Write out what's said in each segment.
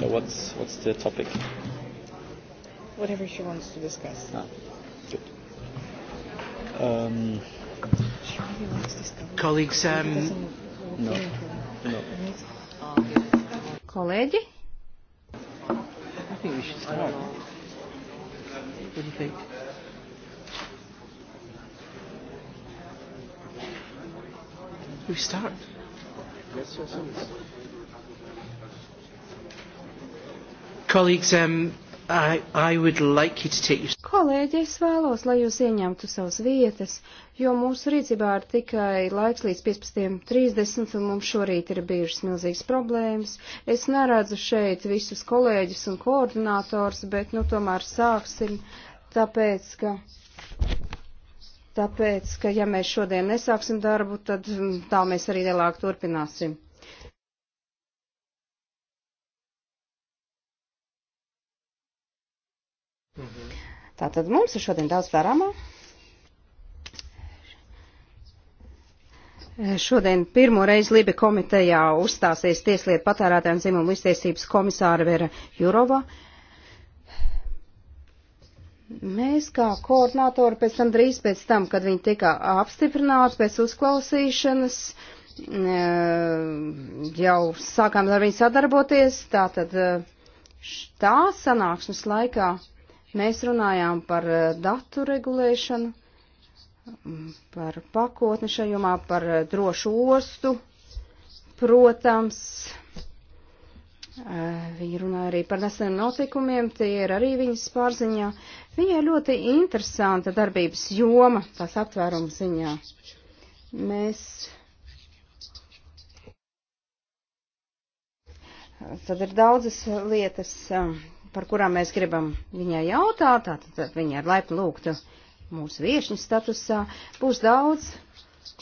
No, what's, what's the topic? Whatever she wants to discuss. Ah, good. Um, she really wants to discuss. Colleagues, um, no. no. Kolēģi? I think we should start. What do you think? We start. Yes, yes, yes. Colleagues, um, I, I would like you to take your... Kolēģi, es vēlos, lai jūs ieņemtu savas vietas, jo mūsu rīcībā ir tikai laiks līdz 15.30 un mums šorīt ir bijušas milzīgas problēmas. Es neredzu šeit visus kolēģus un koordinators, bet nu tomēr sāksim, tāpēc, ka tāpēc, ka ja mēs šodien nesāksim darbu, tad mm, tā mēs arī vēlāk turpināsim. Tātad mums ir šodien daudz darāmā. Šodien pirmo reizi Libi komitejā uzstāsies tieslietu patērētājiem dzimumu līdztiesības komisāra Vera Jurova. Mēs kā koordinātori pēc tam drīz pēc tam, kad viņi tika apstiprināti pēc uzklausīšanas, eh, jau sākām ar viņu sadarboties, tātad eh, tā sanāksmes laikā Mēs runājām par eh, datu regulēšanu, mm, par pakotni šajumā, par eh, drošu ostu. Protams, eh, Viņa runā arī par neseniem notikumiem, tie ir arī viņas pārziņā. Viņai ļoti interesanta darbības joma, tās aptvēruma ziņā. Mēs. Tad ir daudzas lietas, par kurām mēs gribam viņai jautāt, tātad viņai ir laipni lūgta mūsu viešņu statusā. Būs daudz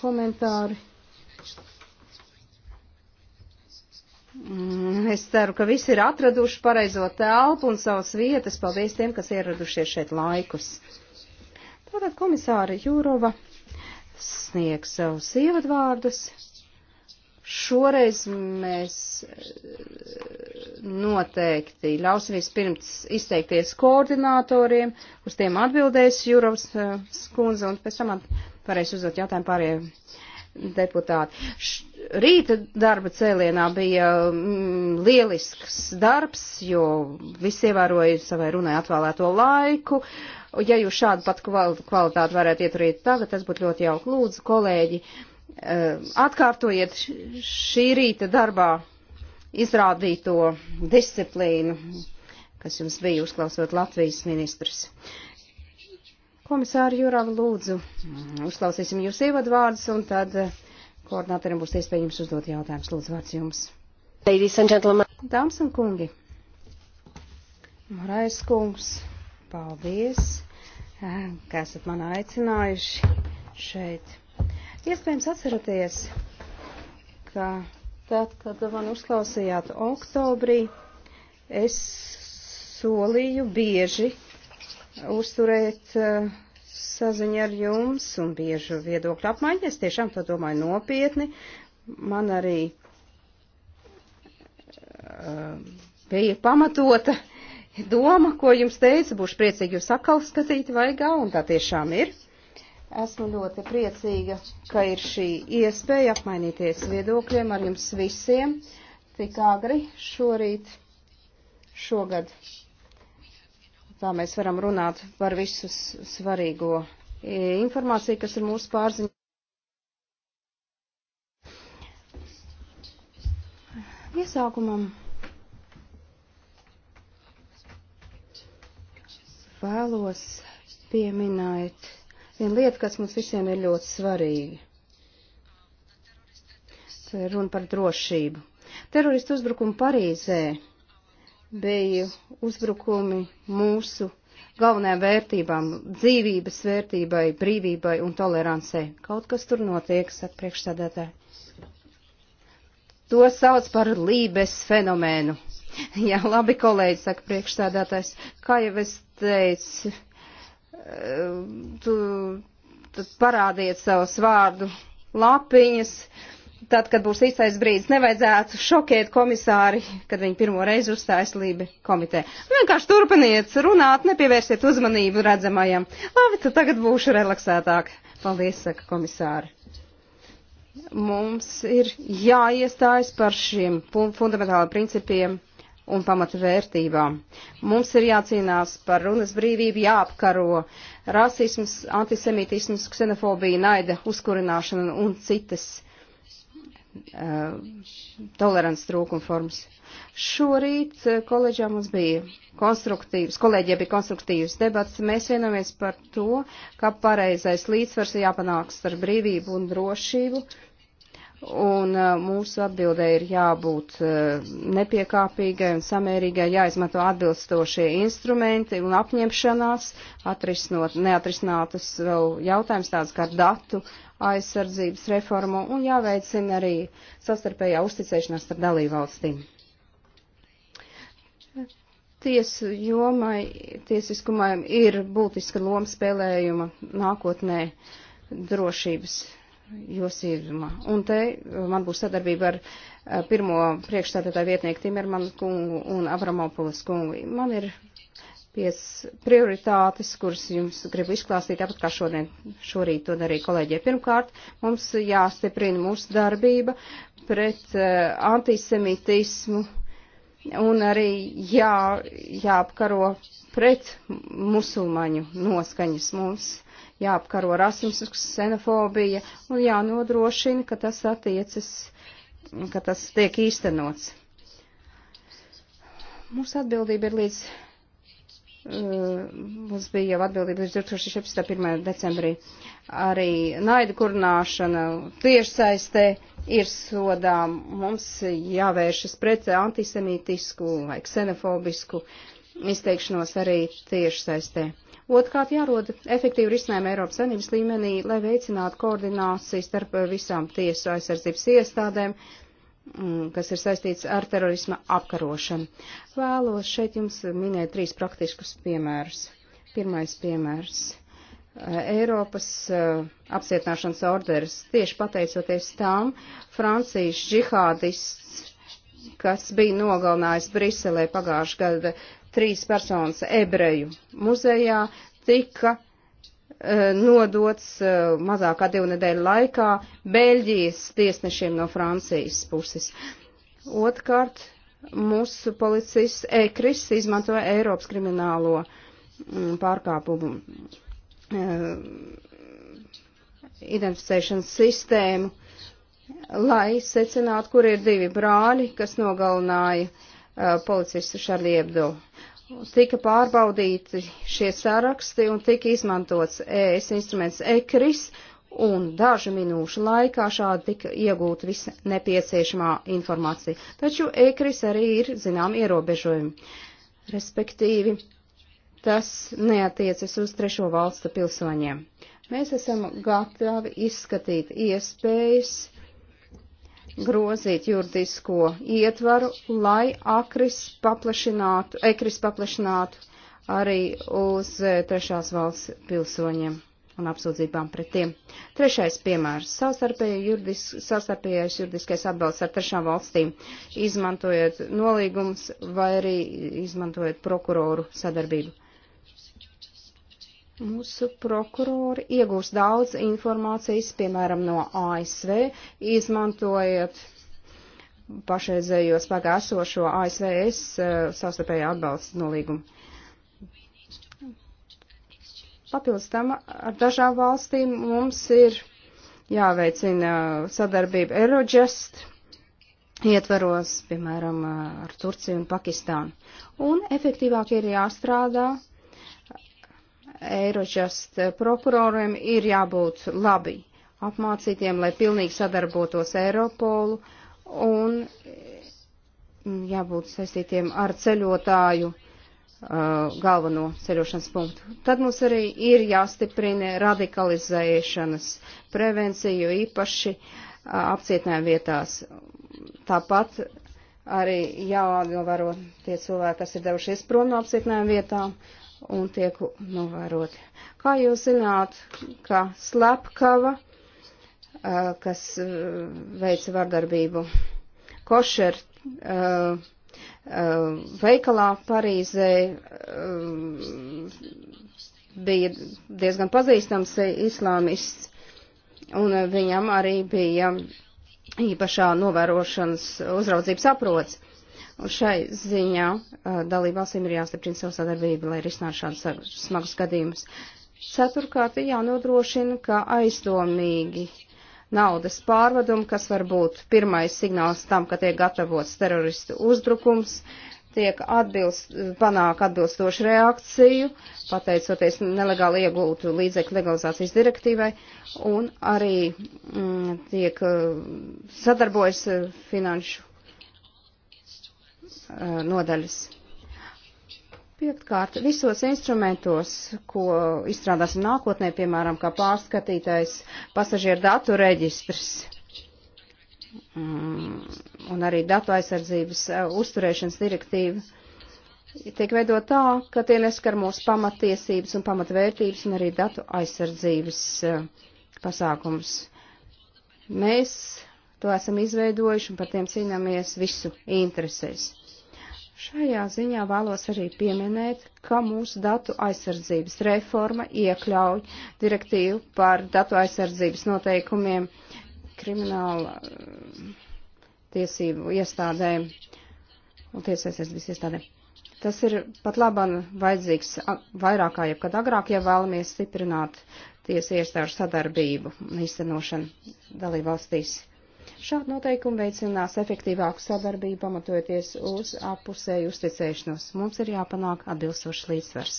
komentāri. Mm, es ceru, ka visi ir atraduši pareizo telpu un savas vietas. Paldies tiem, kas ieradušies šeit laikus. Tātad komisāra Jūrova sniegs savus ievadvārdus. Šoreiz mēs eh, noteikti ļausim vispirms izteikties koordinatoriem, uz tiem atbildēs Jūrovs eh, skundze un pēc tam varēs uzdot jautājumu pārējiem deputāti. Š, rīta darba cēlienā bija mm, lielisks darbs, jo visi ievēroja savai runai atvēlēto laiku. Ja jūs šādu pat kvalitāti varētu ieturīt tagad, tas būtu ļoti jauki. Lūdzu, kolēģi, uh, Ehm, atkārtojiet šī rīta darbā izrādīto disciplīnu, kas jums bija uzklausot Latvijas ministrs. Komisāri Jurava lūdzu, uzklausīsim jūs ievadvārdus un tad eh, koordinatoriem būs iespēja jums uzdot jautājumus. Lūdzu, vārds jums. Ladies and gentlemen. Dāmas un kungi. Morais kungs, paldies, eh, ka esat mani aicinājuši šeit Iespējams atceraties, ka tad, kad man uzklausījāt oktobrī, es solīju bieži uzturēt uh, saziņu ar jums un biežu viedokļu apmaiņu. Es tiešām to domāju nopietni. Man arī uh, bija pamatota doma, ko jums teicu, būšu priecīgi jūs atkal skatīt vaigā, un tā tiešām ir. Esmu ļoti priecīga, ka ir šī iespēja apmainīties viedokļiem ar jums visiem tik agri šorīt, šogad. Tā mēs varam runāt par visu svarīgo e, informāciju, kas ir mūsu pārziņā. Iesākumam vēlos pieminēt viena lieta, kas mums visiem ir ļoti svarīga. Tā ir runa par drošību. Teroristu uzbrukumu Parīzē bija uzbrukumi mūsu galvenajām vērtībām - dzīvības vērtībai, brīvībai un tolerancei. Kaut kas tur notiek, saka priekšsēdētāji. To sauc par lībes fenomēnu. Jā, labi, kolēģi, saka priekšstādātais. Kā jau es teicu, tu, tu parādiet savus vārdu lapiņas, tad, kad būs īstais brīdis, nevajadzētu šokēt komisāri, kad viņi pirmo reizi uzstājas Lībi komitē. Nu, vienkārši turpiniet runāt, nepievērsiet uzmanību redzamajam. Labi, tad tagad būšu relaksētāk. Paldies, saka komisāri. Mums ir jāiestājas par šiem fundamentāliem principiem un pamatvērtībām. Mums ir jācīnās par runas brīvību, jāapkaro rasisms, antisemītisms, ksenofobija, naida uzkurināšana un citas uh, tolerants trūkuma formas. Šorīt eh, koledžā mums bija konstruktīvs, kolēģiem bija konstruktīvs debats. Mēs vienojamies par to, ka pareizais līdzsvars jāpanāk starp brīvību un drošību, Un uh, mūsu atbildē ir jābūt uh, nepiekāpīgai un samērīgai, jāizmanto atbilstošie instrumenti un apņemšanās, atrisinot neatrisinātas vēl jautājums tāds kā datu aizsardzības reformu un jāveicina arī sastarpējā uzticēšanās starp dalībvalstīm. Tiesu jomai, tiesiskumai ir būtiska loma spēlējuma nākotnē drošības jūs īrumā. Un te uh, man būs sadarbība ar uh, pirmo priekšstādātāju vietnieku Timermanu kungu un Avramopulas kungu. Man ir piecas prioritātes, kuras jums gribu izklāstīt, tāpat kā šodien, šorīt to darīja kolēģie. Pirmkārt, mums jāstiprina mūsu darbība pret uh, antisemitismu un arī jā, jāapkaro pret musulmaņu noskaņas mums. Uh, jāapkaro rasisms, ksenofobija un jānodrošina, ka tas attiecas, ka tas tiek īstenots. Mūsu atbildība ir līdz, uh, mums bija jau atbildība līdz 2017. decembrī. Arī naida kurināšana tiešsaistē ir sodām. Mums jāvēršas pret antisemītisku vai ksenofobisku izteikšanos arī tiešsaistē. Otkārt jārod efektīvi risinājumi Eiropas Savienības līmenī, lai veicinātu koordināciju starp eh, visām tiesu aizsardzības iestādēm, mm, kas ir saistīts ar terorisma apkarošanu. Vēlos šeit jums minēt trīs praktiskus piemērus. Pirmais piemērs. Eh, Eiropas uh, apcietināšanas orders tieši pateicoties tām Francijas džihādists, kas bija nogalinājis Briselē pagājušā gada trīs personas ebreju muzejā tika e, nodots e, mazākā divu nedēļu laikā Beļģijas tiesnešiem no Francijas puses. Otkārt, mūsu policists Ekris izmantoja Eiropas kriminālo mm, pārkāpumu e, identificēšanas sistēmu, lai secinātu, kur ir divi brāļi, kas nogalināja policistu Šarliebdu tika pārbaudīti šie saraksti un tika izmantots ES instruments ECRIS, un dažu minūšu laikā šādi tika iegūta visa nepieciešamā informācija. Taču ECRIS arī ir, zinām, ierobežojumi. Respektīvi, tas neatiecas uz trešo valstu pilsoņiem. Mēs esam gatavi izskatīt iespējas grozīt juridisko ietvaru, lai akris paplašinātu, ekris paplašinātu arī uz e, trešās valsts pilsoņiem un apsūdzībām pret tiem. Trešais piemērs - juridis, savstarpējais juridiskais atbalsts ar trešām valstīm, izmantojot nolīgums vai arī izmantojot prokuroru sadarbību. Mūsu prokurori iegūs daudz informācijas, piemēram, no ASV, izmantojot pašreizējo spēkā esošo ASVS eh, savstarpēju atbalstu nolīgumu. Papildus tam ar dažām valstīm mums ir jāveicina sadarbība Eurojust ietvaros, piemēram, eh, ar Turciju un Pakistānu. Un efektīvāk ir jāstrādā Eirožast prokuroriem ir jābūt labi apmācītiem, lai pilnīgi sadarbotos Eiropolu un jābūt saistītiem ar ceļotāju uh, galveno ceļošanas punktu. Tad mums arī ir jāstiprina radikalizēšanas prevenciju īpaši uh, apcietinājuma vietās. Tāpat arī jānovēro tie cilvēki, kas ir devušies prom no apcietinājuma vietām, un tiek novēroti. Kā jūs zināt, ka slepkava, kas veica vardarbību košer veikalā Parīzē, bija diezgan pazīstams islāmists, un viņam arī bija īpašā novērošanas uzraudzības aprots. Un šai ziņā uh, dalībvalstīm ir jāstiprina savu sadarbību, lai risinātu šādus smagus gadījumus. Ceturkārt, jānodrošina, ka aizdomīgi naudas pārvadumi, kas var būt pirmais signāls tam, ka tiek gatavots teroristu uzbrukums, tiek atbilst, panāk atbilstošu reakciju, pateicoties nelegāli iegūtu līdzekļu legalizācijas direktīvai, un arī mm, tiek sadarbojas finanšu Uh, nodaļas. Piektkārt, visos instrumentos, ko izstrādāsim nākotnē, piemēram, kā pārskatītais pasažieru datu reģistrs mm, un arī datu aizsardzības uh, uzturēšanas direktīva, tiek veidot tā, ka tie neskar mūsu pamatiesības un pamatvērtības un arī datu aizsardzības uh, pasākums. Mēs to esam izveidojuši un par tiem cīnāmies visu interesēs. Šajā ziņā vēlos arī pieminēt, ka mūsu datu aizsardzības reforma iekļauj direktīvu par datu aizsardzības noteikumiem krimināla eh, tiesību iestādēm un tiesaiesardzības iestādēm. Tas ir pat labam vajadzīgs vairāk kā jebkad agrāk, ja vēlamies stiprināt tiesu iestāžu sadarbību un īstenošanu dalībvalstīs. Šādi noteikumi veicinās efektīvāku sadarbību, pamatojoties uz apusēju uzticēšanos. Mums ir jāpanāk atbilstošs līdzsvars.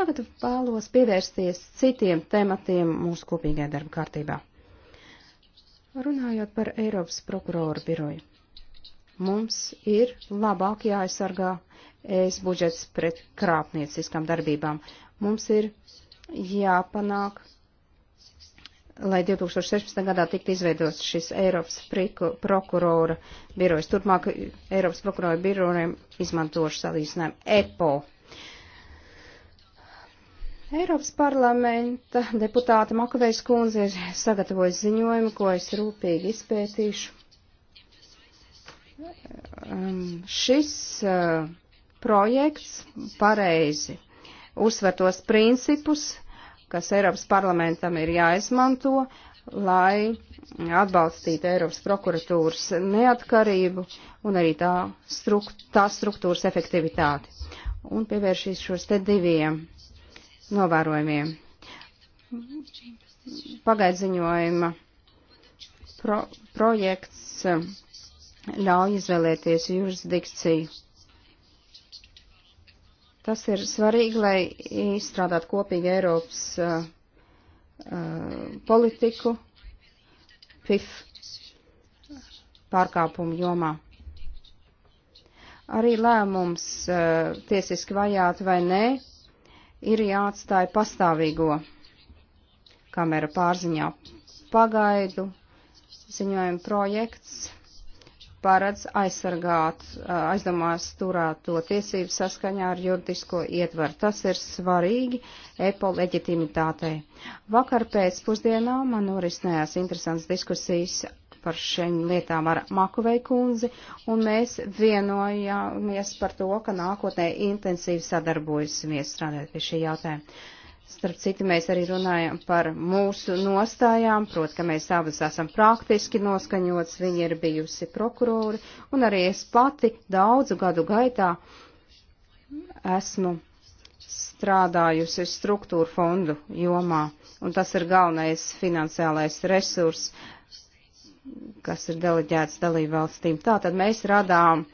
Tagad vēlos pievērsties citiem tematiem mūsu kopīgajā darba kārtībā. Runājot par Eiropas prokuroru biroju, mums ir labāk jāaizsargā ES budžets pret krāpnieciskām darbībām. Mums ir jāpanāk lai 2016. gadā tiktu izveidots šis Eiropas priku, prokurora birojas. Turpmāk Eiropas prokurora birojiem izmantošu salīdzinājumu EPO. Eiropas parlamenta deputāta Makavejs kundze ir sagatavojis ziņojumu, ko es rūpīgi izpētīšu. Um, šis uh, projekts pareizi uzsver tos principus, uh, kas Eiropas parlamentam ir jāizmanto, lai atbalstītu Eiropas prokuratūras neatkarību un arī tā, strukt, tā struktūras efektivitāti. Un pievēršīs šos te diviem novērojumiem. Pagaidziņojuma pro, projekts eh, ļauj izvēlēties jurisdikciju Tas ir svarīgi, lai izstrādātu kopīgu Eiropas uh, uh, politiku PIF pārkāpumu jomā. Arī lēmums uh, tiesiski vajāt vai nē ir jāatstāja pastāvīgo kamera pārziņā pagaidu ziņojuma projekts paredz aizsargāt aizdomās turēt to tiesību saskaņā ar juridisko ietvaru. Tas ir svarīgi EPO leģitimitātei. Vakar pēc pusdienā man norisinājās interesants diskusijas par šiem lietām ar Makovei kundzi, un mēs vienojāmies par to, ka nākotnē intensīvi sadarbosimies strādāt pie šī jautājuma. Starp citu, mēs arī runājam par mūsu nostājām, proti, ka mēs abas esam praktiski noskaņots, viņa ir bijusi prokurori, un arī es pati daudzu gadu gaitā esmu strādājusi struktūra fondu jomā, un tas ir galvenais finansiālais resurs, kas ir deleģēts dalību valstīm. Tātad mēs radām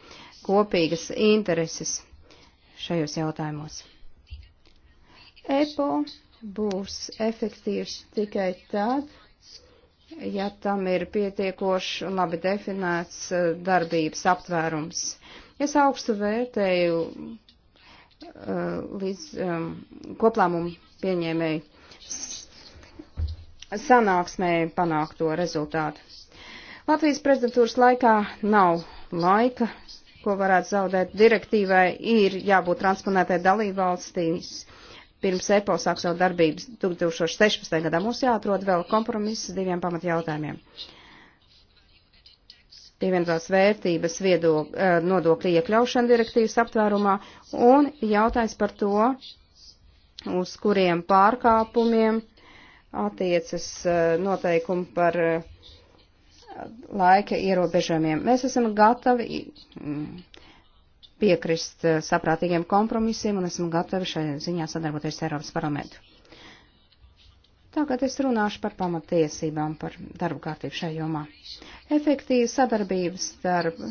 kopīgas intereses šajos jautājumos. EPO būs efektīvs tikai tad, ja tam ir pietiekošs un labi definēts eh, darbības aptvērums. Es augstu vērtēju eh, līdz um, koplēmumu pieņēmēju sanāksmē panākto rezultātu. Latvijas prezidentūras laikā nav laika, ko varētu zaudēt direktīvai, ir jābūt transponētai dalībvalstīs pirms EPO sāk savu darbības 2016. gadā. Mums jāatrod vēl kompromiss diviem pamatjautājumiem. Pievienotās vērtības viedok, eh, nodokļa iekļaušana direktīvas aptvērumā un jautājums par to, uz kuriem pārkāpumiem attiecas eh, noteikumi par eh, laika ierobežojumiem. Mēs esam gatavi mm, piekrist eh, saprātīgiem kompromisiem un esmu gatava šai ziņā sadarboties ar Eiropas parlamentu. Tagad es runāšu par pamatiesībām, par darbu kārtību šajā jomā. Efektīva sadarbība starp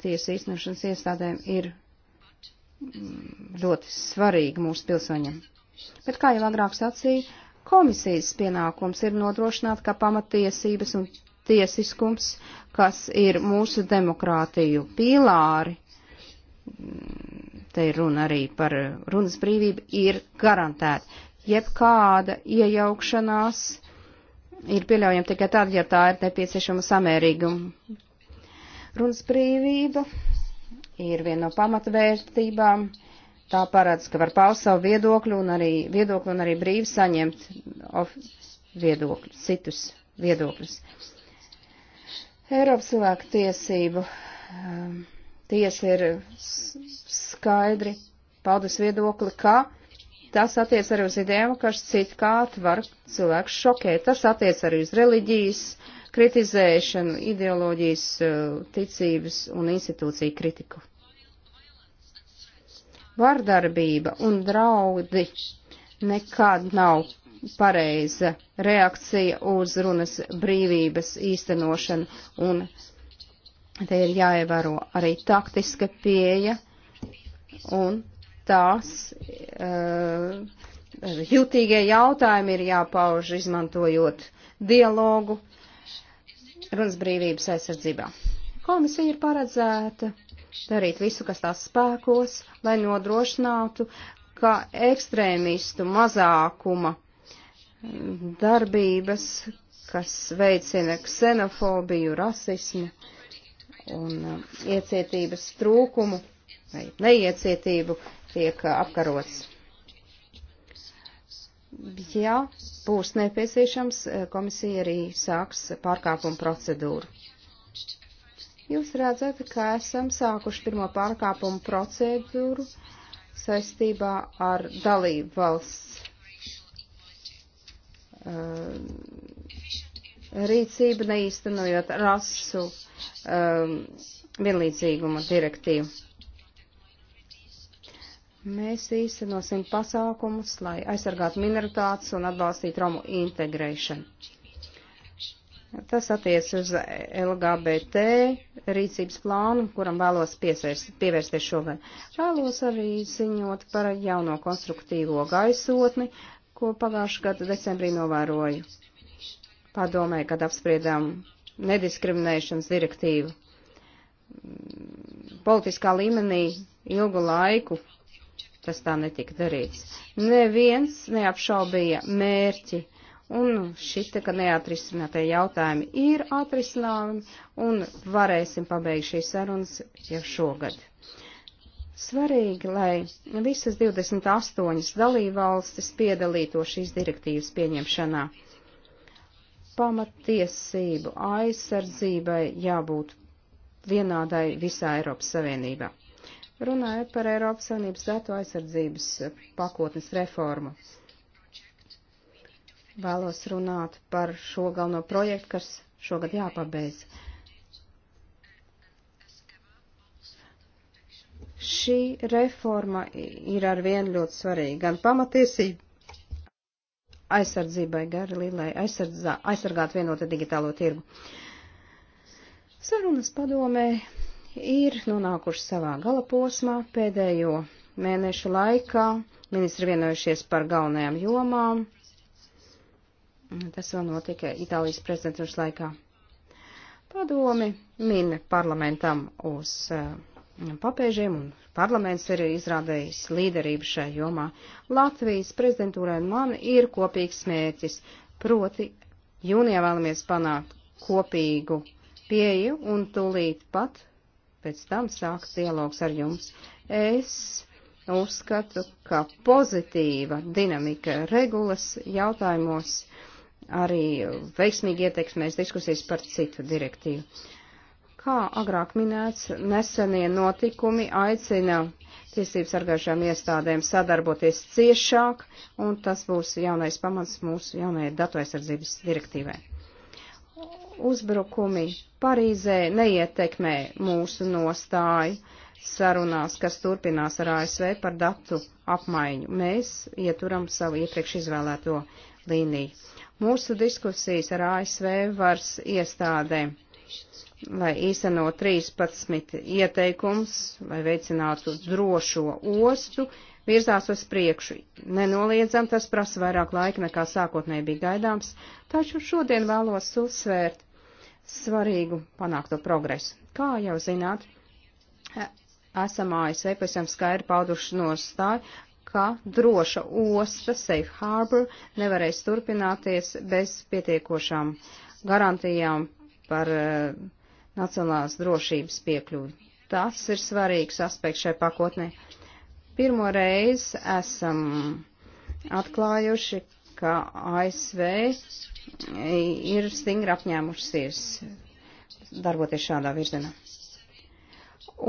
tiesu īstenošanas iestādēm ir mm, ļoti svarīga mūsu pilsoņiem. Bet, kā jau agrāk sacīja, komisijas pienākums ir nodrošināt, ka pamatiesības un tiesiskums, kas ir mūsu demokrātiju pīlāri, te ir runa arī par runas brīvību, ir garantēta. Jebkāda iejaukšanās ir pieļaujama tikai tad, ja tā ir nepieciešama samērīguma. Runas brīvība ir viena no pamatvērtībām. Tā parāds, ka var paust savu viedokļu un arī, viedokļu un arī brīvi saņemt viedokļu, citus viedokļus. Eiropas cilvēku tiesību um, tiesa ir skaidri paudas viedokli, ka tas attiec arī uz idejām, kas citkārt var cilvēku šokēt. Tas attiec arī uz reliģijas kritizēšanu, ideoloģijas, uh, ticības un institūciju kritiku. Vardarbība un draudi nekad nav pareiza reakcija uz runas brīvības īstenošanu, un te ir jāievēro arī taktiska pieeja, un tās uh, jutīgie jautājumi ir jāpauž izmantojot dialogu runas brīvības aizsardzībā. Komisija ir paredzēta darīt visu, kas tās spēkos, lai nodrošinātu, ka ekstrēmistu mazākuma darbības, kas veicina ksenofobiju, rasismu un uh, iecietības trūkumu vai neiecietību tiek uh, apkarots. Ja būs nepieciešams, uh, komisija arī sāks pārkāpumu procedūru. Jūs redzat, ka esam sākuši pirmo pārkāpumu procedūru saistībā ar dalību valsts Uh, rīcība neīstenojot rasu um, vienlīdzīguma direktīvu. Mēs īstenosim pasākumus, lai aizsargātu minoritātes un atbalstītu Romu integrēšanu. Tas attiec uz LGBT rīcības plānu, kuram vēlos pievērsties šovien. Vēlos arī ziņot par jauno konstruktīvo gaisotni, ko pagājušā gada decembrī novēroju. Padomē, kad apspriedām nediskriminēšanas direktīvu. Mm, politiskā līmenī ilgu laiku tas tā netika darīts. Neviens neapšaubīja mērķi, un šita, ka neatrisinātie jautājumi ir atrisināmi, un varēsim pabeigt šīs sarunas jau šogad. Svarīgi, lai visas 28 dalībvalstis piedalīto šīs direktīvas pieņemšanā. Pamatiesību aizsardzībai jābūt vienādai visā Eiropas Savienībā. Runājot par Eiropas Savienības datu aizsardzības pakotnes reformu vēlos runāt par šo galveno projektu, kas šogad jāpabeidz. Šī reforma ir ar vienu ļoti svarīga, gan pamatiesība aizsardzībai, gan arī, lai aizsargātu vienotu digitālo tirgu. Sarunas padomē ir nonākuši savā gala posmā pēdējo mēnešu laikā. Ministri vienojušies par galvenajām jomām. Tas vēl notika Itālijas prezidentūras laikā. Padomi min parlamentam uz uh, papēžiem, un parlaments ir izrādējis līderību šai jomā. Latvijas prezidentūrai un man ir kopīgs mērķis, proti jūnijā vēlamies panākt kopīgu pieju un tūlīt pat pēc tam sāks dialogs ar jums. Es uzskatu, ka pozitīva dinamika regulas jautājumos arī veiksmīgi ietekmēs diskusijas par citu direktīvu. Kā agrāk minēts, nesenie notikumi aicina tiesības sargājušām iestādēm sadarboties ciešāk, un tas būs jaunais pamats mūsu jaunajai datu aizsardzības direktīvai. Uzbrukumi Parīzē neietekmē mūsu nostāju sarunās, kas turpinās ar ASV par datu apmaiņu. Mēs ieturam savu iepriekš izvēlēto līniju. Mūsu diskusijas ar ASV varas iestādēm lai īsteno 13 ieteikums, lai veicinātu drošo ostu, virzās uz priekšu. Nenoliedzam, tas prasa vairāk laika nekā sākotnēji bija gaidāms, taču šodien vēlos uzsvērt svarīgu panākto progresu. Kā jau zināt, esam ASV e pēc tam skaidri pauduši nostāju, ka droša osta, safe harbor, nevarēs turpināties bez pietiekošām garantijām par uh, nacionālās drošības piekļuvi. Tas ir svarīgs aspekts šai pakotnē. Pirmo reizi esam atklājuši, ka ASV ir stingri apņēmušies darboties šādā virzienā.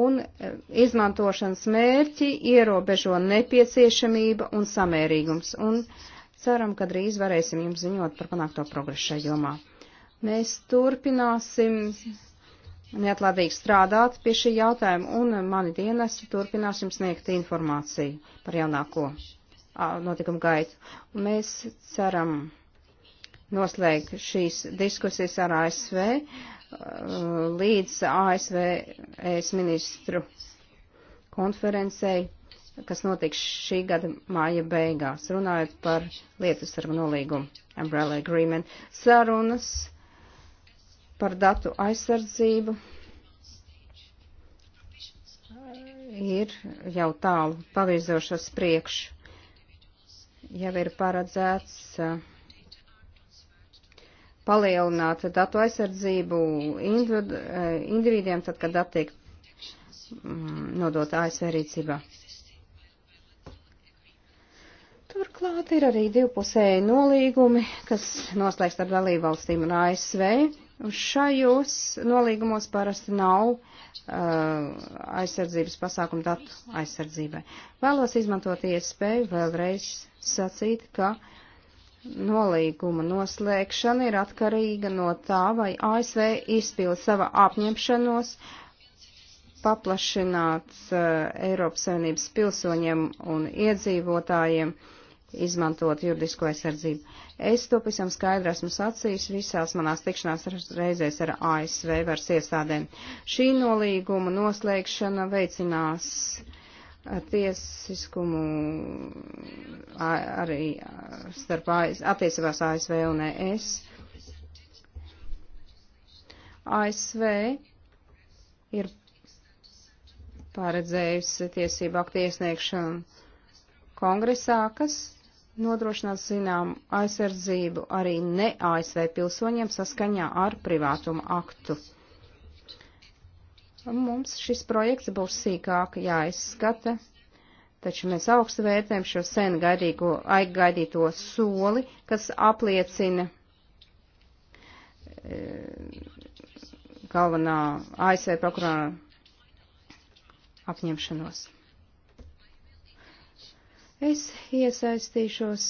Un e, izmantošanas mērķi ierobežo nepieciešamība un samērīgums, un ceram, ka drīz varēsim jums ziņot par panākto progresu šajā jomā. Mēs turpināsim neatlaidīgi strādāt pie šī jautājuma, un mani dienesti turpinās jums sniegt informāciju par jaunāko notikumu gaitu. Un mēs ceram noslēgt šīs diskusijas ar ASV līdz ASV ES ministru konferencei, kas notiks šī gada māja beigās, runājot par lietu sarunu nolīgumu, umbrella agreement. Sarunas par datu aizsardzību ir jau tālu pavirzošas priekš. Jau ir paredzēts palielināt datu aizsardzību individu, individiem, tad, kad dati tiek mm, nodota ASV rīcībā. Turklāt ir arī divpusēji nolīgumi, kas noslēgts ar dalībvalstīm un ASV Šajos nolīgumos parasti nav uh, aizsardzības pasākumu datu aizsardzībai. Vēlos izmantot iespēju vēlreiz sacīt, ka nolīguma noslēgšana ir atkarīga no tā, vai ASV izpilda sava apņemšanos paplašināt uh, Eiropas Savienības pilsoņiem un iedzīvotājiem uh, izmantot juridisko aizsardzību. Es to pavisam skaidri esmu sacījis visās manās tikšanās reizēs ar ASV varas iestādēm. Šī nolīguma noslēgšana veicinās tiesiskumu arī starp attiecībās ASV un ES. ASV ir paredzējusi tiesību aktu iesniegšanu kongresā, kas nodrošināt zinām aizsardzību arī ne ASV pilsoņiem saskaņā ar privātumu aktu. Mums šis projekts būs sīkāk jāizskata, taču mēs augstu vērtējam šo sen gaidīgo, aigaidīto soli, kas apliecina e, galvenā ASV prokurora apņemšanos. Es iesaistīšos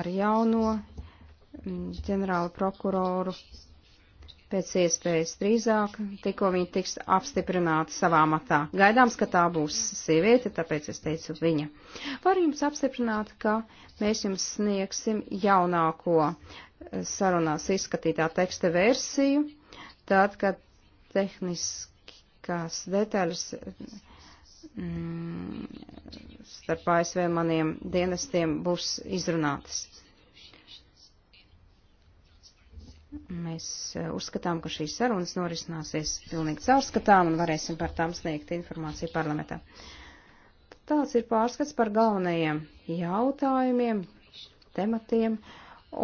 ar jauno mm, ģenerālu prokuroru pēc iespējas drīzāk, tikko viņa tiks apstiprināta savā matā. Gaidāms, ka tā būs sieviete, tāpēc es teicu viņa. Var jums apstiprināt, ka mēs jums sniegsim jaunāko eh, sarunās izskatītā teksta versiju, tad, kad tehniskās detaļas eh, Mm, starp ASV maniem dienestiem būs izrunātas. Mēs eh, uzskatām, ka šīs sarunas norisināsies pilnīgi caurskatām un varēsim par tām sniegt informāciju parlamentā. Tāds ir pārskats par galvenajiem jautājumiem, tematiem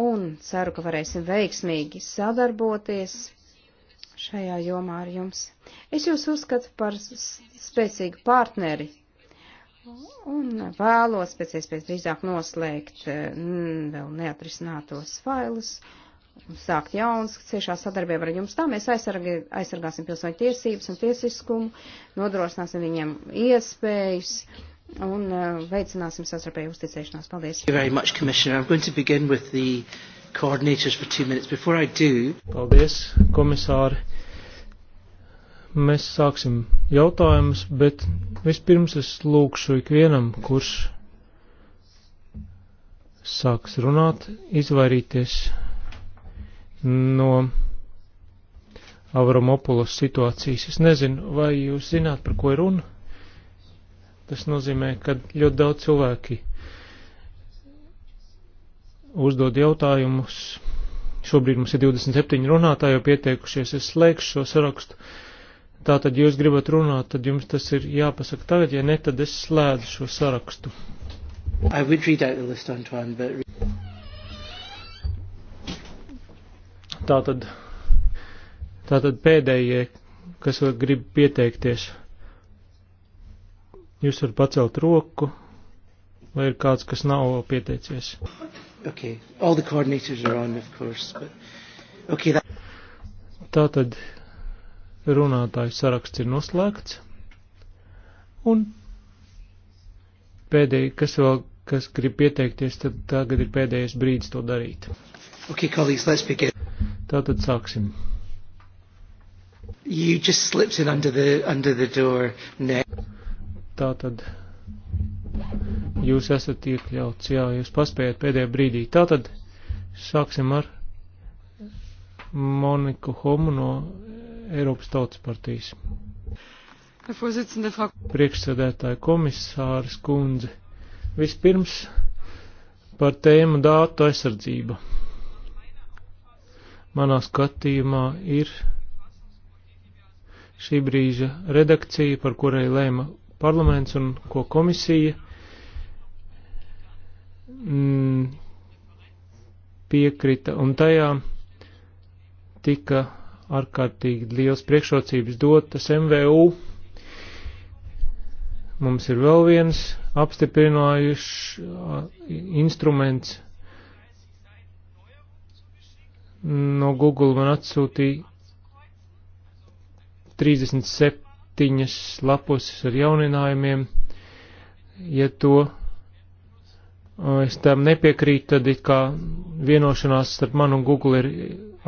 un ceru, ka varēsim veiksmīgi sadarboties šajā jomā ar jums. Es jūs uzskatu par spēcīgu partneri un vēlos pēc iespējas drīzāk noslēgt m, eh, vēl neatrisinātos failus un sākt jaunas ciešā sadarbība ar jums. Tā mēs aizsargi, aizsargāsim pilsoņu tiesības un tiesiskumu, nodrošināsim viņiem iespējas un uh, veicināsim sastarpēju uzticēšanās. Paldies! coordinators for two minutes. Before I do... Paldies, komisāri. Mēs sāksim jautājumus, bet vispirms es lūkšu ikvienam, kurš sāks runāt, izvairīties no Avramopulas situācijas. Es nezinu, vai jūs zināt, par ko ir runa. Tas nozīmē, ka ļoti daudz cilvēki uzdod jautājumus. Šobrīd mums ir 27 runātāji jau pieteikušies, es slēgšu šo sarakstu. Tātad, ja jūs gribat runāt, tad jums tas ir jāpasaka tagad, ja ne, tad es slēdzu šo sarakstu. List, Antoine, but... Tātad, tātad pēdējie, kas vēl grib pieteikties, jūs varat pacelt roku, vai ir kāds, kas nav pieteicies. Okay. All the coordinators are on, of course, but... okay, that... Tātad runātāju saraksts ir noslēgts. Un pēdējais, kas vēl, kas grib pieteikties, tad tagad ir pēdējais brīdis to darīt. Okay, colleagues, let's begin. Tātad sāksim. You just slipped in under the, under the door. Ne. Tātad jūs esat iekļauts, jā, jūs paspējat pēdējā brīdī. Tātad sāksim ar Moniku Homu no Eiropas Tautas partijas. Priekšsēdētāja komisāras kundze. Vispirms par tēmu dātu aizsardzība. Manā skatījumā ir šī brīža redakcija, par kurai lēma parlaments un ko komisija mm, piekrita, un tajā tika ārkārtīgi liels priekšrocības dotas MVU. Mums ir vēl viens apstiprinājušs instruments. No Google man atsūtīja 37 lapuses ar jauninājumiem. Ja to es tam nepiekrītu, tad it kā vienošanās starp mani un Google ir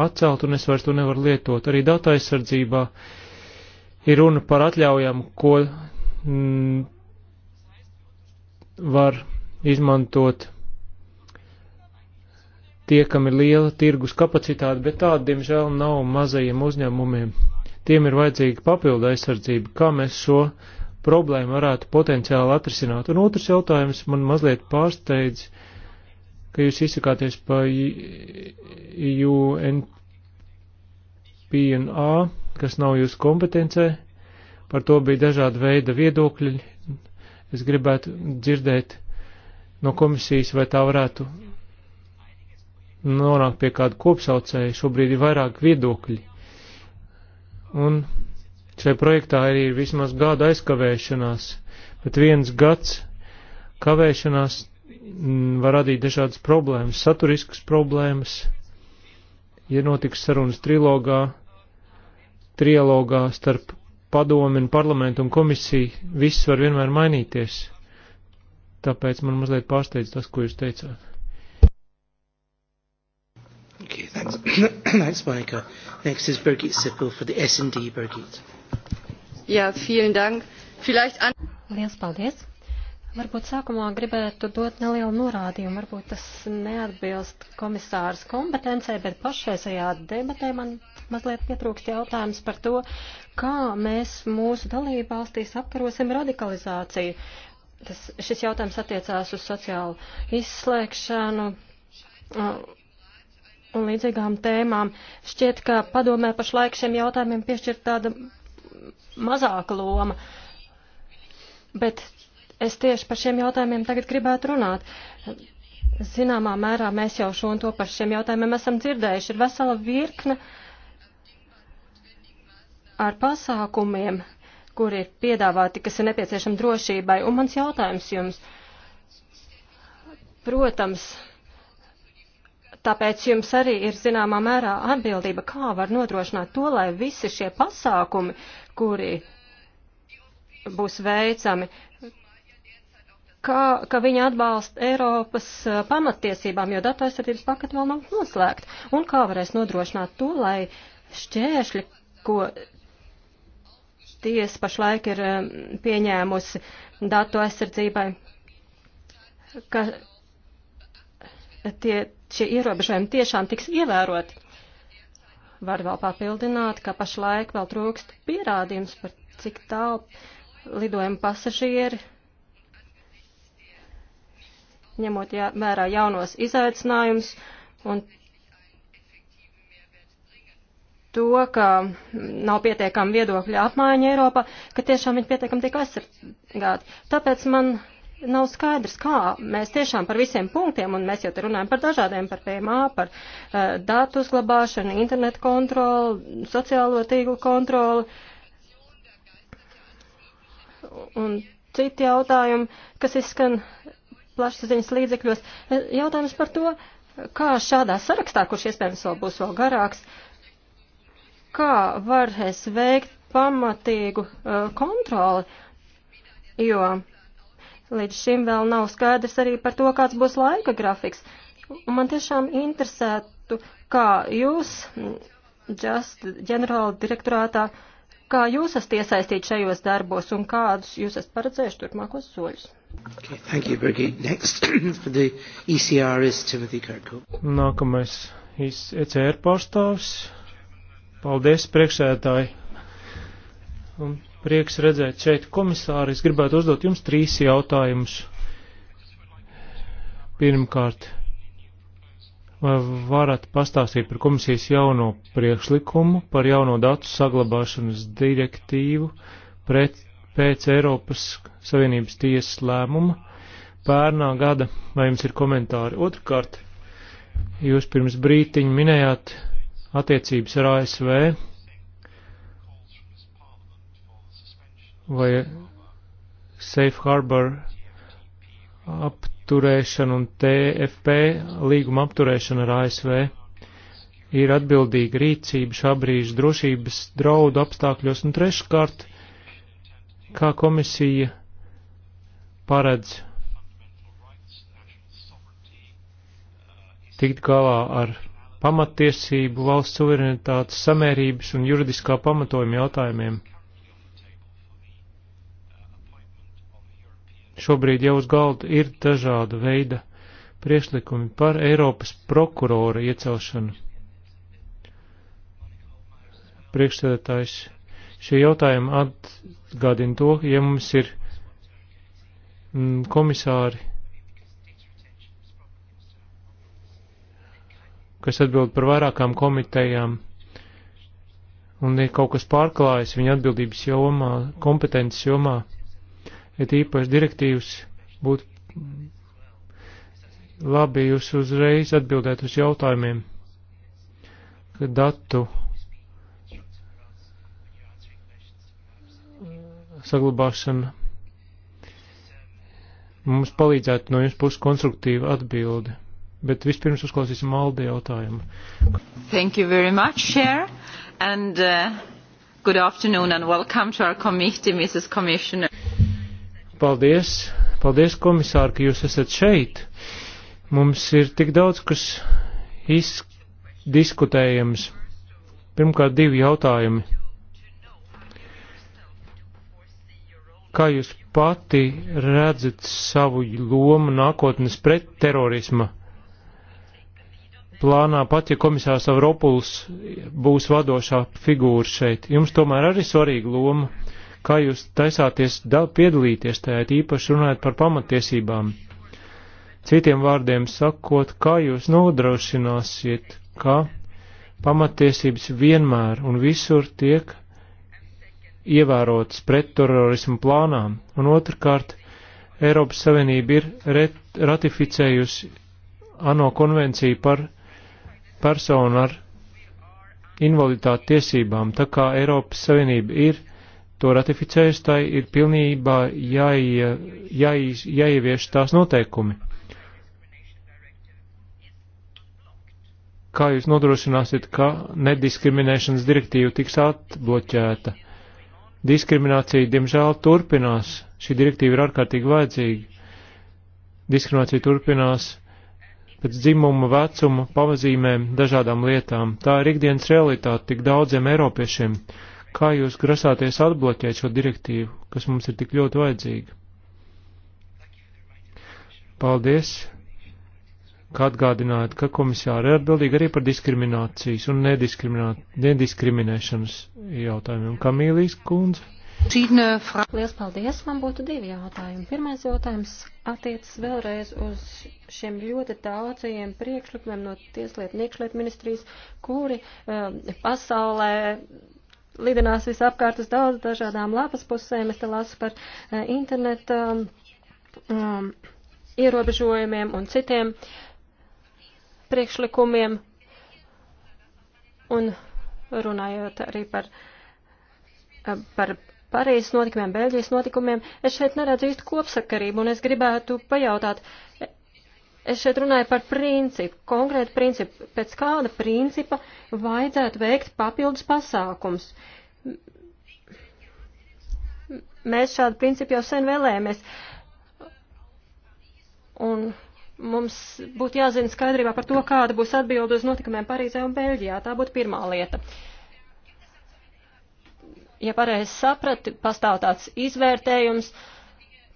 atcelt un es vairs to nevaru lietot. Arī datu aizsardzībā ir runa par atļaujām, ko mm, var izmantot tie, kam ir liela tirgus kapacitāte, bet tāda, diemžēl, nav mazajiem uzņēmumiem. Tiem ir vajadzīga papildu aizsardzība. Kā mēs šo so problēmu varētu potenciāli atrisināt. Un otrs jautājums man mazliet pārsteidz, ka jūs izsakāties pa UNPNA, kas nav jūsu kompetencē. Par to bija dažāda veida viedokļi. Es gribētu dzirdēt no komisijas, vai tā varētu nonākt pie kāda kopsaucēja. Šobrīd ir vairāk viedokļi. Un Šai projektā arī ir vismaz gada aizkavēšanās, bet viens gads kavēšanās mm, var radīt dažādas problēmas, saturiskas problēmas. Ja notiks sarunas trilogā, trilogā starp padomi un parlamentu un komisiju, viss var vienmēr mainīties. Tāpēc man mazliet pārsteidz tas, ko jūs teicāt. Okay, thanks. thanks, Monica. Next is Birgit Sippel for the S&D, Birgit. Jā, vielen dank. Vielleicht an... Liels paldies. Varbūt sākumā gribētu dot nelielu norādījumu, varbūt tas neatbilst komisāras kompetencē, bet pašreizajā debatē man mazliet pietrūkst jautājums par to, kā mēs mūsu dalību valstīs apkarosim radikalizāciju. Tas, šis jautājums attiecās uz sociālu izslēgšanu un līdzīgām tēmām. Šķiet, ka padomē pašlaik šiem jautājumiem piešķir tāda mazāka loma. Bet es tieši par šiem jautājumiem tagad gribētu runāt. Zināmā mērā mēs jau šo un to par šiem jautājumiem esam dzirdējuši. Ir vesela virkne ar pasākumiem, kur ir piedāvāti, kas ir nepieciešami drošībai. Un mans jautājums jums. Protams, tāpēc jums arī ir zināmā mērā atbildība, kā var nodrošināt to, lai visi šie pasākumi, kuri būs veicami, ka, ka viņi atbalsta Eiropas pamattiesībām, jo datu aizsardzības paketi vēl nav noslēgt. Un kā varēs nodrošināt to, lai šķēršļi, ko tiesa pašlaik ir pieņēmusi datu aizsardzībai, ka tie, šie ierobežojumi tiešām tiks ievēroti var vēl papildināt, ka pašlaik vēl trūkst pierādījums par cik tālu lidojuma pasažieri, ņemot jā, vērā jaunos izaicinājumus un to, ka nav pietiekama viedokļa apmaiņa Eiropā, ka tiešām viņi pietiekami tiek aizsargāti. Tāpēc man nav skaidrs, kā mēs tiešām par visiem punktiem, un mēs jau te runājam par dažādiem, par PMA, par uh, datu uzglabāšanu, internetu kontroli, sociālo tīklu kontroli un citi jautājumi, kas izskan plašsaziņas līdzekļos. Eh, jautājums par to, kā šādā sarakstā, kurš iespējams vēl būs vēl garāks, kā var es veikt pamatīgu uh, kontroli, jo uh, Līdz šim vēl nav skaidrs arī par to, kāds būs laika grafiks. Un man tiešām interesētu, kā jūs, Just ģenerāla direktorātā, kā jūs esat iesaistīti šajos darbos un kādus jūs esat paredzējuši turpmākos soļus? Okay, thank you, Birgit. Next for the ECR is Timothy Kirkhope. Nākamais ECR pārstāvs. Paldies, priekšsētāji. Un Prieks redzēt šeit komisāri. Es gribētu uzdot jums trīs jautājumus. Pirmkārt, vai varat pastāstīt par komisijas jauno priekšlikumu, par jauno datu saglabāšanas direktīvu pret, pēc Eiropas Savienības tiesas lēmuma pērnā gada? Vai jums ir komentāri? Otrkārt, jūs pirms brītiņa minējāt attiecības ar ASV vai Safe Harbor apturēšana un TFP līguma apturēšana ar ASV ir atbildīga rīcība šā brīža drošības draudu apstākļos, un treškārt, kā komisija paredz tikt galā ar pamatiesību, valsts suverenitātes, samērības un juridiskā pamatojuma jautājumiem. Šobrīd jau uz galda ir dažāda veida priešlikumi par Eiropas prokurora iecelšanu. Priekšsēdētājs šie jautājumi atgādina to, ja mums ir mm, komisāri, kas atbild par vairākām komitejām, un ja kaut kas pārklājas viņa atbildības jomā, kompetences jomā, it īpaši direktīvas, būtu labi jūs uzreiz atbildēt uz jautājumiem, ka datu saglabāšana mums palīdzētu no jums puses konstruktīva atbildi. Bet vispirms uzklausīsim Aldi jautājumu. Thank you very much, Chair, and uh, good afternoon and welcome to our committee, Mrs. Commissioner. Paldies! Paldies, komisāri, ka jūs esat šeit! Mums ir tik daudz, kas izdiskutējams. Pirmkārt, divi jautājumi. Kā jūs pati redzat savu lomu nākotnes pret terorisma plānā, pat ja komisārs Avropuls būs vadošā figūra šeit? Jums tomēr arī svarīga loma kā jūs taisāties piedalīties tajā, īpaši runājot par pamatiesībām. Citiem vārdiem sakot, kā jūs nodrošināsiet, ka pamatiesības vienmēr un visur tiek ievērotas pret terorismu plānām, un otrkārt, Eiropas Savienība ir ratificējusi ANO konvenciju par personu ar invaliditāti tiesībām, tā kā Eiropas Savienība ir to ratificējusi, tai ir pilnībā jāie, jāie, jāievieš tās noteikumi. Kā jūs nodrošināsiet, ka nediskriminēšanas direktīva tiks atbloķēta? Diskriminācija, diemžēl, turpinās. Šī direktīva ir ārkārtīgi vajadzīga. Diskriminācija turpinās pēc dzimuma, vecuma, pamazīmēm, dažādām lietām. Tā ir ikdienas realitāte tik daudziem eiropiešiem. Kā jūs grasāties atbloķēt šo direktīvu, kas mums ir tik ļoti vajadzīga? Paldies, ka atgādinājāt, ka komisāri ir atbildīgi arī par diskriminācijas un nediskriminēšanas jautājumiem. Kamīlijas kundze. Liels paldies! Man būtu divi jautājumi. Pirmais jautājums attiecas vēlreiz uz šiem ļoti daudzajiem priekšlikumiem no Tieslietu un iekšlietu ministrijas, kuri uh, pasaulē lidinās visapkārt uz daudz dažādām lapas pusēm. Es te lasu par eh, interneta um, ierobežojumiem un citiem priekšlikumiem. Un runājot arī par, eh, par Parīzes notikumiem, Beļģijas notikumiem, es šeit neredzu īstu kopsakarību, un es gribētu pajautāt, Es šeit runāju par principu, konkrētu principu, pēc kāda principa vajadzētu veikt papildus pasākums. Mēs šādu principu jau sen vēlējamies. Un mums būtu jāzina skaidrībā par to, kāda būs atbilde uz notikumiem Parīzē un Beļģijā. Tā būtu pirmā lieta. Ja pareizi saprati, pastāv tāds izvērtējums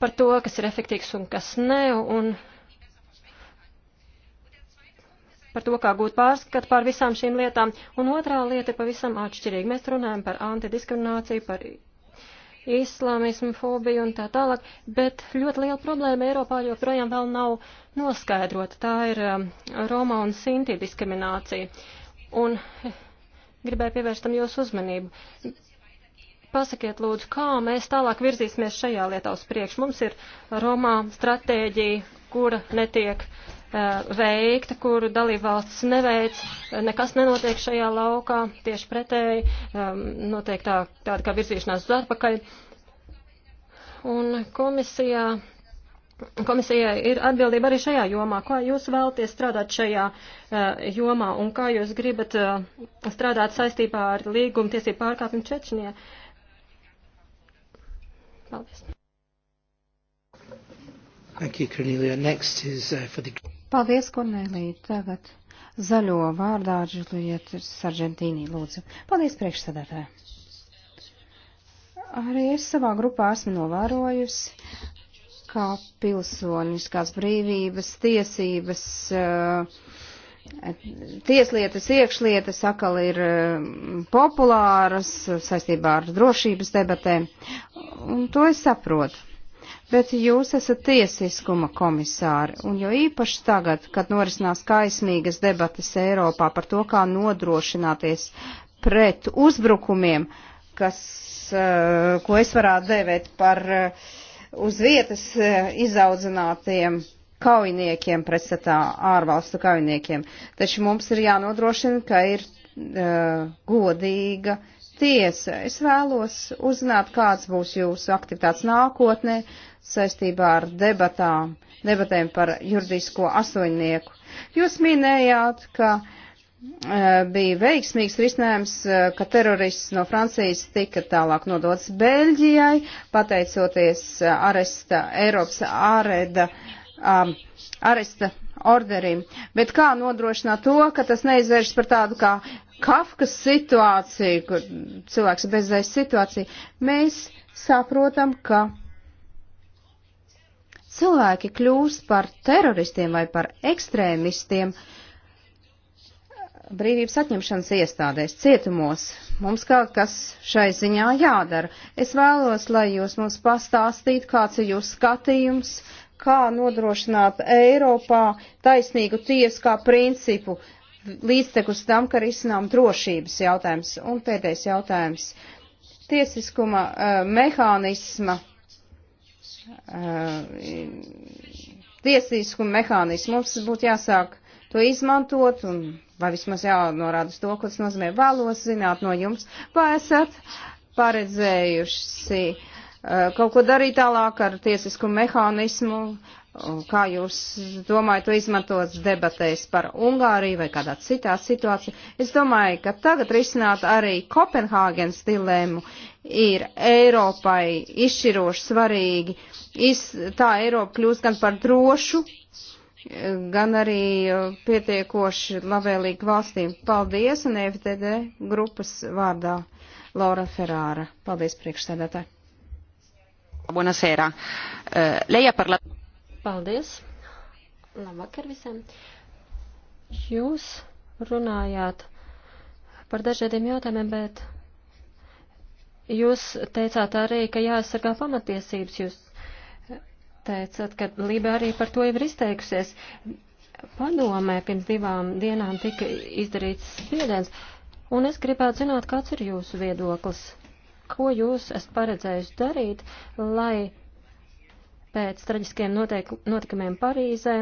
par to, kas ir efektīvs un kas ne, un par to, kā gūt pārskatu par visām šīm lietām, un otrā lieta ir pavisam atšķirīga. Mēs runājam par antidiskrimināciju, par islāmismu, fobiju un tā tālāk, bet ļoti liela problēma Eiropā joprojām vēl nav noskaidrota. Tā ir um, Roma un Sinti diskriminācija. Un gribēju pievērst tam jūsu uzmanību. Pasakiet, lūdzu, kā mēs tālāk virzīsimies šajā lietā uz priekšu. Mums ir Romā stratēģija, kura netiek uh, Uh, veikta, kuru dalībvalsts neveic, nekas nenotiek šajā laukā, tieši pretēji, um, notiek tā, tāda kā virzīšanās uz atpakaļ. Un komisijā Komisijai ir atbildība arī šajā jomā. Kā jūs vēlaties strādāt šajā uh, jomā un kā jūs gribat uh, strādāt saistībā ar līgumu tiesību pārkāpumu Čečņie? Paldies. Thank you, Cornelia. Next is uh, for the... Paldies, Kornelija. Tagad zaļo vārdā Džuliet Sargentīnī, lūdzu. Paldies, priekšsēdētāji. Arī es savā grupā esmu novērojusi, kā pilsoņiskās brīvības, tiesības. Uh, Tieslietas, iekšlietas atkal ir eh, populāras saistībā ar drošības debatēm, un to es saprotu bet jūs esat tiesiskuma komisāri, un jo īpaši tagad, kad norisinās kaismīgas debatas Eiropā par to, kā nodrošināties pret uzbrukumiem, kas, eh, ko es varētu dēvēt par eh, uz vietas eh, izaudzinātiem kaujiniekiem pretstatā ārvalstu kaujiniekiem. Taču mums ir jānodrošina, ka ir uh, godīga tiesa. Es vēlos uzzināt, kāds būs jūsu aktivitātes nākotnē, saistībā ar debatām, debatēm par juridisko astoņnieku. Jūs minējāt, ka e, bija veiksmīgs risinājums, e, ka terorists no Francijas tika tālāk nodots Beļģijai, pateicoties e, aresta, Eiropas āreda, um, aresta orderim. Bet kā nodrošināt to, ka tas neizvēršas par tādu kā Kafkas situāciju, kur cilvēks bezais situācija? Mēs saprotam, ka cilvēki kļūst par teroristiem vai par ekstrēmistiem brīvības atņemšanas iestādēs, cietumos. Mums kaut kas šai ziņā jādara. Es vēlos, lai jūs mums pastāstītu, kāds ir jūsu skatījums, kā nodrošināt Eiropā taisnīgu tiesu kā principu līdztekus tam, ka risinām drošības jautājums. Un pēdējais jautājums. Tiesiskuma uh, mehānisma Eh, tiesisku mehānismu. Mums būtu jāsāk to izmantot, un, vai vismaz jānorāda uz to, ko tas nozīmē. Vēlos zināt no jums, vai esat paredzējuši eh, kaut ko darīt tālāk ar tiesisku mehānismu, kā jūs domājat to izmantot debatēs par Ungāriju vai kādā citā situācijā. Es domāju, ka tagad risināt arī Kopenhāgenes dilēmu ir Eiropai izšķiroši svarīgi. Iz, tā Eiropa kļūst gan par drošu, gan arī uh, pietiekoši labvēlīgu valstīm. Paldies un FTD grupas vārdā Laura Ferāra. Paldies priekšsēdētāji. Buonasera. Eh, Leja par la... Paldies. Labvakar visiem. Jūs runājāt par dažādiem jautājumiem, bet Jūs teicāt arī, ka jāaizsargā pamatiesības. Jūs teicāt, ka Lība arī par to jau ir izteikusies. Padomē pirms divām dienām tika izdarīts spiediens, un es gribētu zināt, kāds ir jūsu viedoklis. Ko jūs esat paredzējuši darīt, lai pēc traģiskiem notikumiem Parīzē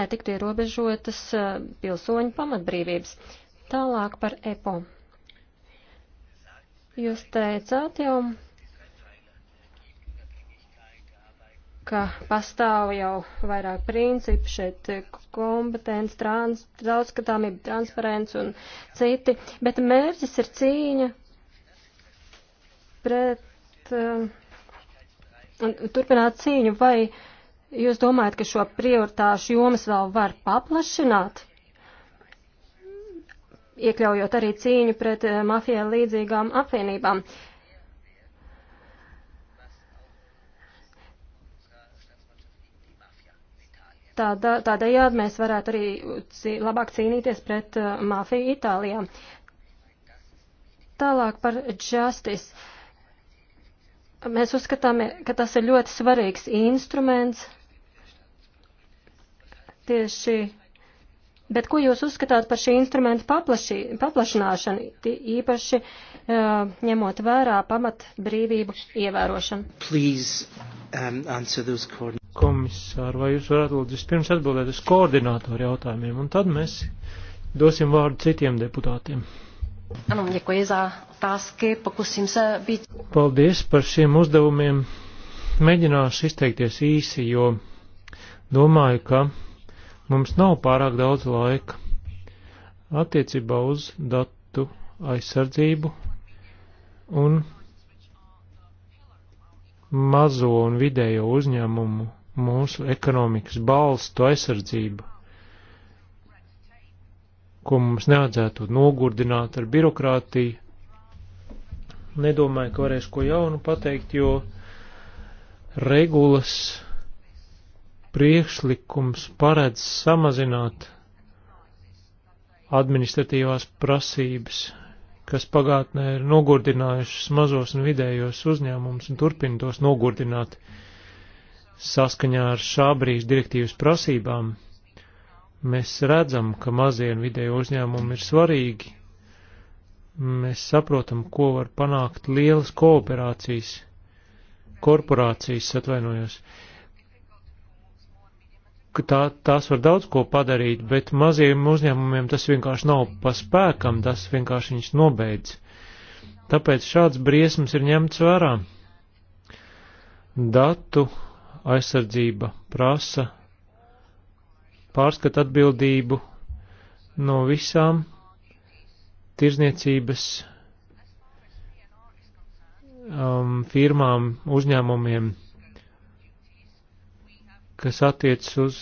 netiktu ierobežotas eh, pilsoņu pamatbrīvības. Tālāk par EPO. Jūs teicāt jau, ka pastāv jau vairāk principi šeit - kompetence, trans, daudzskatāmība, transparents un citi, bet mērķis ir cīņa pret uh, turpināt cīņu vai jūs domājat, ka šo prioritāšu jomas vēl var paplašināt? iekļaujot arī cīņu pret eh, mafijai līdzīgām apvienībām. Tādā, tādējādi mēs varētu arī cī, labāk cīnīties pret uh, mafiju Itālijā. Tālāk par justice. Mēs uzskatām, ka tas ir ļoti svarīgs instruments tieši Bet ko jūs uzskatāt par šī instrumenta paplaši, paplašināšanu, īpaši uh, ņemot vērā pamat brīvību ievērošanu? Please, um, Komisāri, vai jūs varat lūdzu vispirms atbildēt uz koordinātoru jautājumiem, un tad mēs dosim vārdu citiem deputātiem. Ano, děkuji za otázky, pokusím se být. Paldies par šiem uzdevumiem. Mēģināšu izteikties īsi, jo domāju, ka Mums nav pārāk daudz laika. Attiecībā uz datu aizsardzību un mazo un vidējo uzņēmumu mūsu ekonomikas balstu aizsardzību, ko mums nevajadzētu nogurdināt ar birokrātiju. Nedomāju, ka varēšu ko jaunu pateikt, jo regulas priekšlikums paredz samazināt administratīvās prasības, kas pagātnē ir nogurdinājušas mazos un vidējos uzņēmumus un turpina tos nogurdināt saskaņā ar šā brīža direktīvas prasībām. Mēs redzam, ka mazie un vidēji uzņēmumi ir svarīgi. Mēs saprotam, ko var panākt lielas kooperācijas, korporācijas, atvainojos, uh, ka tā, tās var daudz ko padarīt, bet maziem uzņēmumiem tas vienkārši nav pa spēkam, tas vienkārši viņus nobeidz. Tāpēc šāds briesmas ir ņemts vērā. Datu aizsardzība prasa pārskat atbildību no visām tirzniecības um, firmām, uzņēmumiem kas attiecas uz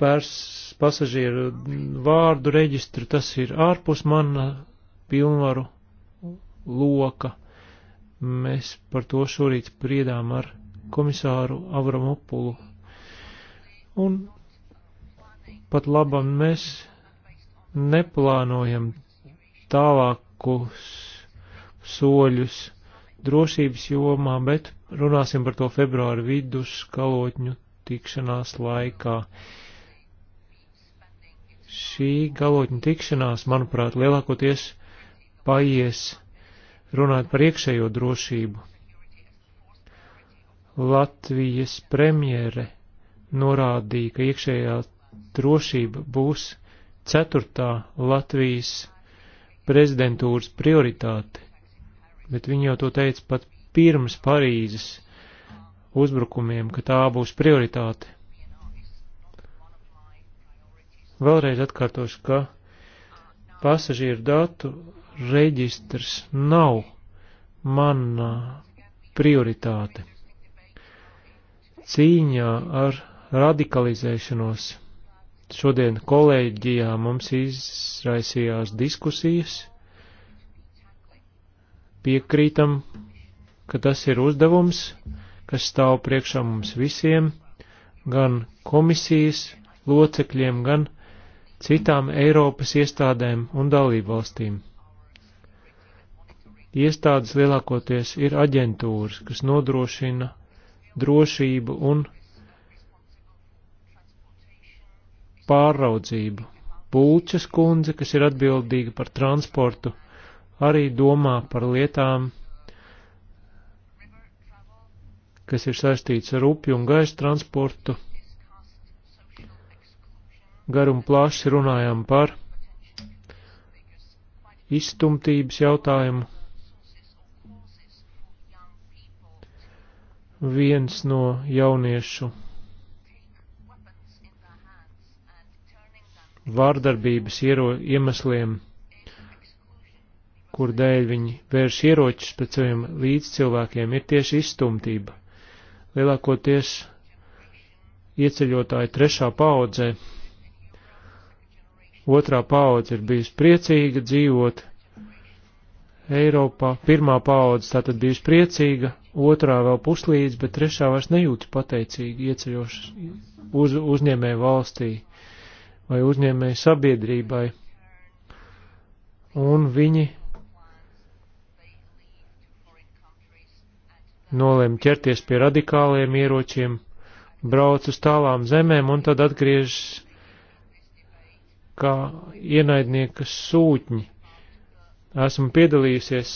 pers, pasažieru vārdu reģistru, tas ir ārpus mana pilnvaru loka. Mēs par to šorīt priedām ar komisāru Avramopulu. Un pat labam mēs neplānojam tālākus soļus drošības jomā, bet runāsim par to februāra vidus kalotņu tikšanās laikā. Šī galotņa tikšanās, manuprāt, lielākoties paies runāt par iekšējo drošību. Latvijas premjere norādīja, ka iekšējā drošība būs ceturtā Latvijas prezidentūras prioritāte, bet viņi jau to teica pat pirms Parīzes uzbrukumiem, ka tā būs prioritāte. Vēlreiz atkārtošu, ka pasažieru datu reģistrs nav mana prioritāte. Cīņā ar radikalizēšanos šodien kolēģijā mums izraisījās diskusijas. Piekrītam ka tas ir uzdevums, kas stāv priekšā mums visiem, gan komisijas locekļiem, gan citām Eiropas iestādēm un dalībvalstīm. Iestādes lielākoties ir aģentūras, kas nodrošina drošību un pāraudzību. Pulčes kundze, kas ir atbildīga par transportu, arī domā par lietām, kas ir saistīts ar upju un gaisa transportu. Gar un plaši runājām par izstumtības jautājumu. Viens no jauniešu vārdarbības iero, iemesliem, kur dēļ viņi vērš ieročus pēc saviem līdzcilvēkiem, ir tieši izstumtība lielākoties ieceļotāji trešā paudze. Otrā paudze ir bijusi priecīga dzīvot Eiropā, pirmā paudze tātad bijusi priecīga, otrā vēl puslīdz, bet trešā vairs nejūtas pateicīgi ieceļošas uz, uzņēmēju valstī vai uzņēmēju sabiedrībai. Un viņi nolēma ķerties pie radikāliem ieročiem, brauc uz tālām zemēm un tad atgriežas kā ienaidnieka sūtņi. Esmu piedalījusies,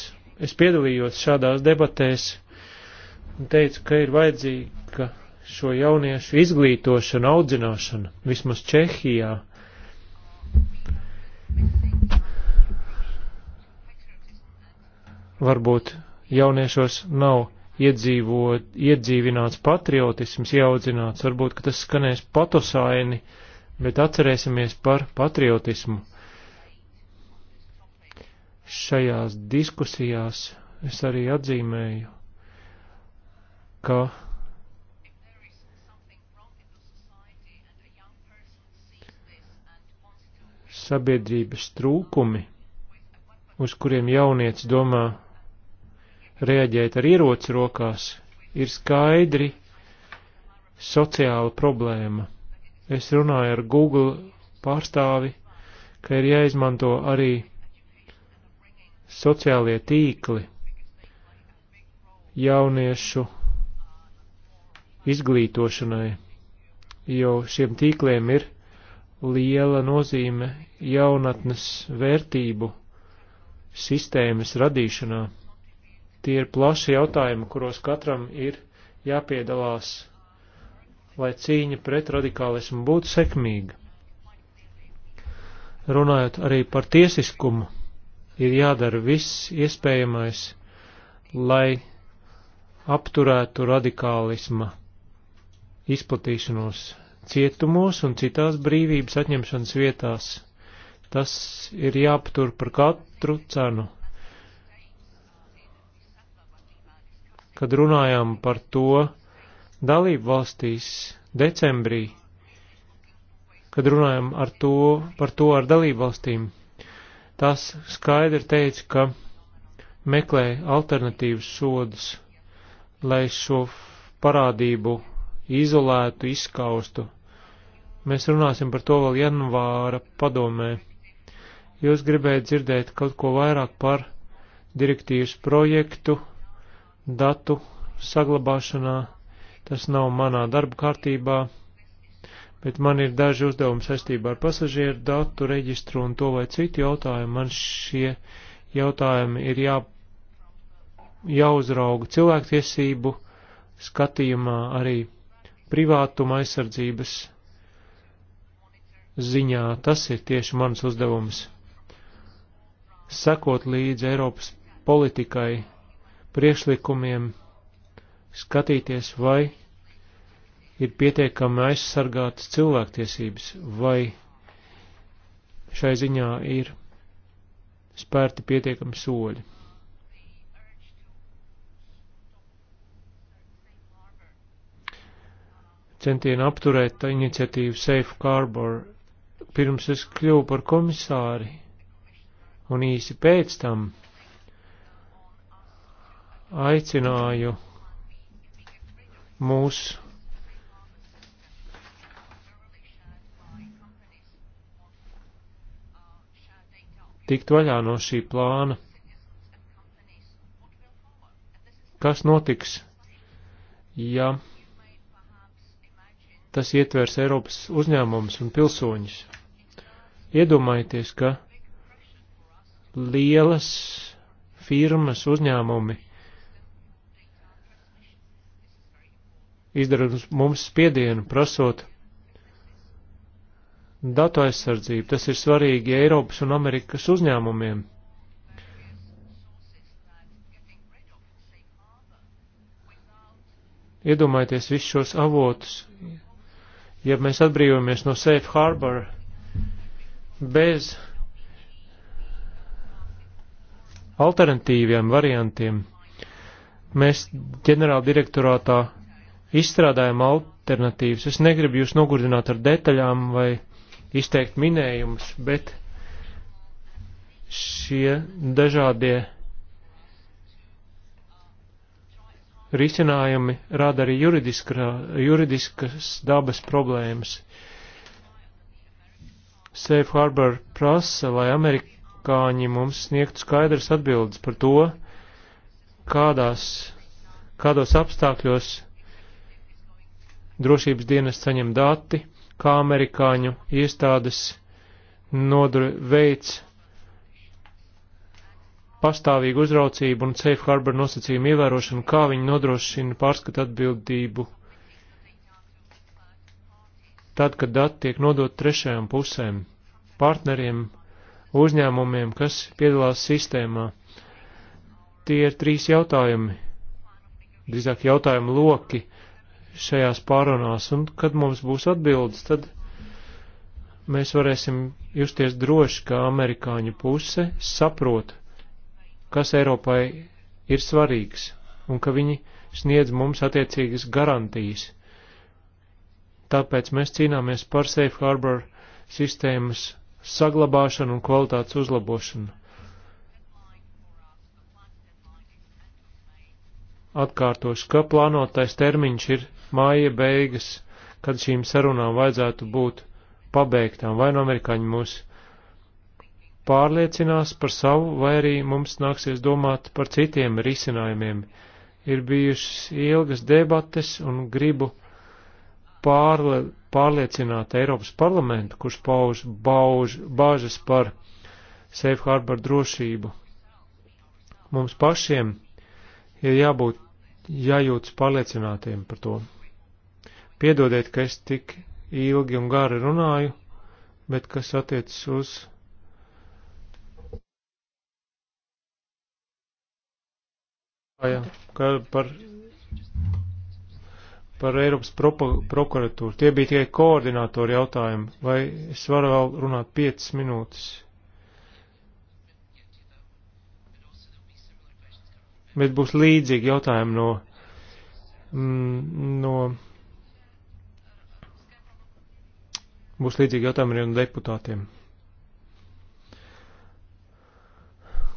es piedalījos šādās debatēs un teicu, ka ir vajadzīga šo jauniešu izglītošana, audzināšana, vismaz Čehijā. Varbūt jauniešos nav iedzīvot, iedzīvināts patriotisms, ieaudzināts. Varbūt, ka tas skanēs patosaini, bet atcerēsimies par patriotismu. Šajās diskusijās es arī atzīmēju, ka sabiedrības trūkumi, uz kuriem jaunieci domā, rēģēt ar ieroci rokās, ir skaidri sociāla problēma. Es runāju ar Google pārstāvi, ka ir jāizmanto arī sociālie tīkli jauniešu izglītošanai, jo šiem tīkliem ir liela nozīme jaunatnes vērtību sistēmas radīšanā. Tie ir plaši jautājumi, kuros katram ir jāpiedalās, lai cīņa pret radikālismu būtu sekmīga. Runājot arī par tiesiskumu, ir jādara viss iespējamais, lai apturētu radikālisma izplatīšanos cietumos un citās brīvības atņemšanas vietās. Tas ir jāaptur par katru cenu. kad runājām par to dalību valstīs decembrī, kad runājām ar to, par to ar dalību valstīm, tas skaidri teica, ka meklē alternatīvas sodus, lai šo parādību izolētu, izskaustu. Mēs runāsim par to vēl janvāra padomē. Jūs gribējat dzirdēt kaut ko vairāk par direktīvas projektu, datu saglabāšanā. Tas nav manā darba kārtībā, bet man ir daži uzdevumi saistībā ar pasažieru datu reģistru un to vai citu jautājumu. Man šie jautājumi ir jā, jāuzrauga cilvēktiesību skatījumā arī privātuma aizsardzības ziņā. Tas ir tieši mans uzdevums. Sekot līdzi Eiropas politikai priekšlikumiem skatīties, vai ir pietiekami aizsargātas cilvēktiesības, vai šai ziņā ir spērti pietiekami soļi. Centieni apturēt iniciatīvu Safe Harbor pirms es kļuvu par komisāri un īsi pēc tam aicināju mūs tikt vaļā no šī plāna. Kas notiks, ja tas ietvers Eiropas uzņēmumus un pilsoņus? Iedomājieties, ka lielas firmas uzņēmumi izdara mums spiedienu, prasot datu aizsardzību. Tas ir svarīgi Eiropas un Amerikas uzņēmumiem. Iedomājieties visus šos avotus. Ja mēs atbrīvojamies no Safe Harbor bez alternatīviem variantiem, mēs ģenerāla direktorātā izstrādājam alternatīvas. Es negribu jūs nogurdināt ar detaļām vai izteikt minējumus, bet šie dažādie risinājumi rada arī juridiskas dabas problēmas. Safe Harbor prasa, lai amerikāņi mums sniegtu skaidrs atbildes par to, kādās, kādos apstākļos drošības dienas saņem dati, kā amerikāņu iestādes nodru veids pastāvīgu uzraucību un safe harbor nosacījumu ievērošanu, kā viņi nodrošina pārskatu atbildību tad, kad dati tiek nodot trešajām pusēm, partneriem, uzņēmumiem, kas piedalās sistēmā. Tie ir trīs jautājumi, drīzāk jautājumu loki šajās pārunās, un kad mums būs atbildes, tad mēs varēsim justies droši, ka amerikāņu puse saprot, kas Eiropai ir svarīgs, un ka viņi sniedz mums attiecīgas garantijas. Tāpēc mēs cīnāmies par Safe Harbor sistēmas saglabāšanu un kvalitātes uzlabošanu. Atkārtošu, ka plānotais termiņš ir māja beigas, kad šīm sarunām vajadzētu būt pabeigtām, vai no nu amerikāņi mūs pārliecinās par savu, vai arī mums nāksies domāt par citiem risinājumiem. Ir bijušas ilgas debates un gribu pārle, pārliecināt Eiropas parlamentu, kurš pauž bauž, bāžas par Safe Harbor drošību. Mums pašiem ir jābūt jājūtas pārliecinātiem par to. Piedodiet, ka es tik ilgi un gari runāju, bet kas attiecas uz. Jā, kā par, par Eiropas propa, prokuratūru. Tie bija tikai koordinātori jautājumi. Vai es varu vēl runāt 5 minūtes? Bet būs līdzīgi jautājumi no, mm, no Būs līdzīgi jautājumi arī no deputātiem.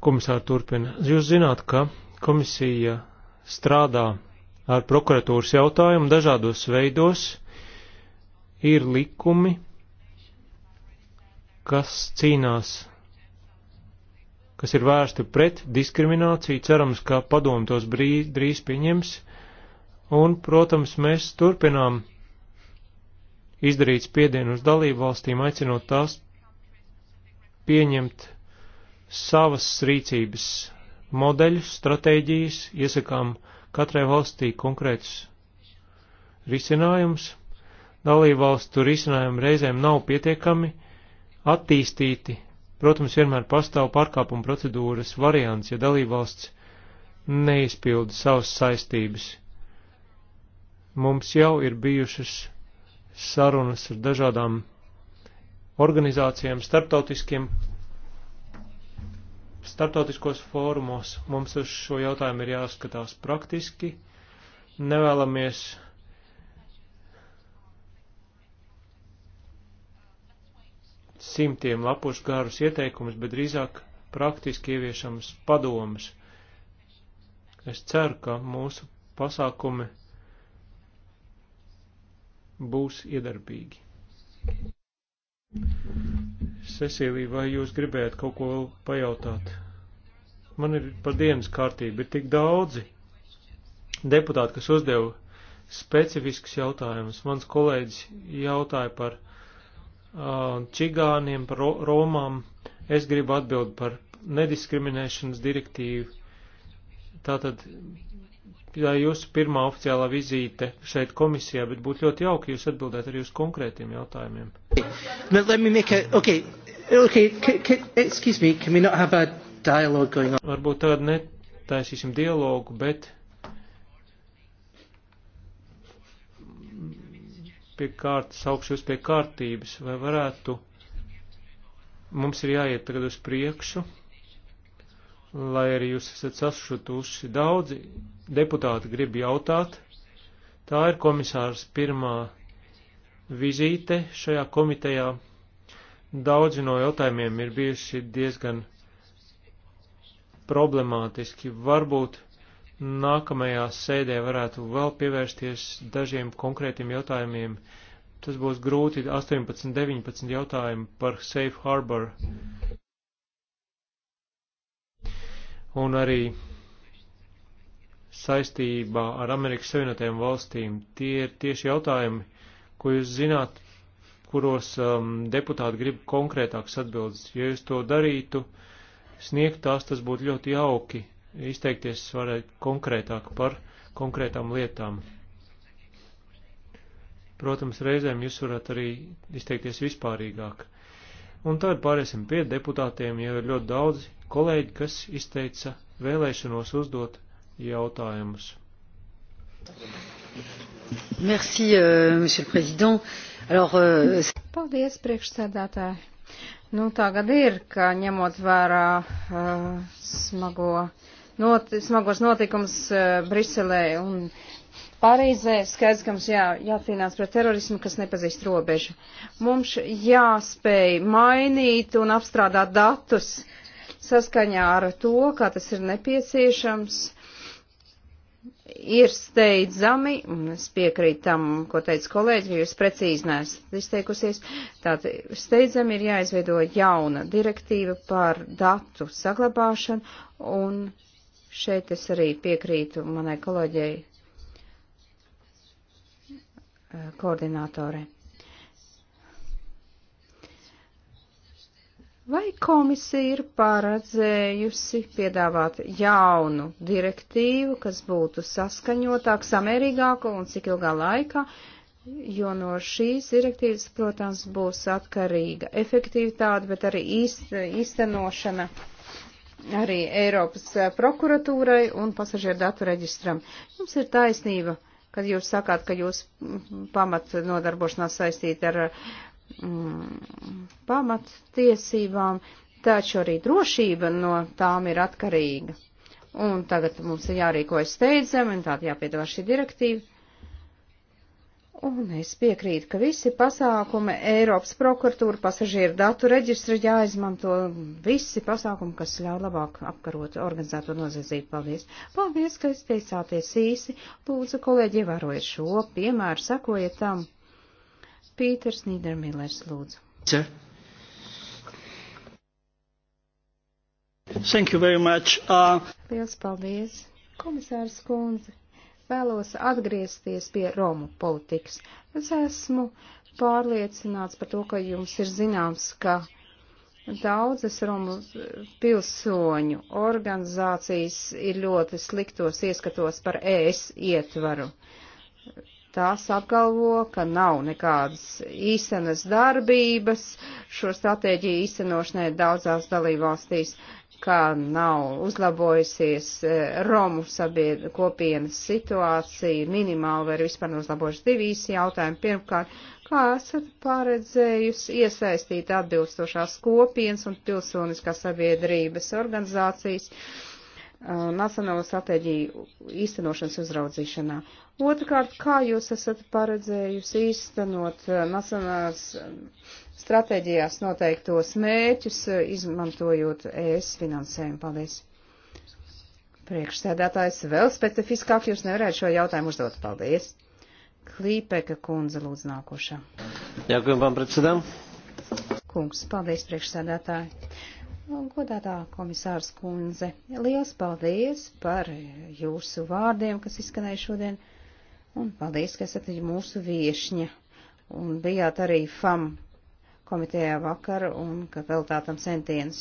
Komisāri turpina. Jūs zināt, ka komisija strādā ar prokuratūras jautājumu dažādos veidos. Ir likumi, kas cīnās, kas ir vērsti pret diskrimināciju. Cerams, ka padomu tos brīz, drīz pieņems. Un, protams, mēs turpinām izdarīt spiedienu uz dalību valstīm, aicinot tās pieņemt savas rīcības modeļus, stratēģijas, iesakām katrai valstī konkrētus risinājumus. Dalību valstu risinājumi reizēm nav pietiekami attīstīti. Protams, vienmēr pastāv pārkāpuma procedūras variants, ja dalībvalsts neizpilda savas saistības. Mums jau ir bijušas sarunas ar dažādām organizācijām, starptautiskiem, starptautiskos fórumos. Mums uz šo jautājumu ir jāskatās praktiski. Nevēlamies simtiem lapušu garus ieteikumus, bet drīzāk praktiski ieviešams padomus. Es ceru, ka mūsu pasākumi būs iedarbīgi. Cecīlija, vai jūs gribējat kaut ko pajautāt? Man ir par dienas kārtību, ir tik daudzi deputāti, kas uzdeva specifiskus jautājumus. Mans kolēģis jautāja par uh, čigāniem, par ro romām. Es gribu atbild par nediskriminēšanas direktīvu. Tātad tā jūsu pirmā oficiālā vizīte šeit komisijā, bet būtu ļoti jauki jūs atbildēt arī uz konkrētiem jautājumiem. A, okay, okay, me, Varbūt tādu netaisīsim dialogu, bet pie kārtas, augšu uz pie kārtības, vai varētu, mums ir jāiet tagad uz priekšu, lai arī jūs esat sašutuši daudzi deputāti grib jautāt. Tā ir komisārs pirmā vizīte šajā komitejā. Daudzi no jautājumiem ir bijuši diezgan problemātiski. Varbūt nākamajā sēdē varētu vēl pievērsties dažiem konkrētiem jautājumiem. Tas būs grūti 18, 19 jautājumu par Safe Harbor. Un arī saistībā ar Amerikas Savienotajām valstīm. Tie ir tieši jautājumi, ko jūs zināt, kuros um, deputāti grib konkrētākas atbildes. Ja jūs to darītu, sniegt tās, tas būtu ļoti jauki. Izteikties varētu konkrētāk par konkrētām lietām. Protams, reizēm jūs varat arī izteikties vispārīgāk. Un tad pāriesim pie deputātiem, jau ir ļoti daudzi kolēģi, kas izteica vēlēšanos uzdot jautājumus. Merci, uh, monsieur le président. Alors, uh... Paldies, priekšsēdētāji. Nu, tagad ir, ka ņemot vērā uh, smago, not, smagos notikums uh, Briselē un Parīzē, skaidrs, ka mums jā, jācīnās pret terorismu, kas nepazīst robežu. Mums jāspēj mainīt un apstrādāt datus saskaņā ar to, kā tas ir nepieciešams. Uh, ir steidzami, un es piekrītu tam, ko teica kolēģi, ka jūs precīzi neesat izteikusies, tātad steidzami ir jāizveido jauna direktīva par datu saglabāšanu, un šeit es arī piekrītu manai kolēģei eh, koordinātorei. Vai komisija ir paredzējusi piedāvāt jaunu direktīvu, kas būtu saskaņotāka, samērīgāka un cik ilgā laikā, jo no šīs direktīvas, protams, būs atkarīga efektivitāte, bet arī īst, īstenošana arī Eiropas eh, prokuratūrai un pasažieru datu reģistram. Jums ir taisnība, kad jūs sakāt, ka jūs mm, pamat nodarbošanās saistīta ar mm, pamattiesībām, taču arī drošība no tām ir atkarīga. Un tagad mums ir jārīkojas steidzami, un tāda jāpiedāvā šī direktīva. Un es piekrītu, ka visi pasākumi, Eiropas prokuratūra, pasažieru datu reģistra jāizmanto, visi pasākumi, kas ļauj labāk apkarot organizēto noziedzību. Paldies! Paldies, ka izteicāties īsi! Lūdzu, kolēģi, ievērojiet šo piemēru, sekojiet tam! Pīters Nīdermīlērs lūdzu. Sir. Thank you very much. Uh... Liels paldies, komisārs Kunze. Vēlos atgriezties pie Romu politikas. Es esmu pārliecināts par to, ka jums ir zināms, ka daudzas Romu pilsoņu organizācijas ir ļoti sliktos ieskatos par ES ietvaru. Tās apgalvo, ka nav nekādas īstenas darbības šo stratēģiju īstenošanai daudzās dalībvalstīs, ka nav uzlabojusies e, Romu sabied, kopienas situācija, minimāli vai vispār uzlabojusi divīs jautājumi. Pirmkārt, kā esat paredzējusi iesaistīt atbilstošās kopienas un pilsoniskās sabiedrības organizācijas? E, nacionālo stratēģiju īstenošanas uzraudzīšanā. Otrakārt, kā jūs esat paredzējusi īstenot eh, nacionālās eh, stratēģijās noteiktos mērķus, eh, izmantojot ES finansējumu? Paldies! Priekšsēdētājs vēl specifiskāk jūs nevarētu šo jautājumu uzdot. Paldies! Klīpeka kundze lūdzu nākošā. Jākujem, pan predsedam. Kungs, paldies priekšsēdētāji. Nu, godātā komisārs kundze, liels paldies par jūsu vārdiem, kas izskanēja šodien. Un paldies, ka esat mūsu viešņa. Un bijāt arī FAM komitejā vakar un ka veltāt tam centienus.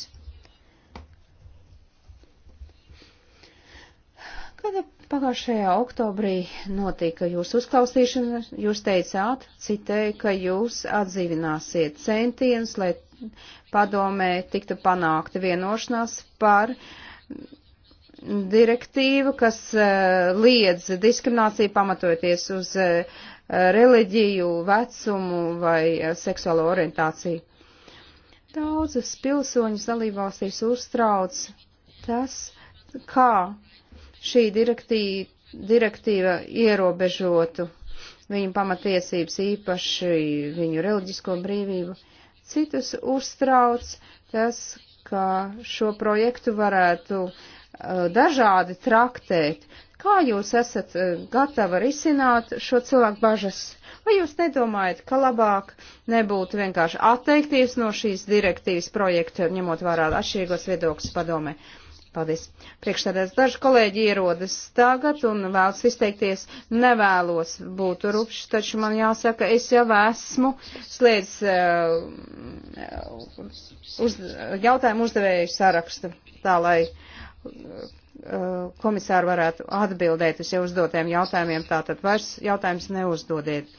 Kad pagājušajā oktobrī notika jūsu uzklausīšana, jūs teicāt, citēju, ka jūs atdzīvināsiet centienus, lai padomē tiktu panākta vienošanās par direktīva, kas eh, liedz diskrimināciju pamatoties uz eh, reliģiju, vecumu vai eh, seksuālo orientāciju. Daudzas pilsoņas dalībvalstīs uztrauc tas, kā šī direktīva, direktīva ierobežotu viņu pamatiesības, īpaši viņu reliģisko brīvību. Citus uztrauc tas, ka šo projektu varētu uh, Eh, dažādi traktēt. Kā jūs esat eh, gatava risināt šo cilvēku bažas? Vai jūs nedomājat, ka labāk nebūtu vienkārši atteikties no šīs direktīvas projekta, ņemot vērā atšķirīgos viedokļus padomē? Paldies. Priekšstādās daži kolēģi ierodas tagad un vēlas izteikties. Nevēlos būt rupšs, taču man jāsaka, es jau esmu slēdz uh, eh, uz, jautājumu uzdevēju sarakstu tā, lai uh, komisāri varētu atbildēt uz jau uzdotiem jautājumiem, tātad vairs jautājums neuzdodiet.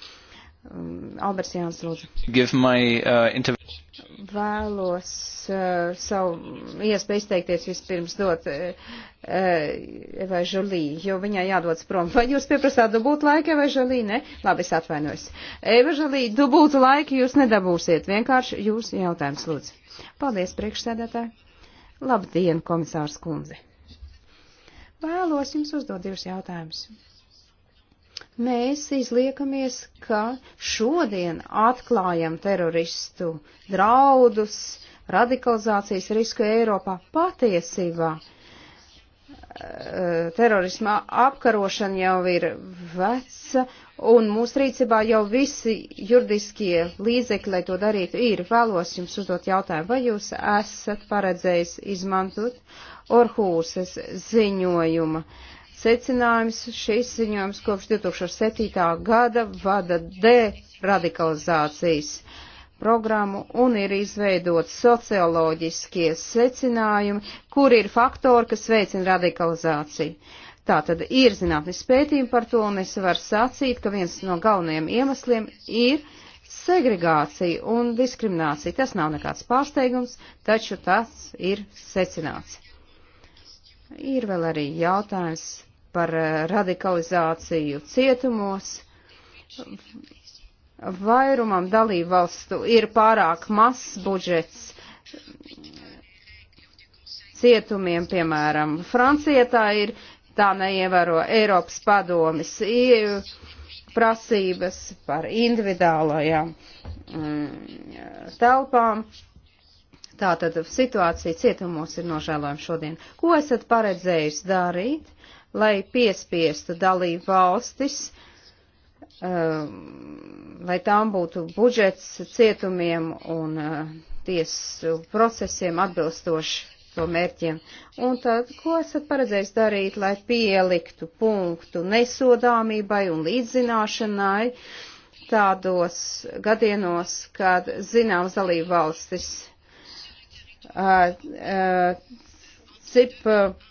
Um, Alberts Jānis, lūdzu. My, uh, Vēlos uh, savu iespēju izteikties vispirms dot uh, uh Evai Žulī, jo viņai jādodas prom. Vai jūs pieprasāt dubult laiku Evai Žulī? Ne? Labi, es atvainojos. Eva Žulī, dubult laiku jūs nedabūsiet. Vienkārši jūs jautājums, lūdzu. Paldies, priekšsēdētāji. Labdien, komisārs kundze! Vēlos jums uzdot divus jautājumus. Mēs izliekamies, ka šodien atklājam teroristu draudus, radikalizācijas risku Eiropā patiesībā. Uh, terorisma apkarošana jau ir veca, un mūsu rīcībā jau visi juridiskie līdzekļi, lai to darītu, ir. Vēlos jums uzdot jautājumu, vai jūs esat paredzējis izmantot Orhūses ziņojuma secinājums. Šis ziņojums kopš 2007. gada vada deradikalizācijas. Uh, programmu un ir izveidot socioloģiskie secinājumi, kur ir faktori, kas veicina radikalizāciju. Tā tad ir zinātnes pētījumi par to, un es varu sacīt, ka viens no galvenajiem iemesliem ir segregācija un diskriminācija. Tas nav nekāds pārsteigums, taču tas ir secināts. Ir vēl arī jautājums par eh, radikalizāciju cietumos vairumam dalībvalstu ir pārāk mazs budžets cietumiem, piemēram, Francija tā ir, tā neievēro Eiropas padomis prasības par individuālajām mm, telpām. Tātad situācija cietumos ir nožēlojama šodien. Ko esat paredzējis darīt, lai piespiestu dalību valstis uh, Ehm, lai tām būtu budžets cietumiem un eh, tiesu procesiem atbilstoši to mērķiem. Un tad, ko esat paredzējis darīt, lai pieliktu punktu nesodāmībai un līdzzināšanai tādos gadienos, kad zināms dalību valstis uh, uh, cip uh,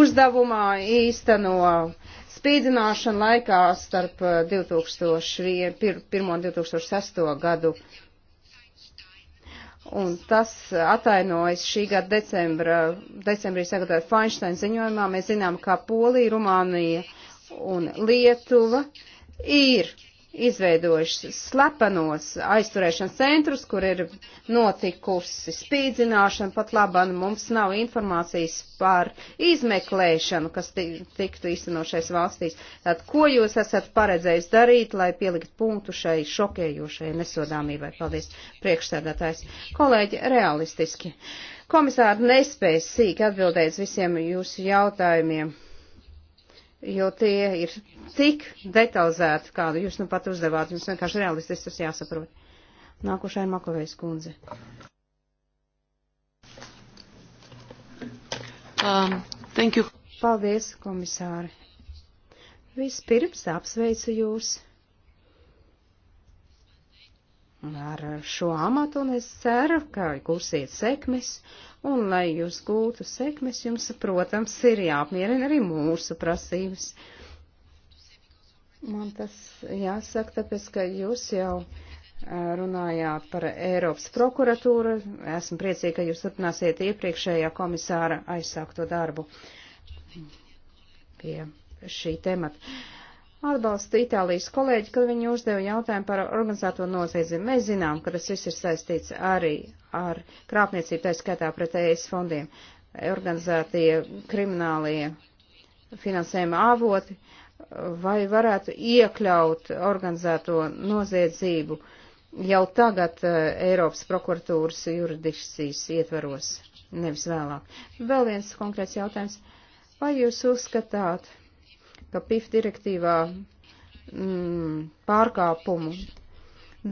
uzdevumā īsteno spīdzināšana laikā starp 2001 eh, un 2006 gadu. Un tas atainojas šī gada decembra, decembrī sagatavot Feinstein ziņojumā. Mēs zinām, ka Polija, Rumānija un Lietuva ir izveidojuši slepenos aizturēšanas centrus, kur ir notikusi spīdzināšana, pat laban nu, mums nav informācijas par izmeklēšanu, kas tiktu īstenošais valstīs. Tad, ko jūs esat paredzējis darīt, lai pielikt punktu šai šokējošai nesodāmībai? Paldies, priekšsēdētājs. Kolēģi, realistiski. Komisāri nespēja sīk atbildēt visiem jūsu jautājumiem jo tie ir tik detalizēti, kādu jūs nu pat uzdevāt. Jums vienkārši realistiski tas jāsaprot. Nākošai Makovējas kundze. Um, thank you. Paldies, komisāri. Vispirms apsveicu jūs ar šo amatu, un es ceru, ka gūsiet sekmes Un, lai jūs gūtu sekmes, jums, protams, ir jāapmierina arī mūsu prasības. Man tas jāsaka, tāpēc, ka jūs jau runājāt par Eiropas prokuratūru. Esmu priecīga, ka jūs turpināsiet iepriekšējā komisāra aizsākto darbu pie šī temata atbalsta Itālijas kolēģi, kad viņi uzdeva jautājumu par organizēto noziedzību. Mēs zinām, ka tas viss ir saistīts arī ar krāpniecību, tā skaitā pret ES fondiem, organizētie kriminālie finansējuma avoti, vai varētu iekļaut organizēto noziedzību jau tagad eh, Eiropas prokuratūras juridikcijas ietvaros, nevis vēlāk. Vēl viens konkrēts jautājums. Vai jūs uzskatāt, ka PIF direktīvā mm, pārkāpumu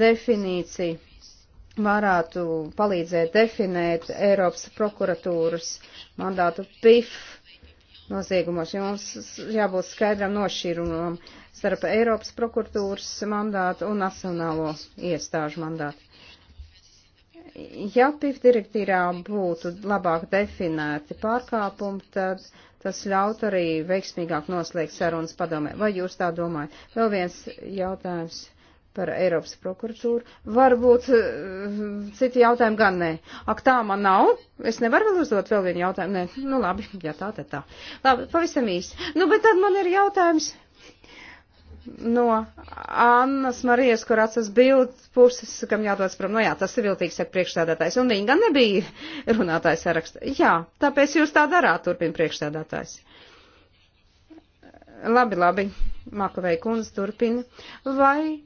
definīcija varētu palīdzēt definēt Eiropas prokuratūras mandātu PIF noziegumos, jo mums jābūt skaidram nošķīrumam starp Eiropas prokuratūras mandātu un nacionālo iestāžu mandātu. Ja PIF direktīvā būtu labāk definēti pārkāpumi, tad Tas ļaut arī veiksmīgāk noslēgt sarunas padomē. Vai jūs tā domājat? Vēl viens jautājums par Eiropas prokuratūru. Varbūt eh, citi jautājumi gan nē. Ak, tā man nav. Es nevaru vēl uzdot vēl vienu jautājumu. Nē, nu labi, ja tā, tad tā. Labi, pavisam īsi. Nu, bet tad man ir jautājums no Annas Marijas, kur atsas bildes puses, kam jādodas prom. No nu jā, tas ir viltīgs, saka priekšstādātājs. Un viņa gan nebija runātājs sarakstā. Jā, tāpēc jūs tā darāt, turpina priekšstādātājs. Labi, labi, Makavei kundze turpina. Vai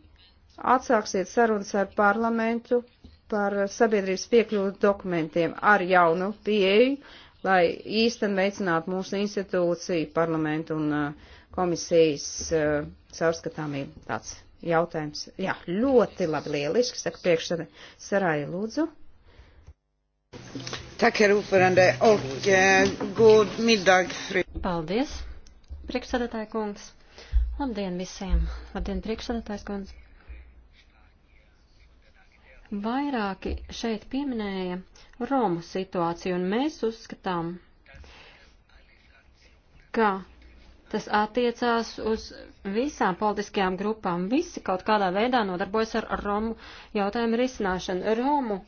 atsāksiet sarunas ar parlamentu par sabiedrības piekļuvu dokumentiem ar jaunu pieeju, lai īsten veicinātu mūsu institūciju, parlamentu un uh, komisijas uh, caurskatāmību. Tāds jautājums. Jā, ļoti labi, lieliski, saka priekšsēdē. Sarāja, lūdzu. Tak, herr ordförande, och eh, god middag, fru. Paldies, priekšsēdētāja kungs. Labdien visiem. Labdien, priekšsēdētājs kungs. Vairāki šeit pieminēja Romu situāciju, un mēs uzskatām, ka Tas attiecās uz visām politiskajām grupām. Visi kaut kādā veidā nodarbojas ar Romu jautājumu risināšanu. Romu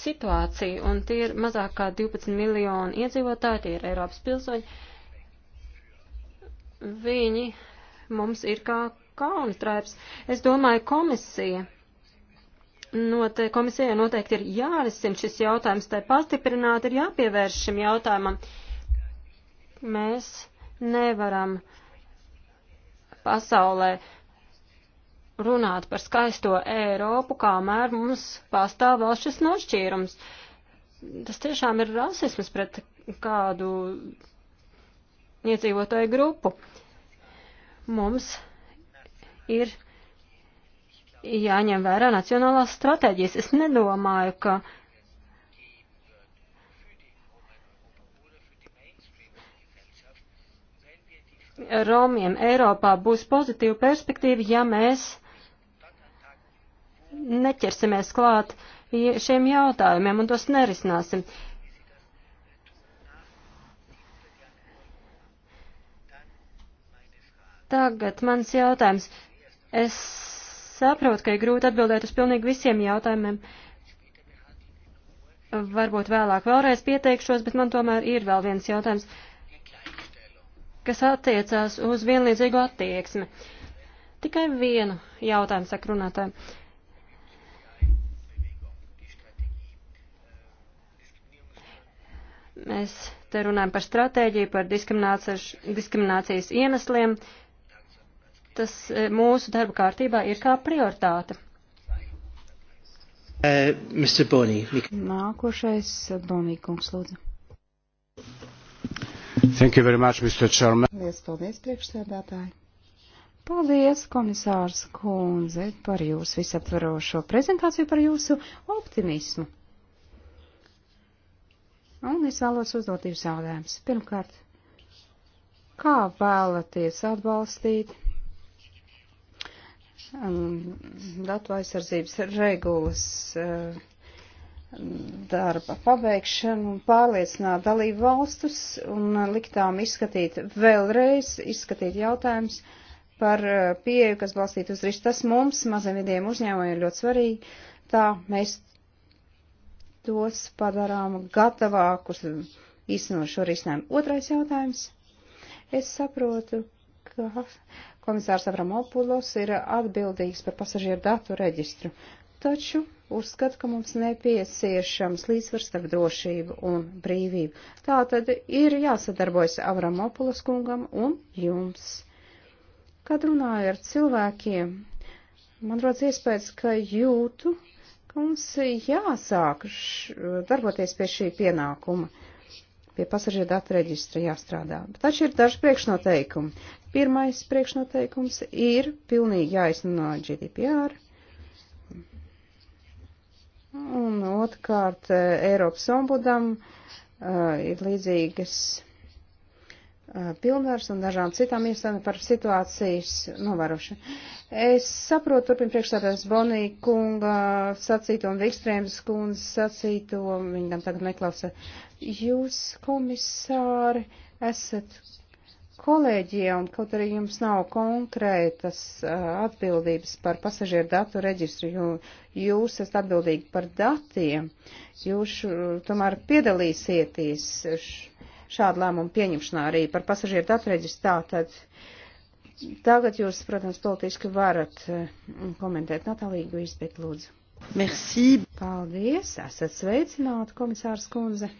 situācija, un tie ir mazāk kā 12 miljoni iedzīvotāji, tie ir Eiropas pilsoņi. Viņi mums ir kā kaunitraips. Es domāju, komisija. Note, komisijai noteikti ir jārisina šis jautājums, tai pastiprināt ir jāpievērš šim jautājumam. Mēs nevaram pasaulē runāt par skaisto Eiropu, kamēr mums pastāv vēl šis nošķīrums. Tas tiešām ir rasisms pret kādu iedzīvotāju grupu. Mums ir jāņem vērā nacionālās stratēģijas. Es nedomāju, ka uh, Romiem Eiropā būs pozitīva perspektīva, ja mēs neķersimies klāt šiem jautājumiem un tos nerisināsim. Tagad mans jautājums. Es saprotu, ka ir grūti atbildēt uz pilnīgi visiem jautājumiem. Varbūt vēlāk vēlreiz pieteikšos, bet man tomēr ir vēl viens jautājums. Uh, kas attiecās uz vienlīdzīgu attieksmi. Tikai vienu jautājumu saka runātājiem. Mēs te runājam par stratēģiju, par diskriminācijas, diskriminācijas iemesliem. Tas e, mūsu darba kārtībā ir kā prioritāte. Uh, Bonī. Nākošais Bonī kungs lūdzu. Thank you very much, Mr. Chairman. Lies paldies, priekšsēdētāji. Paldies, komisārs Kunze, par jūsu visaptverošo prezentāciju, par jūsu optimismu. Un es vēlos uzdot divus jautājumus. Pirmkārt, kā vēlaties atbalstīt um, datu aizsardzības regulas uh, darba pabeigšanu un pārliecināt dalību valstus un liktām izskatīt vēlreiz, izskatīt jautājumus par eh, pieeju, kas balstītu uz risku. Tas mums, maziem vidiem uzņēmumiem, ir ļoti svarīgi. Tā mēs tos padarām gatavākus īstenot šo risinājumu. Otrais jautājums. Es saprotu, ka komisārs Avramopulos ir atbildīgs par pasažieru datu reģistru taču uzskata, ka mums nepieciešams līdzsvars starp drošību un brīvību. Tā tad ir jāsadarbojas Avramopulas kungam un jums. Kad runāju ar cilvēkiem, man rodas iespējas, ka jūtu, ka mums jāsāk š, darboties pie šī pienākuma, pie pasažieru datu reģistra jāstrādā. Bet taču ir daži priekšnoteikumi. Pirmais priekšnoteikums ir pilnīgi jāizmanto GDPR Un otrkārt, eh, Eiropas ombudam eh, ir līdzīgas eh, pilnvars un dažām citām iestādēm par situācijas novarošanu. Es saprotu, turpin priekšstādājums Bonija kunga sacīto un Vikstrēmas kundas sacīto, viņam tagad neklausa. Jūs, komisāri, esat kolēģijā, un kaut arī jums nav konkrētas atbildības par pasažieru datu reģistru, jo jūs esat atbildīgi par datiem, jūs tomēr piedalīsieties šādu lēmumu pieņemšanā arī par pasažieru datu reģistru. Tātad tagad jūs, protams, politiski varat komentēt Natālīgu izbēgt lūdzu. Merci. Paldies, esat sveicināti, komisārs Kunze.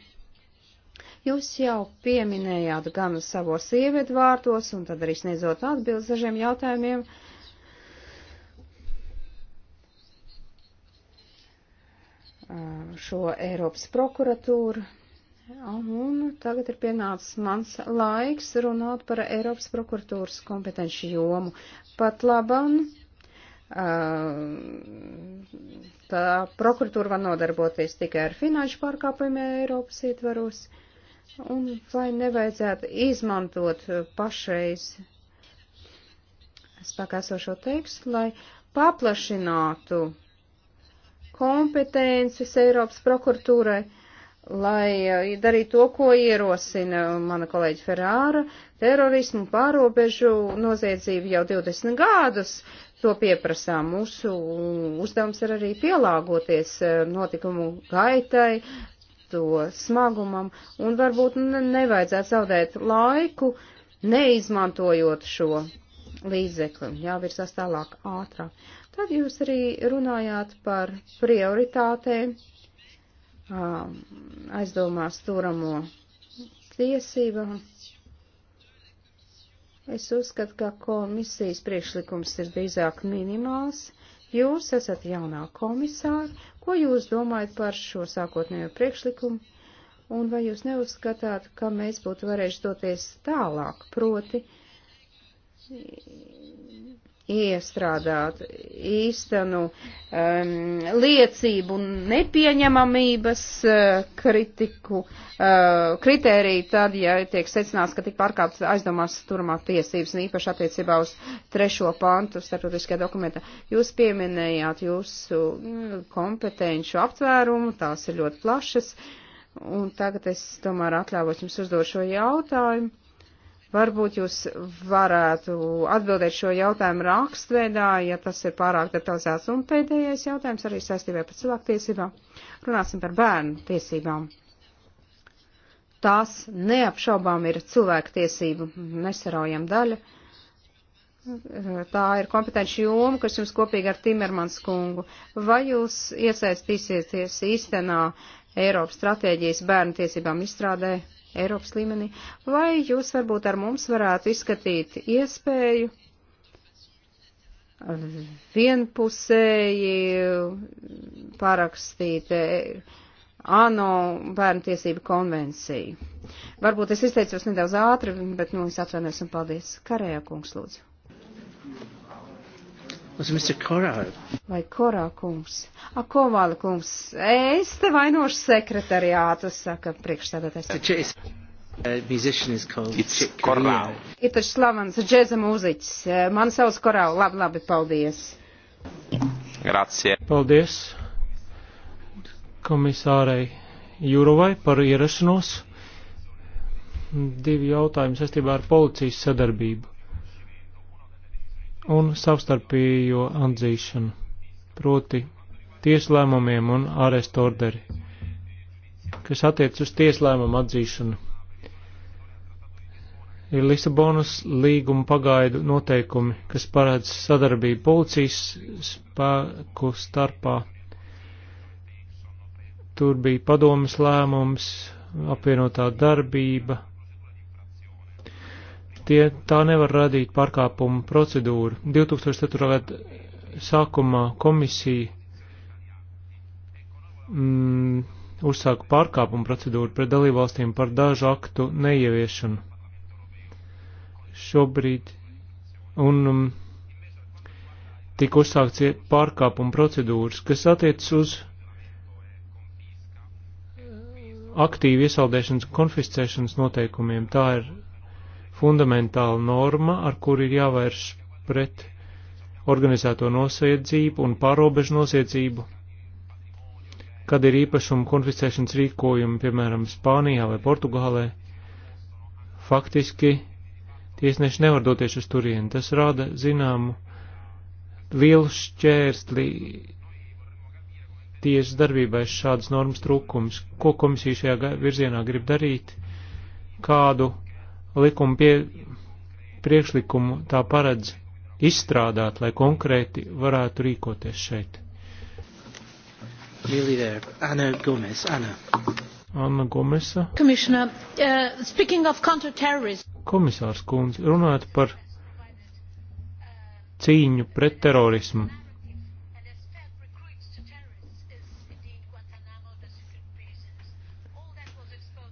Jūs jau pieminējāt gan savos ievedvārtos, un tad arī sniedzot atbildes dažiem jautājumiem. Ah, šo Eiropas prokuratūru. Un tagad ir pienācis mans laiks runāt par Eiropas prokuratūras kompetenci jomu. Pat labam, ah, tā prokuratūra var nodarboties tikai ar finanšu pārkāpumiem Eiropas ietvaros. Un vai nevajadzētu izmantot uh, pašreiz spēkā esošo tekstu, lai paplašinātu kompetences Eiropas prokuratūrai, lai uh, darītu to, ko ierosina mana kolēģa Ferāra, terorismu pārobežu noziedzību jau 20 gadus. To pieprasām. Mūsu uzdevums ir arī pielāgoties uh, notikumu gaitai, to smagumam, un varbūt nevajadzētu zaudēt laiku, neizmantojot šo līdzekli, jāvirsās tālāk ātrāk. Tad jūs arī runājāt par prioritātēm, um, aizdomās turamo tiesībām. Es uzskatu, ka komisijas priekšlikums ir drīzāk minimāls. Jūs esat jaunā komisāra, Ko jūs domājat par šo sākotnējo priekšlikumu? Un vai jūs neuzskatāt, ka mēs būtu varējuši doties tālāk, proti iestrādāt īstenu um, liecību nepieņemamības uh, kritiku, uh, kritēriju tad, ja tiek secināts, ka tik pārkāpts aizdomās turmā tiesības, un īpaši attiecībā uz trešo pantu starptautiskajā dokumentā. Jūs pieminējāt jūsu mm, kompetenšu aptvērumu, tās ir ļoti plašas, un tagad es tomēr atļāvos jums uzdot šo jautājumu Varbūt jūs varētu atbildēt šo jautājumu rakstveidā, ja tas ir pārāk detalizēts. Un pēdējais jautājums arī saistībā par cilvēktiesībām. Runāsim par bērnu tiesībām. Tās neapšaubām ir cilvēktiesību nesaraujam daļa. Tā ir kompetenci joma, kas jums kopīgi ar Timermans kungu. Vai jūs iesaistīsieties īstenā Eiropas stratēģijas bērnu tiesībām izstrādē? Eiropas līmenī, vai jūs varbūt ar mums varētu izskatīt iespēju vienpusēji parakstīt e, ANO bērnu tiesību konvenciju. Varbūt es izteicos nedaudz ātri, bet, nu, es atvainojos un paldies. Karējā kungs, lūdzu. Uz Mr. Korālu. Vai Korā kungs? A, Kovāla kungs, es te vainošu sekretariātu, saka priekšstādātais. Ir taču slavens džēza mūziķis. E, man savs korālu. Labi, labi, paldies. Grazie. Paldies komisārei Jurovai par ierašanos. Divi jautājumi saistībā ar policijas sadarbību un savstarpējo atzīšanu, proti tieslēmumiem un ārestu orderi, kas attiec uz tieslēmumu atzīšanu. Ir Lisabonas līguma pagaidu noteikumi, kas paredz sadarbību policijas spēku starpā. Tur bija padomas lēmums, apvienotā darbība, tie, tā nevar radīt pārkāpumu procedūru. 2004. gada sākumā komisija mm, uzsāka pārkāpumu procedūru pret dalībvalstīm par dažu aktu neieviešanu. Šobrīd un um, tika uzsākts pārkāpumu procedūras, kas attiecas uz aktīvu iesaldēšanas un konfiscēšanas noteikumiem. Tā ir fundamentāla norma, ar kuru ir jāvērš pret organizēto nosiedzību un pārobežu nosiedzību, kad ir īpašuma konfiscēšanas rīkojumi, piemēram, Spānijā vai Portugālē. Faktiski tiesneši nevar doties uz turieni. Tas rada zināmu lielu šķērstli tiesas darbībai šādas normas trūkums. Ko komisija šajā virzienā grib darīt? Kādu likuma pie, priekšlikumu tā paredz izstrādāt, lai konkrēti varētu rīkoties šeit. Really there. Anna Gomez, Anna. Anna Gomesa. Commissioner, uh, speaking of counterterrorism. Komisārs Kunz, runājot par cīņu pret terorismu.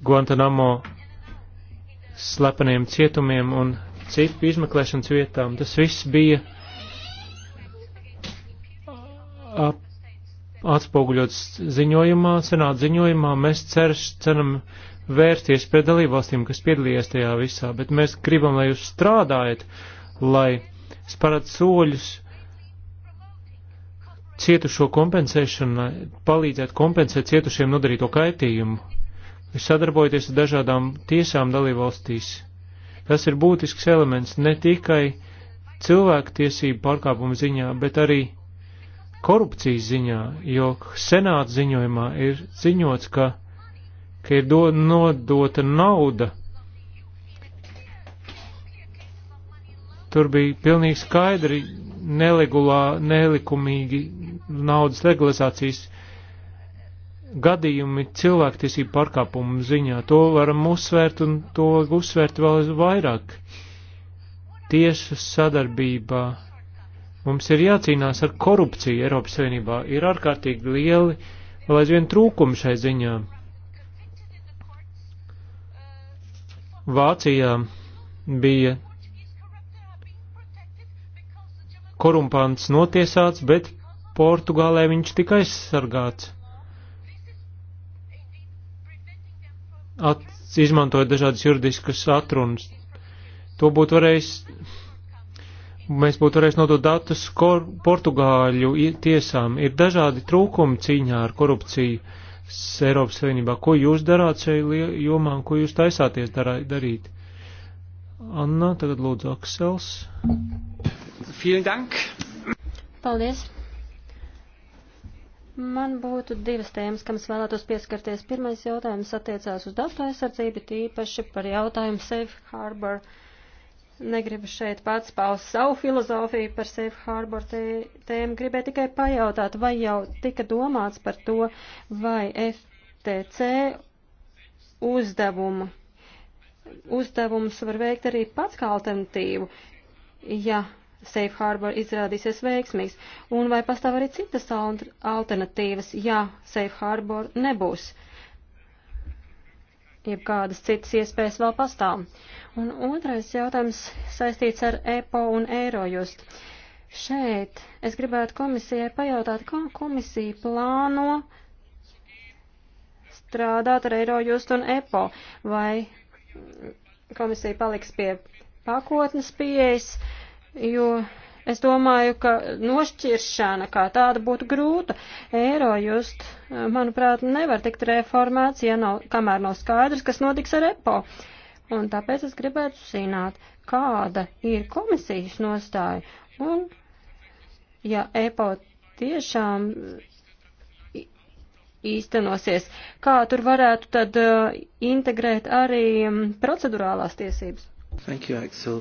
Guantanamo slepeniem cietumiem un citu izmeklēšanas vietām. Tas viss bija ap, atspoguļots ziņojumā, senāt ziņojumā. Mēs cerš, cenam vērsties pret dalībvalstīm, kas piedalījās tajā visā, bet mēs gribam, lai jūs strādājat, lai sparat soļus cietušo kompensēšanai, palīdzēt kompensēt cietušiem nodarīto kaitījumu sadarbojoties ar dažādām tiesām dalībvalstīs. Tas ir būtisks elements ne tikai cilvēktiesību pārkāpumu ziņā, bet arī korupcijas ziņā, jo senāta ziņojumā ir ziņots, ka, ka ir do, nodota nauda. Tur bija pilnīgi skaidri nelegulā, nelikumīgi naudas legalizācijas gadījumi cilvēktiesību pārkāpumu ziņā. To varam uzsvērt un to uzsvērt vēl vairāk. Tiesu sadarbībā mums ir jācīnās ar korupciju Eiropas Savienībā. Ir ārkārtīgi lieli vēl aizvien trūkumi šai ziņā. Vācijā bija korumpants notiesāts, bet Portugālē viņš tika aizsargāts. at, izmantojot dažādas juridiskas atrunas. To būtu varējis, mēs būtu varējis nodot datus kor, Portugāļu tiesām. Ir dažādi trūkumi cīņā ar korupciju Eiropas Savienībā. Ko jūs darāt šajā jomā un ko jūs taisāties darā, darīt? Anna, tagad lūdzu Aksels. Vielen Dank! Paldies! Man būtu divas tēmas, kam es vēlētos pieskarties. Pirmais jautājums attiecās uz datu aizsardzību, tīpaši par jautājumu Safe Harbor. Negribu šeit pats paust savu filozofiju par Safe Harbor tēmu. Gribēju tikai pajautāt, vai jau tika domāts par to, vai FTC uzdevumu. Uzdevumus var veikt arī pats kā alternatīvu, ja Safe Harbor izrādīsies veiksmīgs, un vai pastāv arī citas alternatīvas, ja Safe Harbor nebūs, jeb kādas citas iespējas vēl pastāv. Un otrais jautājums saistīts ar EPO un Eirojust. Šeit es gribētu komisijai pajautāt, kā komisija plāno strādāt ar Eirojust un EPO, vai komisija paliks pie pakotnes pieejas, uh, jo es domāju, ka nošķiršana kā tāda būtu grūta. Eiro just, manuprāt, nevar tikt reformēts, ja nav, kamēr nav skaidrs, kas notiks ar EPO. Un tāpēc es gribētu zināt, kāda ir komisijas nostāja. Un, ja EPO tiešām īstenosies, kā tur varētu tad uh, integrēt arī um, procedurālās tiesības. Thank you, Axel.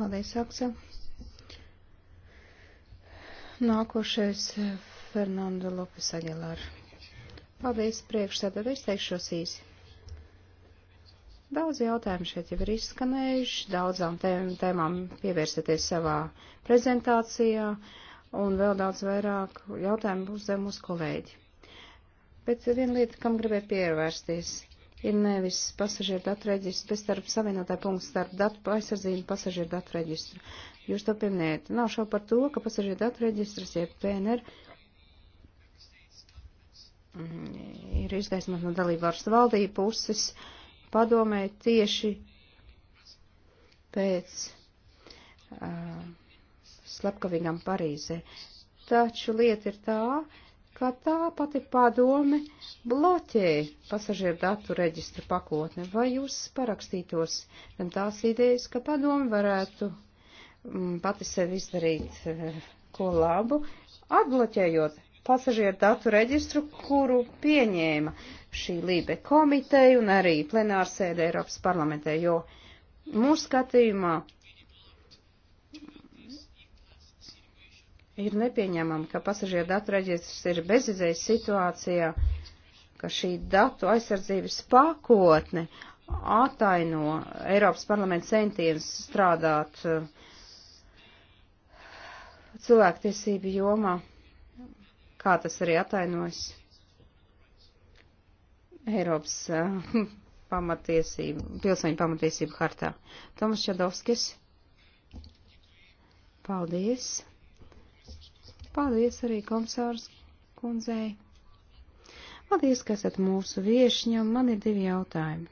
Paldies, Aksel. Nākošais eh, Fernando Lopes Aguilar. Paldies, priekšsēdētāji, izteikšos īsi. Daudz jautājumu šeit jau ir izskanējuši, daudzām tēm, tēmām pievērsieties savā prezentācijā, un vēl daudz vairāk jautājumu uzdev mūsu kolēģi. Bet viena lieta, kam gribēju pievērsties, ir nevis pasažieru datu reģistrs, bet starp savienotā punktu starp datu aizsardzību un pasažieru datu reģistru. Jūs to pieminējat. Nav šau par to, ka pasažieru datu reģistrs, jeb PNR, mm, ir izgaismot no dalībvārds valdību puses padomē tieši pēc uh, slepkavīgām Parīzē. Taču lieta ir tā, ka tā pati padome bloķē pasažieru datu reģistra pakotni. Vai jūs parakstītos zem tās idejas, ka padome varētu m, mm, pati sev izdarīt e, ko labu, atbloķējot pasažieru datu reģistru, kuru pieņēma šī Lībe komiteja un arī plenārsēde Eiropas parlamentē, jo mūsu skatījumā Ir nepieņemami, ka pasažieru datu reģistrs ir bezizējas situācijā, ka šī datu aizsardzības pakotne ataino Eiropas parlamenta centienus strādāt uh, cilvēktiesību jomā, kā tas arī atainojas Eiropas uh, pamatiesību, pilsoņu pamatiesību hartā. Tomas Čadovskis. Paldies. Paldies arī komisārs kundzei. Paldies, ka esat mūsu viešņi, un man ir divi jautājumi.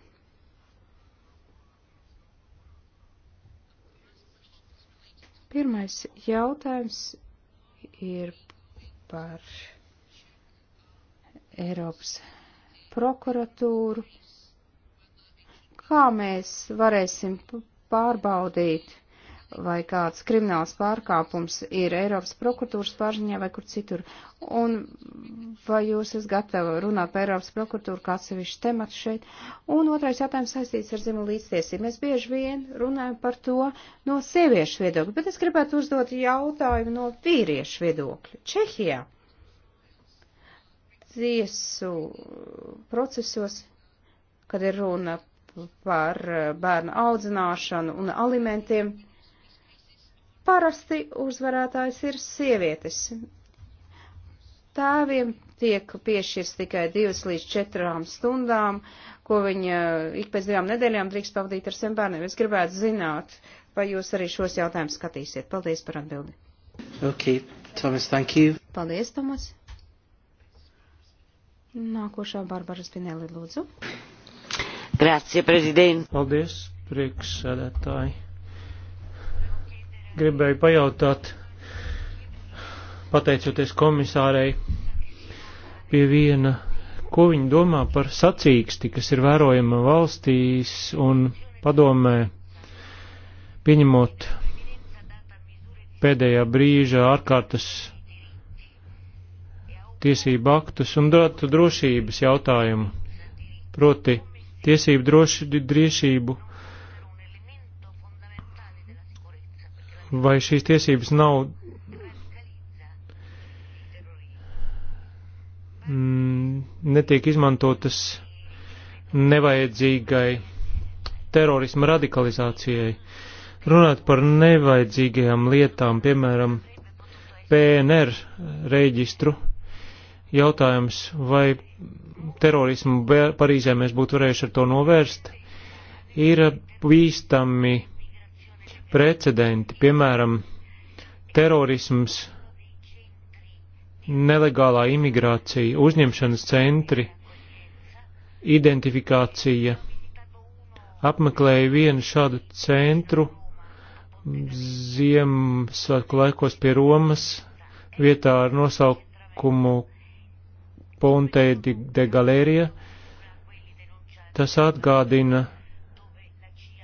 Pirmais jautājums ir par Eiropas prokuratūru. Kā mēs varēsim pārbaudīt vai kāds krimināls pārkāpums ir Eiropas prokuratūras pārziņā vai kur citur. Un vai jūs esat gatavi runāt par Eiropas prokuratūru kā atsevišķu tematu šeit? Un otrais jautājums saistīts ar zimu līdztiesību. Mēs bieži vien runājam par to no sieviešu viedokļa, bet es gribētu uzdot jautājumu no vīriešu viedokļa. Čehijā tiesu procesos, kad ir runa par bērnu audzināšanu un alimentiem, Parasti uzvarētājs ir sievietes. Tēviem tiek piešķirs tikai divas līdz četrām stundām, ko viņa ik pēc divām nedēļām drīkst pavadīt ar saviem bērniem. Es gribētu zināt, vai jūs arī šos jautājumus skatīsiet. Paldies par atbildi. Ok, Tomas, thank you. Paldies, Tomas. Nākošā Barbara Spinelli, lūdzu. Grācie, prezident. Paldies, priekšsēdētāji gribēju pajautāt, pateicoties komisārei, pie viena, ko viņi domā par sacīksti, kas ir vērojama valstīs un padomē, pieņemot pēdējā brīža ārkārtas tiesību aktus un datu drošības jautājumu, proti tiesību droši, drošību vai šīs tiesības nav mm, netiek izmantotas nevajadzīgai terorisma radikalizācijai. Runāt par nevajadzīgajām lietām, piemēram, PNR reģistru, jautājums, vai terorismu Parīzē mēs būtu varējuši ar to novērst, ir bīstami precedenti, piemēram, terorisms, nelegālā imigrācija, uzņemšanas centri, identifikācija. Apmeklēju vienu šādu centru Ziemassvētku laikos pie Romas vietā ar nosaukumu Ponte de Galerija. Tas atgādina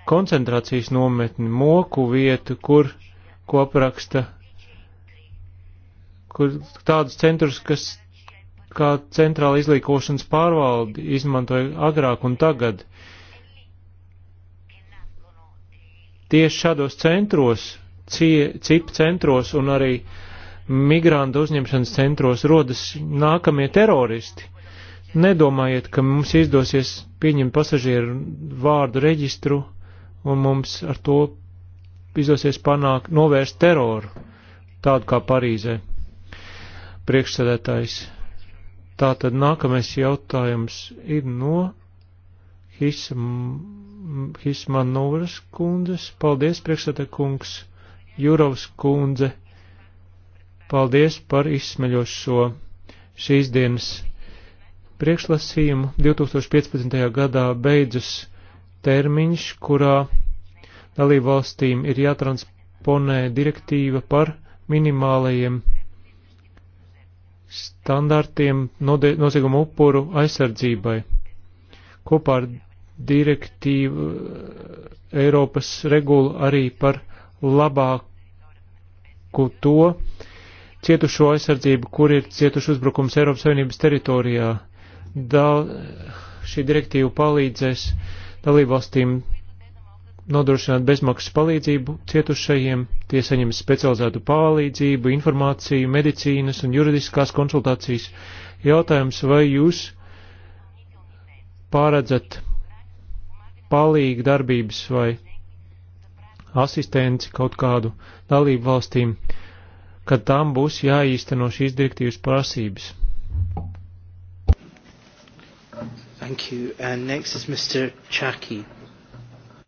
koncentrācijas nometni, moku vietu, kur kopraksta, kur tādus centrus, kas kā centrāla izlīkošanas pārvaldi izmantoja agrāk un tagad. Tieši šādos centros, cip centros un arī migrantu uzņemšanas centros rodas nākamie teroristi. Nedomājiet, ka mums izdosies pieņemt pasažieru vārdu reģistru un mums ar to izdosies panākt, novērst teroru, tādu kā Parīzē. Priekšsēdētājs. Tātad nākamais jautājums ir no His, Hismanovras kundzes. Paldies, priekšsēdētāj kungs, Jurovs kundze. Paldies par izsmeļošo šīs dienas priekšlasījumu. 2015. gadā beidzas termiņš, kurā dalībvalstīm ir jātransponē direktīva par minimālajiem standartiem noziegumu upuru aizsardzībai. Kopā ar direktīvu eh, Eiropas regulu arī par labāku to cietušo aizsardzību, kur ir cietuši uzbrukums Eiropas Savienības teritorijā. Da, šī direktīva palīdzēs uh, dalībvalstīm nodrošināt bezmaksas palīdzību cietušajiem, tie saņem specializētu palīdzību, informāciju, medicīnas un juridiskās konsultācijas. Jautājums, vai jūs pāredzat palīgi darbības vai asistenci kaut kādu dalību valstīm, kad tām būs jāīsteno šīs direktīvas prasības? Thank you. And next is Mr. Chaki.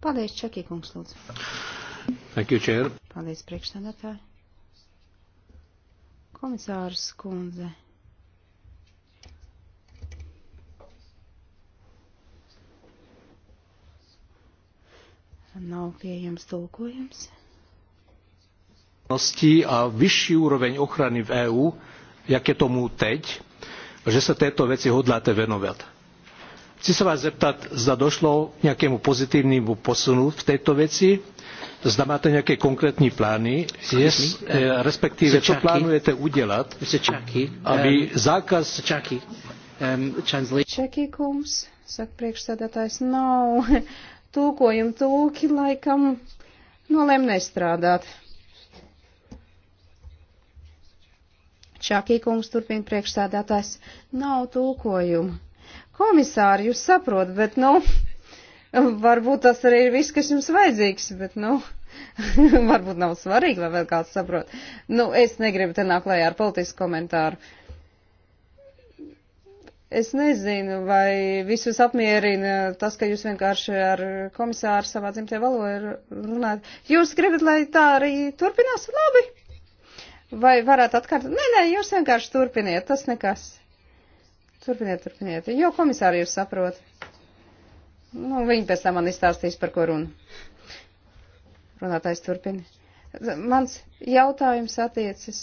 Paldies, Čakī, kungs, lūdzu. Thank you, Chair. Paldies, priekšstādātāji. Komisārs kundze. Nav pieejams tulkojums. a vyšší úroveň ochrany v EÚ, jak je tomu teď, že sa tejto veci hodláte venovať Chci sa vás zeptat, zda došlo k nejakému pozitívnemu posunu v tejto veci, zda máte nejaké konkrétní plány, yes, uh, respektíve čo plánujete udelať, aby um, zákaz... Čaký kungs, saka priekšsēdētājs, nav tulkojuma tulki laikam nolēm nestrādāt. Čakī kungs turpina priekšsēdētājs, nav tulkojuma. Komisāri, jūs saprotat, bet, nu, varbūt tas arī ir viss, kas jums vajadzīgs, bet, nu, varbūt nav svarīgi, lai vēl kāds saprot. Nu, es negribu te nākt lējā ar politisku komentāru. Es nezinu, vai visus apmierina tas, ka jūs vienkārši ar komisāru savā dzimtajā valodā runājat. Jūs gribat, lai tā arī turpinās labi? Vai varētu atkārtot? Nē, nē, jūs vienkārši turpiniet, tas nekas. Turpiniet, turpiniet. Jo komisāri jūs saprot. Nu, viņi pēc tam man izstāstīs, par ko runa. Runātājs turpina. Mans jautājums attiecas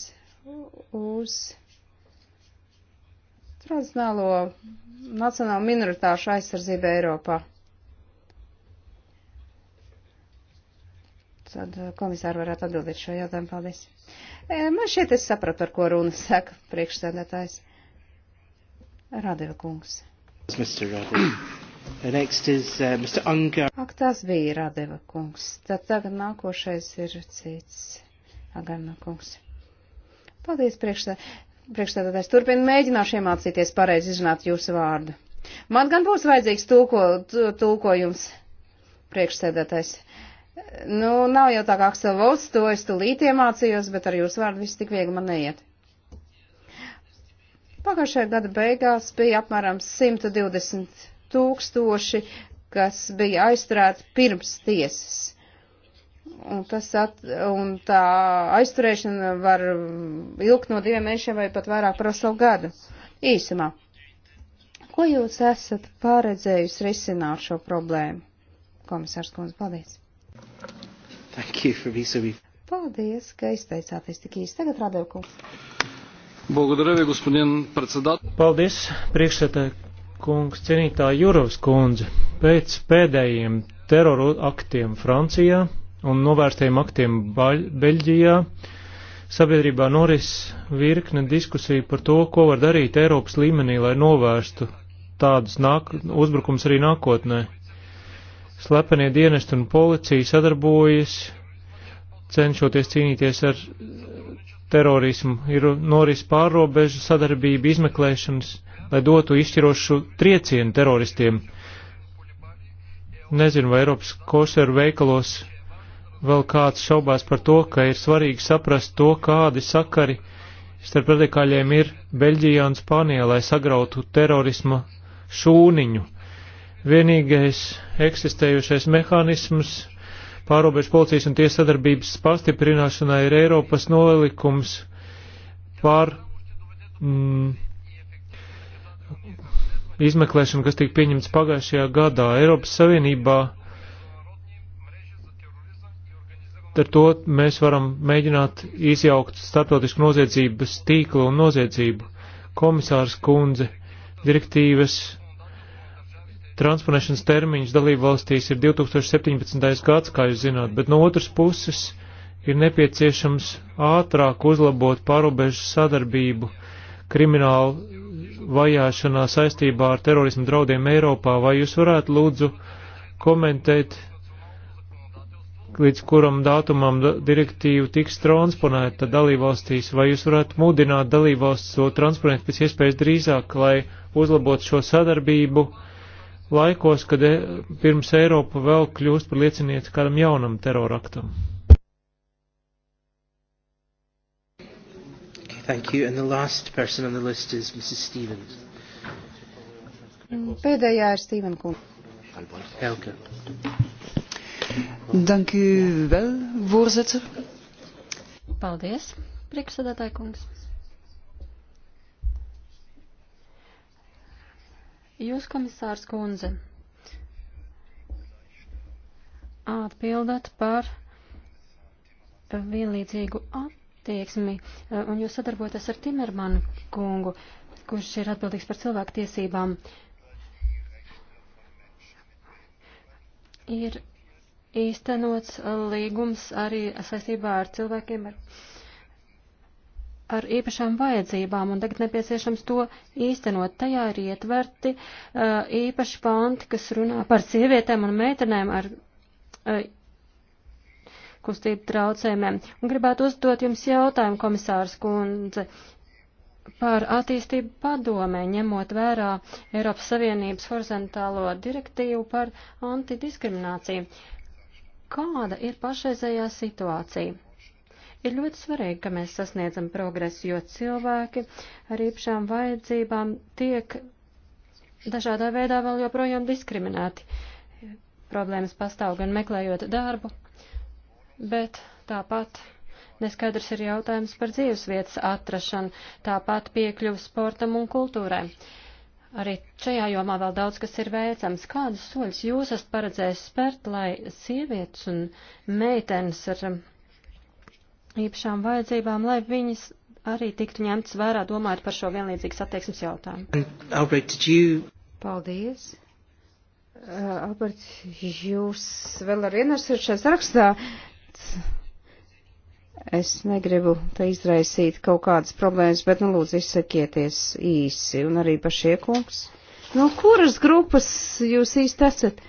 uz tradicionālo nacionālo minoritāšu aizsardzību Eiropā. Tad eh, komisāri varētu atbildēt šo jautājumu. Paldies. Eh, man šeit es sapratu, par ko runa saka priekšsēdētājs. Radeva kungs. Is, uh, Ak, tas bija Radeva kungs. Tad tagad nākošais ir cits Agarna kungs. Paldies, priekšstādātājs. Turpin mēģināšu iemācīties pareizi izrunāt jūsu vārdu. Man gan būs vajadzīgs tūko, tūkojums, priekšstādātājs. Nu, nav jau tā kā Aksel Volts, to es tulīt iemācījos, bet ar jūsu vārdu viss tik viegli man neiet. Pagājušajā gada beigās bija apmēram 120 tūkstoši, kas bija aizturēti pirms tiesas. Un, at, un tā aizturēšana var ilgt no diviem mēnešiem vai pat vairāk par veselu gadu. Īsumā, ko jūs esat pārredzējusi risināt šo problēmu? Komisārs Kunz, paldies! Thank you for being so Paldies, ka izteicāties tik īsti. Tagad rādēju kungs. Благодаря ви, господин председател. Paldies, priekšsētāji kungs, cienītā Jurovs kundze. Pēc pēdējiem teroru aktiem Francijā un novērstiem aktiem Baļ Beļģijā sabiedrībā noris virkne diskusija par to, ko var darīt Eiropas līmenī, lai novērstu tādus nāk, uzbrukums arī nākotnē. Slepenie dienesti un policija sadarbojas, cenšoties cīnīties ar terorismu, ir noris pārrobežu sadarbība izmeklēšanas, lai dotu izšķirošu triecienu teroristiem. Nezinu, vai Eiropas košeru veikalos vēl kāds šaubās par to, ka ir svarīgi saprast to, kādi sakari starp radikāļiem ir Beļģijā un Spānijā, lai sagrautu terorisma šūniņu. Vienīgais eksistējušais mehānisms pārobežu policijas un tiesas sadarbības pastiprināšanai ir Eiropas nolikums par mm, izmeklēšanu, kas tika pieņemts pagājušajā gadā. Eiropas Savienībā ar to mēs varam mēģināt izjaukt starptautisku noziedzības tīklu un noziedzību. Komisārs kundze direktīvas Transponēšanas termiņš dalību valstīs ir 2017. gads, kā jūs zināt, bet no otras puses ir nepieciešams ātrāk uzlabot pārobežu sadarbību kriminālu vajāšanā saistībā ar terorismu draudiem Eiropā. Vai jūs varētu lūdzu komentēt, līdz kuram datumam direktīva tiks transponēta dalībvalstīs, vai jūs varētu mudināt dalībvalstis to transponēt pēc iespējas drīzāk, lai uzlabotu šo sadarbību? laikos, kad e pirms Eiropa vēl kļūst par liecinieci kādam jaunam teroraktam. Okay, thank you. And the last person on the list is Mrs. Stevens. Pēdējā ir Steven Kungs. Helga. Dank u wel, voorzitter. Paldies, priekšsēdētāji kungs. Jūs, komisārs Kunze, atbildat par eh, vienlīdzīgu attieksmi, eh, un jūs sadarbojaties ar Timermanu kungu, kurš ir atbildīgs par cilvēku tiesībām. Ir īstenots eh, līgums arī saistībā ar cilvēkiem ar ar īpašām vajadzībām, un tagad nepieciešams to īstenot. Tajā ir ietverti uh, īpaši panti, kas runā par sievietēm un meitenēm ar uh, kustību traucējumiem. Un gribētu uzdot jums jautājumu, komisārs kundze, par attīstību padomē, ņemot vērā Eiropas Savienības horizontālo direktīvu par antidiskrimināciju. Kāda ir pašreizējā situācija? Ir ļoti svarīgi, ka mēs sasniedzam progresu, jo cilvēki ar īpašām vajadzībām tiek dažādā veidā vēl joprojām diskriminēti. Problēmas pastāv gan meklējot darbu, bet tāpat neskaidrs ir jautājums par dzīvesvietas atrašanu, tāpat piekļuvu sportam un kultūrai. Arī šajā jomā vēl daudz kas ir veicams. Kādus soļus jūs esat paredzējis spērt, lai sievietes un meitenes ar īpašām vajadzībām, lai viņas arī tiktu ņemtas vērā, domājot par šo vienlīdzīgas attieksmes jautājumu. Albert, you... Paldies. Uh, Albert, jūs vēl ar vienu esat šajā sarakstā. Es negribu te izraisīt kaut kādas problēmas, bet, nu, lūdzu, izsakieties īsi un arī pašie kungs. No kuras grupas jūs īsti esat?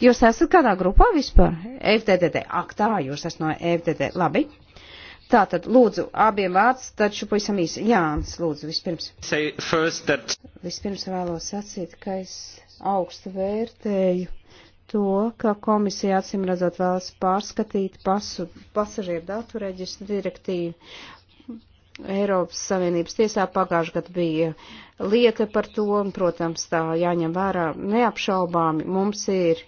Jūs esat kādā grupā vispār? FDDD. Ak, tā, jūs esat no FDDD. Labi. Tātad, lūdzu, abiem vārds, taču pavisam īsi. Jānis, lūdzu, vispirms. That... Vispirms vēlos sacīt, ka es augstu vērtēju to, ka komisija acīm redzot vēlas pārskatīt pasu, pasažieru datu reģistru direktīvu. Eiropas Savienības tiesā pagājušajā gadā bija lieta par to, un, protams, tā jāņem vērā neapšaubāmi. Mums ir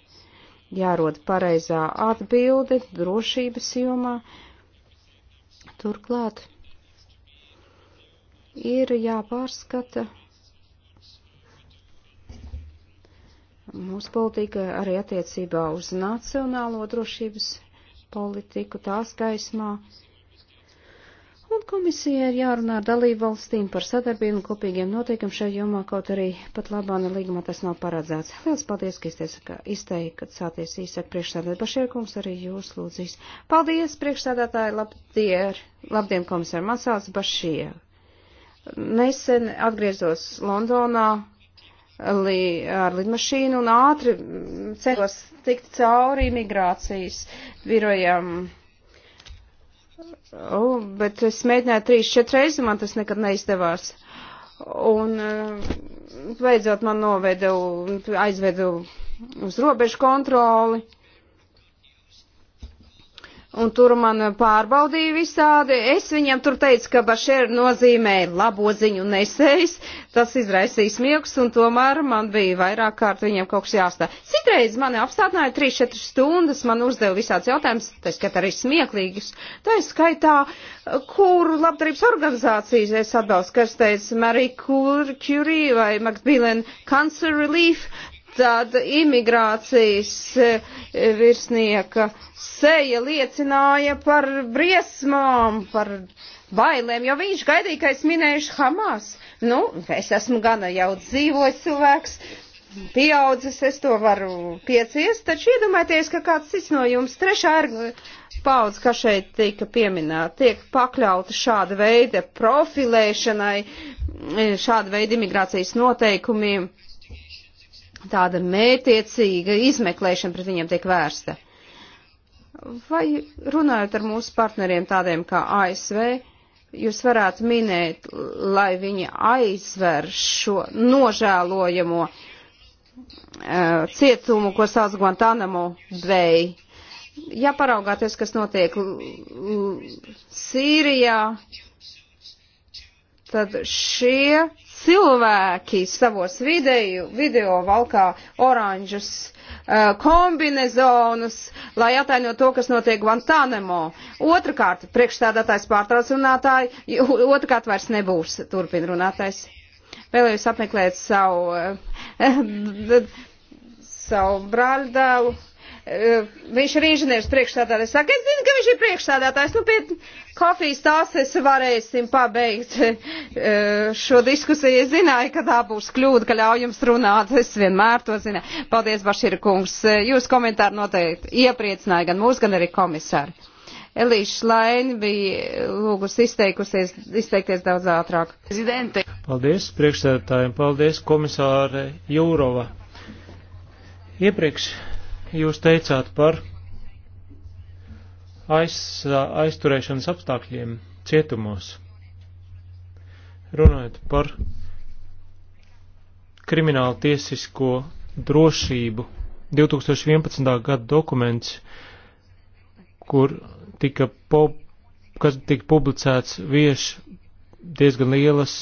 jārod pareizā atbilde drošības jomā. Uh, Turklāt ir jāpārskata mūsu politika arī attiecībā uz nacionālo drošības politiku tās gaismā, Un komisija ir jārunā ar dalību valstīm par sadarbību un kopīgiem noteikumiem šajā jomā, kaut arī pat labā nelīgumā tas nav paredzēts. Lielas paldies, ka izteicāties īsāk priekšsēdēt. Bašēr kungs arī jūs lūdzīs. Paldies, priekšsēdētāji, labdien, labdien komisāri Masāls Bašie. Nesen atgriezos Londonā li, ar lidmašīnu un ātri ceļos tikt cauri imigrācijas birojam Oh, bet es mēģināju trīs, četras reizes, man tas nekad neizdevās. Un eh, beidzot man novedu, aizvedu uz robežu kontroli un tur man pārbaudīja visādi. Es viņam tur teicu, ka Bašēra nozīmē labo ziņu nesējs, tas izraisīja smieklus, un tomēr man bija vairāk kārt viņam kaut kas jāstā. Citreiz mani apstādināja 3-4 stundas, man uzdeva visāds jautājums, tā skat arī smieklīgus. Tā ir skaitā, kuru labdarības organizācijas es atbalstu, kas teica Marie Curie vai Macmillan Cancer Relief. Uh, tad imigrācijas e, virsnieka seja liecināja par briesmām, par bailēm, jo viņš gaidīja, ka es minēšu Hamas. Nu, es esmu gana jau dzīvojis cilvēks, pieaudzis, es to varu pieciest, taču iedomājieties, ka kāds cits no jums trešā ir paudze, kas šeit tika pieminēta, tiek pakļauta šāda veida profilēšanai, e, šāda veida imigrācijas noteikumiem tāda mētiecīga izmeklēšana pret viņiem tiek vērsta. Vai runājot ar mūsu partneriem tādiem kā ASV, jūs varētu minēt, lai viņi aizver šo nožēlojamo uh, cietumu, ko sauc Guantanamo Bay. Ja paraugāties, kas notiek Sīrijā, tad šie cilvēki savos video, video valkā oranžus uh, kombinezonus, lai ataino to, kas notiek Guantanamo. Otrakārt, priekšstādātājs pārtrauc runātāju, otrakārt vairs nebūs turpina runātājs. Vēlējos apmeklēt savu, uh, savu brāļdēlu viņš ir inženieris priekšsādātājs. Saka, es zinu, ka viņš ir priekšsādātājs. Nu, pie kafijas tās es varēsim pabeigt šo diskusiju. Es zināju, ka tā būs kļūda, ka ļauj jums runāt. Es vienmēr to zinu. Paldies, Bašīra kungs. Jūs komentāri noteikti iepriecināja gan mūs, gan arī komisāri. Elīša Šlaini bija lūgusi izteikusies, izteikties daudz ātrāk. Prezidente. Paldies priekšsēdētājiem, paldies komisāre Jūrova. Iepriekš jūs teicāt par aiz, aizturēšanas apstākļiem cietumos. Runājot par kriminālu tiesisko drošību, 2011. gada dokuments, kur tika, po, kas tika publicēts, vieš diezgan lielas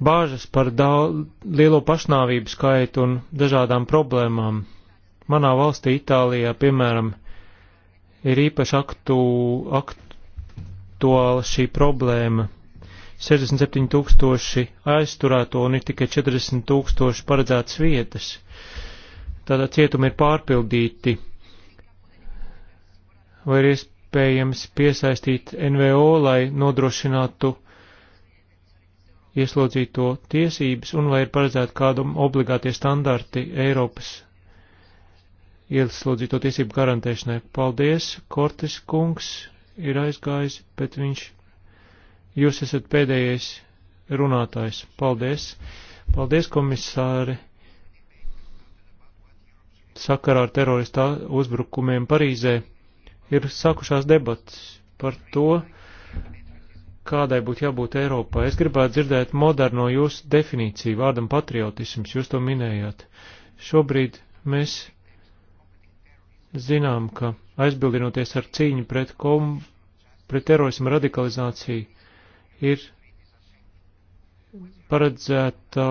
bāžas par daudz, lielo pašnāvību skaitu un dažādām problēmām Manā valstī Itālijā, piemēram, ir īpaši aktu, aktuāla šī problēma. 67 tūkstoši aizturēto un ir tikai 40 tūkstoši paredzētas vietas. Tātad cietumi ir pārpildīti. Vai ir iespējams piesaistīt NVO, lai nodrošinātu ieslodzīto tiesības un vai ir paredzēti kādam obligātie standarti Eiropas ieslodzīto tiesību garantēšanai. Paldies, Kortis kungs ir aizgājis, bet viņš, jūs esat pēdējais runātājs. Paldies, paldies komisāri. Sakarā ar teroristā uzbrukumiem Parīzē ir sākušās debats par to, kādai būtu jābūt Eiropā. Es gribētu dzirdēt moderno jūsu definīciju vārdam patriotisms, jūs to minējāt. Šobrīd mēs zinām, ka aizbildinoties ar cīņu pret, kom, pret terorismu radikalizāciju, ir paredzēta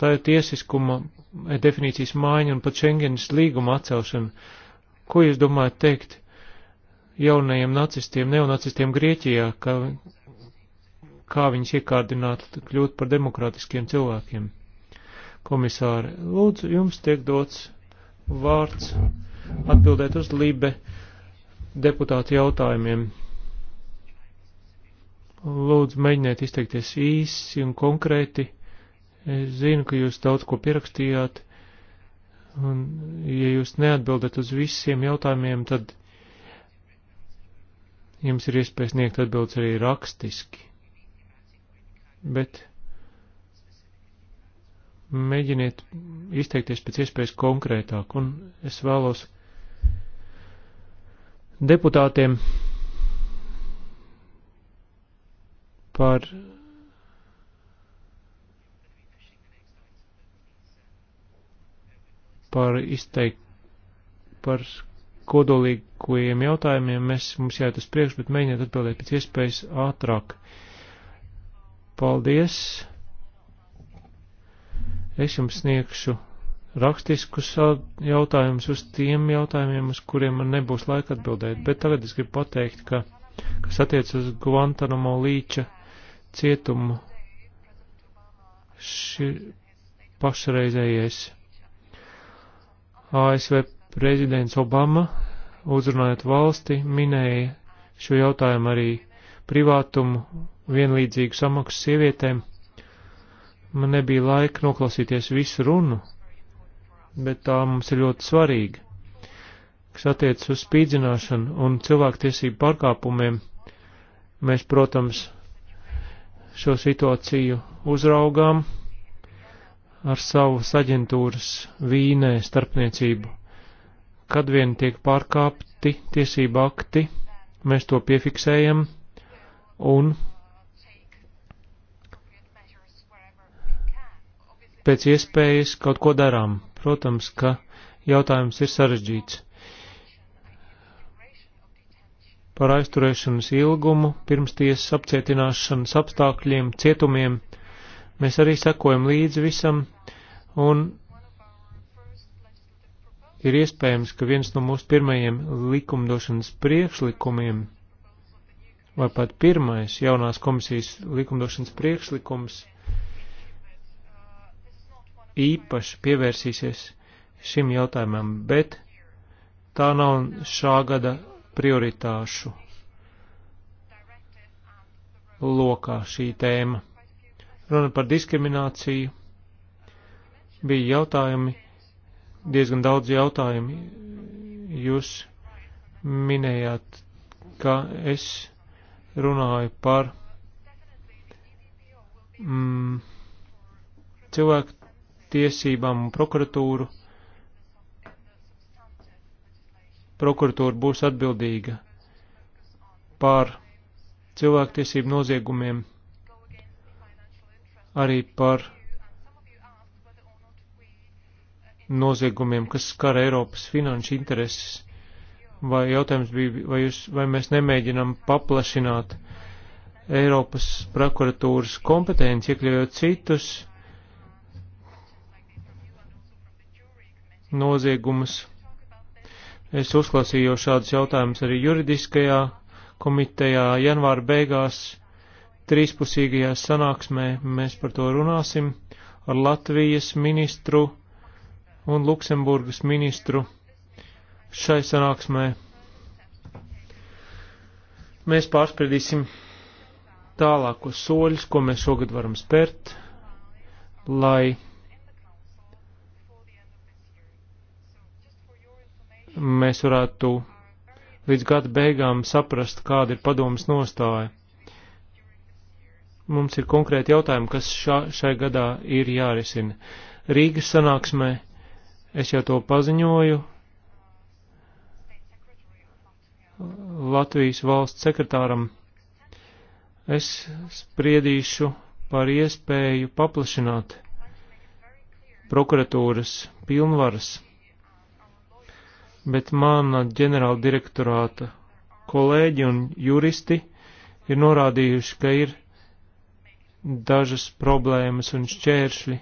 tā ir tiesiskuma eh, definīcijas māja un pat Schengenas līguma atcelšana. Ko jūs domājat teikt jaunajiem nacistiem, neonacistiem Grieķijā, ka, kā viņus iekārdināt kļūt par demokrātiskiem cilvēkiem? Komisāri, lūdzu, jums tiek dots vārds atbildēt uz Libe deputātu jautājumiem. Lūdzu, mēģiniet izteikties īsi un konkrēti. Es zinu, ka jūs daudz ko pierakstījāt, un ja jūs neatbildat uz visiem jautājumiem, tad jums ir iespēja sniegt atbildes arī rakstiski. Bet mēģiniet izteikties pēc iespējas konkrētāk, un es vēlos deputātiem par par izteikt par kodolīgajiem jautājumiem. Mēs, mums jāiet uz priekšu, bet mēģiniet atbildēt pēc iespējas ātrāk. Paldies! Es jums sniegšu rakstiskus jautājumus, uz tiem jautājumiem, uz kuriem man nebūs laika atbildēt. Bet tagad es gribu pateikt, ka, kas attiec uz Guantanamo līča cietumu, šī pašreizējais ASV prezidents Obama, uzrunājot valsti, minēja šo jautājumu arī privātumu, vienlīdzīgu samaksu sievietēm. Man nebija laika noklausīties visu runu, bet tā mums ir ļoti svarīga. Kas attiecas uz spīdzināšanu un cilvēktiesību pārkāpumiem, mēs, protams, šo situāciju uzraugām ar savas aģentūras vīnē starpniecību. Kad vien tiek pārkāpti tiesību akti, mēs to piefiksējam un pēc iespējas kaut ko darām. Protams, ka jautājums ir sarežģīts. Par aizturēšanas ilgumu, pirmstiesas apcietināšanas apstākļiem, cietumiem mēs arī sekojam līdzi visam un ir iespējams, ka viens no mūsu pirmajiem likumdošanas priekšlikumiem, vai pat pirmais jaunās komisijas likumdošanas priekšlikums, īpaši pievērsīsies šim jautājumam, bet tā nav šā gada prioritāšu lokā šī tēma. Runa par diskrimināciju. Bija jautājumi, diezgan daudz jautājumi. Jūs minējāt, ka es runāju par mm, cilvēku tiesībām un prokuratūru. Prokuratūra būs atbildīga par cilvēktiesību noziegumiem, arī par noziegumiem, kas skar Eiropas finanšu intereses. Vai jautājums bija, vai, jūs, vai mēs nemēģinām paplašināt Eiropas prokuratūras kompetenci, iekļaujot citus noziegumus. Es uzklausīju šādus jautājumus arī juridiskajā komitejā janvāra beigās trīspusīgajā sanāksmē. Mēs par to runāsim ar Latvijas ministru un Luksemburgas ministru šai sanāksmē. Mēs pārspēdīsim tālākos soļus, ko mēs šogad varam spērt, lai mēs varētu līdz gada beigām saprast, kāda ir padomas nostāja. Mums ir konkrēti jautājumi, kas šā, šai gadā ir jārisina. Rīgas sanāksmē es jau to paziņoju. Latvijas valsts sekretāram es spriedīšu par iespēju paplašināt prokuratūras pilnvaras bet mana ģenerāla direktorāta kolēģi un juristi ir norādījuši, ka ir dažas problēmas un šķēršļi,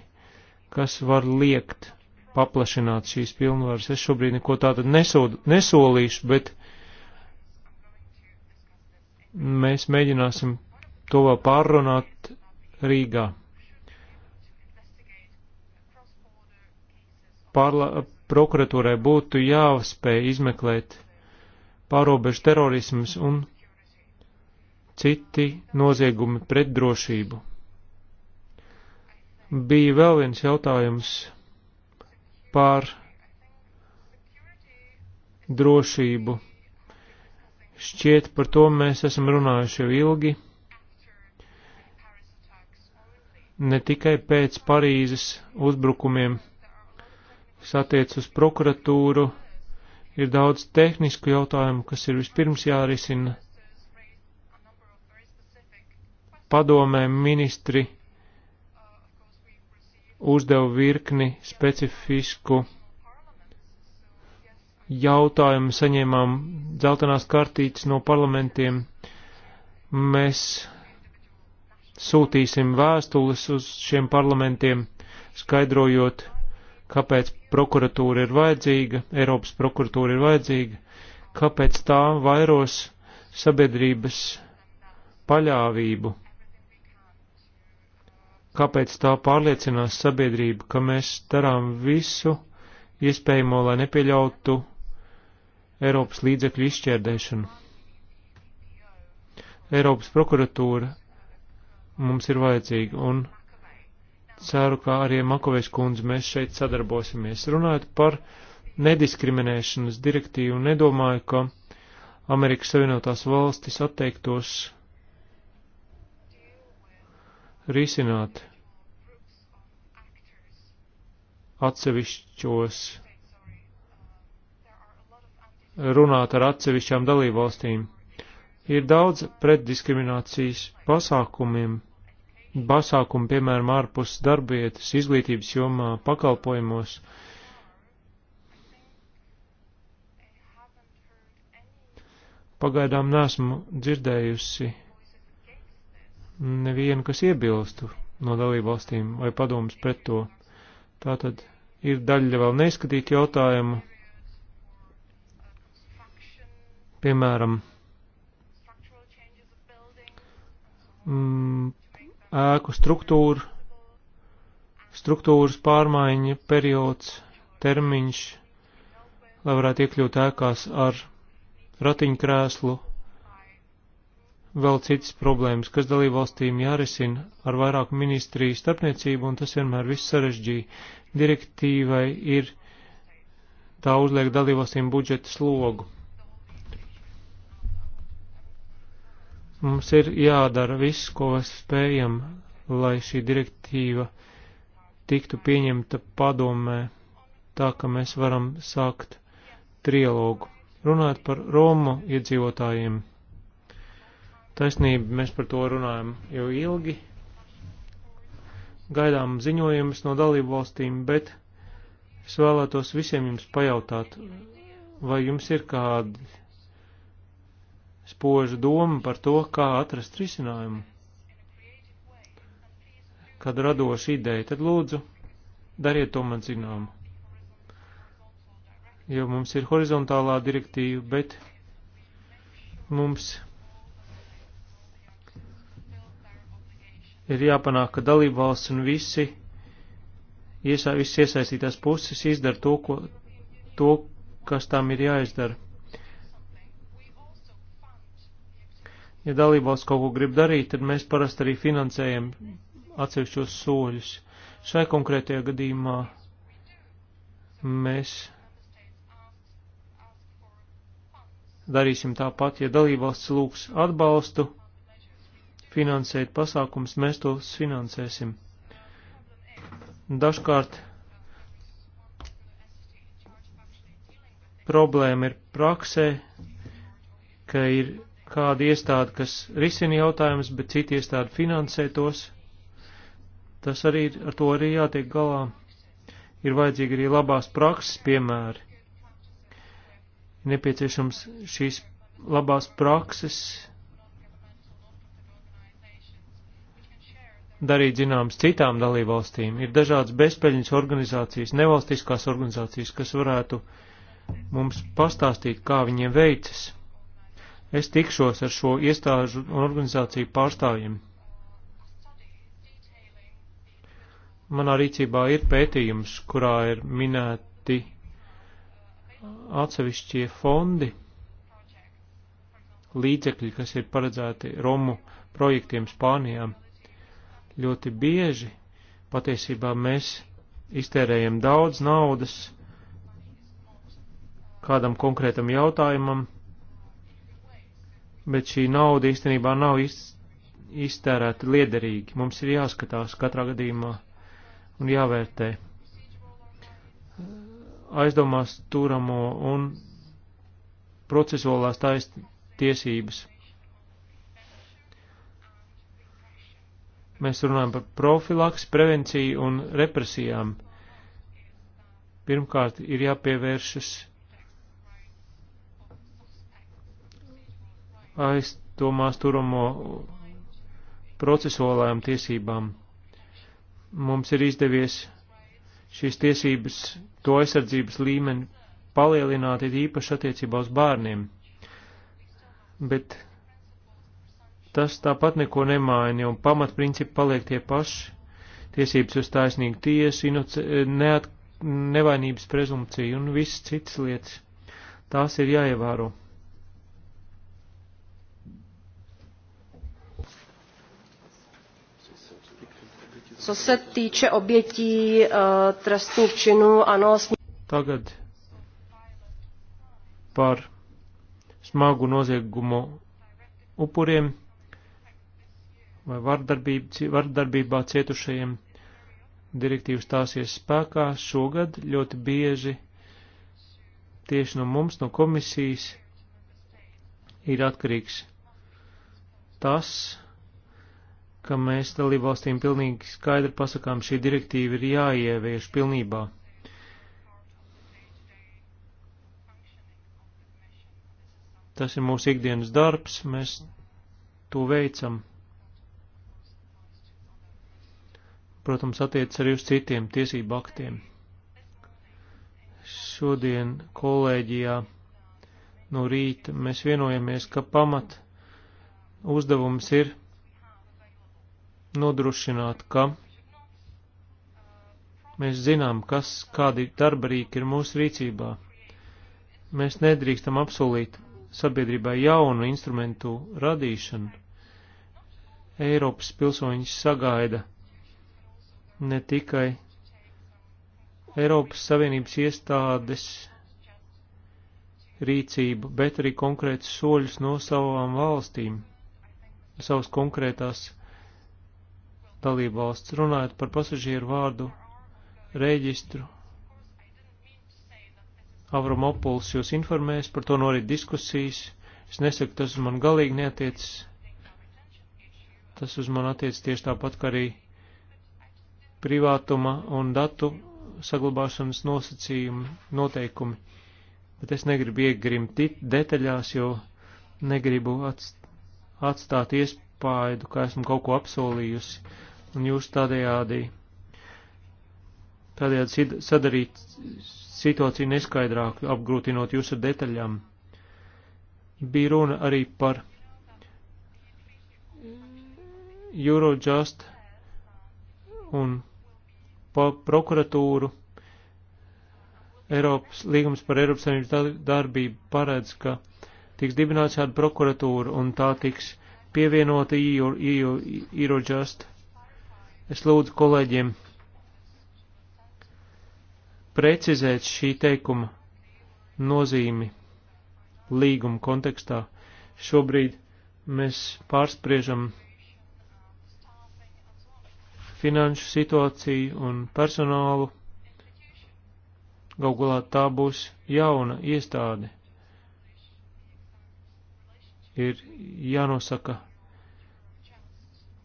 kas var liekt paplašināt šīs pilnvaras. Es šobrīd neko tātad nesod, nesolīšu, bet mēs mēģināsim to vēl pārrunāt Rīgā. Pārla, prokuratūrai būtu jāspēj izmeklēt pārobežu terorismus un citi noziegumi pret drošību. Bija vēl viens jautājums par drošību. Šķiet, par to mēs esam runājuši jau ilgi. Ne tikai pēc Parīzes uzbrukumiem kas attiec uz prokuratūru, ir daudz tehnisku jautājumu, kas ir vispirms jārisina. Padomē ministri uzdeva virkni specifisku jautājumu, saņēmām dzeltenās kartītes no parlamentiem. Mēs sūtīsim vēstules uz šiem parlamentiem, skaidrojot, kāpēc prokuratūra ir vajadzīga, Eiropas prokuratūra ir vajadzīga, kāpēc tā vairos sabiedrības paļāvību, kāpēc tā pārliecinās sabiedrību, ka mēs darām visu iespējamo, lai nepieļautu Eiropas līdzekļu izšķērdēšanu. Eiropas prokuratūra mums ir vajadzīga un ceru, ka arī Makovēs kundze mēs šeit sadarbosimies. Runājot par nediskriminēšanas direktīvu, nedomāju, ka Amerikas Savienotās valstis atteiktos risināt atsevišķos, runāt ar atsevišķām dalībvalstīm. Ir daudz pretdiskriminācijas pasākumiem pasākumi, piemēram, ārpus darbvietas, izglītības jomā, pakalpojumos. Pagaidām nesmu dzirdējusi nevienu, kas iebilstu no dalībvalstīm vai padomus pret to. Tātad ir daļa vēl neizskatīt jautājumu. Piemēram, mm, ēku struktūru, struktūras pārmaiņa, periods, termiņš, lai varētu iekļūt ēkās ar ratiņkrēslu, vēl citas problēmas, kas dalībvalstīm jārisina ar vairāk ministriju starpniecību, un tas vienmēr viss sarežģīja. Direktīvai ir tā uzliek dalībvalstīm budžeta slogu. Mums ir jādara viss, ko spējam, lai šī direktīva tiktu pieņemta padomē, tā ka mēs varam sākt trilogu. Runājot par Romu iedzīvotājiem. Taisnība, mēs par to runājam jau ilgi. Gaidām ziņojumus no dalību valstīm, bet es vēlētos visiem jums pajautāt, vai jums ir kādi spožu domu par to, kā atrast risinājumu. Kad radoša ideja, tad lūdzu, dariet to man zināmu. Jo mums ir horizontālā direktīva, bet mums ir jāpanāk, ka dalībvalsts un visi, iesā, visi iesaistītās puses izdara to, ko, to, kas tām ir jāizdara. Ja dalībvalsts kaut ko grib darīt, tad mēs parasti arī finansējam atsevišķos soļus. Šai konkrētajā gadījumā mēs darīsim tāpat, ja dalībvalsts lūgs atbalstu finansēt pasākums, mēs tos finansēsim. Dažkārt problēma ir praksē, ka ir kāda iestāde, kas risina jautājumus, bet cita iestāde finansē tos. Tas arī ir, ar to arī jātiek galā. Ir vajadzīgi arī labās prakses piemēri. Ir nepieciešams šīs labās prakses darīt zināms citām dalībvalstīm. Ir dažādas bezpeļņas organizācijas, nevalstiskās organizācijas, kas varētu mums pastāstīt, kā viņiem veicas. Es tikšos ar šo iestāžu un organizāciju pārstāvjiem. Manā rīcībā ir pētījums, kurā ir minēti atsevišķie fondi, līdzekļi, kas ir paredzēti Romu projektiem Spānijā. Ļoti bieži patiesībā mēs iztērējam daudz naudas kādam konkrētam jautājumam, bet šī nauda īstenībā nav iztērēta liederīgi. Mums ir jāskatās katrā gadījumā un jāvērtē aizdomās turamo un procesuālās tais tiesības. Mēs runājam par profilaks, prevenciju un represijām. Pirmkārt, ir jāpievēršas aizdomās turamo procesuālajām tiesībām. Mums ir izdevies šīs tiesības, to aizsardzības līmeni palielināt ir īpaši attiecībā uz bērniem. Bet tas tāpat neko nemaini, un pamatprincipi paliek tie paši - tiesības uz taisnīgu tiesu, inoce, neat, nevainības prezumciju un visas citas lietas. Tās ir jāievēro. Co se týče obětí uh, eh, trestných činů, ano. Tagad par smagu noziegumu upuriem vai vardarbībā cietušajiem direktīva stāsies spēkā šogad ļoti bieži tieši no mums, no komisijas, ir atkarīgs tas, ka mēs dalībvalstīm pilnīgi skaidri pasakām, šī direktīva ir jāievieš pilnībā. Tas ir mūsu ikdienas darbs, mēs to veicam. Protams, attiec arī uz citiem tiesību aktiem. Šodien kolēģijā no rīta mēs vienojamies, ka pamat uzdevums ir nodrošināt, ka mēs zinām, kas, kādi darbarīki ir mūsu rīcībā. Mēs nedrīkstam apsolīt sabiedrībai jaunu instrumentu radīšanu. Eiropas pilsoņi sagaida ne tikai Eiropas Savienības iestādes rīcību, bet arī konkrētus soļus no savām valstīm, savas konkrētās dalībvalsts. Runājot par pasažieru vārdu reģistru, Avramopuls jūs informēs, par to norit diskusijas. Es nesaku, tas uz man galīgi neatiecas. Tas uz man attiec tieši tāpat, kā arī privātuma un datu saglabāšanas nosacījumi, noteikumi. Bet es negribu iegrimt detaļās, jo negribu atstāt iespēju, ka esmu kaut ko apsolījusi un jūs tādējādi, tādējādi sadarīt situāciju neskaidrāku, apgrūtinot jūs ar detaļām. Bija runa arī par Eurojust un prokuratūru. Eiropas līgums par Eiropas Savienības darbību paredz, ka tiks dibināts šāda prokuratūra un tā tiks pievienota Eurojust. Es lūdzu kolēģiem precizēt šī teikuma nozīmi līguma kontekstā. Šobrīd mēs pārspriežam finanšu situāciju un personālu. Gaugulā tā būs jauna iestāde. Ir jānosaka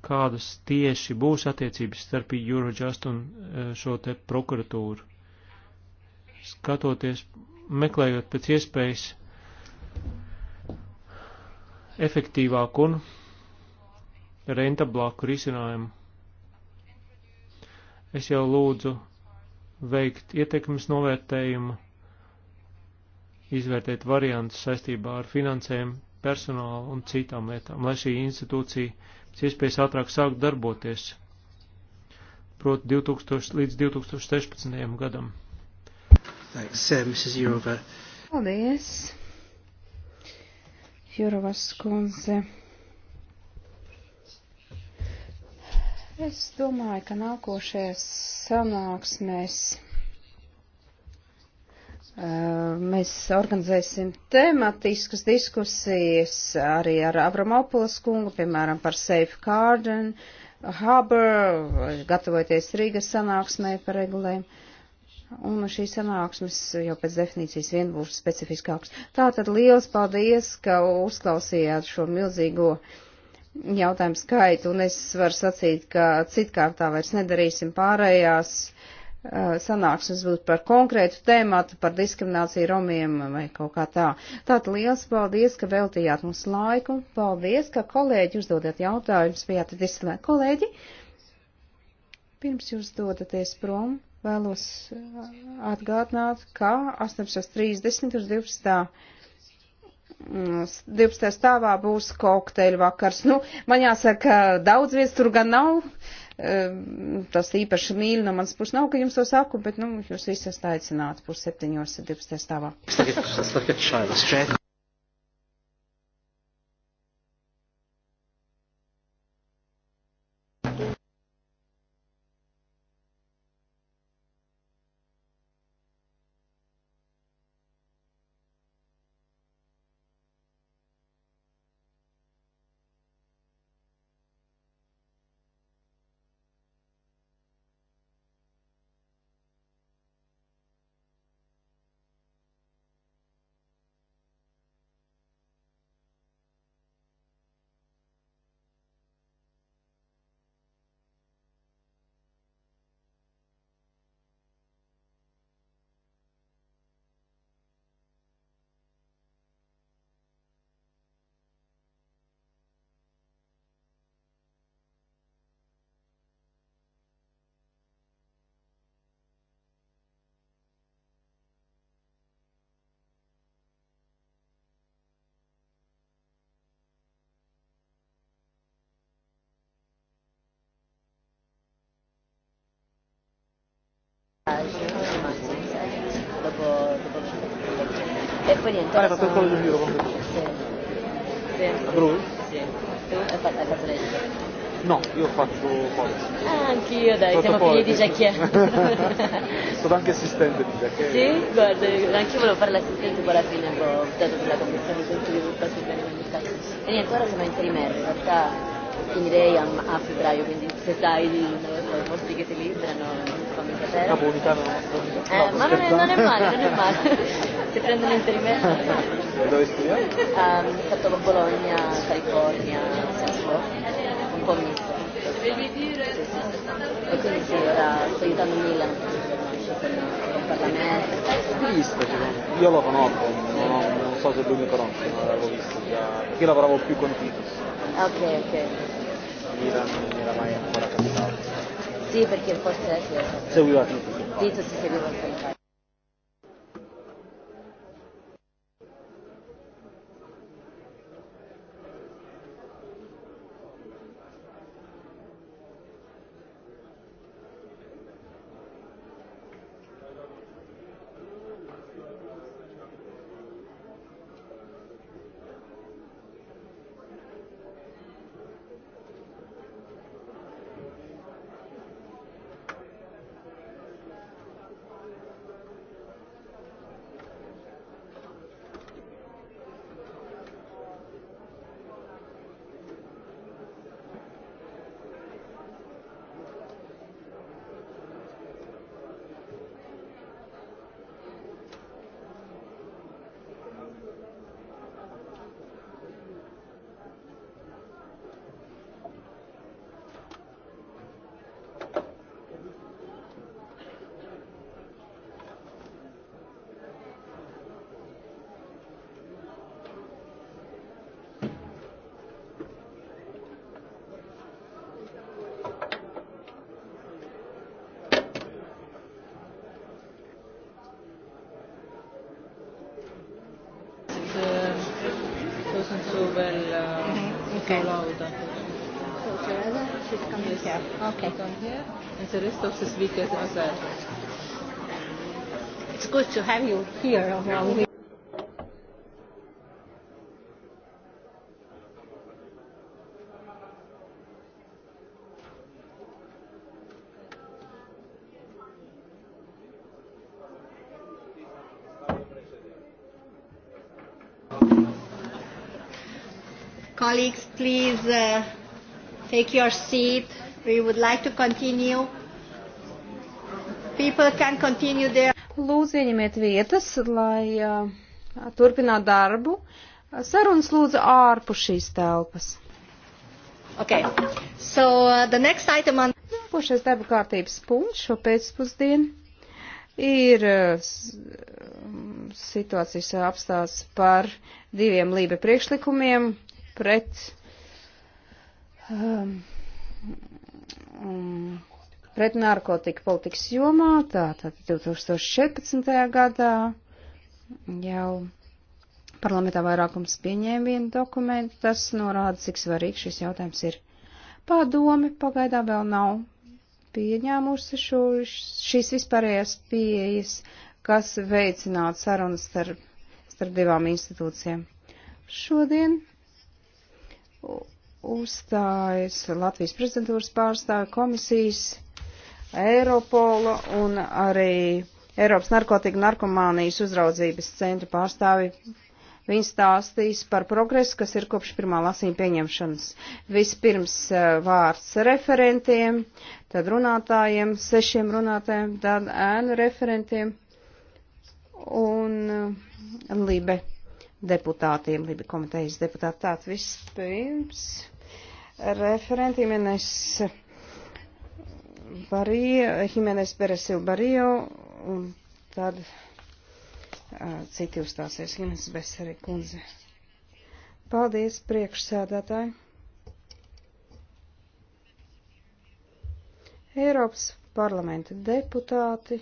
kādas tieši būs attiecības starp Eurojust un e, šo te prokuratūru. Skatoties, meklējot pēc iespējas efektīvāku un rentablāku risinājumu, es jau lūdzu veikt ietekmes novērtējumu, izvērtēt variantus saistībā ar finansēm, personālu un citām lietām, lai šī institūcija iespējas ātrāk sākt darboties, proti 2000, līdz 2016. gadam. Thanks, uh, Paldies, Jurovas kundze. Es domāju, ka nākošajās sanāksmēs. Mēs organizēsim tematiskas diskusijas arī ar Abramopulas kungu, piemēram, par Safe Garden, Harbor, gatavoties Rīgas sanāksmē par regulēm. Un šīs sanāksmes jau pēc definīcijas vien būs specifiskāks. Tātad liels paldies, ka uzklausījāt šo milzīgo jautājumu skaitu, un es varu sacīt, ka citkārtā vairs nedarīsim pārējās Eh, sanāksmes būtu par konkrētu tēmatu, par diskrimināciju romiem vai kaut kā tā. Tātad liels paldies, ka veltījāt mums laiku. Paldies, ka kolēģi uzdodat jautājumus, bijāt disciplinēti. Kolēģi, pirms jūs dodaties prom, vēlos eh, atgādināt, ka 18.30 uz 12. 12. Mm, stāvā būs kokteļu vakars. Nu, man jāsaka, daudz vietas tur gan nav tas īpaši mīļi no manas puses nav, ka jums to saku, bet, nu, jūs visi esat aicināti pus septiņos, 12. stāvā. pretty interesting. Vai, fatto il giro completo. Sì. sì. A Bruges? Sì. Tu hai fatto, hai fatto legge? No, io faccio forza. Ah, anch'io, dai, Sotto siamo figli di Jacquier. Sono anche assistente di Jacquier. Sì, guarda, anch'io volevo fare l'assistente, poi alla fine ho optato per la commissione di risultati bene E niente, ora siamo in trimestre, in realtà finirei a, a febbraio, quindi se dai i posti che ti liberano stasera. Napolitano. Eh, no, ma non è, non è male, non è male. Se prendono inserimento. E dove studiamo? Um, ehm, ho fatto Bologna, California, un po' misto. E quindi sì, ora sto aiutando Milan con il Parlamento. Visto, io lo conosco, non, non so se lui mi conosce, ma l'avevo visto già. Perché io lavoravo più con Titus. Ah, ok, ok. Milan non mi era mai ancora capitato. Sì, perché il posto è chiuso. Seguiva tutto. Dito si seguiva il and the rest of the speakers as well. It's good to have you here among me. colleagues, please uh, take your seat. We would like to continue people can continue their... Lūdzu, ieņemiet vietas, lai uh, turpinātu darbu. Sarunas lūdzu ārpus šīs telpas. Okay. So, uh, the next item on... Nākošais darba kārtības punkts šo pēcpusdienu ir uh, situācijas apstāsts par diviem lībe priekšlikumiem pret um, um, pret narkotika politikas jomā, tātad 2014. gadā jau parlamentā vairākums pieņēma vienu dokumentu, tas norāda, cik svarīgs šis jautājums ir. Padomi pagaidā vēl nav pieņēmusi šo, šīs vispārējās pieejas, kas veicinātu sarunas starp, starp divām institūcijām. Šodien uzstājas Latvijas prezidentūras pārstāvi komisijas Eiropola un arī Eiropas narkotika narkomānijas uzraudzības centra pārstāvi. Viņi stāstīs par progresu, kas ir kopš pirmā lasījuma pieņemšanas. Vispirms eh, vārds referentiem, tad runātājiem, sešiem runātājiem, tad ēnu referentiem un eh, Libe deputātiem, Libe komitejas deputātāt vispirms. Referentiem, ja es Barija, Himenes Beresil Barijo, un tad uh, citi uzstāsies Himenes Beseri kundze. Paldies, priekšsēdētāji! Eiropas parlamenta deputāti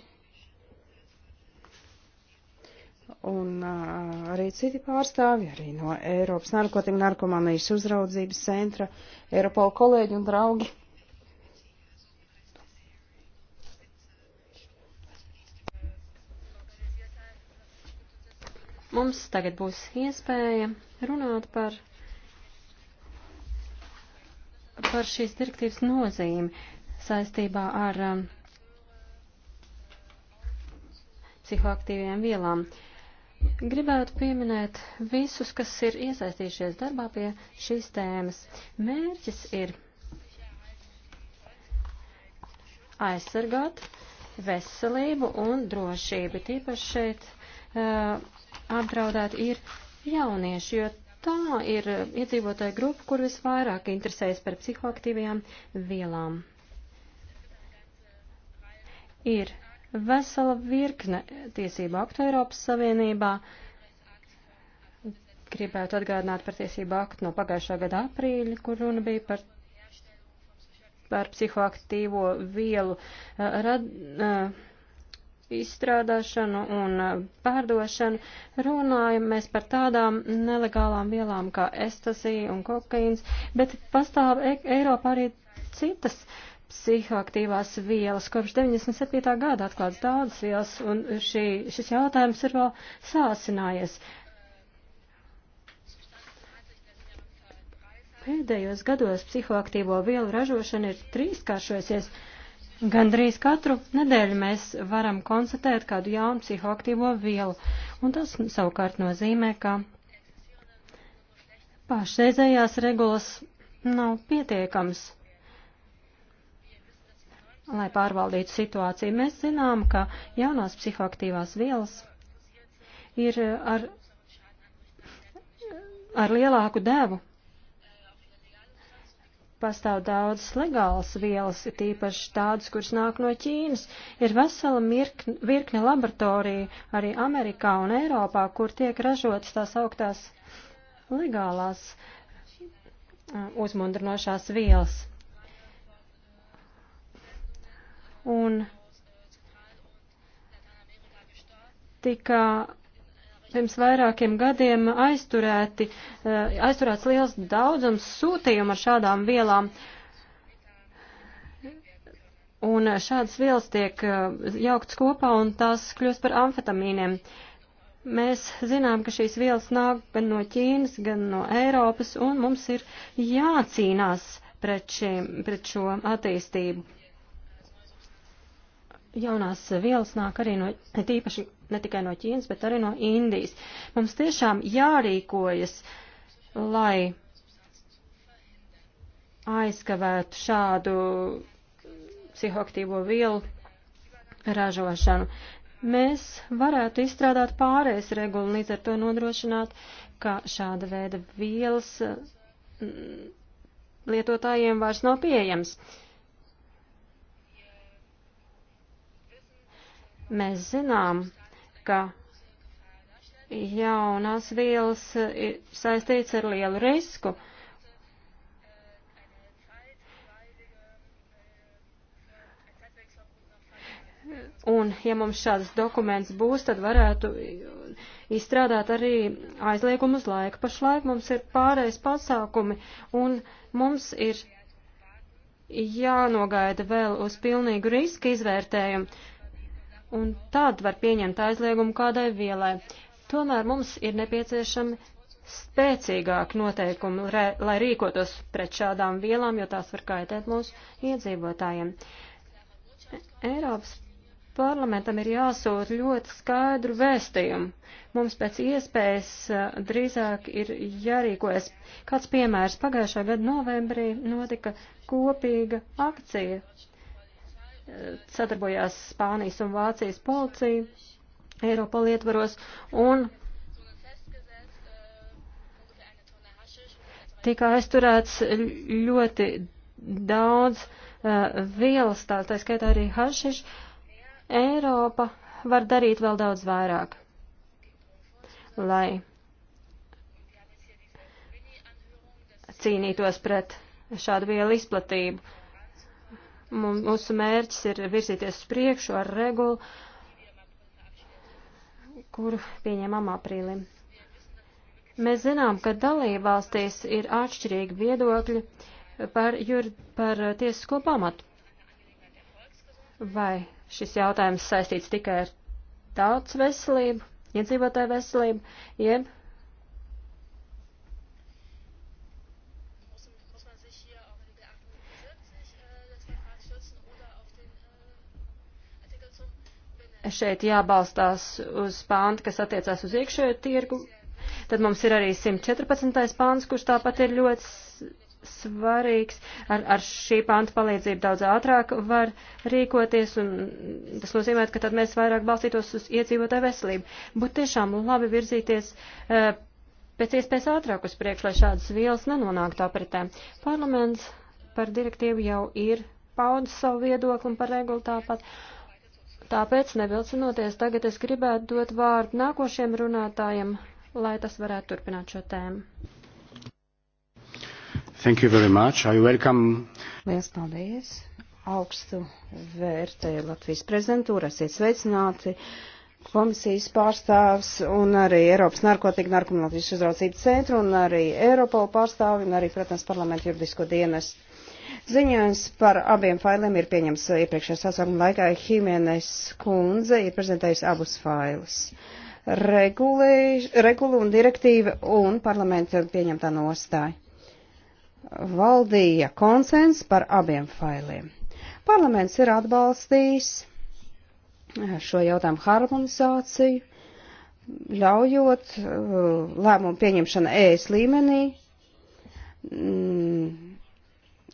un uh, arī citi pārstāvi, arī no Eiropas narkotika narkomānijas uzraudzības centra, Eiropola kolēģi un draugi. Mums tagad būs iespēja runāt par, par šīs direktīvas nozīmi saistībā ar um, psihoaktīvajām vielām. Gribētu pieminēt visus, kas ir iesaistījušies darbā pie šīs tēmas. Mērķis ir aizsargāt veselību un drošību, tīpaši šeit uh, apdraudēti ir jaunieši, jo tā ir iedzīvotāja grupa, kur visvairāk interesējas par psihoaktīvajām vielām. Ir vesela virkne tiesību aktu Eiropas Savienībā. Gribētu atgādināt par tiesību aktu no pagājušā gada aprīļa, kur runa bija par par psihoaktīvo vielu eh, rad, eh, izstrādāšanu un uh, pārdošanu, runājam mēs par tādām nelegālām vielām kā estasija un kokaīns, bet pastāv e Eiropā arī citas psihoaktīvās vielas. Kopš 97. gada atklāts daudzas vielas, un šī, šis jautājums ir vēl sāsinājies. Pēdējos gados psihoaktīvo vielu ražošana ir trīskāršojusies. Gandrīz katru nedēļu mēs varam konstatēt kādu jaunu psihoaktīvo vielu, un tas savukārt nozīmē, ka pašreizējās regulas nav pietiekams, lai pārvaldītu situāciju. Mēs zinām, ka jaunās psihoaktīvās vielas ir ar, ar lielāku devu pastāv daudz legālas vielas, ir tīpaši tādas, kuras nāk no Ķīnas. Ir vesela mirkne, virkne laboratoriju arī Amerikā un Eiropā, kur tiek ražotas tās augtās legālās uzmundrinošās vielas. Un tika pirms vairākiem gadiem aizturēti, eh, aizturēts liels daudzums sūtījumu ar šādām vielām. Un šādas vielas tiek eh, jauktas kopā un tās kļūst par amfetamīniem. Mēs zinām, ka šīs vielas nāk gan no Ķīnas, gan no Eiropas, un mums ir jācīnās pret, šī, pret šo attīstību. Jaunās vielas nāk arī no tīpaši ne tikai no Ķīnas, bet arī no Indijas. Mums tiešām jārīkojas, lai aizkavētu šādu psihoaktīvo vielu ražošanu. Mēs varētu izstrādāt pārējais regulu, līdz ar to nodrošināt, ka šāda veida vielas mm, lietotājiem vairs nav pieejams. Mēs zinām, ka jaunās vielas ir saistīts ar lielu risku. Un, ja mums šāds dokuments būs, tad varētu izstrādāt arī aizliegumu uz laiku. Pašlaik mums ir pārējais pasākumi, un mums ir jānogaida vēl uz pilnīgu riska izvērtējumu un tad var pieņemt aizliegumu kādai vielai. Tomēr mums ir nepieciešami spēcīgāk noteikumi, re, lai rīkotos pret šādām vielām, jo tās var kaitēt mūsu iedzīvotājiem. Eiropas parlamentam ir jāsūt ļoti skaidru vēstījumu. Mums pēc iespējas uh, drīzāk ir jārīkojas. Kāds piemērs pagājušā gada novembrī notika kopīga akcija sadarbojās Spānijas un Vācijas policija Eiropa lietvaros un tika aizturēts ļoti daudz uh, vielas, tā, tā skaitā arī hašiš. Eiropa var darīt vēl daudz vairāk, lai cīnītos pret šādu vielu izplatību. Mūsu mērķis ir virzīties uz priekšu ar regulu, kuru pieņēmām aprīlī. Mēs zinām, ka dalībvalstīs ir atšķirīgi viedokļi par, jur, par tiesisko pamatu. Vai šis jautājums saistīts tikai ar tautas veselību, iedzīvotāju veselību, jeb šeit jābalstās uz pāntu, kas attiecās uz iekšējo tirgu. Tad mums ir arī 114. pāns, kurš tāpat ir ļoti svarīgs. Ar, ar šī pānta palīdzību daudz ātrāk var rīkoties, un tas nozīmē, ka tad mēs vairāk balstītos uz iedzīvotāju veselību. Būtu tiešām labi virzīties uh, pēc iespējas ātrāk uz priekšu, lai šādas vielas nenonāktu apritē. Parlaments par direktīvu jau ir paudis savu viedokli un par regulu tāpat. Uh, Tāpēc, nevilcinoties, tagad es gribētu dot vārdu nākošiem runātājiem, lai tas varētu turpināt šo tēmu. Thank you very much. I welcome. Liels paldies. Augstu vērtēju Latvijas prezidentūru. Esiet sveicināti. Komisijas pārstāvs un arī Eiropas narkotika narkomanātības uzraucības centru un arī Eiropola pārstāvi un arī, protams, parlamentu juridisko dienestu. Ziņojums par abiem failiem ir pieņems iepriekšējā sasaukuma laikā. Himienes kundze ir prezentējusi abus failus. Regulē, regula un direktīva un parlamenta pieņemtā nostāja. Valdīja konsens par abiem failiem. Parlaments ir atbalstījis šo jautājumu harmonizāciju, ļaujot uh, lēmumu pieņemšanu ES līmenī mm,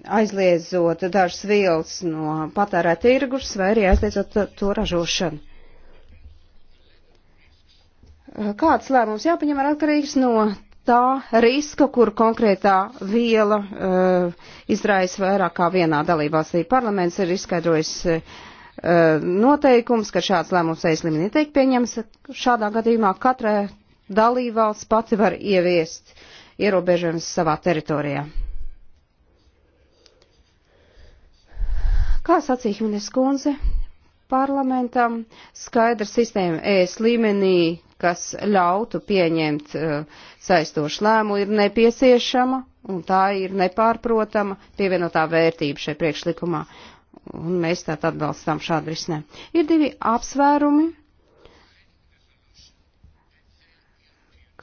aizliedzot dažas vielas no patērē tirgus vai arī aizliedzot to ražošanu. Kāds lēmums jāpaņem ir atkarīgs no tā riska, kur konkrētā viela uh, izraisa vairāk kā vienā dalībvalstī. Parlaments ir izskaidrojis uh, noteikums, ka šāds lēmums aizlim netiek pieņems. Šādā gadījumā katra dalībvalsts pati var ieviest ierobežojumus savā teritorijā. Kā sacīja Himnes kundze, parlamentam skaidra sistēma ēs e līmenī, kas ļautu pieņemt uh, saistošu lēmu, ir nepieciešama un tā ir nepārprotama pievienotā vērtība šai priekšlikumā. Un mēs tā atbalstām šādu risinājumu. Ir divi apsvērumi,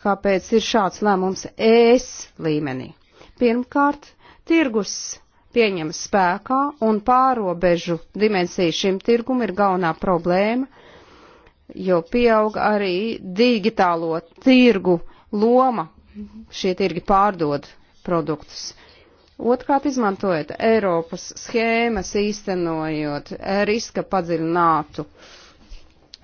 kāpēc ir šāds lēmums ES līmenī. Pirmkārt, tirgus pieņem spēkā, un pārobežu dimensija šim tirgum ir galvenā problēma, jo pieaug arī digitālo tirgu loma. Šie tirgi pārdod produktus. Otrkārt, izmantojot Eiropas schēmas, īstenojot riska padziļinātu uh,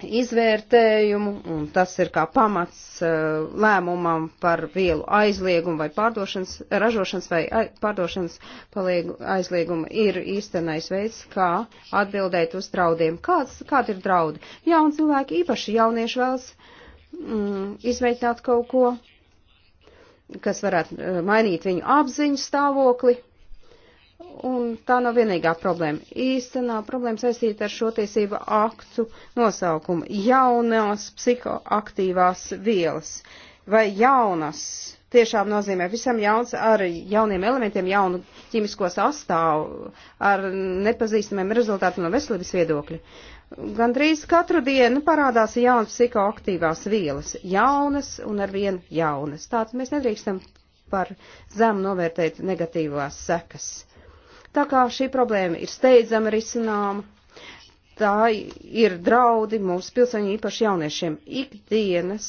izvērtējumu, un tas ir kā pamats uh, lēmumam par vielu aizliegumu vai pārdošanas, ražošanas vai pārdošanas paliegu, aizliegumu, ir īstenais veids, kā atbildēt uz draudiem. Kāds, kādi ir draudi? Jauni cilvēki, īpaši jaunieši vēlas mm, izmēģināt kaut ko, kas varētu eh, mainīt viņu apziņu stāvokli, Un tā nav vienīgā problēma. Īstenā problēma saistīta ar šo tiesību aktu nosaukumu. Jaunās psihoaktīvās vielas vai jaunas tiešām nozīmē visam jauns ar jauniem elementiem, jaunu ķīmisko sastāvu, ar nepazīstamiem rezultātiem no veselības viedokļa. Gandrīz katru dienu parādās jaunas psihoaktīvās vielas, jaunas un arvien jaunas. Tātad mēs nedrīkstam par zemu novērtēt negatīvās sekas. Tā kā šī problēma ir steidzama risināma, tā ir draudi mūsu pilsēņu īpaši jauniešiem ikdienas.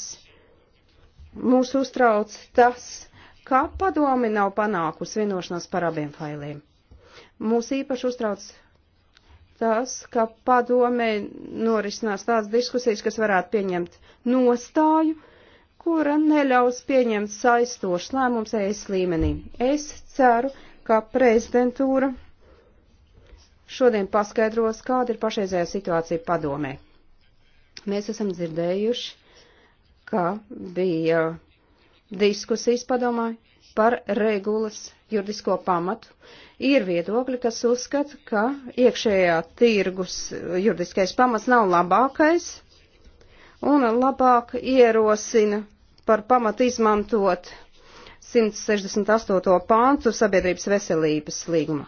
Mūs uztrauc tas, ka padomi nav panākusi vienošanos par abiem failiem. Mūs īpaši uztrauc tas, ka padomē norisinās tādas diskusijas, kas varētu pieņemt nostāju, kura neļaus pieņemt saistošs lēmums ES līmenī. Es ceru, ka prezidentūra šodien paskaidros, kāda ir pašreizējā situācija padomē. Mēs esam dzirdējuši, ka bija diskusijas padomā par regulas juridisko pamatu. Ir viedokļi, kas uzskata, ka iekšējā tirgus juridiskais pamats nav labākais un labāk ierosina par pamatu izmantot 168. pāntu sabiedrības veselības līguma.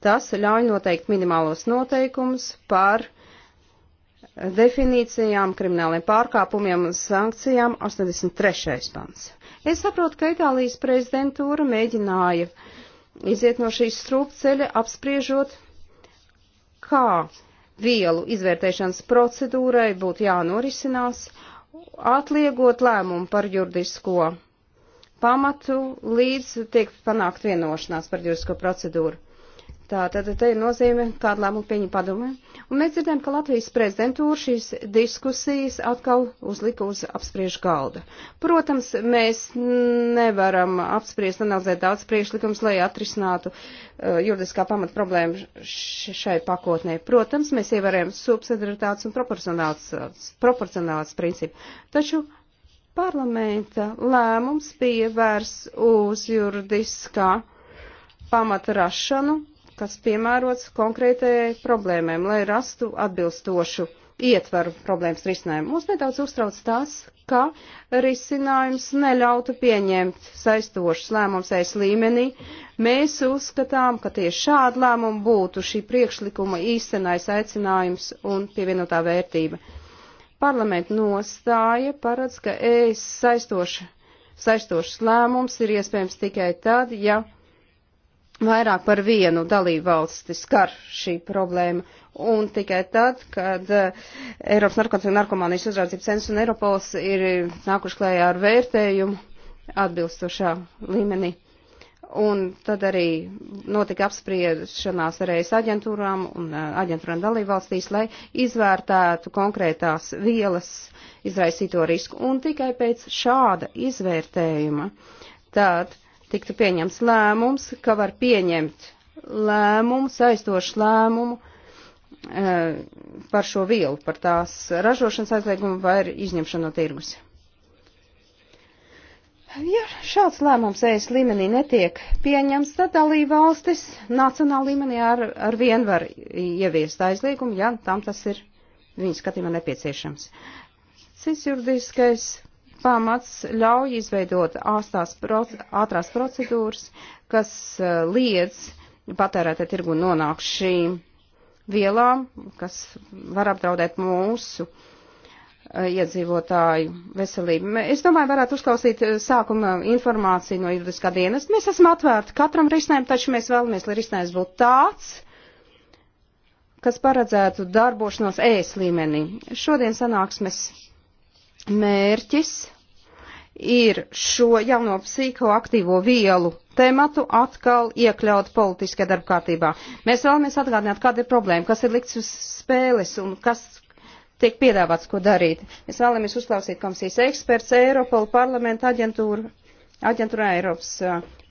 Tas ļauj noteikt minimālos noteikumus par definīcijām, krimināliem pārkāpumiem un sankcijām 83. pants. Es saprotu, ka Itālijas prezidentūra mēģināja iziet no šīs strūpceļa, apspriežot, kā vielu izvērtēšanas procedūrai būtu jānorisinās, atliegot lēmumu par juridisko pamatu, līdz tiek panākt vienošanās par juridisko procedūru. Tā tad te ir nozīme, kāda lēmuma pieņem padomē. Un mēs dzirdējam, ka Latvijas prezidentūra šīs diskusijas atkal uzlika uz apspriežu galda. Protams, mēs nevaram apspriest, analizēt daudz priekšlikums, lai atrisinātu uh, juridiskā pamata problēmu šai pakotnē. Protams, mēs ievērējam subsidaritātes un proporcionāls, uh, proporcionāls principu. Taču Parlamenta lēmums bija vērs uz juridiskā pamata rašanu, kas piemērots konkrētajai problēmēm, lai rastu atbilstošu ietvaru problēmas risinājumu. Mums nedaudz uztrauc tas, ka risinājums neļautu pieņemt saistošus lēmumus aiz līmenī. Mēs uzskatām, ka tieši šāda lēmuma būtu šī priekšlikuma īstenais aicinājums un pievienotā vērtība. Parlamenta nostāja paredz, ka ES saistoša, saistošs lēmums ir iespējams tikai tad, ja vairāk par vienu dalību valsti skar šī problēma. Un tikai tad, kad eh, Eiropas narkotiku un narkomānijas uzraudzības centrs un Eiropols ir nākuši klējā ar vērtējumu atbilstošā līmenī. Un tad arī notika apspriešanās ar EIS aģentūrām un uh, aģentūrām dalībvalstīs, lai izvērtētu konkrētās vielas izraisīto risku. Un tikai pēc šāda izvērtējuma tad tiktu pieņems lēmums, ka var pieņemt lēmumu, saistošu lēmumu e, par šo vielu, par tās ražošanas aizliegumu vai izņemšanu no tirgus. Ja šāds lēmums ES līmenī netiek pieņems, tad dalība valstis nacionāla līmenī ar, ar vienu var ieviest aizliegumu, ja tam tas ir viņa skatījumā nepieciešams. Cits juridiskais pamats ļauj izveidot ātrās proc procedūras, kas eh, liedz patērētē tirgu nonāk šīm vielām, kas var apdraudēt mūsu uh, Eh, iedzīvotāju veselību. Es domāju, varētu uzklausīt eh, sākuma informāciju no juridiskā dienas. Mēs esam atvērti katram risinājumam, taču mēs vēlamies, lai risinājums būtu tāds, kas paredzētu darbošanos ēs līmenī. Šodien sanāksmes mērķis ir šo jauno psihoaktīvo vielu tematu atkal iekļaut politiskajā darbkārtībā. Mēs vēlamies atgādināt, kāda ir problēma, kas ir likts uz spēles un kas tiek piedāvāts, ko darīt. Mēs vēlamies uzklausīt komisijas eksperts, Eiropola parlamenta aģentūru, aģentūrā Eiropas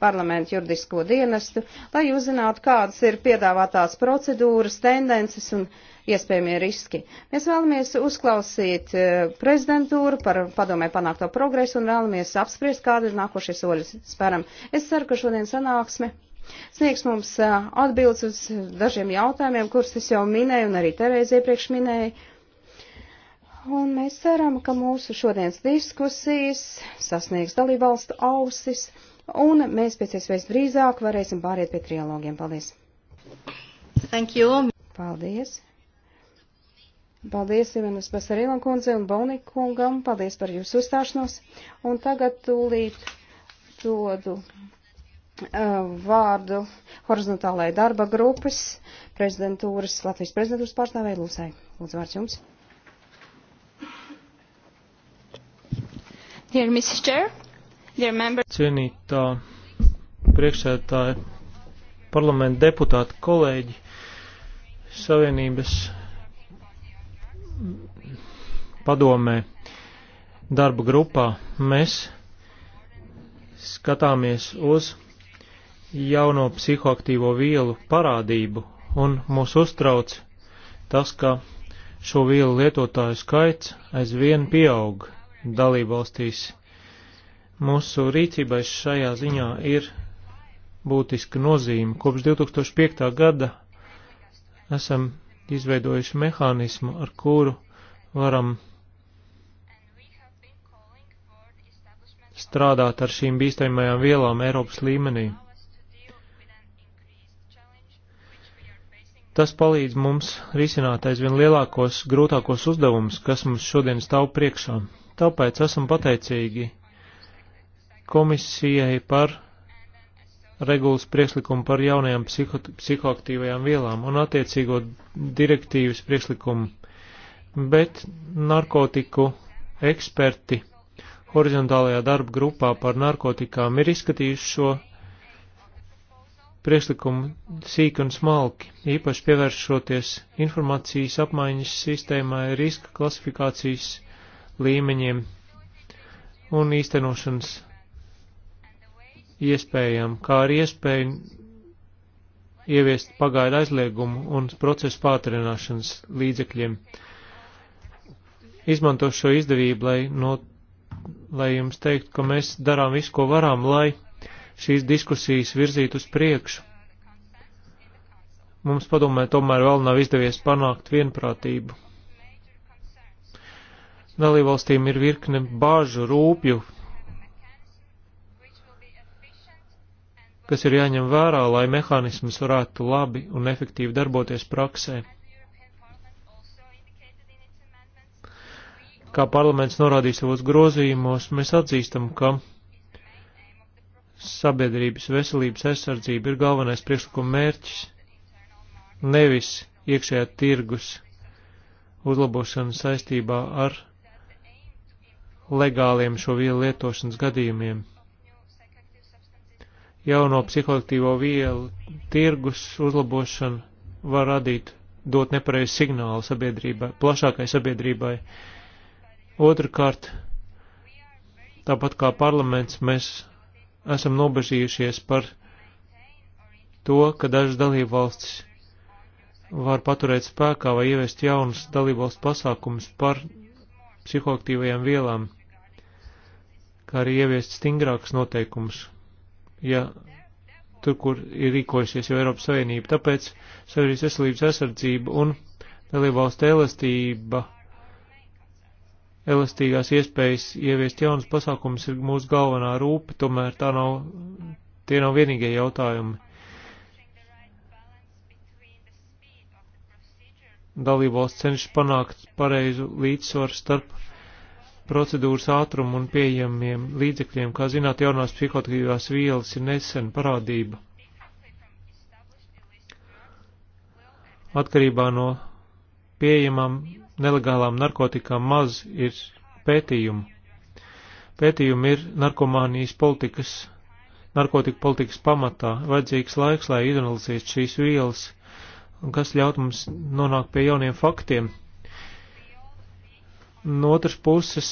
parlamenta juridisko dienestu, lai uzzinātu, kādas ir piedāvātās procedūras, tendences un iespējamie riski. Mēs vēlamies uzklausīt prezidentūru par padomē panākto progresu un vēlamies apspriest, kāda ir nākošie soļi spēram. Es ceru, ka šodien sanāksme sniegs mums atbildes uz dažiem jautājumiem, kurus es jau minēju un arī Terēzi iepriekš minēju Un mēs ceram, ka mūsu šodienas diskusijas sasniegs dalībvalstu ausis, un mēs pēc iespējas drīzāk varēsim pāriet pie trialogiem. Paldies! Thank you! Paldies! Paldies Ivanas Basarīlam kundze un Bonik kungam, paldies par jūsu uzstāšanos. Un tagad tūlīt dodu uh, vārdu horizontālajai darba grupas prezidentūras, Latvijas prezidentūras pārstāvēja Lūsai. Lūdzu, vārds jums. Dear Mrs. Chair, dear members. Cienītā priekšsētāja, parlamenta deputāta, kolēģi, Savienības padomē, darba grupā mēs skatāmies uz jauno psihoaktīvo vielu parādību un mūs uztrauc tas, ka šo vielu lietotāju skaits aizvien pieauga dalībvalstīs. Mūsu rīcībai šajā ziņā ir būtiska nozīme. Kopš 2005. gada esam izveidojuši mehānismu, ar kuru varam strādāt ar šīm bīstamajām vielām Eiropas līmenī. Tas palīdz mums risināt aizvien lielākos, grūtākos uzdevumus, kas mums šodien stāv priekšā. Tāpēc esam pateicīgi komisijai par regulas priekšlikumu par jaunajām psiho psihoaktīvajām vielām un attiecīgo direktīvas priekšlikumu, bet narkotiku eksperti horizontālajā darba grupā par narkotikām ir izskatījuši šo priekšlikumu sīk un smalki, īpaši pievēršoties informācijas apmaiņas sistēmai riska klasifikācijas līmeņiem un īstenošanas iespējām, kā arī iespēju ieviest pagaidu aizliegumu un procesu pātrināšanas līdzekļiem. Izmanto šo izdevību, lai, no, lai jums teikt, ka mēs darām visu, ko varam, lai šīs diskusijas virzītu uz priekšu. Mums padomē tomēr vēl nav izdevies panākt vienprātību. Dalībvalstīm ir virkne bāžu, rūpju, kas ir jāņem vērā, lai mehānisms varētu labi un efektīvi darboties praksē. Kā parlaments norādīja savos grozījumos, mēs atzīstam, ka sabiedrības veselības aizsardzība ir galvenais priekšlikuma mērķis, nevis iekšējā tirgus uzlabošana saistībā ar legāliem šo vielu lietošanas gadījumiem. Jauno psihoaktīvo vielu tirgus uzlabošana var radīt, dot nepareizu signālu sabiedrībai, plašākai sabiedrībai. Otrakārt, tāpat kā parlaments, mēs esam nobežījušies par to, ka dažas dalībvalstis var paturēt spēkā vai ieviest jaunus dalībvalstu pasākumus par psihoaktīvajām vielām kā arī ieviest stingrākus noteikumus, ja tur, kur ir rīkojusies jau Eiropas Savienība. Tāpēc sabiedrības veselības aizsardzība un dalībvalstu elastība, elastīgās iespējas ieviest jaunas pasākumus ir mūsu galvenā rūpe, tomēr tā nav, tie nav vienīgie jautājumi. Dalībvalsts cenšas panākt pareizu līdzsvaru starp procedūras ātrumu un pieejamiem līdzekļiem. Kā zināt, jaunās psihotīvās vielas ir nesen parādība. Atkarībā no pieejamām nelegālām narkotikām maz ir pētījumu. Pētījumi ir narkomānijas politikas, narkotika politikas pamatā. Vajadzīgs laiks, lai izanalizētu šīs vielas, kas ļaut mums nonākt pie jauniem faktiem no otras puses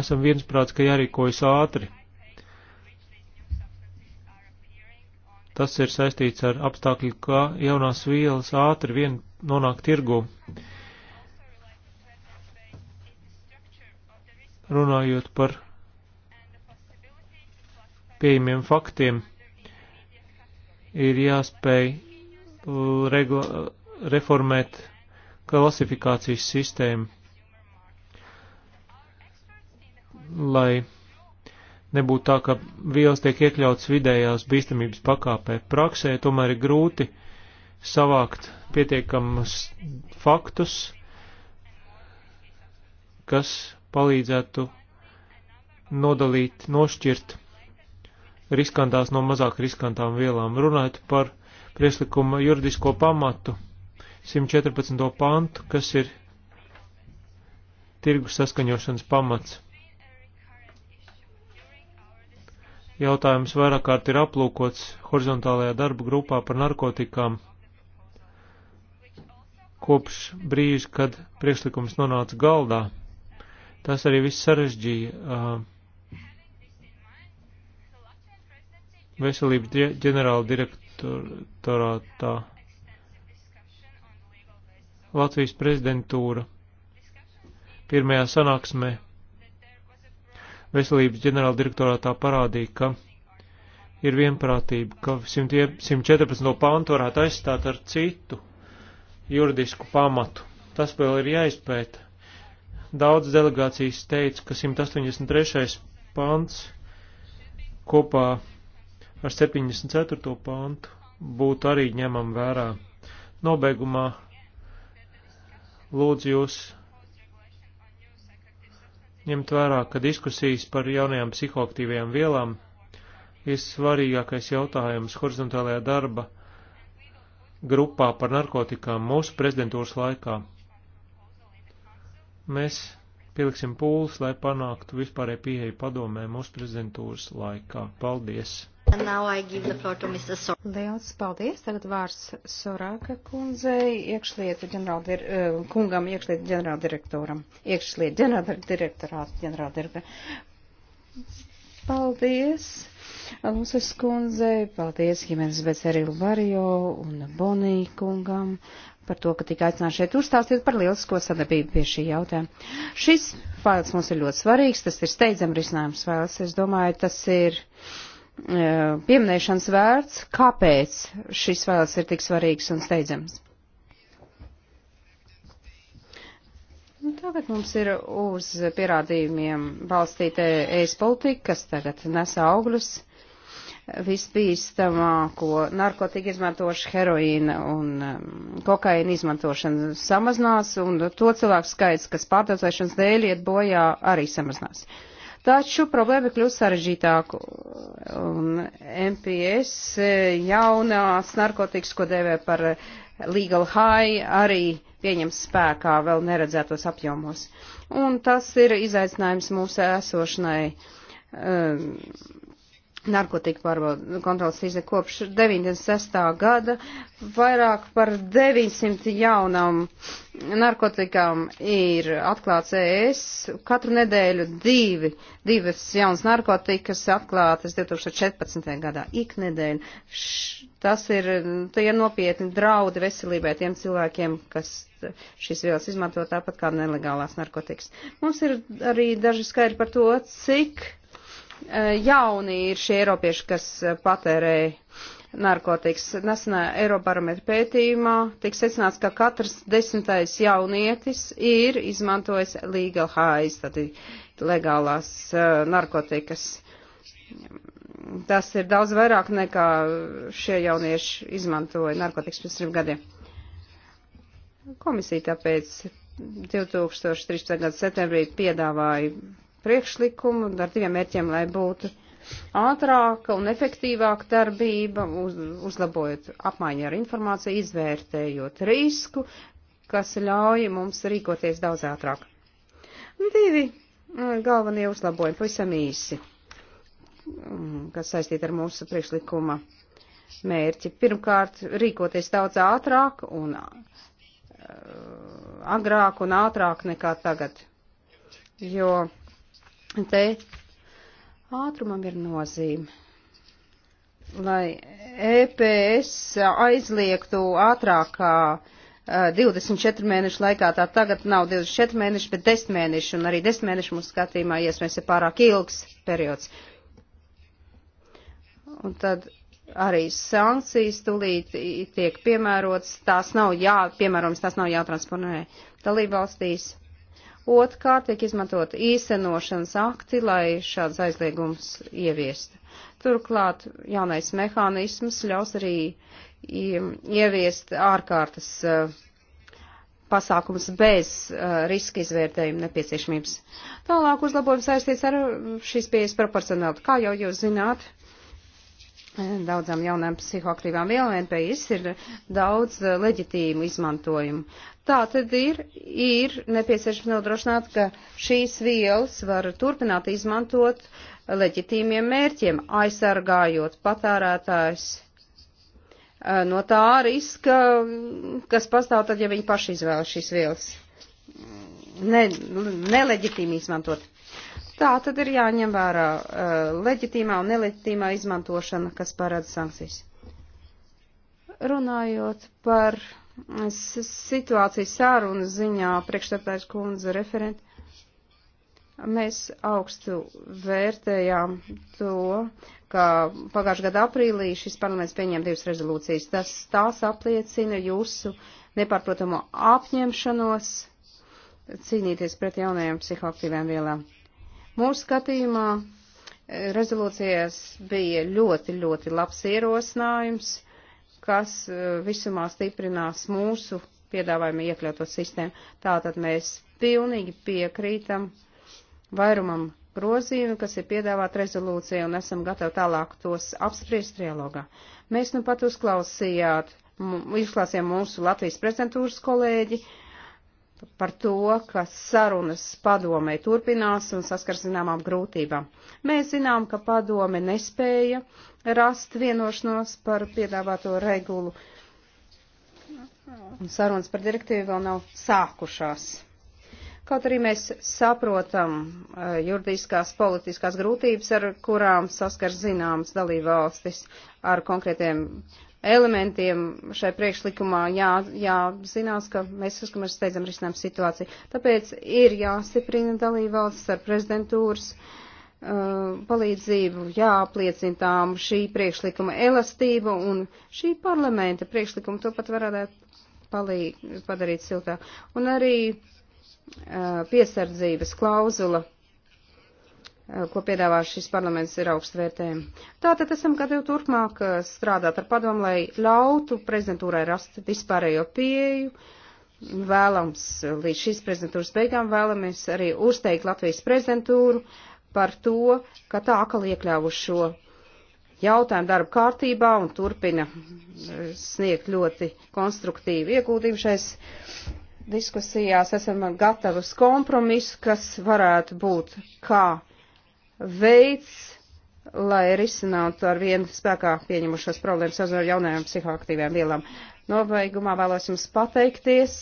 esam viensprāts, ka jārīkojas ātri. Tas ir saistīts ar apstākļu, ka jaunās vielas ātri vien nonāk tirgu. Runājot par pieejamiem faktiem, ir jāspēj regla, reformēt klasifikācijas sistēmu lai nebūtu tā, ka vielas tiek iekļauts vidējās bīstamības pakāpē. Praksē tomēr ir grūti savākt pietiekamus faktus, kas palīdzētu nodalīt, nošķirt riskantās no mazāk riskantām vielām. Runājot par prieslikuma juridisko pamatu 114. pantu, kas ir tirgus saskaņošanas pamats. jautājums vairāk kārt ir aplūkots horizontālajā darba grupā par narkotikām kopš brīža, kad priekšlikums nonāca galdā. Tas arī viss sarežģīja uh, veselības ģenerāla direktorātā Latvijas prezidentūra pirmajā sanāksmē veselības ģenerāla direktorātā parādīja, ka ir vienprātība, ka 114. pantu varētu aizstāt ar citu juridisku pamatu. Tas vēl ir jāizpēta. Daudz delegācijas teica, ka 183. pants kopā ar 74. pantu būtu arī ņemam vērā. Nobeigumā lūdzu jūs ņemt vērā, ka diskusijas par jaunajām psihoaktīvajām vielām ir svarīgākais jautājums horizontālajā darba grupā par narkotikām mūsu prezidentūras laikā. Mēs pieliksim pūles, lai panāktu vispārēju pieeju padomē mūsu prezidentūras laikā. Paldies! Liels paldies. Tagad vārds Sorāka kundzei, iekšlietu ģenerāldir, eh, kungam, iekšlietu ģenerāldirektoram, iekšlietu ģenerāldirektorātu ģenerāldirektoram. Paldies. Alusas kundzei, paldies Himenes Becerilu Barijo un Bonī kungam par to, ka tika aicināts šeit uzstāstīt par lielisko sadarbību pie šī jautājuma. Šis fails mums ir ļoti svarīgs, tas ir steidzam risinājums fails. Es domāju, tas ir. Uh, E, pieminēšanas vērts, kāpēc šis vēls ir tik svarīgs un steidzams. Nu, tagad mums ir uz pierādījumiem balstīta ēst politika, kas tagad nes augļus visbīstamāko narkotika izmantošu heroīna un um, kokaīna izmantošana samazinās, un to cilvēku skaits, kas pārdozēšanas dēļ iet bojā, arī samazinās. Uh, Taču problēma kļūst sarežģītāka. Un MPS eh, jaunās narkotikas, ko dēvē par eh, legal high, arī pieņems spēkā vēl neredzētos apjomos. Un tas ir izaicinājums mūsu esošanai. Um, narkotika pārbaudas kontrolas vīze kopš 96. gada vairāk par 900 jaunām narkotikām ir atklāts ES. Katru nedēļu divi, divas jaunas narkotikas atklātas 2014. gadā. Ik nedēļu. Š, tas ir, tie ir nopietni draudi veselībai tiem cilvēkiem, kas šīs vielas izmanto tāpat kā nelegālās narkotikas. Mums ir arī daži skaidri par to, cik Eh, jauni ir šie eiropieši, kas eh, patērē narkotikas. Nesenā Eirobarometra pētījumā tiek secināts, ka katrs desmitais jaunietis ir izmantojis legal highs, tātad legālās uh, narkotikas. Tas ir daudz vairāk nekā šie jaunieši izmantoja narkotikas pirms trim gadiem. Komisija tāpēc 2013. gada septembrī piedāvāja priekšlikumu ar diviem mērķiem, lai būtu ātrāka un efektīvāka darbība, uz, uzlabojot apmaiņu ar informāciju, izvērtējot risku, kas ļauj mums rīkoties daudz ātrāk. Divi mm, galvenie uzlabojumi pavisam īsi, mm, kas saistīti ar mūsu priekšlikuma mērķi. Pirmkārt, rīkoties daudz ātrāk un eh, agrāk un ātrāk nekā tagad, jo Te ātrumam ir nozīme. Lai EPS aizliegtu ātrākā 24 mēnešu laikā, tā tagad nav 24 mēneši, bet 10 mēneši, un arī 10 mēneši mūsu skatījumā iespējams ir pārāk ilgs periods. Un tad arī sankcijas tulīt tiek piemērotas, tās nav jā, piemērojums, tās nav jātransponē dalībvalstīs. Otkārt tiek izmantot īstenošanas akti, lai šāds aizliegums ieviestu. Turklāt jaunais mehānisms ļaus arī ieviest ārkārtas eh, pasākums bez eh, riska izvērtējuma nepieciešamības. Tālāk uzlabojums saistīts ar eh, šīs pieejas proporcionāli. Kā jau jūs zināt, daudzām jaunām psihoaktīvām vielām NPIs ir daudz eh, leģitīmu izmantojumu. Tā tad ir, ir nepieciešams nodrošināt, ka šīs vielas var turpināt izmantot leģitīmiem mērķiem, aizsargājot patērētājs eh, no tā riska, kas pastāv tad, ja viņi paši izvēlas šīs vielas. Ne, neleģitīmi izmantot. Tā tad ir jāņem vērā uh, leģitīmā un neleģitīmā izmantošana, kas parāda sankcijas. Runājot par mm, situāciju sārunu ziņā, priekšstādājas kundze referenti, mēs augstu vērtējām to, ka pagājušā gada aprīlī šis parlaments pieņēma divas rezolūcijas. Tas tās apliecina jūsu nepārprotamo apņemšanos cīnīties pret jaunajām psihoaktīvām vielām. Mūsu skatījumā e, rezolūcijās bija ļoti, ļoti labs ierosinājums, kas e, visumā stiprinās mūsu piedāvājumu iekļauto sistēmu. Tātad mēs pilnīgi piekrītam vairumam grozījumu, kas ir piedāvāt rezolūcija, un esam gatavi tālāk tos apspriest trialogā. Mēs nu pat uzklausījāt, izklāsījām mūsu Latvijas prezentūras kolēģi, uh, par to, ka sarunas padomē turpinās un saskars zināmām grūtībām. Mēs zinām, ka padome nespēja rast vienošanos par piedāvāto regulu, un sarunas par direktīvu vēl nav sākušās. Kaut arī mēs saprotam eh, juridiskās, politiskās grūtības, ar kurām saskars zināmas dalībvalstis ar konkrētiem elementiem šai priekšlikumā jā, jāzinās, ka mēs uzskatām, ka steidzam risinām situāciju. Tāpēc ir jāstiprina dalībvalsts ar prezidentūras uh, palīdzību, jāapliecina tām šī priekšlikuma elastība un šī parlamenta priekšlikuma to pat varētu palī, padarīt siltāk. Un arī uh, piesardzības klauzula Eh, ko piedāvā šis parlaments, ir augstvērtējumi. Tātad esam gatavi turpmāk eh, strādāt ar padomu, lai ļautu prezidentūrai rast vispārējo pieeju. Vēlams, līdz šīs prezidentūras beigām vēlamies arī uzteikt Latvijas prezidentūru par to, ka tā akali iekļāvu šo jautājumu darba kārtībā un turpina eh, sniegt ļoti konstruktīvu ieguldījumu šais diskusijās. Esam gatavus kompromisu, kas varētu būt kā veids, lai risinātu ar vienu spēkā pieņemušos problēmas ar jaunajām psihoaktīvām vielām. Nobeigumā vēlos jums pateikties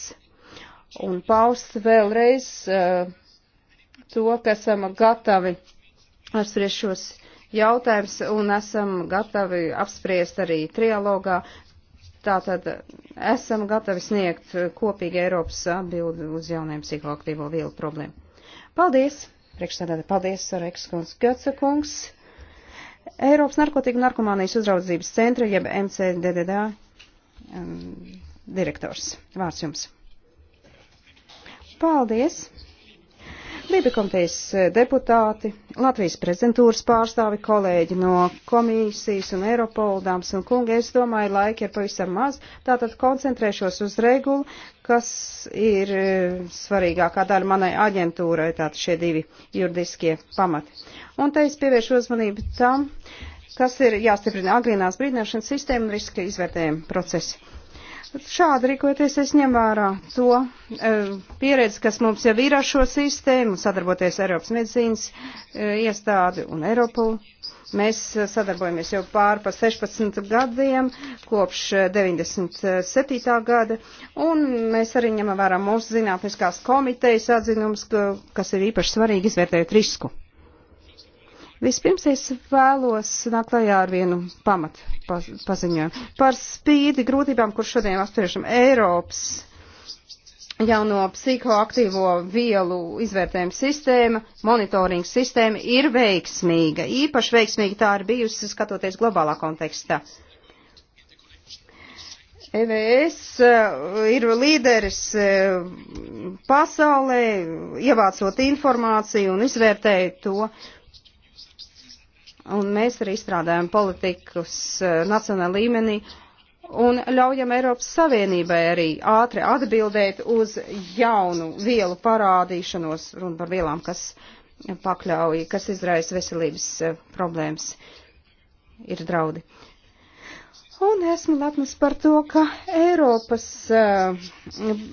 un paust vēlreiz uh, to, ka esam gatavi apspriest šos jautājumus un esam gatavi apspriest arī trialogā. Tātad esam gatavi sniegt kopīgi Eiropas atbildi uz jauniem psihoaktīvo vielu problēmu. Paldies! Priekšsēdētāji, paldies, Sareks Kungs, Götsa Kungs. Eiropas narkotika narkomānijas uzraudzības centra, jeb MCDDD um, direktors. Vārds jums. Paldies! Lība komitejas eh, deputāti, Latvijas prezidentūras pārstāvi, kolēģi no komisijas un Eiropola, dāmas un kungi, es domāju, laika ir pavisam maz, tātad koncentrēšos uz regulu, kas ir eh, svarīgākā daļa manai aģentūrai, tātad šie divi juridiskie pamati. Un te es pievēršu uzmanību tam, kas ir jāstiprina agrīnās brīdināšanas sistēma un riska izvērtējuma procesi. Šādi rīkoties es ņem vērā to e, pieredzi, kas mums jau ir ar šo sistēmu, sadarboties Eiropas medicīnas e, iestādi un Eiropolu. Mēs e, sadarbojamies jau pār pa 16 gadiem, kopš 97. E, gada, un mēs arī ņemam vērā mūsu zinātniskās komitejas atzinums, kas ir īpaši svarīgi izvērtējot risku. Vispirms es vēlos nākt klajā ar vienu pamat paziņojumu. Par spīti grūtībām, kur šodien apspriežam Eiropas jauno psihoaktīvo vielu izvērtējuma sistēma, monitoringa sistēma ir veiksmīga. Īpaši veiksmīga tā ir bijusi skatoties globālā kontekstā. EVS eh, ir līderis eh, pasaulē, ievācot informāciju un izvērtējot to Un mēs arī izstrādājam politikas eh, nacionāla līmenī un ļaujam Eiropas Savienībai arī ātri atbildēt uz jaunu vielu parādīšanos, runa par vielām, kas pakļauj, kas izraisa veselības eh, problēmas, ir draudi. Un esmu lepnas par to, ka Eiropas uh,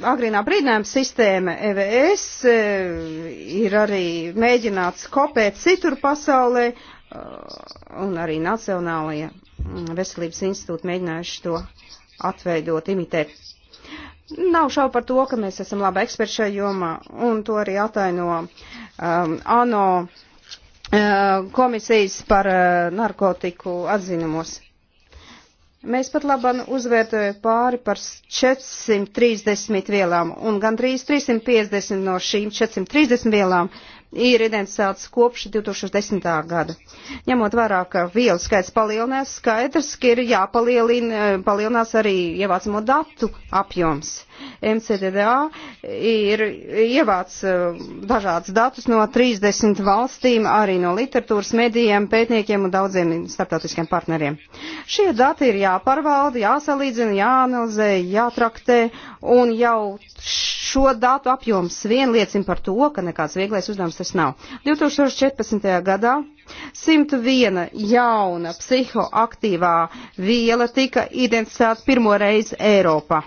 agrīnā brīdinājuma sistēma EVS uh, ir arī mēģināts kopēt citur pasaulē, Uh, un arī Nacionālajie mm, veselības institūti mēģinājuši to atveidot, imitēt. Nav šau par to, ka mēs esam labi eksperti šajā jomā, un to arī ataino um, ANO uh, komisijas par uh, narkotiku atzinumos. Mēs pat labam uzvērtējam pāri par 430 vielām, un gandrīz 350 no šīm 430 vielām uh, ir identificētas kopš 2010. gada. Ņemot vērā, ka vielu skaits palielinās, skaidrs, ka ir jāpalielinās palielinās arī ievācamo datu apjoms. MCDDA ir ievāc eh, dažādas datus no 30 valstīm, arī no literatūras medijiem, pētniekiem un daudziem starptautiskiem partneriem. Šie dati ir jāpārvalda, jāsalīdzina, jāanalizē, jātraktē un jau š Šo datu apjoms vien liecina par to, ka nekāds vieglais uzdevums tas nav. 2014. gadā 101 jauna psihoaktīvā viela tika identificēta pirmo reizi Eiropā.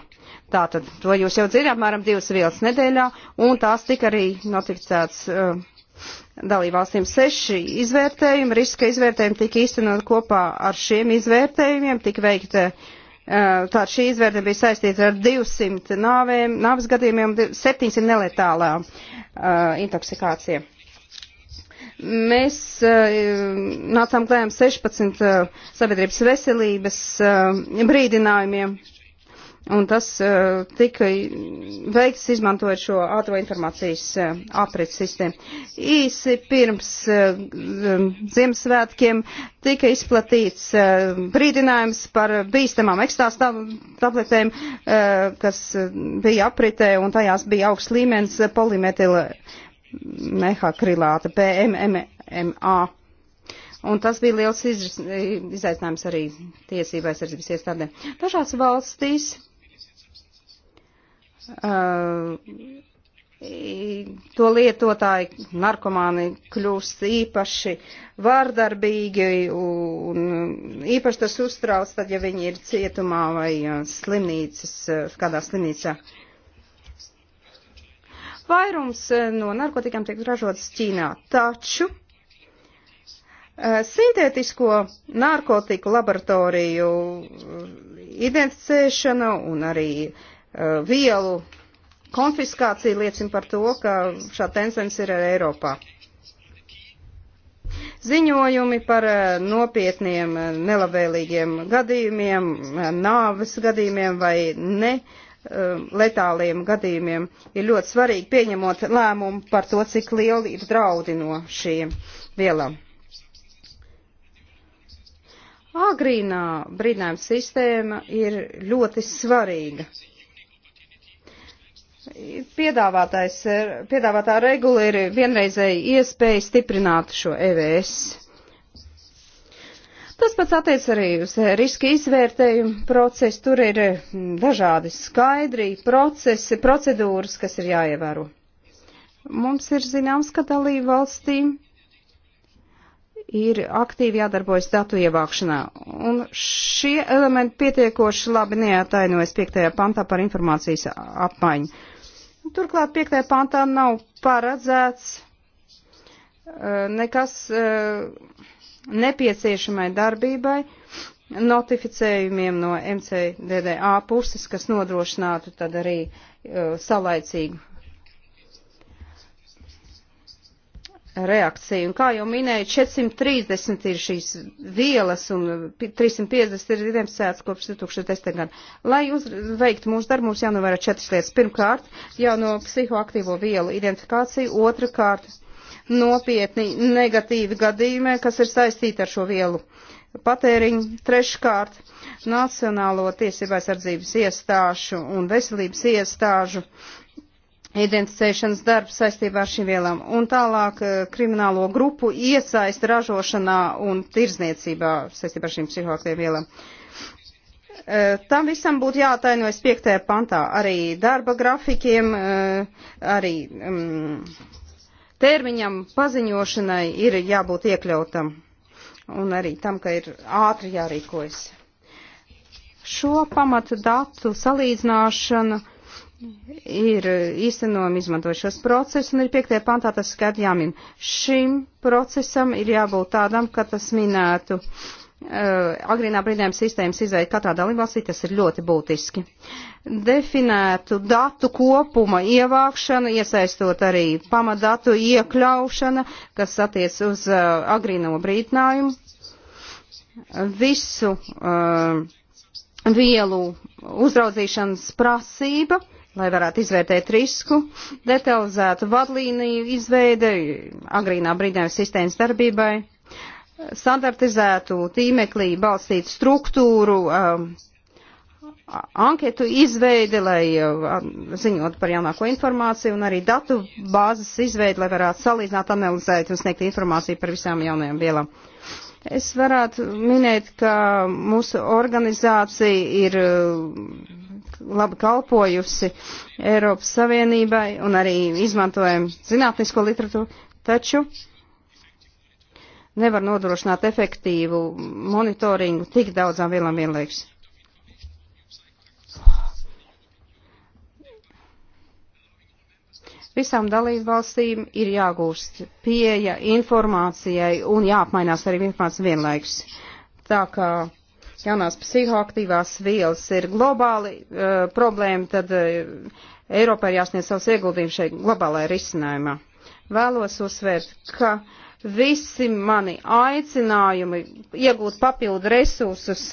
Tātad, to jūs jau dzirdat, apmēram divas vielas nedēļā, un tās tika arī notificētas uh, dalībvalstīm. Seši izvērtējumi, riska izvērtējumi tika īstenot kopā ar šiem izvērtējumiem, tika veikta uh, Eh, Tātad šī izvērta bija saistīta ar 200 nāvēm, nāves gadījumiem, 700 neletālām eh, intoksikācijām. Mēs eh, nācām klējām 16 sabiedrības veselības brīdinājumiem Un tas uh, tika veikts izmantojot šo ātro informācijas uh, eh, aprits sistēmu. Īsi pirms uh, Ziemassvētkiem tika izplatīts uh, brīdinājums par bīstamām ekstās tabletēm, uh, kas bija apritē, un tajās bija augsts līmenis polimetila mehakrilāta PMMA. Un tas bija liels izaicinājums arī tiesībai sardzības iestādēm. Dažās valstīs Uh, to lietotāji, narkomāni kļūst īpaši vārdarbīgi un īpaši tas uztrauc, tad, ja viņi ir cietumā vai uh, slimnīcas, uh, kādā slimnīcā. Vairums no narkotikām tiek ražotas Ķīnā, taču sintētisko narkotiku laboratoriju identificēšana un arī uh, Eh, vielu konfiskācija liecina par to, ka šā tendence ir arī Eiropā. Ziņojumi par eh, nopietniem eh, nelabvēlīgiem gadījumiem, nāves gadījumiem vai ne letāliem gadījumiem ir ļoti svarīgi pieņemot lēmumu par to, cik lieli ir draudi no šīm vielām. Agrīnā brīdinājuma sistēma ir ļoti svarīga Piedāvātais, piedāvātā regula ir vienreizēji iespēja stiprināt šo EVS. Tas pats attiec arī uz riska izvērtējumu procesu. Tur ir mm, dažādi skaidri procesi, procedūras, kas ir jāievēro. Mums ir zināms, ka dalību valstīm ir aktīvi jādarbojas datu ievākšanā. Un šie elementi pietiekoši labi neatainojas 5. pantā par informācijas apmaiņu. Turklāt 5. pantā nav paredzēts e, nekas e, nepieciešamai darbībai notificējumiem no MCDDA puses, kas nodrošinātu tad arī e, salaicīgu reakciju. Un kā jau minēju, 430 ir šīs vielas un 350 ir identificēts kopš 2010. gada. Lai veiktu mūsu darbu, mums jānovēro četras lietas. Pirmkārt, jauno psihoaktīvo vielu identifikāciju, otrkārt, nopietni negatīvi gadījumi, kas ir saistīti ar šo vielu patēriņu, treškārt, Nacionālo tiesību aizsardzības iestāžu un veselības iestāžu identificēšanas darbs saistībā ar šīm vielām. Un tālāk eh, kriminālo grupu iesaist ražošanā un tirzniecībā saistībā ar šīm psihoaktīvām vielām. Eh, tam visam būtu jātainojas 5. pantā, arī darba grafikiem, eh, arī mm, termiņam paziņošanai ir jābūt iekļautam un arī tam, ka ir ātri jārīkojas. Šo pamatu datu salīdzināšanu ir īstenojami izmantojot šos procesus, un ir piektajā pantā tas skat jāmin. Šim procesam ir jābūt tādam, ka tas minētu uh, agrīnā brīdējuma sistēmas izveidi katrā dalībvalstī, tas ir ļoti būtiski. Definētu datu kopuma ievākšanu, iesaistot arī pamatdatu iekļaušana, kas attiec uz uh, agrīno brīdinājumu. Visu uh, vielu uzraudzīšanas prasība. Uh, lai varētu izvērtēt risku, detalizētu vadlīniju izveide agrīnā brīdinājuma sistēmas darbībai, standartizētu tīmeklī balstītu struktūru, um, anketu izveide, lai um, ziņot par jaunāko informāciju un arī datu bāzes izveide, lai varētu salīdzināt, analizēt un sniegt informāciju par visām jaunajām vielām. Es varētu minēt, ka mūsu organizācija ir um, labi kalpojusi Eiropas Savienībai un arī izmantojam zinātnisko literatūru, taču nevar nodrošināt efektīvu monitoringu tik daudzām vielām vienlaikus. Visām dalībvalstīm ir jāgūst pieeja informācijai un jāapmainās arī informācija vienlaikus. Tā kā jaunās psihoaktīvās vielas ir globāli uh, problēma, tad uh, Eiropā ir jāsniedz savs ieguldījums šeit globālajā risinājumā. Vēlos uzsvērt, ka visi mani aicinājumi iegūt papildu resursus,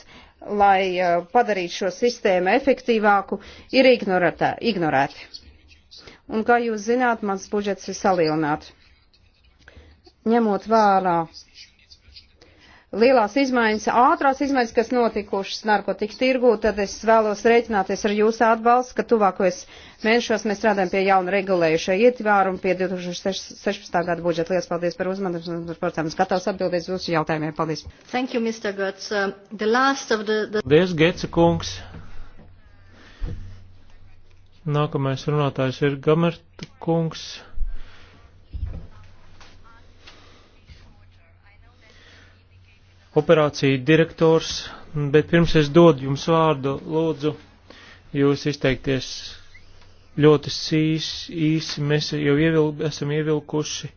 lai uh, padarītu šo sistēmu efektīvāku, ir ignorētā, ignorēti. Un, kā jūs zināt, mans budžets ir salielināts. Ņemot vērā lielās izmaiņas, ātrās izmaiņas, kas notikušas narkotikas tirgū, tad es vēlos rēķināties ar jūsu atbalstu, ka tuvākos mēnešos mēs strādājam pie jauna regulējušā ietvāra un pie 2016. gada budžeta. Lielas paldies par uzmanību un, protams, gatavs atbildēt jūsu jautājumiem. Paldies. Thank you, Mr. Götz. Um, the last of the... the... Paldies, Gece kungs. Nākamais runātājs ir Gamerta kungs. operāciju direktors, bet pirms es dodu jums vārdu, lūdzu, jūs izteikties ļoti sīs, īsi. Mēs jau ievil, esam ievilkuši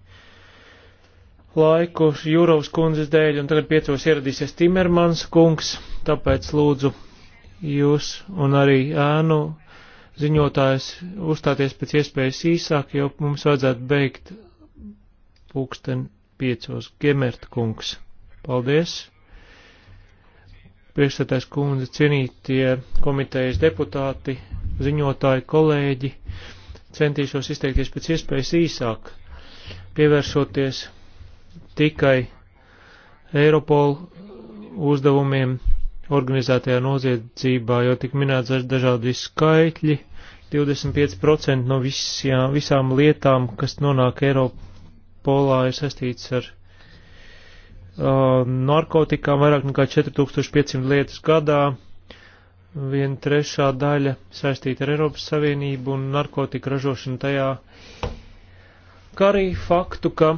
laiku Jūrovas kundzes dēļ, un tagad piecos ieradīsies Timermans kungs, tāpēc lūdzu jūs un arī ēnu ziņotājs uzstāties pēc iespējas īsāk, jo mums vajadzētu beigt pūksteni piecos. Gemerta kungs. Paldies! Priekšsētājs kundze, cienītie komitejas deputāti, ziņotāji, kolēģi, centīšos izteikties pēc iespējas īsāk, pievēršoties tikai Eiropolu uzdevumiem organizētajā noziedzībā, jo tik minēts dažādi skaitļi, 25% no visjā, visām lietām, kas nonāk Eiropolā, ir saistīts ar Uh, narkotikām vairāk nekā 4500 lietas gadā, viena trešā daļa saistīta ar Eiropas Savienību un narkotika ražošanu tajā, kā arī faktu, ka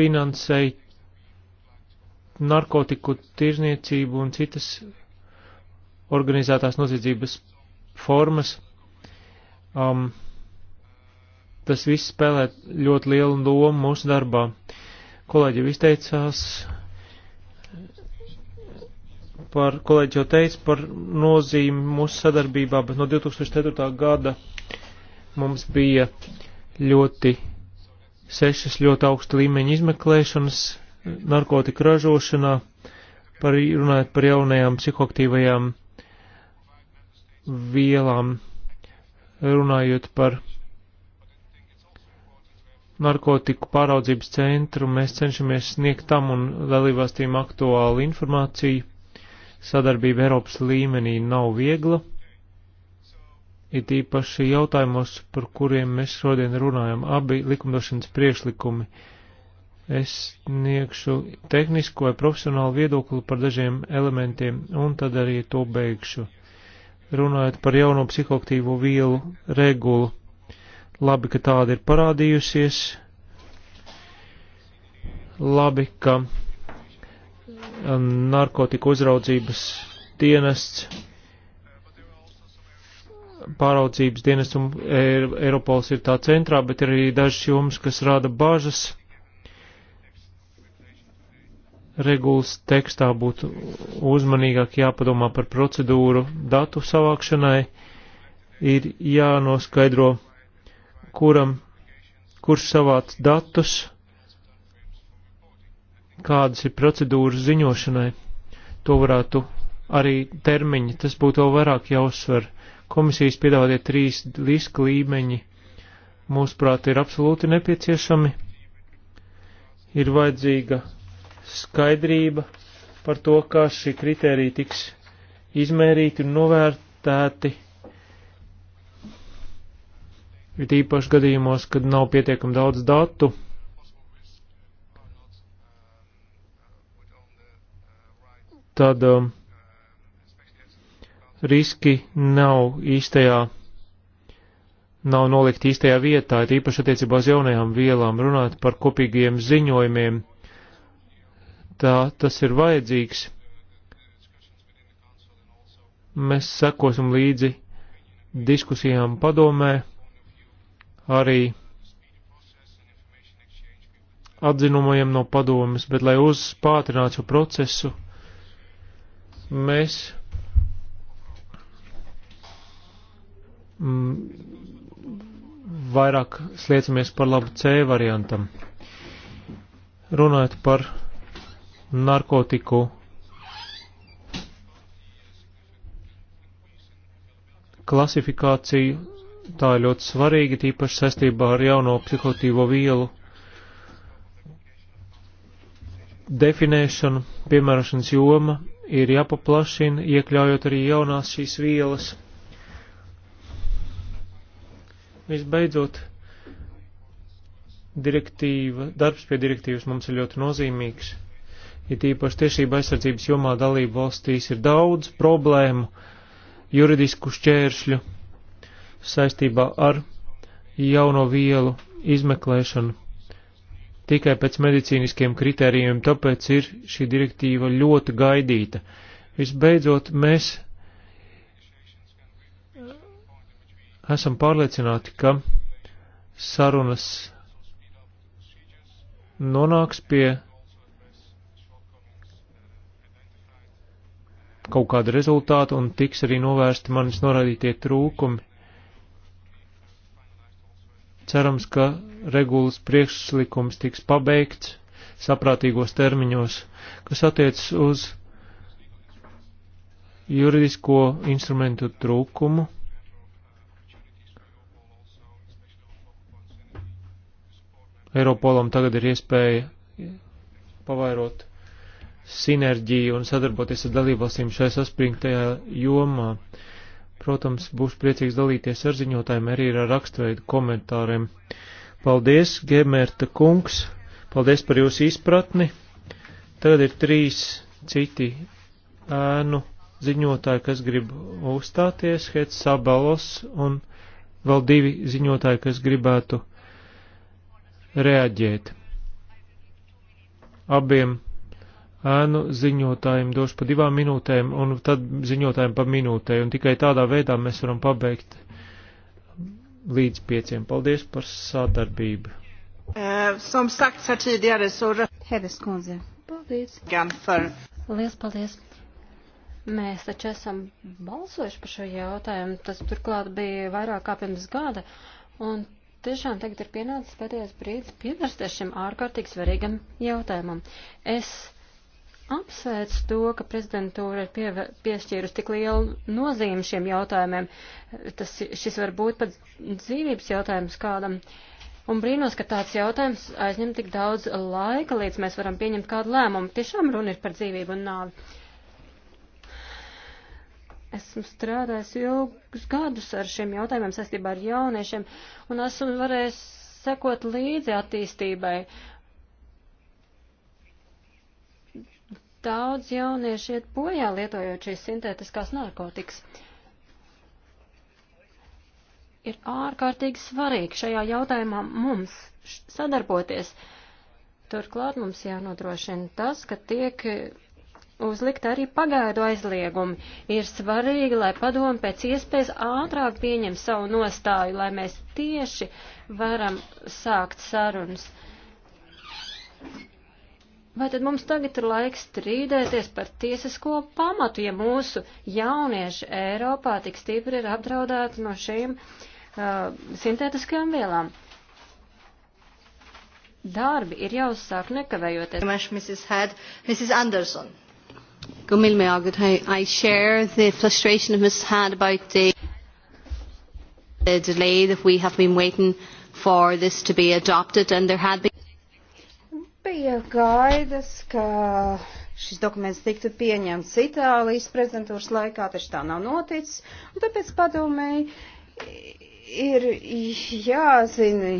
finansēja narkotiku tirzniecību un citas organizētās noziedzības formas. Um, tas viss spēlē ļoti lielu lomu mūsu darbā. Kolēģi jau izteicās par, kolēģi jau teica par nozīmi mūsu sadarbībā, bet no 2004. gada mums bija ļoti sešas ļoti augsta līmeņa izmeklēšanas narkotika ražošanā, par, runājot par jaunajām psihoaktīvajām vielām, runājot par narkotiku pāraudzības centru mēs cenšamies sniegt tam un dalībvalstīm aktuālu informāciju. Sadarbība Eiropas līmenī nav viegla, it īpaši jautājumos, par kuriem mēs šodien runājam, abi likumdošanas priekšlikumi. Es sniegšu tehnisko vai profesionālu viedokli par dažiem elementiem un tad arī to beigšu. Runājot par jauno psihoaktīvo vielu regulu Labi, ka tāda ir parādījusies. Labi, ka um, narkotiku uzraudzības dienests, pāraudzības dienests un Eiropols ir tā centrā, bet ir arī dažas jomas, kas rada bažas. Regulas tekstā būtu uzmanīgāk jāpadomā par procedūru datu savākšanai, ir jānoskaidro kuram, kurš savāc datus, kādas ir procedūras ziņošanai. To varētu arī termiņi, tas būtu vēl vairāk jāuzsver. Komisijas piedāvātie trīs riska līmeņi, mūsuprāt, ir absolūti nepieciešami. Ir vajadzīga skaidrība par to, kā šī kritērija tiks izmērīti un novērtēti ir tīpaši gadījumos, kad nav pietiekam daudz datu. Tad um, riski nav īstajā, nav nolikt īstajā vietā, ir īpaši attiecībā uz jaunajām vielām runāt par kopīgiem ziņojumiem. Tā tas ir vajadzīgs. Mēs sekosim līdzi diskusijām padomē arī atzinumajam no padomas, bet lai uzpātrinātu šo procesu, mēs mm, vairāk sliecamies par labu C variantam. Runājot par narkotiku klasifikāciju, tā ir ļoti svarīga, tīpaši saistībā ar jauno psihotīvo vielu definēšanu, piemērošanas joma ir jāpaplašina, iekļaujot arī jaunās šīs vielas. Visbeidzot, direktīva, darbs pie direktīvas mums ir ļoti nozīmīgs. Ir ja tīpaši tiešība aizsardzības jomā dalību valstīs ir daudz problēmu, juridisku šķēršļu, saistībā ar jauno vielu izmeklēšanu tikai pēc medicīniskiem kritērijiem, tāpēc ir šī direktīva ļoti gaidīta. Visbeidzot, mēs eh, esam pārliecināti, ka sarunas nonāks pie kaut kāda rezultāta un tiks arī novērsti manis norādītie trūkumi. Cerams, ka regulas priekšlikums tiks pabeigts saprātīgos termiņos, kas attiecas uz juridisko instrumentu trūkumu. Eiropolam tagad ir iespēja pavairot sinerģiju un sadarboties ar dalībvalstīm šai saspringtajā jomā. Uh, Protams, būs priecīgs dalīties ar ziņotājiem arī ar rakstveidu komentāriem. Paldies, Gemērta kungs! Paldies par jūsu izpratni! Tagad ir trīs citi ēnu ziņotāji, kas grib uzstāties, Hets Sabalos un vēl divi ziņotāji, kas gribētu reaģēt. Abiem ēnu ziņotājiem došu pa divām minūtēm un tad ziņotājiem pa minūtē, un tikai tādā veidā mēs varam pabeigt līdz pieciem. Paldies par sadarbību. Eh, som sagt här tidigare så... Hedes kundze, paldies. Gan par... Liels paldies. Mēs taču esam balsojuši par šo jautājumu, tas turklāt bija vairāk kā pirms gada, un tiešām tagad ir pienācis pēdējais brīdis pievērsties šim ārkārtīgi svarīgam jautājumam. Es apsvērts to, ka prezidentūra ir pie, piešķīrusi tik lielu nozīmi šiem jautājumiem. Tas, šis var būt pat dzīvības jautājums kādam. Un brīnos, ka tāds jautājums aizņem tik daudz laika, līdz mēs varam pieņemt kādu lēmumu. Tiešām runa ir par dzīvību un nāvi. Esmu strādājis ilgus gadus ar šiem jautājumiem saistībā ar jauniešiem, un esmu varējis sekot līdzi attīstībai. daudz jaunieši iet bojā lietojot šīs sintētiskās narkotikas. Ir ārkārtīgi svarīgi šajā jautājumā mums sadarboties. Turklāt mums jānodrošina tas, ka tiek uzlikt arī pagaidu aizliegumi. Ir svarīgi, lai padomu pēc iespējas ātrāk pieņem savu nostāju, lai mēs tieši varam sākt sarunas. Vai tad mums tagad ir laiks strīdēties par tiesisko pamatu, ja mūsu jaunieši Eiropā tik stipri ir apdraudēti no šīm uh, sintētiskajām vielām? Darbi ir jāuzsāk nekavējoties. Mrs. Head, Mrs. Anderson. Go mil me agad, I share the frustration of Mrs. Had about the, the delay that we have been waiting for this to be adopted and there had been Bija gaidas, ka šis dokuments tiktu pieņemts Itālijas prezidentūras laikā, taču tā nav noticis, un tāpēc padomēji ir jāzina,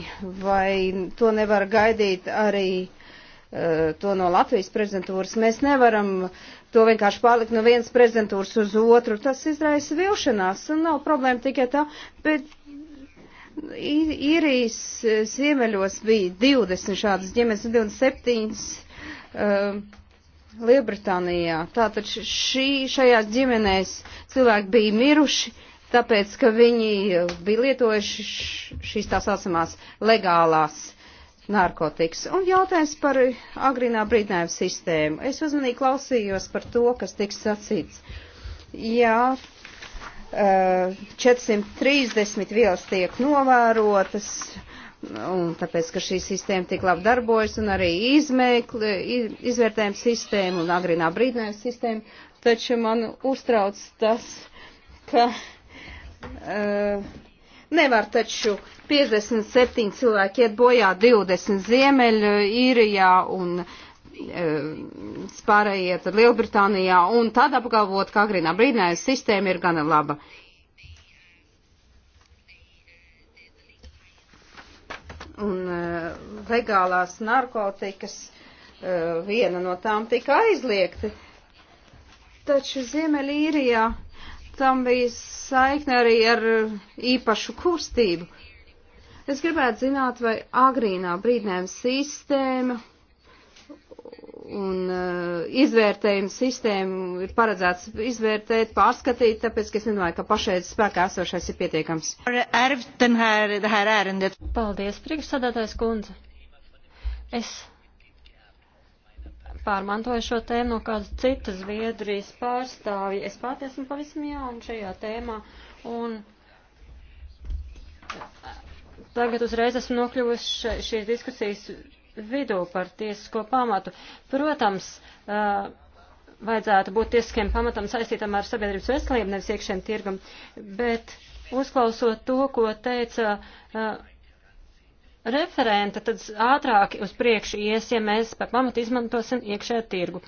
vai to nevar gaidīt arī uh, to no Latvijas prezidentūras. Mēs nevaram to vienkārši palikt no vienas prezidentūras uz otru. Tas izraisa vilšanās, un nav problēma tikai tā, bet Īrijas eh, ziemeļos bija 20 šādas ģimenes un 27 uh, eh, Lielbritānijā. Tātad šī, šajās ģimenēs cilvēki bija miruši, tāpēc, ka viņi eh, bija lietojuši šīs tā saucamās legālās narkotikas. Un jautājums par agrīnā brīdinājuma sistēmu. Es uzmanīgi klausījos par to, kas tiks sacīts. Jā, 430 vielas tiek novērotas, un tāpēc, ka šī sistēma tik labi darbojas, un arī izmēkli, izvērtējuma sistēma un agrīnā brīdinājuma sistēma, taču man uztrauc tas, ka uh, nevar taču 57 cilvēki iet bojā 20 ziemeļu īrijā un uh, Eh, spārējiet Lielbritānijā un tad apgalvot, ka agrīnā brīdinājuma sistēma ir gana laba. Un uh, legālās narkotikas uh, viena no tām tika aizliegta. Taču Ziemeļīrijā tam bija saikne arī ar īpašu kustību. Es gribētu zināt, vai agrīnā brīdinājuma sistēma Un uh, izvērtējuma sistēmu ir paredzēts izvērtēt, pārskatīt, tāpēc, ka es nedomāju, ka pašreiz spēkā esošais ir pietiekams. Paldies, priekšsādātājs kundze. Es pārmantoju šo tēmu no kādas citas Viedrijas pārstāvja. Es pati esmu pavisam jauna šajā tēmā un tagad uzreiz esmu nokļuvusi šīs diskusijas vidū par tiesisko pamatu. Protams, uh, vajadzētu būt tiesiskiem pamatam saistītam ar sabiedrības veselību, nevis iekšējiem tirgam, bet uzklausot to, ko teica uh, referenta, tad ātrāk uz priekšu ies, ja mēs par pamatu izmantosim iekšējā tirgu.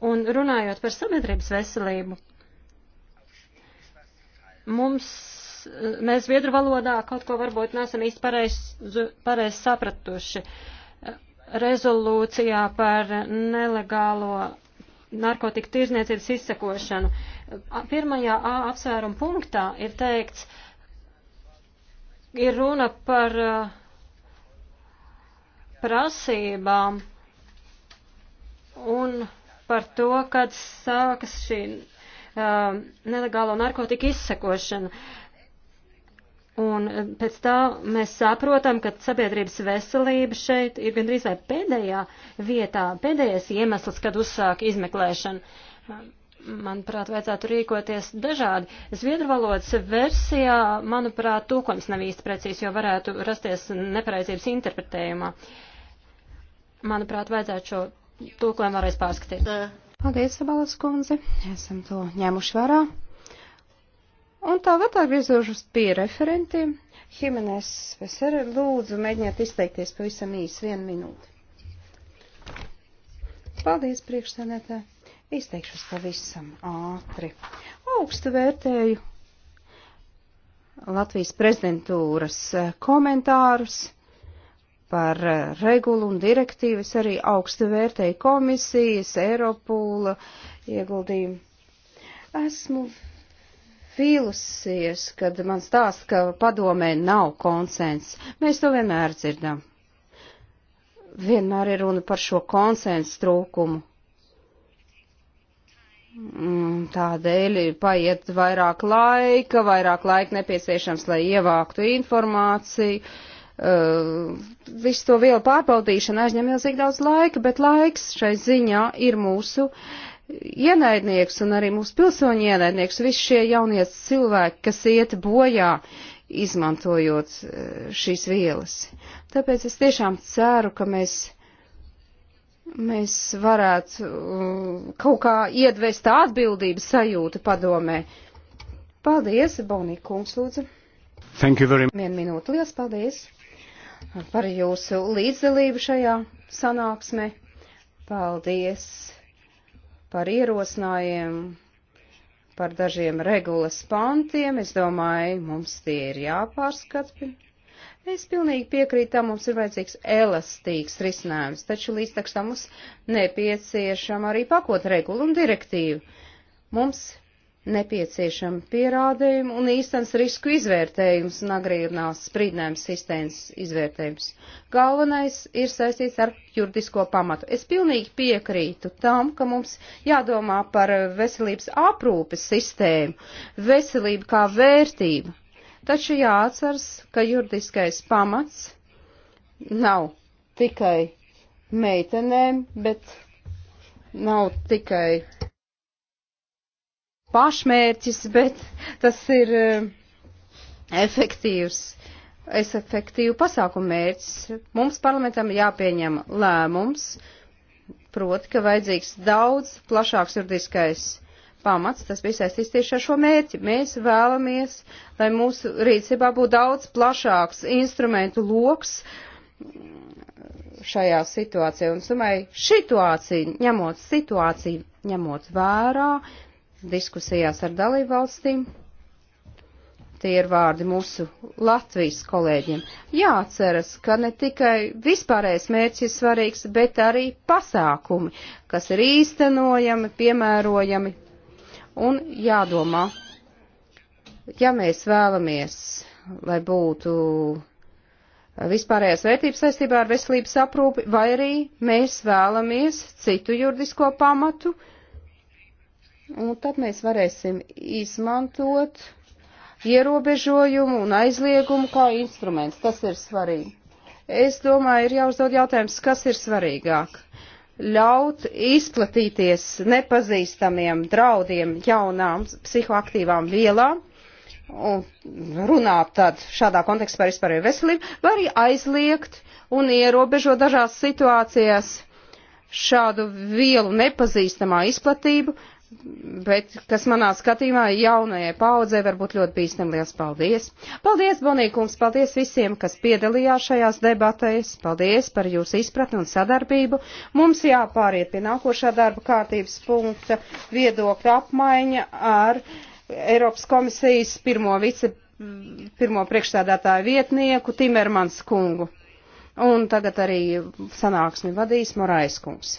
Un runājot par sabiedrības veselību, Mums, eh, mēs viedru valodā kaut ko varbūt nesam īsti pareizi pareiz sapratuši. Rezolūcijā par nelegālo narkotiku tirzniecības izsekošanu. Pirmajā A apsvērumu punktā ir teikts, ir runa par eh, prasībām un par to, kad sākas šī uh, nelegālo narkotiku izsekošanu. Un um, pēc tā mēs saprotam, ka sabiedrības veselība šeit ir gandrīz vai pēdējā vietā, pēdējais iemesls, kad uzsāk izmeklēšanu. Um, manuprāt, vajadzētu rīkoties dažādi. Zviedru valodas versijā, manuprāt, tūkojums nav īsti precīzi, jo varētu rasties nepareizības interpretējumā. Manuprāt, vajadzētu šo tūkojumu vēlreiz pārskatīt. Tā. Uh, Paldies, Abalas kundze, esam to ņēmuši vērā. Un tagad atgriezošos pie referentiem. Himenes Vesere, lūdzu, mēģiniet izteikties pavisam īsi vienu minūti. Paldies, priekšsēdētā. Izteikšos pavisam ātri. Augstu vērtēju Latvijas prezidentūras komentārus par eh, regulu un direktīvas arī augstu vērtēju komisijas, Eiropūla ieguldījumu. Esmu vīlusies, kad man stāsta, ka padomē nav konsens. Mēs to vienmēr dzirdam. Vienmēr ir runa par šo konsensu trūkumu. Mm, tādēļ paiet vairāk laika, vairāk laika nepieciešams, lai ievāktu informāciju. Uh, Uh, visu to vielu pārbaudīšana aizņem milzīgi daudz laika, bet laiks šai ziņā ir mūsu ienaidnieks un arī mūsu pilsoņu ienaidnieks. Visi šie jaunie cilvēki, kas iet bojā, izmantojot eh, šīs vielas. Tāpēc es tiešām ceru, ka mēs, mēs varētu eh, kaut kā iedvest atbildības sajūtu padomē. Paldies, Bonī kungs, lūdzu. Thank you very much. Vienu minūti, liels paldies par jūsu līdzdalību šajā sanāksmē. Paldies par ierosinājumiem, par dažiem regulas pantiem. Es domāju, mums tie ir jāpārskata. Es pilnīgi piekrītu, tam mums ir vajadzīgs elastīgs risinājums, taču līdz tam mums nepieciešama arī pakot regula un direktīva. Mums nepieciešami pierādījumi un īstens risku izvērtējums un agrīnās sprīdinājums sistēmas izvērtējums. Galvenais ir saistīts ar juridisko pamatu. Es pilnīgi piekrītu tam, ka mums jādomā par veselības aprūpes sistēmu, veselību kā vērtību, taču jāatceras, ka juridiskais pamats nav tikai meitenēm, bet nav tikai pašmērķis, bet tas ir eh, efektīvs, es efektīvu pasākumu mērķis. Mums parlamentam jāpieņem lēmums, proti, ka vajadzīgs daudz plašāks juridiskais pamats, tas bija saistīts tieši ar šo mērķi. Mēs vēlamies, lai mūsu rīcībā būtu daudz plašāks instrumentu loks šajā situācijā. Un, es domāju, situācija, ņemot situāciju, ņemot vērā, diskusijās ar dalību valstīm. Tie ir vārdi mūsu Latvijas kolēģiem. Jāatceras, ka ne tikai vispārējais mērķis ir svarīgs, bet arī pasākumi, kas ir īstenojami, piemērojami. Un jādomā, ja mēs vēlamies, lai būtu vispārējās vērtības saistībā ar veselības aprūpi, vai arī mēs vēlamies citu juridisko pamatu, uh, Un tad mēs varēsim izmantot ierobežojumu un aizliegumu kā instruments. Tas ir svarīgi. Es domāju, ir jāuzdod jautājums, kas ir svarīgāk. Ļaut izplatīties nepazīstamiem draudiem jaunām psihoaktīvām vielām un runāt tad šādā kontekstā par vispārēju veselību, vai arī aizliegt un ierobežot dažās situācijās šādu vielu nepazīstamā izplatību, bet kas manā skatījumā jaunajai paudzē var būt ļoti bīstam. Liels paldies! Paldies, Bonīkums! Paldies visiem, kas piedalījās šajās debatēs! Paldies par jūsu izpratni un sadarbību! Mums jāpāriet pie nākošā darba kārtības punkta viedokļa apmaiņa ar Eiropas komisijas pirmo vice, pirmo priekšstādātāju vietnieku Timermans kungu. Un tagad arī sanāksmi vadīs Morais kungs.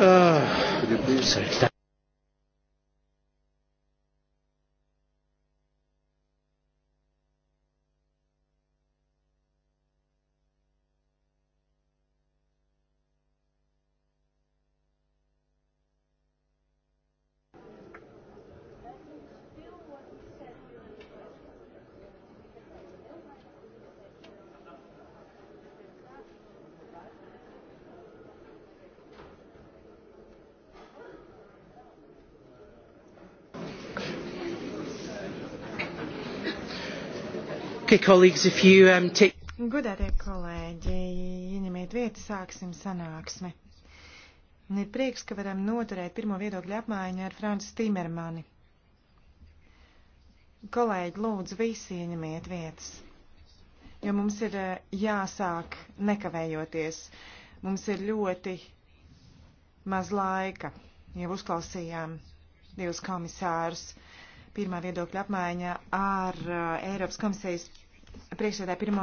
Uh, ah. sorry. Okay, colleagues, if you um, take. Gudētie kolēģi, ieņemiet vietu, sāksim sanāksmi. Un ir prieks, ka varam noturēt pirmo viedokļu apmaiņu ar Francis Timermani. Kolēģi, lūdzu, visi ieņemiet vietas, jo mums ir eh, jāsāk nekavējoties. Mums ir ļoti maz laika, jau uzklausījām divus komisārus. Pirmā viedokļa apmaiņa ar eh, Eiropas komisijas priekšsēdē pirmo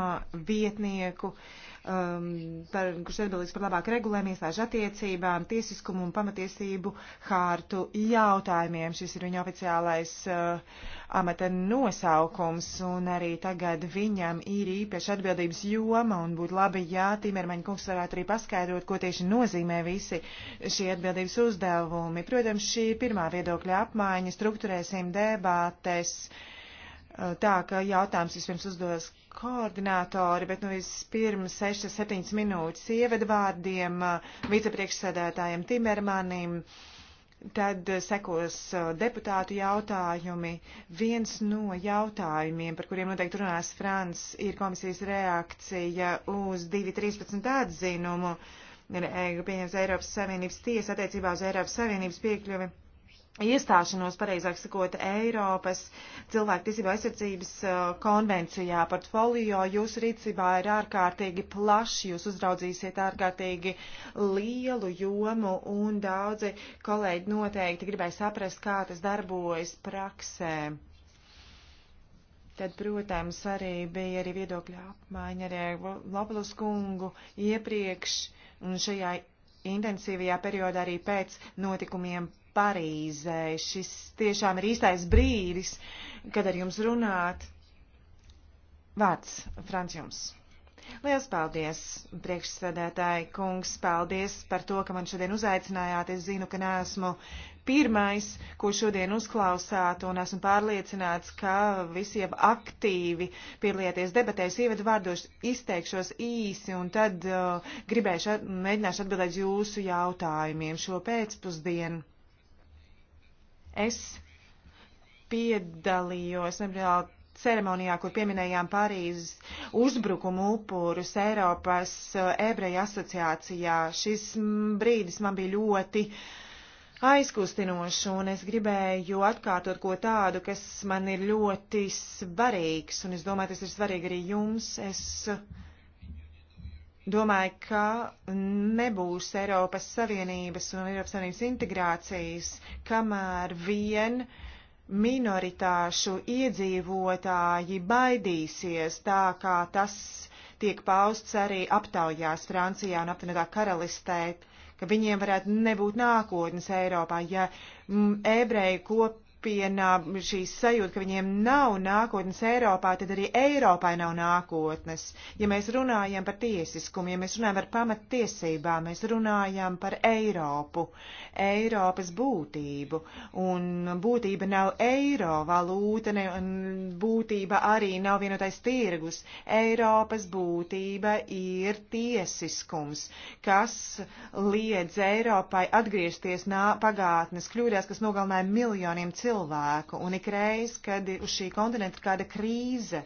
vietnieku, um, par, kurš atbildīgs par labāku regulējumu, iestāžu attiecībām, tiesiskumu un pamatiesību hārtu jautājumiem. Šis ir viņa oficiālais uh, amata nosaukums, un arī tagad viņam ir īpaša atbildības joma, un būtu labi, ja Timermaņa kungs varētu arī paskaidrot, ko tieši nozīmē visi šie atbildības uzdevumi. Protams, šī pirmā viedokļa apmaiņa struktūrēsim debātes. Uh, tā, ka jautājums vispirms uzdos koordinātori, bet nu vispirms 6-7 minūtes ievadvārdiem vicepriekšsēdētājiem Timermanim. Tad sekos deputātu jautājumi. Viens no jautājumiem, par kuriem noteikti runās Frans, ir komisijas reakcija uz 2.13 atzinumu, e, pieņems Eiropas Savienības tiesa attiecībā uz Eiropas Savienības piekļuvi iestāšanos, pareizāk sakot, Eiropas cilvēktiesība aizsardzības uh, konvencijā portfolio. Jūsu rīcībā ir ārkārtīgi plaši, jūs uzraudzīsiet ārkārtīgi lielu jomu un daudzi kolēģi noteikti gribēja saprast, kā tas darbojas praksē. Tad, protams, arī bija arī viedokļa apmaiņa ar Lopelus kungu iepriekš un šajā intensīvajā periodā arī pēc notikumiem Parīzē. Šis tiešām ir īstais brīdis, kad ar jums runāt. Vārds Frančs jums. Liels paldies, priekšsēdētāji kungs, paldies par to, ka man šodien uzaicinājāt. Es zinu, ka neesmu pirmais, ko šodien uzklausāt, un esmu pārliecināts, ka visi jau aktīvi piedalieties debatēs, ievadu vārdos izteikšos īsi, un tad uh, gribēšu at mēģināšu atbildēt jūsu jautājumiem šo pēcpusdienu. Es piedalījos memoriāla ceremonijā, kur pieminējām Parīzes uzbrukumu upurus Eiropas uh, ebreja asociācijā. Šis mm, brīdis man bija ļoti aizkustinošs, un es gribēju atkārtot ko tādu, kas man ir ļoti svarīgs, un es domāju, tas ir svarīgi arī jums. Es uh, Domāju, ka nebūs Eiropas Savienības un Eiropas Savienības integrācijas, kamēr vien minoritāšu iedzīvotāji baidīsies tā, kā tas tiek pausts arī aptaujās Francijā un apvienotā karalistē, ka viņiem varētu nebūt nākotnes Eiropā, ja ebreju kop kopienā šī sajūta, ka viņiem nav nākotnes Eiropā, tad arī Eiropai nav nākotnes. Ja mēs runājam par tiesiskumu, ja mēs runājam par pamattiesībām, mēs runājam par Eiropu, Eiropas būtību. Un būtība nav eiro valūta, ne, un būtība arī nav vienotais tirgus. Eiropas būtība ir tiesiskums, kas liedz Eiropai atgriezties nā, pagātnes kļūdās, kas nogalināja miljoniem cilvēku cilvēku, un ikreiz, kad uz šī kontinenta ir kāda krīze,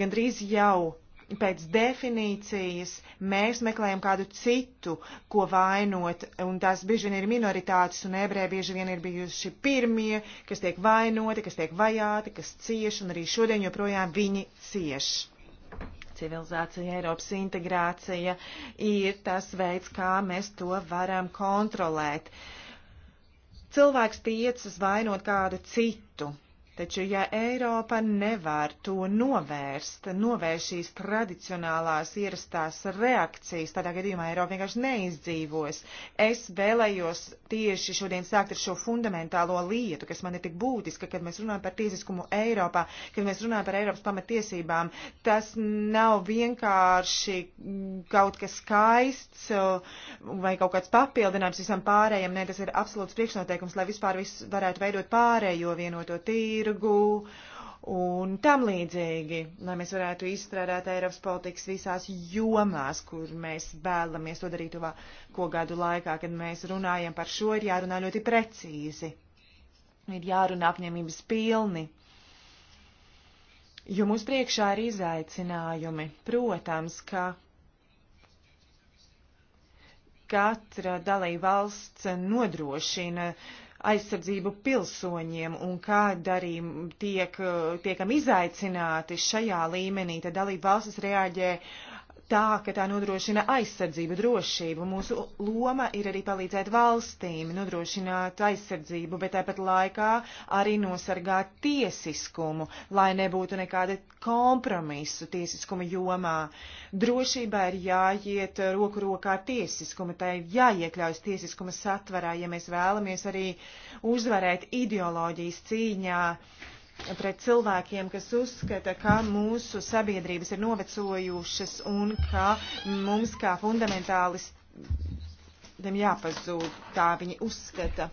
gandrīz jau pēc definīcijas mēs meklējam kādu citu, ko vainot, un tās bieži vien ir minoritātes, un ebreji bieži vien ir bijuši pirmie, kas tiek vainoti, kas tiek vajāti, kas cieš, un arī šodien joprojām viņi cieš. Civilizācija, Eiropas integrācija ir tas veids, kā mēs to varam kontrolēt. Uh, cilvēks tiecas vainot kādu citu. Taču, ja Eiropa nevar to novērst, novērst šīs tradicionālās ierastās reakcijas, tādā gadījumā Eiropa vienkārši neizdzīvos. Es vēlējos tieši šodien sākt ar šo fundamentālo lietu, kas man ir tik būtiska, kad mēs runājam par tiesiskumu Eiropā, kad mēs runājam par Eiropas pamatiesībām. Tas nav vienkārši kaut kas skaists uh, vai kaut kāds papildinājums visam pārējiem. Nē, tas ir absolūts priekšnoteikums, lai vispār viss varētu veidot pārējo vienoto tīru tirgu un tam līdzīgi, lai mēs varētu izstrādāt Eiropas politikas visās jomās, kur mēs vēlamies to darīt tuvāko gadu laikā, kad mēs runājam par šo, ir jārunā ļoti precīzi, ir jārunā apņemības pilni. Jo mums priekšā ir izaicinājumi, protams, ka katra dalība valsts nodrošina uh, aizsardzību pilsoņiem un kad arī tiek, tiekam izaicināti šajā līmenī, tad dalība valstis reaģē tā, ka tā nodrošina aizsardzību, drošību. Mūsu loma ir arī palīdzēt valstīm nodrošināt aizsardzību, bet tāpat laikā arī nosargāt tiesiskumu, lai nebūtu nekāda kompromisu tiesiskuma jomā. Drošībā ir jāiet roku rokā ar tiesiskumu, tai ir jāiekļaujas tiesiskuma satvarā, ja mēs vēlamies arī uzvarēt ideoloģijas cīņā pret cilvēkiem, kas uzskata, ka mūsu sabiedrības ir novecojušas un ka mums kā fundamentālistiem jāpazūd. Tā viņi uzskata.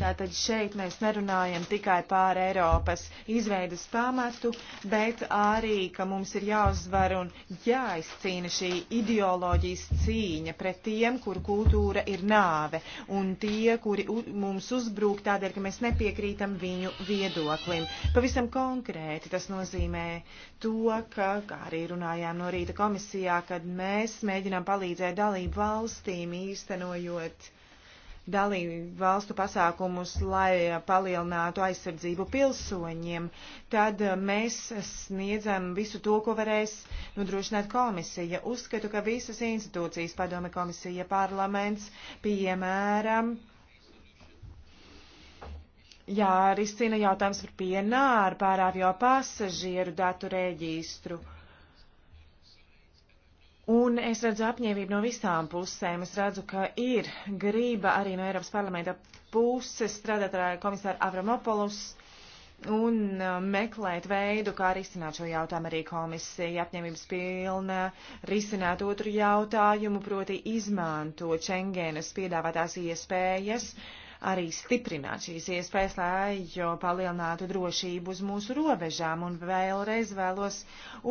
Tātad šeit mēs nerunājam tikai pār Eiropas izveidas pamatu, bet arī, ka mums ir jāuzvar un jāizcīna šī ideoloģijas cīņa pret tiem, kur kultūra ir nāve, un tie, kuri mums uzbrūk tādēļ, ka mēs nepiekrītam viņu viedoklim. Pavisam konkrēti tas nozīmē to, ka, kā arī runājām no rīta komisijā, kad mēs mēģinām palīdzēt dalību valstīm īstenojot dalību valstu pasākumus, lai palielinātu aizsardzību pilsoņiem, tad eh, mēs sniedzam visu to, ko varēs nodrošināt komisija. Uzskatu, ka visas institūcijas, padome komisija, parlaments, piemēram, jārisina jautājums par PNR, pārāvjo pasažieru datu reģistru. Uh, Un es redzu apņēmību no visām pusēm. Es redzu, ka ir grība arī no Eiropas parlamenta puses strādāt ar komisāru Avramopolus un uh, meklēt veidu, kā risināt šo jautājumu. Arī komisija apņēmības pilna risināt otru jautājumu, proti izmantot Čengēnas piedāvātās iespējas. Uh, arī stiprināt šīs iespējas, lai palielinātu drošību uz mūsu robežām. Un vēlreiz vēlos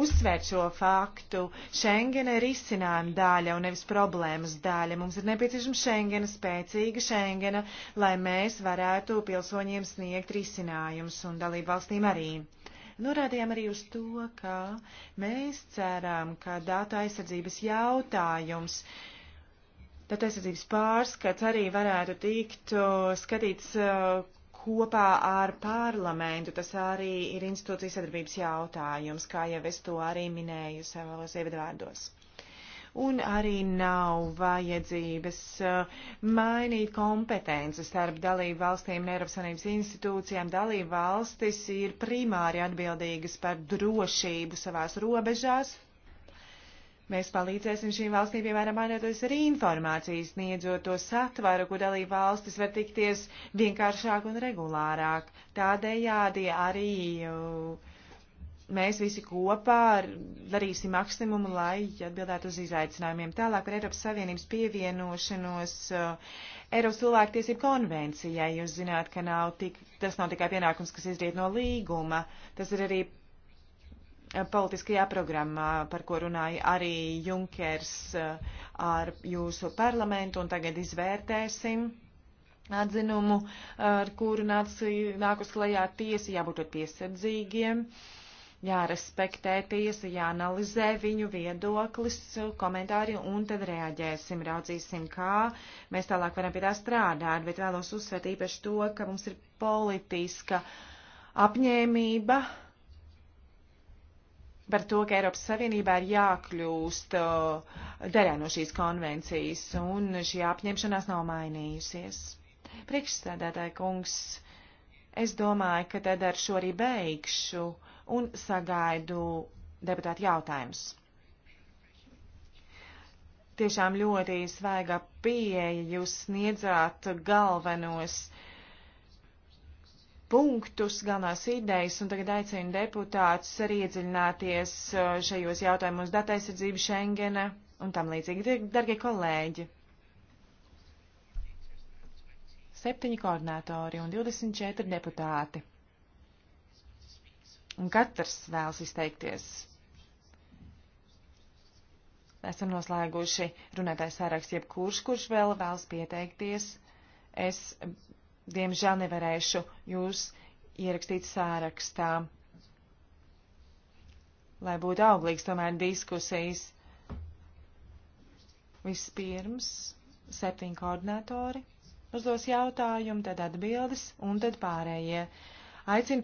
uzsvērt šo faktu. Schengen ir izcinājuma daļa un nevis problēmas daļa. Mums ir nepieciešama Schengena, spēcīga Schengena, lai mēs varētu pilsoņiem sniegt risinājumus un dalību valstīm arī. Norādījām arī uz to, ka mēs ceram, ka datu aizsardzības jautājums uh, Tad aizsardzības pārskats arī varētu tikt skatīts kopā ar parlamentu. Tas arī ir institūcijas sadarbības jautājums, kā jau es to arī minēju savos ievadvārdos. Un arī nav vajadzības mainīt kompetences starp dalību valstīm un Eiropas Savienības institūcijām. Dalību valstis ir primāri atbildīgas par drošību savās robežās, Mēs palīdzēsim šīm valstīm, piemēram, mainoties arī informācijas, sniedzot to satvaru, kur dalība valstis var tikties vienkāršāk un regulārāk. Tādējādi arī uh, mēs visi kopā darīsim maksimumu, lai atbildētu uz izaicinājumiem. Tālāk par Eiropas Savienības pievienošanos uh, Eiropas cilvēktiesību konvencijai. Jūs zināt, ka nav tik, tas nav tikai pienākums, kas izriet no līguma. Tas ir arī Eh, politiskajā programmā, par ko runāja arī Junkers eh, ar jūsu parlamentu, un tagad izvērtēsim atzinumu, ar kuru nākus klajā tiesa, jābūt piesardzīgiem, jārespektē tiesa, jāanalizē viņu viedoklis, komentāri, un tad reaģēsim, raudzīsim, kā mēs tālāk varam pie tā strādāt, bet vēlos uzsvērt īpaši to, ka mums ir politiska apņēmība par to, ka Eiropas Savienībā ir jākļūst uh, derē no šīs konvencijas, un šī apņemšanās nav mainījusies. Priekšsēdētāja kungs, es domāju, ka tad ar šo arī beigšu un sagaidu deputātu jautājumus. Tiešām ļoti svaigā pieeja jūs sniedzāt galvenos uh, punktus, galvenās idejas, un tagad aicinu deputātus arī iedziļināties uh, šajos jautājumos data aizsardzība Schengena un tam līdzīgi. Dargie kolēģi, septiņi koordinātori un 24 deputāti. Un katrs vēlas izteikties. Esam noslēguši runātājs sāraks, jebkurš, kurš vēl vēlas pieteikties. Es diemžēl nevarēšu jūs ierakstīt sārakstā. Lai būtu auglīgs tomēr diskusijas. Vispirms septiņi koordinatori uzdos jautājumu, tad atbildes un tad pārējie. Aicinu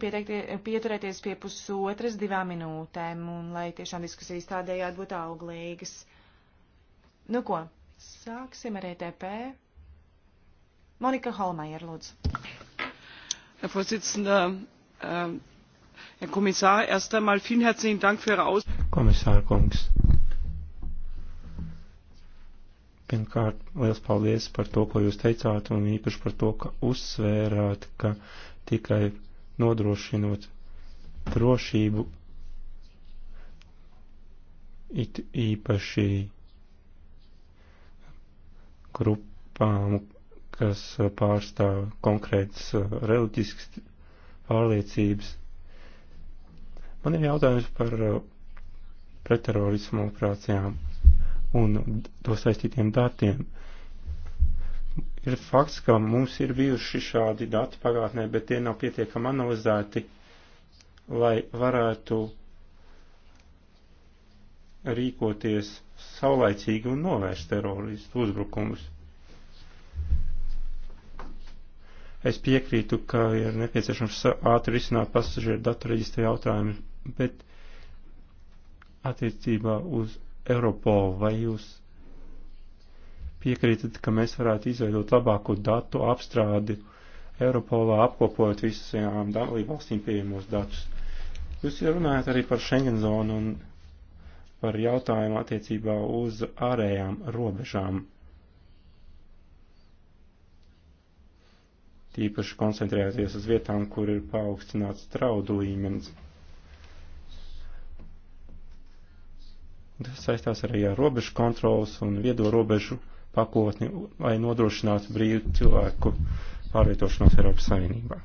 pieturēties pie pusotras divām minūtēm un lai tiešām diskusijas tādējādi būtu auglīgas. Nu ko, sāksim ar ETP. Monika Holmajer, lūdzu. Herr Vorsitzender, ähm, Herr Kommissar, erst einmal vielen herzlichen Dank für Ihre Aus. Kommissār kungs. Pirmkārt, liels paldies par to, ko jūs teicāt, un īpaši par to, ka uzsvērāt, ka tikai nodrošinot drošību, it īpaši grupām, kas uh, pārstāv konkrētas uh, reliģiskas pārliecības. Man ir jautājums par uh, pretterorismu operācijām un to saistītiem datiem. Ir fakts, ka mums ir bijuši šādi dati pagātnē, bet tie nav pietiekami analizēti, lai varētu rīkoties saulaicīgi un novērst teroristu uzbrukumus. Es piekrītu, ka ir nepieciešams ātri risināt pasažieru datu reģistra jautājumu, bet attiecībā uz Europolu vai jūs piekrītat, ka mēs varētu izveidot labāku datu apstrādi Europolā, apkopojot visām dalībvalstīm pieejamos datus? Jūs jau runājat arī par Schengen zonu un par jautājumu attiecībā uz ārējām robežām. tīpaši koncentrēties uz vietām, kur ir paaugstināts traudu līmenis. Tas saistās arī ar robežu kontrolas un viedo robežu pakotni, lai nodrošinātu brīvu cilvēku pārvietošanos Eiropas Savienībā.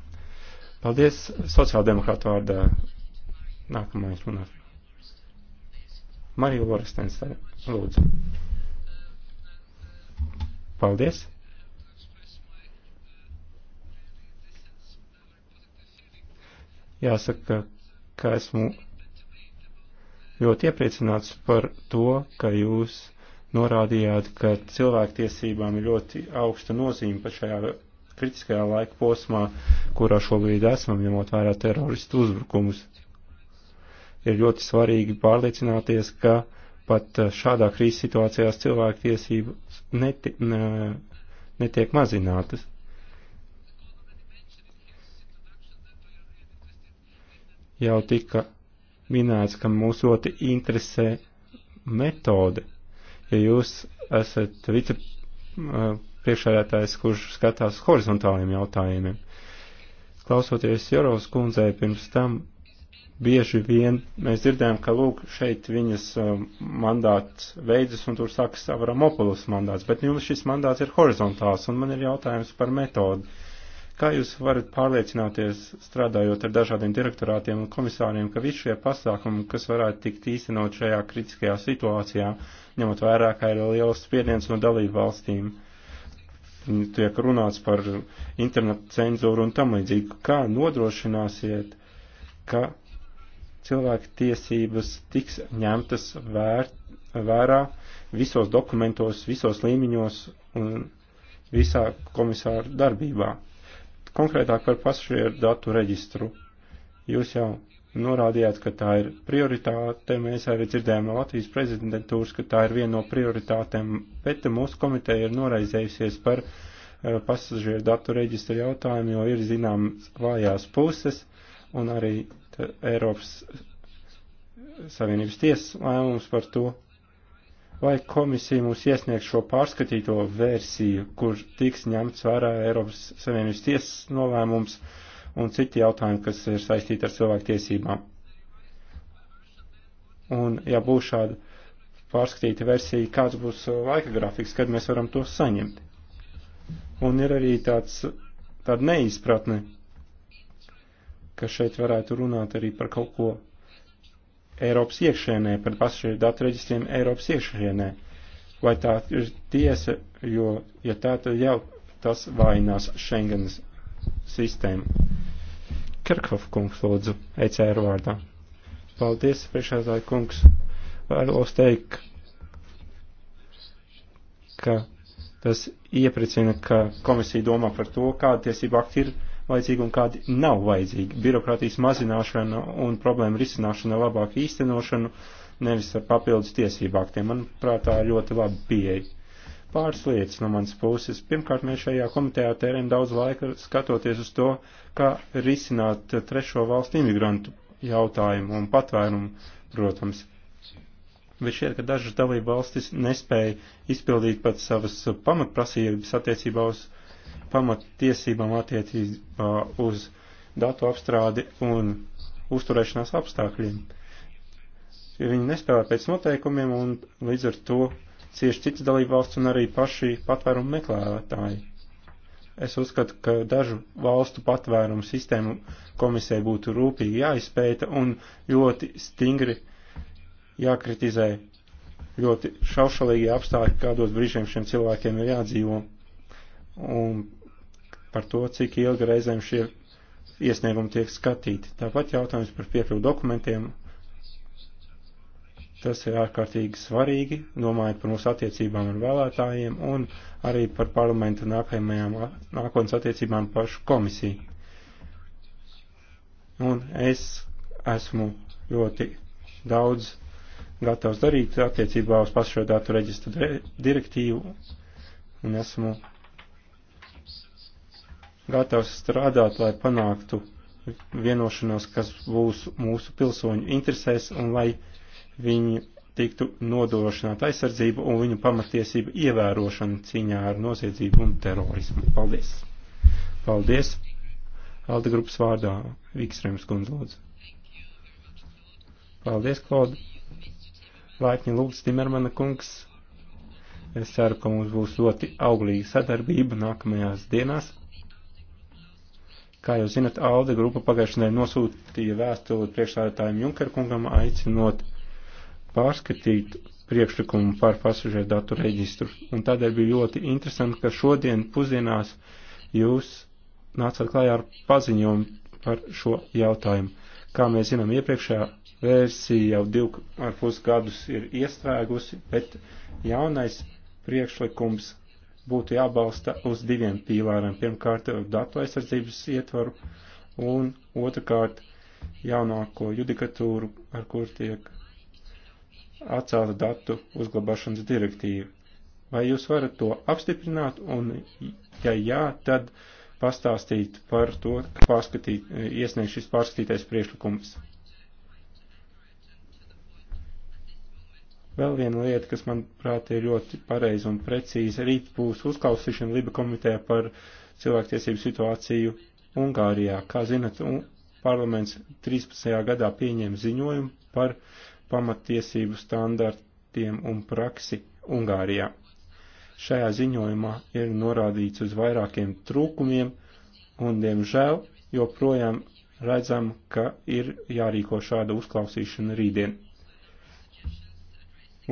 Paldies sociāldemokrātu vārdā. Nākamais runās. Marija Lorestens, lūdzu. Paldies. Jāsaka, ka esmu ļoti iepriecināts par to, ka jūs norādījāt, ka cilvēktiesībām ir ļoti augsta nozīme pat šajā kritiskajā laika posmā, kurā šobrīd esam, ņemot vērā teroristu uzbrukumus. Ir ļoti svarīgi pārliecināties, ka pat šādā krīzes situācijās cilvēktiesības neti, ne, netiek mazinātas. jau tika minēts, ka mūs ļoti interesē metode. Ja jūs esat vice uh, priekšsēdētājs, kurš skatās horizontāliem jautājumiem, klausoties Jorovas kundzei pirms tam, bieži vien mēs dzirdējām, ka lūk, šeit viņas uh, mandāts veidzas un tur sākas Avramopulus mandāts, bet jums nu, šis mandāts ir horizontāls un man ir jautājums par metodi. Kā jūs varat pārliecināties, strādājot ar dažādiem direktorātiem un komisāriem, ka visi šie pasākumi, kas varētu tikt īstenot šajā kritiskajā situācijā, ņemot vērā, ka ir liels spiediens no dalību valstīm, tiek runāts par internetu cenzūru un tam līdzīgi, kā nodrošināsiet, ka cilvēku tiesības tiks ņemtas vēr, vērā visos dokumentos, visos līmeņos un visā komisāra darbībā. Konkrētāk par pasažieru datu reģistru. Jūs jau norādījāt, ka tā ir prioritāte. Mēs arī dzirdējām no Latvijas prezidentūras, ka tā ir viena no prioritātēm, bet mūsu komiteja ir noraizējusies par eh, pasažieru datu reģistru jautājumu, jo ir zināmas vājās puses un arī Eiropas Savienības tiesas lēmums par to vai komisija mums iesniegs šo pārskatīto versiju, kur tiks ņemts vērā Eiropas Savienības tiesas nolēmums un citi jautājumi, kas ir saistīti ar cilvēku tiesībām. Un, ja būs šāda pārskatīta versija, kāds būs laika grafiks, kad mēs varam to saņemt. Un ir arī tāds, tāda neizpratne, ka šeit varētu runāt arī par kaut ko Eiropas iekšēnē, par pasažieru datu reģistriem Eiropas iekšēnē. Vai tā ir tiesa, jo, ja tā, tad jau tas vainās Schengenas sistēmu. Kirkhoff kungs lūdzu, ECR vārdā. Paldies, priekšādāja kungs. Vēlos teikt, ka tas iepriecina, ka komisija domā par to, kāda tiesība akti ir vajadzīgi un kādi nav vajadzīgi. Birokrātijas mazināšana un problēma risināšana labāk īstenošanu, nevis ar papildus tiesību aktiem. Manuprāt, tā ir ļoti laba pieeja. Pāris lietas no manas puses. Pirmkārt, mēs šajā komitejā tērējam daudz laika skatoties uz to, kā risināt trešo valstu imigrantu jautājumu un patvērumu, protams. Bet šķiet, ka dažas dalība valstis nespēja izpildīt pat savas pamatprasības attiecībā uz uh, pamattiesībām attiecībā uz datu apstrādi un uzturēšanās apstākļiem. Viņi nespēlē pēc noteikumiem un līdz ar to cieši citas dalībvalsts un arī paši patvērumu meklētāji. Es uzskatu, ka dažu valstu patvērumu sistēmu komisē būtu rūpīgi jāizpēta un ļoti stingri jākritizē ļoti šaušalīgi apstākļi, kādos brīžiem šiem cilvēkiem ir jādzīvo. Un par to, cik ilgi reizēm šie iesniegumi tiek skatīti. Tāpat jautājums par piekļuvu dokumentiem. Tas ir ārkārtīgi svarīgi, domājot par mūsu attiecībām ar vēlētājiem un arī par parlamentu nākamajām nākotnes attiecībām pašu komisiju. Un es esmu ļoti daudz gatavs darīt attiecībā uz pašradātu reģistru direktīvu un esmu gatavs strādāt, lai panāktu vienošanos, kas būs mūsu pilsoņu interesēs un lai viņi tiktu nodrošināta aizsardzība un viņu pamatiesība ievērošana cīņā ar noziedzību un terorismu. Paldies! Paldies! Alda grupas vārdā Vikstrēms kundze lūdzu. Paldies, Klauda! Laipni lūgts Timermana kungs. Es ceru, ka mums būs ļoti auglīga sadarbība nākamajās dienās. Kā jūs zinat, Alde grupa pagājušajā nedēļā nosūtīja vēstuli priekšsādātājiem Junkerkungam aicinot pārskatīt priekšlikumu par pasažieru datu reģistru. Un tādēļ bija ļoti interesanti, ka šodien pusdienās jūs nācāt klājā ar paziņojumu par šo jautājumu. Kā mēs zinām, iepriekšējā versija jau divu ar pus gadus ir iestrēgusi, bet jaunais priekšlikums būtu jābalsta uz diviem pīlāriem. Pirmkārt, datu aizsardzības ietvaru un otrkārt jaunāko judikatūru, ar kur tiek atcelta datu uzglabāšanas direktīva. Vai jūs varat to apstiprināt un, ja jā, tad pastāstīt par to, ka pārskatīt, iesniegts šis pārskatītais priešlikums? Vēl viena lieta, kas manuprāt ir ļoti pareiza un precīza, rīt būs uzklausīšana Liba komitē par cilvēktiesību situāciju Ungārijā. Kā zinat, un parlaments 13. gadā pieņēma ziņojumu par pamatiesību standartiem un praksi Ungārijā. Šajā ziņojumā ir norādīts uz vairākiem trūkumiem un, diemžēl, joprojām redzam, ka ir jārīko šāda uzklausīšana rītdien.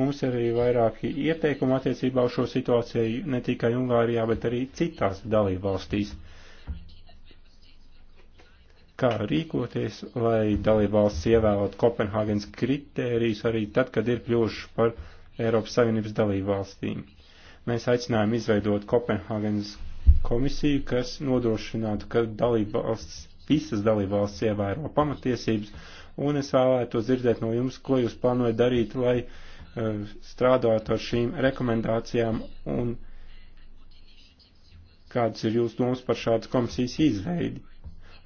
Mums ir arī vairāki ieteikumi attiecībā uz šo situāciju ne tikai Ungārijā, bet arī citās dalībvalstīs. Kā rīkoties, lai dalībvalsts ievēlot Kopenhāgens kritērijus arī tad, kad ir kļuvuši par Eiropas Savienības dalībvalstīm. Mēs aicinājām izveidot Kopenhāgens komisiju, kas nodrošinātu, ka dalībvalsts, visas dalībvalsts ievēro pamatiesības, un es vēlētos dzirdēt no jums, ko jūs plānojat darīt, lai Eh, strādāt ar šīm rekomendācijām un kādas ir jūsu domas par šādas komisijas izveidi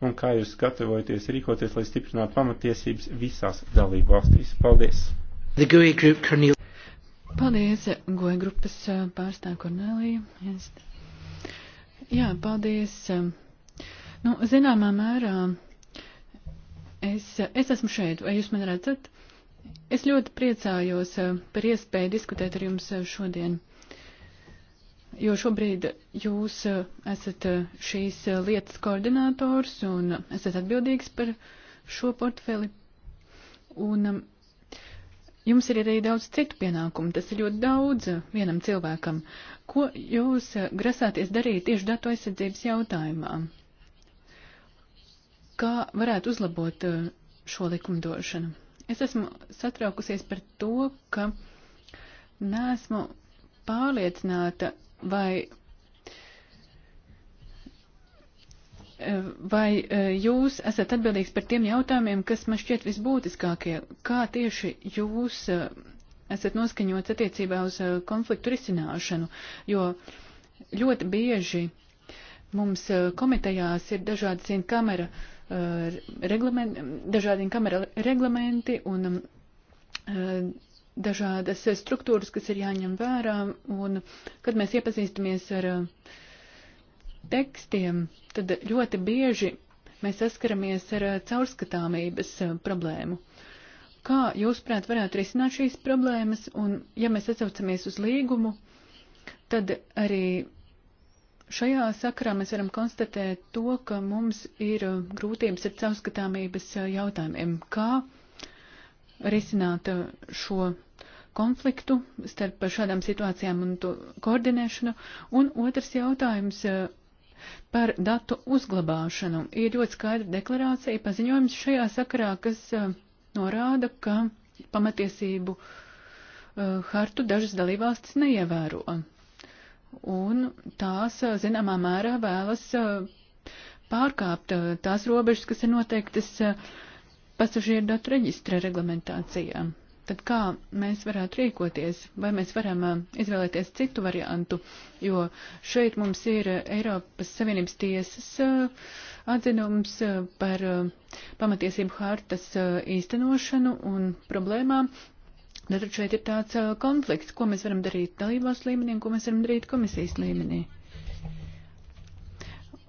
un kā jūs gatavojaties rīkoties, lai stiprinātu pamatiesības visās dalību valstīs. Paldies! Paldies, goja grupas eh, pārstāv Kornelija. Jā, paldies. Nu, zināmā mērā es, eh, es esmu šeit, vai jūs mani redzat? Uh, Es ļoti priecājos eh, par iespēju diskutēt ar jums eh, šodien, jo šobrīd jūs eh, esat šīs lietas koordinators un esat atbildīgs par šo portfeli. Un jums ir arī daudz citu pienākumu, tas ir ļoti daudz vienam cilvēkam. Ko jūs grasāties darīt tieši datu aizsardzības jautājumā? Kā varētu uzlabot šo likumdošanu? Es esmu satraukusies par to, ka neesmu pārliecināta, vai, vai e, jūs esat atbildīgs par tiem jautājumiem, kas man šķiet visbūtiskākie. Kā tieši jūs e, esat noskaņots attiecībā uz e, konfliktu risināšanu, jo ļoti bieži mums komitejās ir dažādi zina kamera uh, Eh, reglamenti, dažādiem kamera reglamenti un mm, eh, dažādas struktūras, kas ir jāņem vērā. Un, kad mēs iepazīstamies ar eh, tekstiem, tad ļoti bieži mēs saskaramies ar caurskatāmības problēmu. Kā jūs, prāt, varētu risināt šīs problēmas? Un, ja mēs atsaucamies uz līgumu, tad arī Šajā sakrā mēs varam konstatēt to, ka mums ir uh, grūtības ar caurskatāmības uh, jautājumiem. Kā risināt uh, šo konfliktu starp šādām situācijām un to koordinēšanu? Un otrs jautājums par datu uzglabāšanu. Ir ļoti skaidra deklarācija, paziņojums šajā sakarā, kas norāda, ka pamatiesību hartu dažas dalībvalstis neievēro un tās, zināmā mērā, vēlas pārkāpt tās robežas, kas ir noteiktas pasažieru datu reģistra reglamentācijā. Tad kā mēs varētu rīkoties, vai mēs varam izvēlēties citu variantu, jo šeit mums ir Eiropas Savienības tiesas atzinums par pamatiesību hartas īstenošanu un problēmām, Nu, tad šeit ir tāds konflikts, ko mēs varam darīt dalībās līmenī un ko mēs varam darīt komisijas līmenī.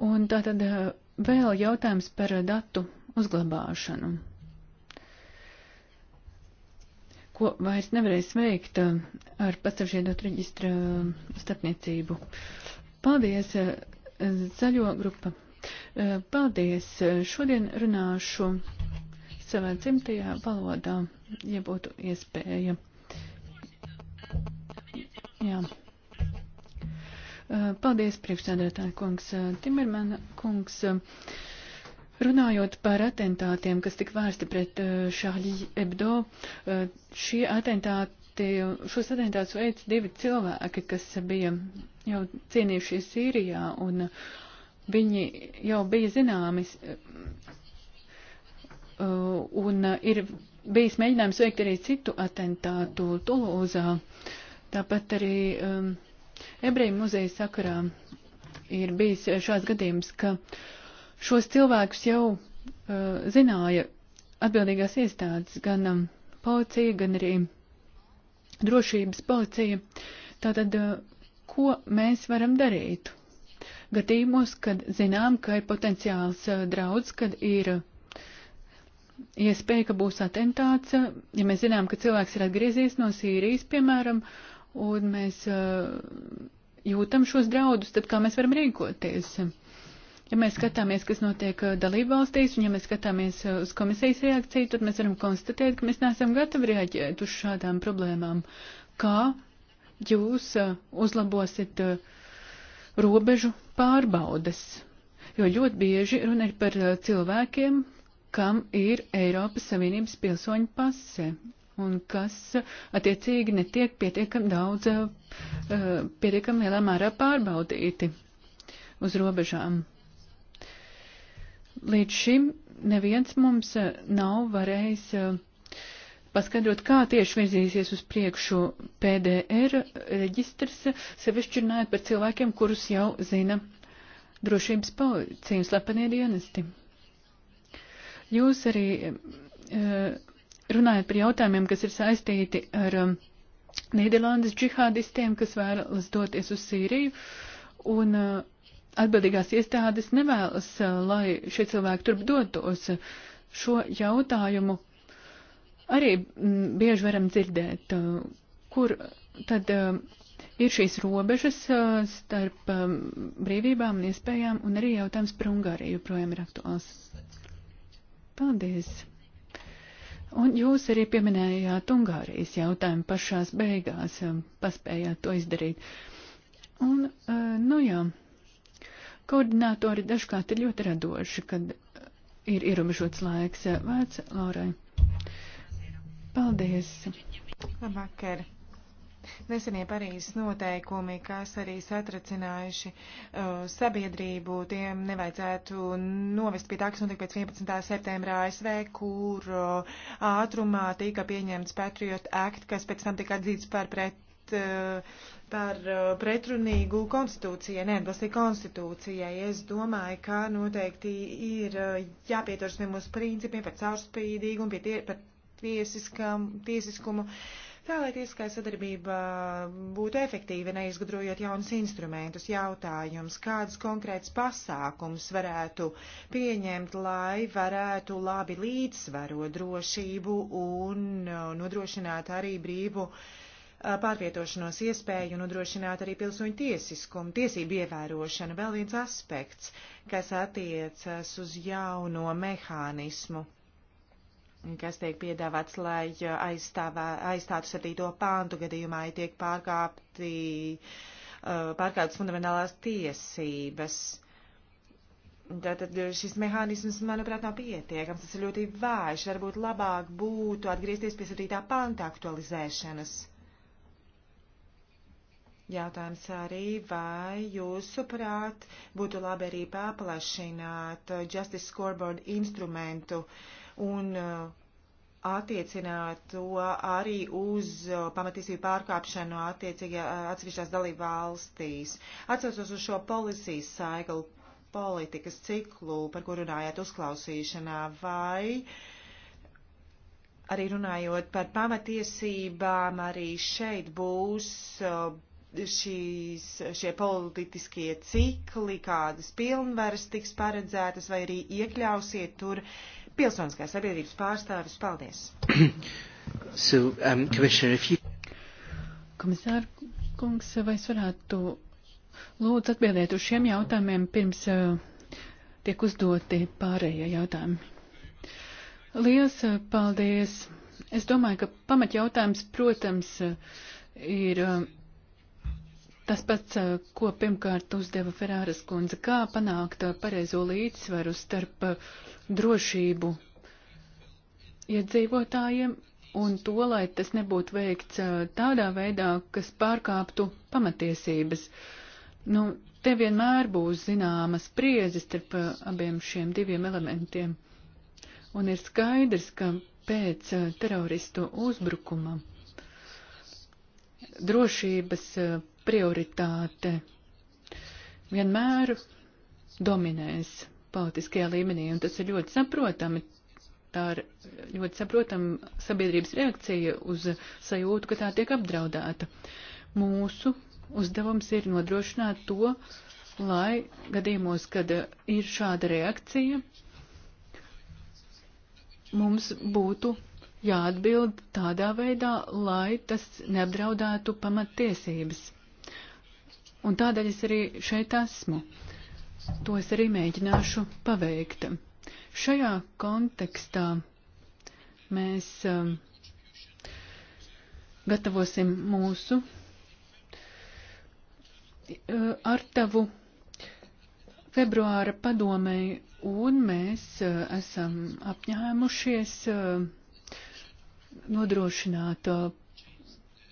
Un tā tad vēl jautājums par datu uzglabāšanu, ko vairs nevarēs veikt ar pasažieru datu reģistra starpniecību. Paldies, zaļo grupa. Paldies, šodien runāšu savā dzimtajā valodā ja būtu iespēja. Jā. Paldies, priekšsēdētāji kungs Timermana kungs. Runājot par atentātiem, kas tik vērsti pret Šāļi Ebdo, šie atentāti, šos atentātus veids divi cilvēki, kas bija jau cienījušies Sīrijā, un viņi jau bija zināmi, un ir bijis mēģinājums veikt arī citu atentātu Tulūzā. Tāpat arī um, ebreju muzeja sakarā ir bijis šāds gadījums, ka šos cilvēkus jau uh, zināja atbildīgās iestādes, gan um, policija, gan arī drošības policija. Tātad, uh, ko mēs varam darīt? Gadījumos, kad zinām, ka ir potenciāls uh, draudz, kad ir. Uh, iespēja, ka būs atentāts, ja mēs zinām, ka cilvēks ir atgriezies no Sīrijas, piemēram, un mēs uh, jūtam šos draudus, tad kā mēs varam rīkoties? Ja mēs skatāmies, kas notiek uh, dalībvalstīs, un ja mēs skatāmies uh, uz komisijas reakciju, tad mēs varam konstatēt, ka mēs neesam gatavi reaģēt uz šādām problēmām. Kā jūs uzlabosiet robežu pārbaudas? Jo ļoti bieži runa ir par cilvēkiem, kam ir Eiropas Savienības pilsoņu pase un kas attiecīgi netiek pietiekam daudz, eh, pietiekam lielā mērā pārbaudīti uz robežām. Līdz šim neviens mums eh, nav varējis eh, paskaidrot, kā tieši virzīsies uz priekšu PDR reģistrs, sevišķi runājot par cilvēkiem, kurus jau zina drošības policijas slepenie dienesti. Jūs arī eh, runājat par jautājumiem, kas ir saistīti ar um, Nīderlandes džihādistiem, kas vēlas doties uz Sīriju. Un eh, atbildīgās iestādes nevēlas, eh, lai šie cilvēki tur dotos. Šo jautājumu arī mm, bieži varam dzirdēt, kur tad ir šīs robežas starp brīvībām un iespējām, un arī jautājums par Ungāriju joprojām ir aktuāls. Paldies! Un jūs arī pieminējāt Ungārijas jautājumu pašās beigās, um, paspējāt to izdarīt. Un, uh, nu jā, koordinātori dažkārt ir ļoti radoši, kad uh, ir ierobežots laiks. Vērts Laurai. Paldies! Labvakar! Nesenie Parīzes noteikumi, kas arī satracinājuši uh, sabiedrību, tiem nevajadzētu novest pie tā, kas notika pēc 11. septembra ASV, kur uh, ātrumā tika pieņemts Patriot Act, kas pēc tam tika atzīts par pret uh, par uh, pretrunīgu konstitūcijai, neatbalstīgu konstitūcijai. Es domāju, ka noteikti ir uh, jāpieturas pie mūsu principiem par caurspīdīgumu, pie tie, par tiesiskam, tiesiskumu. Uh, Tā, lai tiesiskā sadarbība būtu efektīva, neizgudrojot jaunus instrumentus, jautājums, kādus konkrētus pasākums varētu pieņemt, lai varētu labi līdzsvarot drošību un uh, nodrošināt arī brīvu uh, pārvietošanos iespēju un nodrošināt arī pilsoņu tiesiskumu, tiesību ievērošanu. Vēl viens aspekts, kas attiecas uz jauno mehānismu kas tiek piedāvāts, lai uh, aizstāvā, aizstātu 7. pāntu gadījumā, ja tiek pārkāpti, uh, pārkāptas fundamentālās tiesības. Tātad uh, šis mehānisms, manuprāt, nav pietiekams, tas ir ļoti vājš, varbūt labāk būtu atgriezties pie 7. panta aktualizēšanas. Jautājums arī, vai jūsuprāt būtu labi arī paplašināt Justice Scoreboard instrumentu uh, un uh, attiecināt to arī uz uh, pamatiesību pārkāpšanu attiecīgi uh, atsevišķās dalību valstīs. Atsaucos uz šo policy cycle, politikas ciklu, par kur runājāt uzklausīšanā, vai arī runājot par pamatiesībām, arī šeit būs šīs, šie politiskie cikli, kādas pilnvaras tiks paredzētas, vai arī iekļausiet tur uh, pilsoniskās sabiedrības pārstāvis. Paldies! So, um, you... Komisār kungs, vai es varētu lūdzu atbildēt uz šiem jautājumiem pirms uh, tiek uzdoti pārējie jautājumi? Lielas uh, paldies! Es domāju, ka pamatjautājums, protams, uh, ir. Uh, Tas pats, eh, ko pirmkārt uzdeva Ferāras kundze, kā panākt eh, pareizo līdzsvaru starp eh, drošību iedzīvotājiem un to, lai tas nebūtu veikts tādā veidā, kas pārkāptu pamatiesības. Nu, te vienmēr būs zināmas priezes starp abiem šiem diviem elementiem. Un ir skaidrs, ka pēc teroristu uzbrukuma drošības prioritāte vienmēr dominēs politiskajā līmenī, un tas ir ļoti saprotami. Tā ir ļoti saprotama sabiedrības reakcija uz sajūtu, ka tā tiek apdraudēta. Mūsu uzdevums ir nodrošināt to, lai gadījumos, kad ir šāda reakcija, mums būtu jāatbild tādā veidā, lai tas neapdraudētu pamattiesības. Un tādēļ es arī šeit esmu. To es arī mēģināšu paveikt. Šajā kontekstā mēs um, gatavosim mūsu uh, artavu februāra padomēji, un mēs uh, esam apņēmušies uh, nodrošināt uh,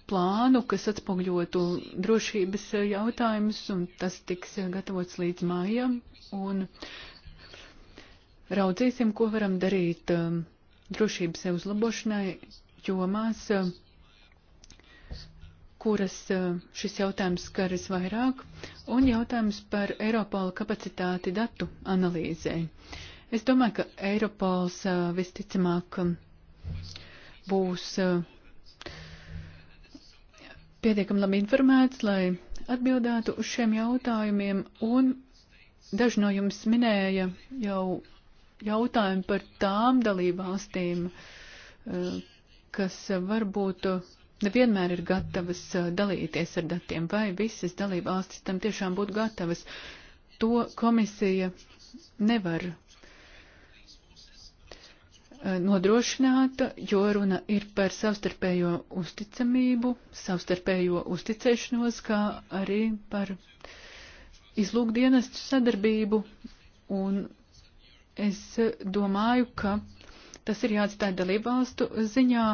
plānu, kas atspoguļotu drošības jautājumus, un tas tiks gatavots līdz mājām. Un raudzīsim, ko varam darīt um, drošības uzlabošanai jomās, um, kuras um, šis jautājums skaras vairāk, un jautājums par Eiropola kapacitāti datu analīzē. Es domāju, ka Eiropols uh, visticamāk būs uh, pietiekami labi informēts, lai atbildētu uz šiem jautājumiem, un daži no jums minēja jau jautājumu par tām dalībvalstīm, eh, kas varbūt nevienmēr ir gatavas eh, dalīties ar datiem, vai visas dalībvalstis tam tiešām būtu gatavas. To komisija nevar Eh, nodrošināta, jo runa ir par savstarpējo uzticamību, savstarpējo uzticēšanos, kā arī par izlūkdienestu sadarbību. Un es domāju, ka tas ir jāatstāj dalībvalstu ziņā,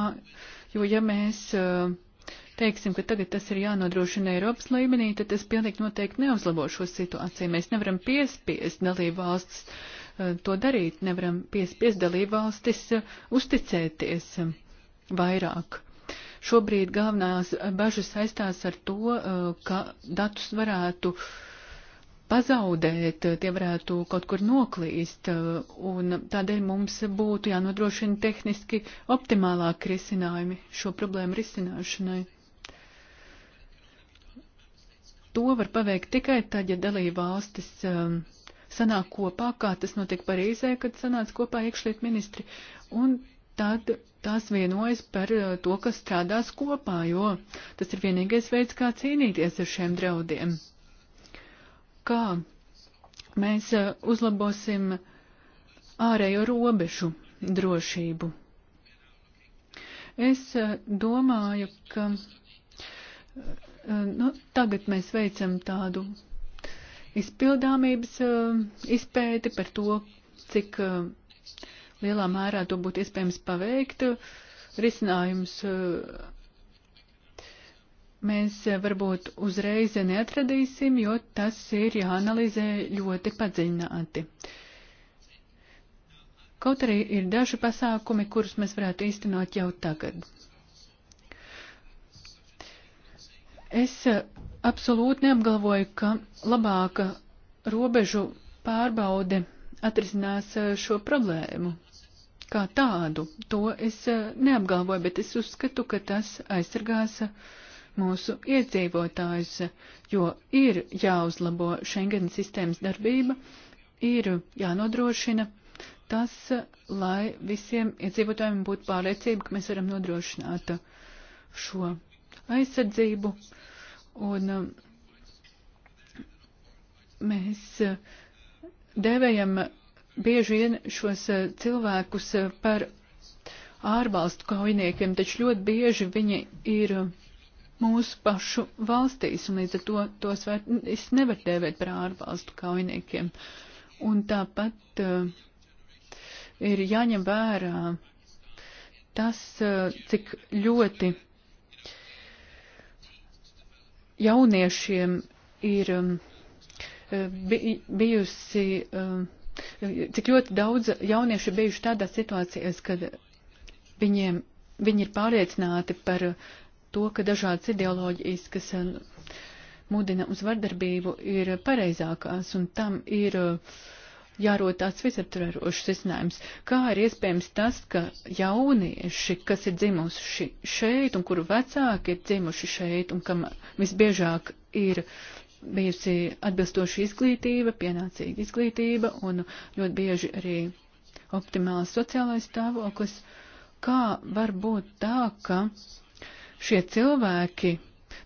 jo ja mēs eh, teiksim, ka tagad tas ir jānodrošina Eiropas līmenī, tad tas pilnīgi noteikti neuzlabo šo situāciju. Mēs nevaram piespiest dalībvalstis Eh, to darīt. Nevaram piespies dalībvalstis eh, uzticēties eh, vairāk. Šobrīd galvenās bažas saistās ar to, ka datus varētu pazaudēt, tie varētu kaut kur noklīst, un tādēļ mums būtu jānodrošina tehniski optimālāk risinājumi šo problēmu risināšanai. To var paveikt tikai tad, ja dalība valstis sanāk kopā, kā tas notiek Parīzē, kad sanāca kopā iekšliet ministri. Un tad tās vienojas par eh, to, kas strādās kopā, jo tas ir vienīgais veids, kā cīnīties ar šiem draudiem. Kā mēs eh, uzlabosim ārējo robežu drošību? Es eh, domāju, ka nu, tagad mēs veicam tādu izpildāmības eh, izpēti, par to, cik eh, lielā mērā to būtu iespējams paveikt. Eh, risinājums mēs varbūt uzreiz neatradīsim, jo tas ir jāanalizē ļoti padziļināti. Kaut arī ir daži pasākumi, kurus mēs varētu īstenot jau tagad. Es absolūti neapgalvoju, ka labāka robežu pārbaude atrisinās e, šo problēmu. Kā tādu, to es e, neapgalvoju, bet es uzskatu, ka tas aizsargās mūsu iedzīvotājus, jo ir jāuzlabo Schengen sistēmas darbība, ir jānodrošina tas, lai visiem iedzīvotājiem būtu pārliecība, ka mēs varam nodrošināt šo aizsardzību. Uh, Un um, mēs uh, devējam bieži vien šos uh, cilvēkus uh, par ārvalstu kaujiniekiem, taču ļoti bieži viņi ir mūsu pašu valstīs, un līdz ar to tos var, es nevaru dēvēt par ārvalstu kaujiniekiem. Un tāpat uh, ir jāņem vērā tas, uh, cik ļoti jauniešiem ir um, eh, bijusi, um, eh, cik ļoti daudz jaunieši ir bijuši tādās situācijās, kad viņiem, viņi ir pārliecināti par to, ka dažādas ideoloģijas, kas um, mudina uz vardarbību, ir pareizākās, un tam ir uh, jārod tāds visaptverošs izcinājums. Kā ir iespējams tas, ka jaunieši, kas ir dzimuši šeit un kuru vecāki ir dzimuši šeit un kam visbiežāk ir bijusi atbilstoša izglītība, pienācīga izglītība un ļoti bieži arī optimāls sociālais stāvoklis, kā var būt tā, ka šie cilvēki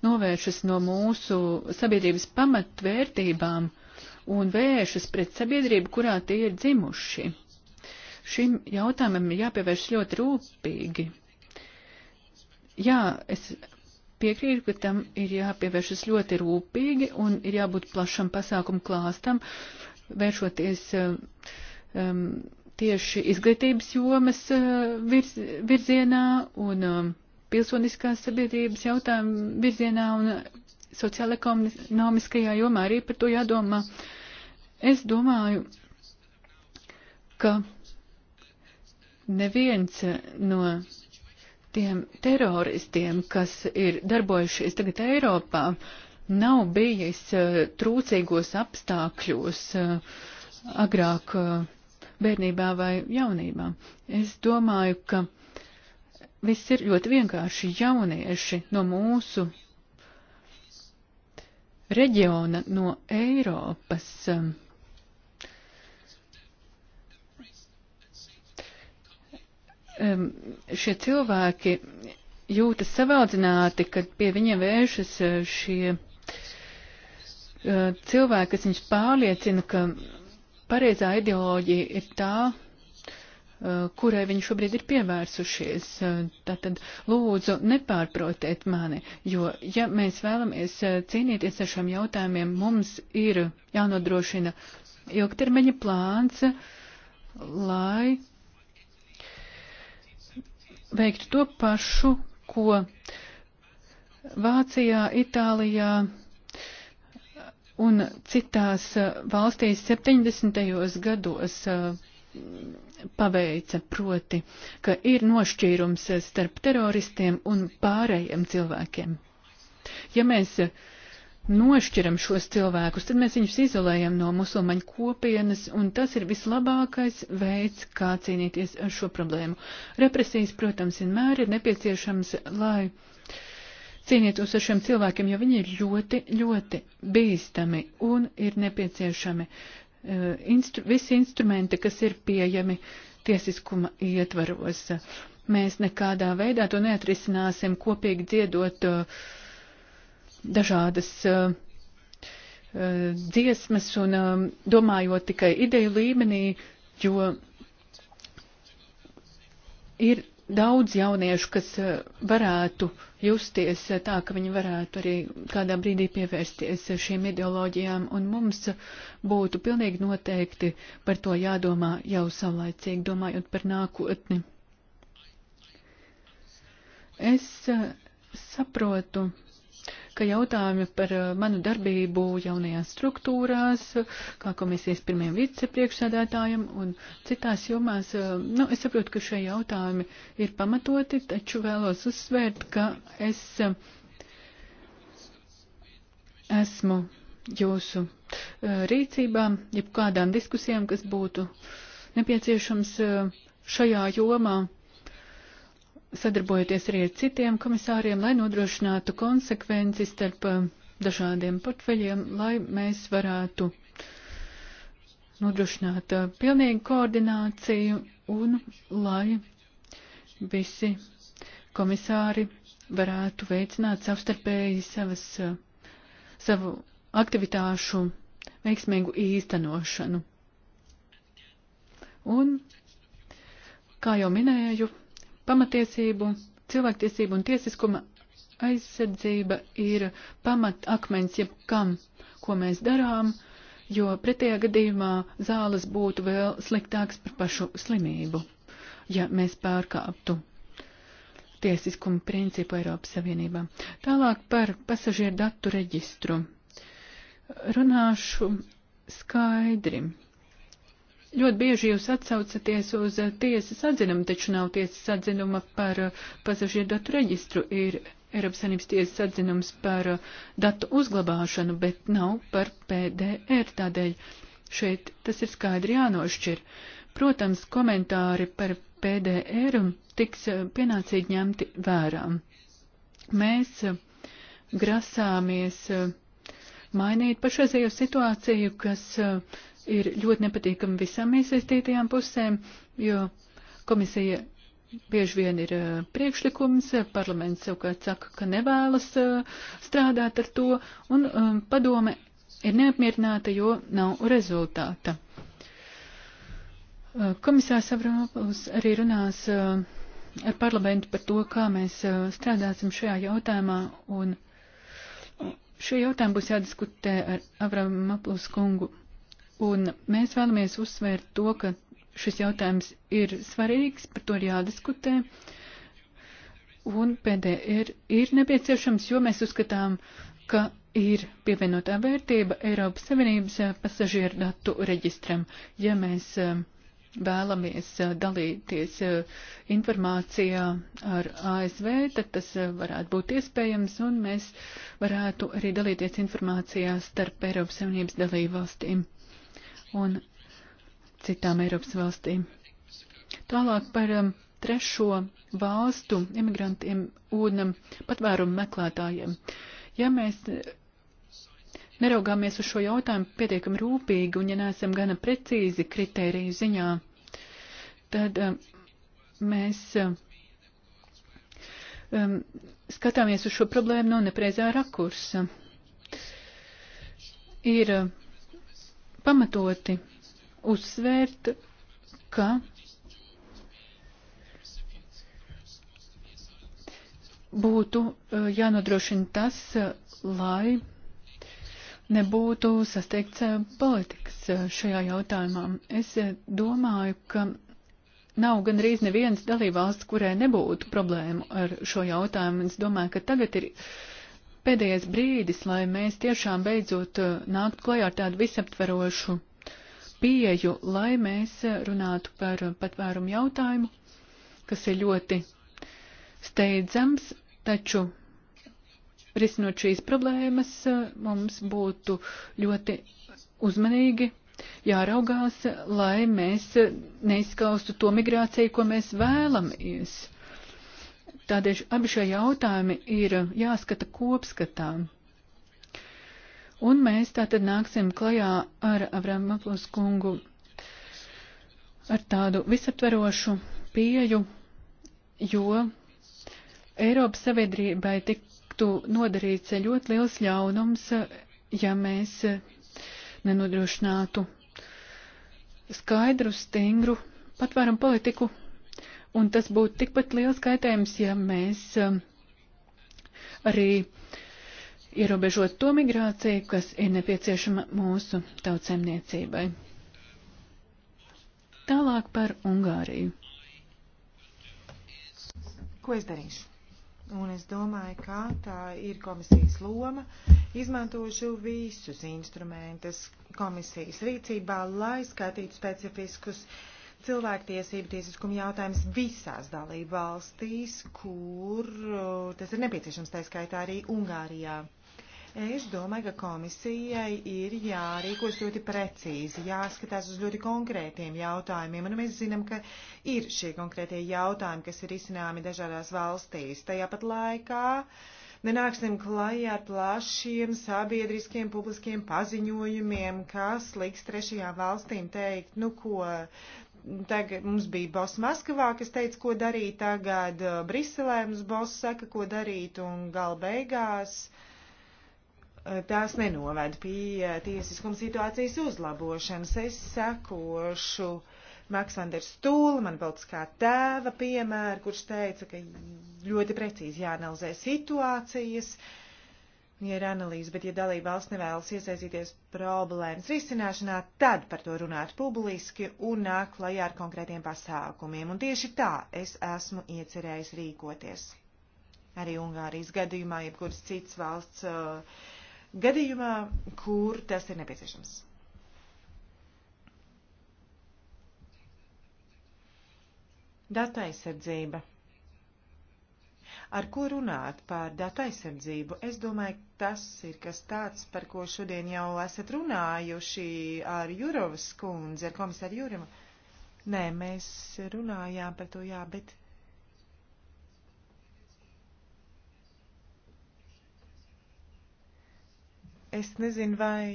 novēršas no mūsu sabiedrības pamatvērtībām, uh, un vēršas pret sabiedrību, kurā tie ir dzimuši. Šim jautājumam ir jāpievērš ļoti rūpīgi. Jā, es piekrītu, ka tam ir jāpievēršas ļoti rūpīgi un ir jābūt plašam pasākumu klāstam, vēršoties um, tieši izglītības jomas uh, virz, virzienā un um, pilsoniskās sabiedrības jautājumu virzienā un sociāla ekonomiskajā jomā arī par to jādomā Es domāju, ka neviens no tiem teroristiem, kas ir darbojušies tagad Eiropā, nav bijis eh, trūcīgos apstākļos eh, agrāk eh, bērnībā vai jaunībā. Es domāju, ka viss ir ļoti vienkārši jaunieši no mūsu reģiona, no Eiropas. Um, um, šie cilvēki jūtas savaldzināti, kad pie viņiem vēršas eh, šie uh, cilvēki, kas viņus pārliecina, ka pareizā ideoloģija ir tā, uh, kurai viņi šobrīd ir pievērsušies. Uh, tātad lūdzu nepārprotiet mani, jo ja mēs vēlamies cīnīties ar šiem jautājumiem, mums ir jānodrošina ilgtermeņa plāns, lai veiktu to pašu, ko Vācijā, Itālijā un citās valstīs 70. gados uh, paveica proti, ka ir nošķīrums starp teroristiem un pārējiem cilvēkiem. Ja mēs uh, nošķiram šos cilvēkus, tad mēs viņus izolējam no musulmaņu kopienas, un tas ir vislabākais veids, kā cīnīties ar šo problēmu. Represijas, protams, vienmēr ir nepieciešams, lai cīnītos ar šiem cilvēkiem, jo viņi ir ļoti, ļoti bīstami un ir nepieciešami uh, instru visi instrumenti, kas ir pieejami tiesiskuma ietvaros. Mēs nekādā veidā to neatrisināsim kopīgi dziedot uh, dažādas uh, uh, dziesmas un um, domājot tikai ideju līmenī, jo ir daudz jauniešu, kas uh, varētu justies tā, ka viņi varētu arī kādā brīdī pievērsties šīm ideoloģijām, un mums būtu pilnīgi noteikti par to jādomā jau savlaicīgi, domājot par nākotni. Es saprotu ka jautājumi par eh, manu darbību jaunajās struktūrās, kā komisijas pirmiem vicepriekšsēdētājiem un citās jomās, eh, nu, es saprotu, ka šie jautājumi ir pamatoti, taču vēlos uzsvērt, ka es eh, esmu jūsu rīcībā, jebkādām diskusijām, kas būtu nepieciešams šajā jomā sadarbojoties arī ar citiem komisāriem, lai nodrošinātu konsekvenci starp uh, dažādiem portfeļiem, lai mēs varētu nodrošināt uh, pilnīgu koordināciju un lai visi komisāri varētu veicināt savstarpēji savas, uh, savu aktivitāšu veiksmīgu īstenošanu. Un, kā jau minēju, pamatiesību, cilvēktiesību un tiesiskuma aizsardzība ir pamatakmens jebkam, ko mēs darām, jo pretējā gadījumā zāles būtu vēl sliktāks par pašu slimību, ja mēs pārkāptu tiesiskuma principu Eiropas Savienībā. Tālāk par pasažieru datu reģistru. Runāšu skaidri. Ļoti bieži jūs atsaucaties uz tiesas atzinumu, taču nav tiesas atzinuma par uh, pasažieru datu reģistru. Ir Eiropas Sanības tiesas atzinums par uh, datu uzglabāšanu, bet nav par PDR. Tādēļ šeit tas ir skaidri jānošķir. Protams, komentāri par PDR tiks uh, pienācīgi ņemti vērā. Mēs grasāmies mainīt pašreizējo situāciju, kas ir ļoti nepatīkami visām iesaistītajām pusēm, jo komisija bieži vien ir eh, priekšlikums, eh, parlaments savukārt saka, ka nevēlas eh, strādāt ar to, un padome ir neapmierināta, jo nav rezultāta. Komisārs Avramopoulos arī runās ar parlamentu par to, kā mēs strādāsim šajā jautājumā, un šie jautājumi būs jādiskutē ar Avramopoulos kungu Un mēs vēlamies uzsvērt to, ka šis jautājums ir svarīgs, par to ir jādiskutē. Un PDR ir nepieciešams, jo mēs uzskatām, ka ir pievienotā vērtība Eiropas Savienības eh, pasažieru datu reģistram. Ja mēs eh, vēlamies eh, dalīties informācijā ar ASV, tad tas varētu būt iespējams, un mēs varētu arī dalīties informācijā starp Eiropas Savienības dalību valstīm un citām Eiropas valstīm. Tālāk par um, trešo valstu imigrantiem un um, patvērumu meklētājiem. Ja mēs uh, neraugāmies uz šo jautājumu pietiekami rūpīgi un ja neesam gana precīzi kritēriju ziņā, tad um, mēs uh, um, skatāmies uz šo problēmu no nepreizā rakursa. Ir uh, pamatoti uzsvērt, ka būtu e, jānodrošina tas, e, lai nebūtu sasteigts e, politikas šajā jautājumā. Es domāju, ka nav gandrīz nevienas dalībvalsts, kurai nebūtu problēmu ar šo jautājumu. Es domāju, ka tagad ir pēdējais brīdis, lai mēs tiešām beidzot uh, nākt klajā ar tādu visaptverošu pieju, lai mēs uh, runātu par uh, patvērumu jautājumu, kas ir ļoti steidzams, taču risinot šīs problēmas, mums būtu ļoti uzmanīgi jāraugās, lai mēs neizskaustu to migrāciju, ko mēs vēlamies. Tādēļ abi šie jautājumi ir jāskata kopskatā. Un mēs tātad nāksim klajā ar Avramaplos kungu ar tādu visaptverošu pieju, jo Eiropas sabiedrībai tiktu nodarīts ļoti liels ļaunums, ja mēs nenodrošinātu skaidru, stingru patvērumu politiku Un tas būtu tikpat liels kaitējums, ja mēs um, arī ierobežot to migrāciju, kas ir nepieciešama mūsu tautsēmniecībai. Tālāk par Ungāriju. Ko es darīšu? Un es domāju, ka tā ir komisijas loma. Izmantošu visus instrumentus komisijas rīcībā, lai skatītu specifiskus uh, cilvēktiesību tiesiskuma jautājums visās dalību valstīs, kur tas ir nepieciešams, tā skaitā arī Ungārijā. Es domāju, ka komisijai ir jārīkos ļoti precīzi, jāskatās uz ļoti konkrētiem jautājumiem, un mēs zinām, ka ir šie konkrētie jautājumi, kas ir izcināmi dažādās valstīs. Tajā pat laikā nenāksim klajā ar plašiem sabiedriskiem publiskiem paziņojumiem, kas liks trešajām valstīm teikt, nu ko, tagad mums bija boss Maskavā, kas teica, ko darīt, tagad uh, Briselē mums boss saka, ko darīt, un gala beigās uh, tās nenoved pie uh, tiesiskuma situācijas uzlabošanas. Es sekošu Maksanders Stūli, man baltiskā tēva piemēra, kurš teica, ka ļoti precīzi jāanalizē situācijas. Uh, ja ir analīze, bet ja dalība valsts nevēlas iesaistīties problēmas risināšanā, tad par to runāt publiski un nāk klajā ar konkrētiem pasākumiem. Un tieši tā es esmu iecerējis rīkoties. Arī Ungārijas gadījumā, jebkuras cits valsts uh, gadījumā, kur tas ir nepieciešams. Data aizsardzība. Ar ko runāt par datu aizsardzību? Es domāju, tas ir kas tāds, par ko šodien jau esat runājuši ar Jurovas kundzi, ar komisāru Jurimu. Nē, mēs runājām par to, jā, bet. Es nezinu, vai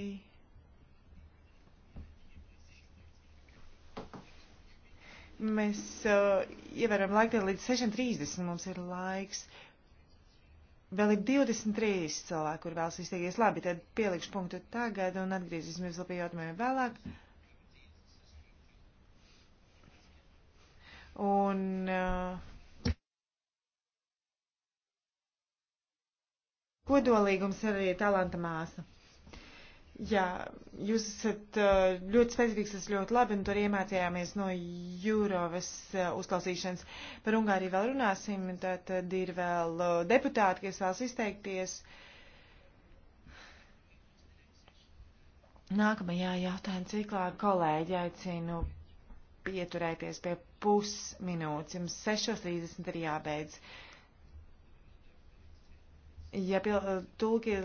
Mēs uh, ievēram laikdienu līdz 6.30 mums ir laiks. Vēl ir 23 cilvēki, kur vēlas izteikties. Labi, tad pielikšu punktu tagad un atgriezīsimies vēl pie jautājumiem vēlāk. Un. Uh, Kodolīgums arī ir talanta māsa. Jā, jūs esat uh, ļoti spēcīgs, tas ļoti labi, un tur iemācījāmies no Jūrovas uh, uzklausīšanas. Par Ungāriju vēl runāsim, tad, tad ir vēl uh, deputāti, kas vēlas izteikties. Nākamajā jautājuma ciklā kolēģi aicinu pieturēties pie pusminūtes. Jums 6.30 ir jābeidz. Ja pil, tulki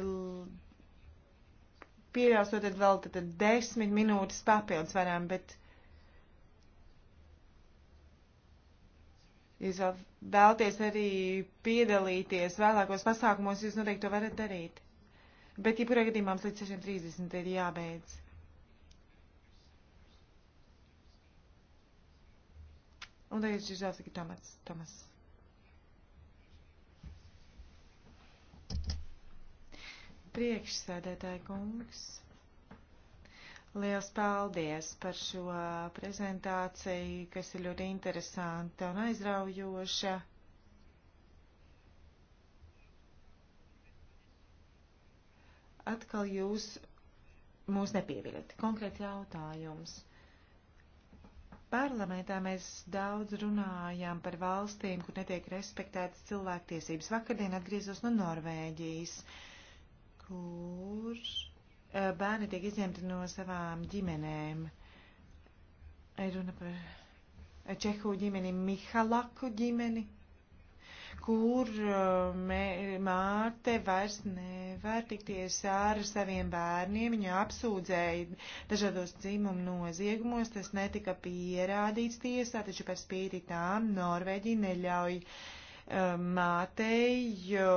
pieļaus, tad vēl tad, tad desmit minūtes papildus varam, bet jūs vēl vēlties arī piedalīties vēlākos pasākumos, jūs noteikti to varat darīt. Bet, ja kurā gadījumā mums līdz 6.30 ir jābeidz. Un tagad ir jāsaka Tomas. Tomas. Priekšsēdētāji kungs, liels paldies par šo prezentāciju, kas ir ļoti interesanta un aizraujoša. Atkal jūs mūs nepieviļat. Konkrēts jautājums. Parlamentā mēs daudz runājām par valstīm, kur netiek respektētas cilvēktiesības. Vakardien atgriezos no Norvēģijas. Uh, kur eh, bērni tiek izņemti no savām ģimenēm. Runa par eh, Čehu ģimeni, Mihalaku ģimeni, kur eh, mē, Mārte vairs nevar tikties ar saviem bērniem. Viņa apsūdzēja dažādos dzimumu noziegumos, tas netika pierādīts tiesā, taču par spīti tām Norvēģija neļauj mātei. Jo,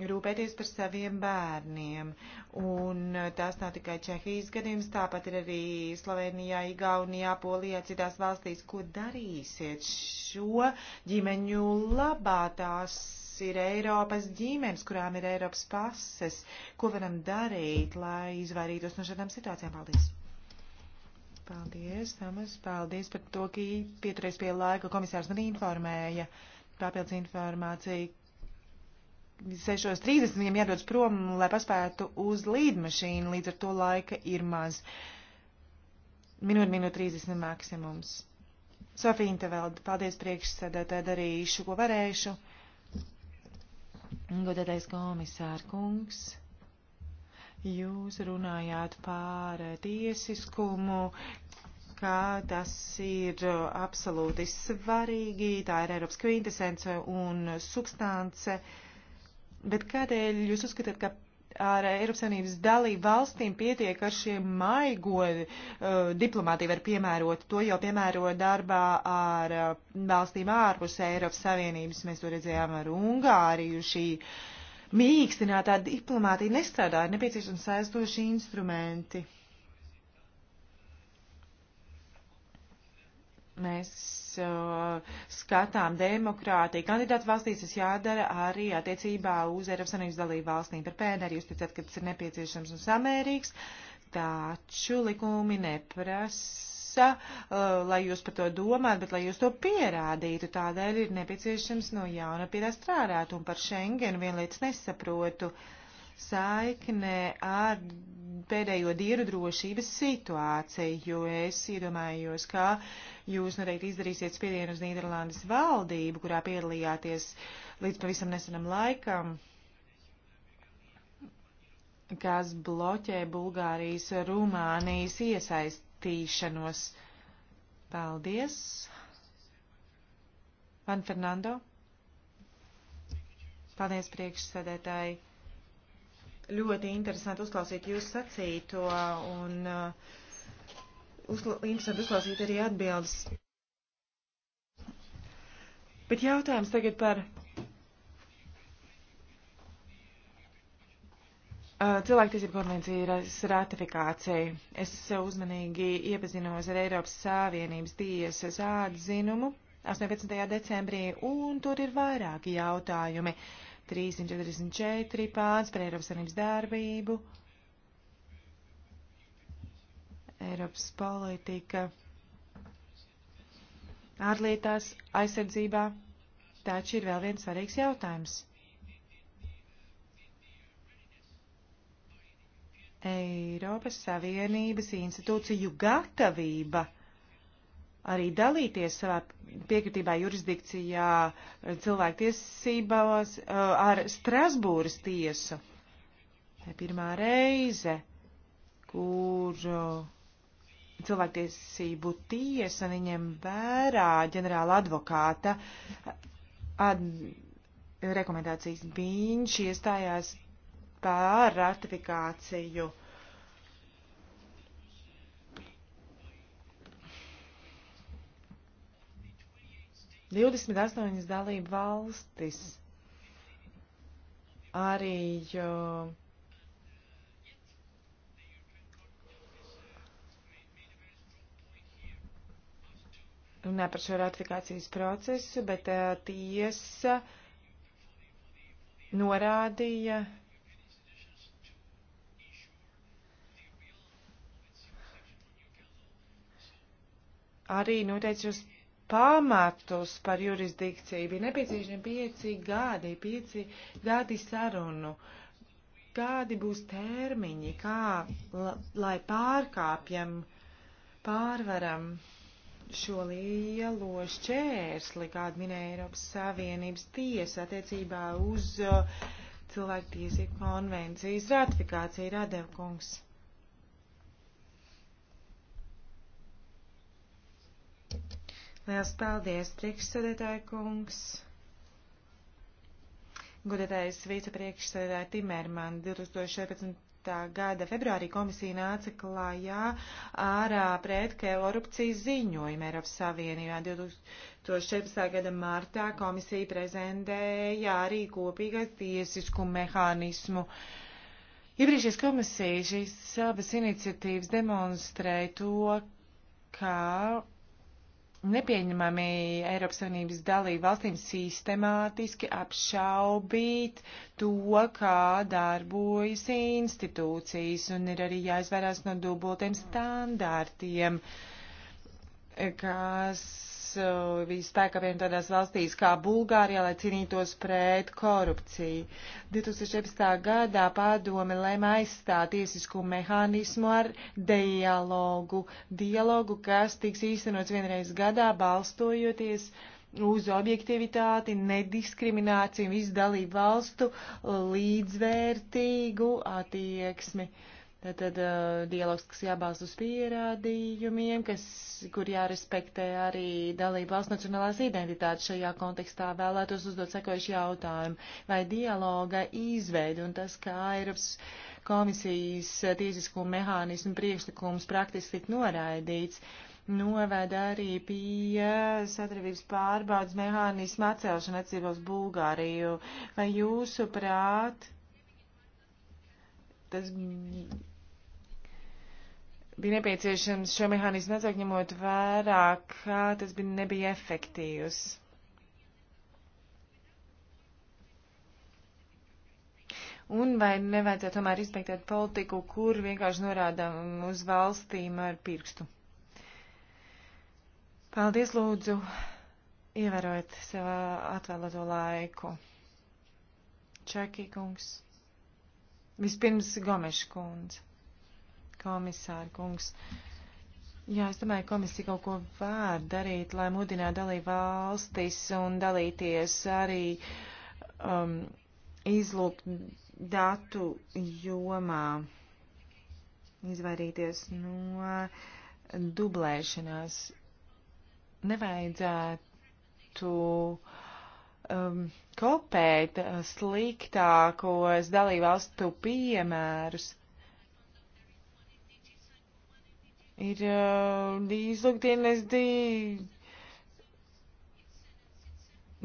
rūpēties par saviem bērniem. Un tās nav tikai Čehijas gadījums, tāpat ir arī Slovenijā, Igaunijā, Polijā, citās valstīs. Ko darīsiet šo ģimeņu labā? Tās ir Eiropas ģimenes, kurām ir Eiropas pases. Ko varam darīt, lai izvairītos no šādām situācijām? Paldies! Paldies, Tamas, paldies par to, ka pieturies pie laika. Komisārs man informēja, papildus informācija, 6.30 viņam jādodas prom, lai paspētu uz līdmašīnu, līdz ar to laika ir maz. Minūte, minūte 30 maksimums. Sofija Intevelda, paldies priekšsēdētāji, darīšu, ko varēšu. Godētais komisār kungs. Jūs runājāt par tiesiskumu, ka tas ir absolūti svarīgi, tā ir Eiropas kvintesence un substance. Uh, Bet kādēļ jūs uzskatāt, ka ar Eiropas Savienības dalību valstīm pietiek ar šiem maigo uh, diplomātiju var piemērot? To jau piemēro darbā ar uh, valstīm ārpus Eiropas Savienības. Mēs to redzējām ar Ungāriju. Šī mīkstinātā diplomātija nestrādā, ir nepieciešams saistoši instrumenti. Mēs uh, skatām demokrātiju kandidātu valstīs, tas jādara arī attiecībā uz Eiropas Savienības dalību valstīm. Par PNR jūs teicāt, ka tas ir nepieciešams un samērīgs, taču likumi neprasa, uh, lai jūs par to domātu, bet lai jūs to pierādītu. Tādēļ ir nepieciešams no jauna pie tā strādāt un par Schengenu vienlietas nesaprotu. Uh, saiknē ar pēdējo dieru drošības situāciju, jo es iedomājos, ka jūs noteikti izdarīsiet spiedienu uz Nīderlandes valdību, kurā piedalījāties līdz pavisam nesenam laikam, kas bloķē Bulgārijas, Rumānijas iesaistīšanos. Paldies! Van Fernando? Paldies priekšsēdētāji! ļoti interesanti uzklausīt jūs sacīto un uh, uzkla interesanti uzklausīt arī atbildes. Bet jautājums tagad par uh, Cilvēktiesību konvencijas ratifikācija. Es uzmanīgi iepazinos ar Eiropas Savienības tiesas atzinumu 18. decembrī, un tur ir vairāki jautājumi. Uh, 344 pāns par Eiropas Savienības darbību, Eiropas politika, ārlietās, aizsardzībā. Taču ir vēl viens svarīgs jautājums. Eiropas Savienības institūciju gatavība arī dalīties savā piekritībā jurisdikcijā eh, cilvēktiesībās eh, ar Strasbūras tiesu. Tā ir pirmā reize, kur eh, cilvēktiesību tiesa viņiem vērā ģenerāla advokāta ad rekomendācijas. Viņš iestājās pār ratifikāciju 28 dalību valstis arī jo, runā par šo ratifikācijas procesu, bet uh, tiesa norādīja, arī noteicos pamatus par jurisdikciju. Bija nepieciešami pieci gadi, pieci gadi sarunu. Kādi būs termiņi, kā lai pārkāpjam, pārvaram šo lielo šķērsli, kādu minēja Eiropas Savienības tiesa attiecībā uz uh, cilvēku tiesību konvencijas ratifikāciju Radevkungs. Liels paldies, priekšsēdētāja kungs. Gudētājs vicepriekšsēdētāja Timerman 2014. gada februārī komisija nāca klājā ar pretkorupcijas ziņojumu Eiropas Savienībā. 2014. gada martā komisija prezentēja arī kopīgais tiesisku mehānismu. Iepriekšējais komisija šīs abas iniciatīvas demonstrēja to, ka nepieņemami Eiropas Savienības dalību valstīm sistemātiski apšaubīt to, kā darbojas institūcijas, un ir arī jāizvairās no dubultiem standārtiem, kas Uh, bija spēkā vien tādās valstīs kā Bulgārijā, lai cīnītos pret korupciju. 2017. gadā padome lēma aizstāt tiesisku mehānismu ar dialogu, dialogu, kas tiks īstenots vienreiz gadā, balstojoties uz objektivitāti, nediskrimināciju, izdalību valstu līdzvērtīgu attieksmi. Uh, Tātad uh, eh, dialogs, kas jābalsta uz pierādījumiem, kas, kur jārespektē arī dalība valsts nacionālās identitātes. Šajā kontekstā vēlētos uzdot sekojuši jautājumu, vai dialoga izveida un tas, kā Eiropas komisijas tiesisko mehānismu priekšlikums praktiski tik noraidīts, noveda arī pie sadarbības pārbaudas mehānismu atcelšana atcīvos Bulgāriju. Vai jūsu prāt? Tas bija nepieciešams šo mehānismu vajadzēja ņemot vērā, kā tas bija nebija efektīvs. Un vai nevajadzētu tomēr izbeigtēt politiku, kur vienkārši norādām uz valstīm ar pirkstu? Paldies, lūdzu, ievērojiet sev atvēlēto laiku. Čekī kungs. Vispirms Gomeša kundze komisāra kungs. Jā, es domāju, komisija kaut ko var darīt, lai mudinātu dalību valstis un dalīties arī um, izlūk datu jomā, izvairīties no dublēšanās. Nevajadzētu um, kopēt sliktākos dalību valstu piemērus ir uh, izlūkdienesti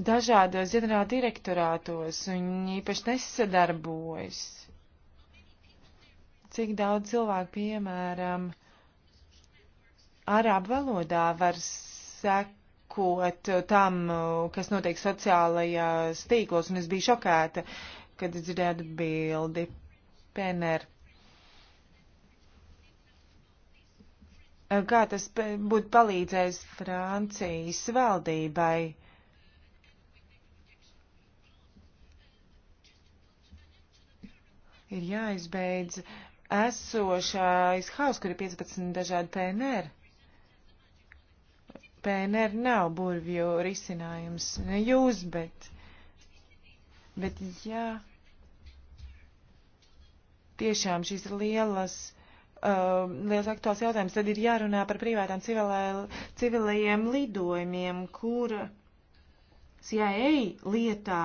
dažādos ģenerāla direktorātos, un īpaši nesadarbojas. Cik daudz cilvēku, piemēram, arābu valodā var sekot tam, kas notiek sociālajās tīklos, un es biju šokēta, kad dzirdētu bildi PNR Eh, kā tas būtu palīdzējis Francijas valdībai. Ir jāizbeidz esošais haus, kur ir 15 dažādi PNR. PNR nav burvju risinājums, ne jūs, bet, bet jā, tiešām šīs lielas uh, liels aktuāls jautājums. Tad ir jārunā par privātām civilē, civilajiem lidojumiem, kur CIA lietā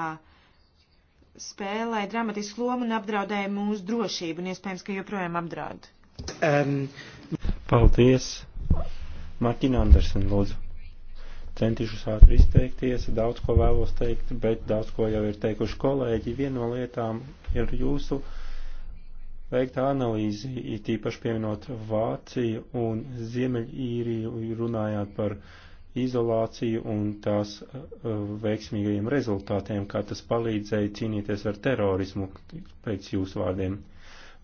spēlē dramatisku lomu un apdraudēja mūsu drošību, un iespējams, ka joprojām apdraud. Um. Paldies! Martina Andersen, lūdzu. Centīšos ātri izteikties, daudz ko vēlos teikt, bet daudz ko jau ir teikuši kolēģi. Viena no lietām ir jūsu. Uh, veikt analīzi, it īpaši pieminot Vāciju un Ziemeļīriju, runājāt par izolāciju un tās uh, veiksmīgajiem rezultātiem, kā tas palīdzēja cīnīties ar terorismu, pēc jūsu vārdiem.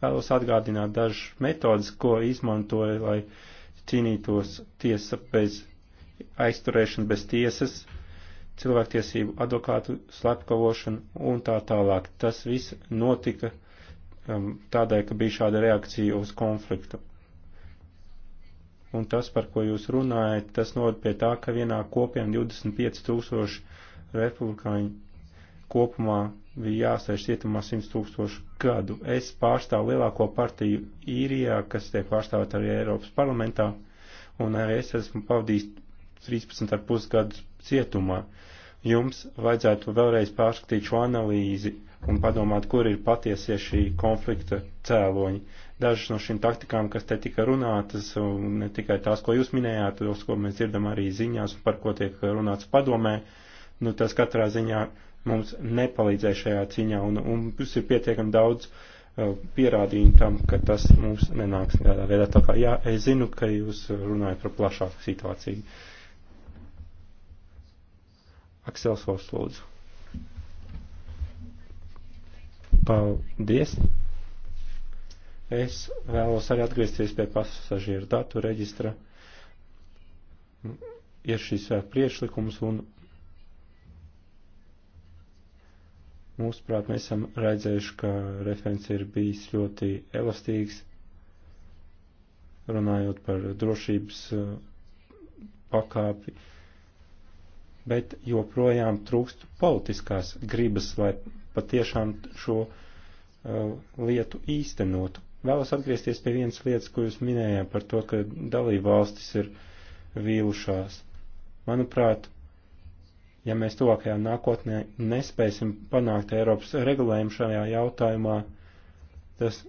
Vēlos atgādināt dažas metodas, ko izmantoja, lai cīnītos tiesa bez aizturēšana, bez tiesas, cilvēktiesību advokātu slepkavošanu un tā tālāk. Tas viss notika tādēļ, ka bija šāda reakcija uz konfliktu. Un tas, par ko jūs runājat, tas noved pie tā, ka vienā kopienā 25 tūkstoši republikāņu kopumā bija jāsēž cietumā 100 tūkstošu gadu. Es pārstāvu lielāko partiju īrijā, kas tiek pārstāvēt arī Eiropas parlamentā, un arī es esmu pavadījis 13,5 gadus cietumā. Jums vajadzētu vēlreiz pārskatīt šo analīzi un padomāt, kur ir patiesie šī konflikta cēloņi. Dažas no šīm taktikām, kas te tika runātas, un ne tikai tās, ko jūs minējāt, tos, ko mēs dzirdam arī ziņās un par ko tiek runāts padomē, nu tas katrā ziņā mums nepalīdzē šajā ciņā, un, un jūs ir pietiekami daudz uh, pierādījumu tam, ka tas mums nenāks nekādā veidā. Tā kā jā, es zinu, ka jūs runājat par plašāku situāciju. Aksels Voslūdzu. Paldies! Es vēlos arī atgriezties pie pasažieru datu reģistra. Ir šis eh, priešlikums un mūsuprāt, mēs esam redzējuši, ka referents ir bijis ļoti elastīgs, runājot par drošības eh, pakāpi, bet joprojām trūkst politiskās gribas, lai patiešām šo uh, lietu īstenotu. Vēlos atgriezties pie vienas lietas, ko jūs minējāt par to, ka dalība valstis ir vīlušās. Manuprāt, ja mēs tuvākajā nākotnē nespēsim panākt Eiropas regulējumu šajā jautājumā, tas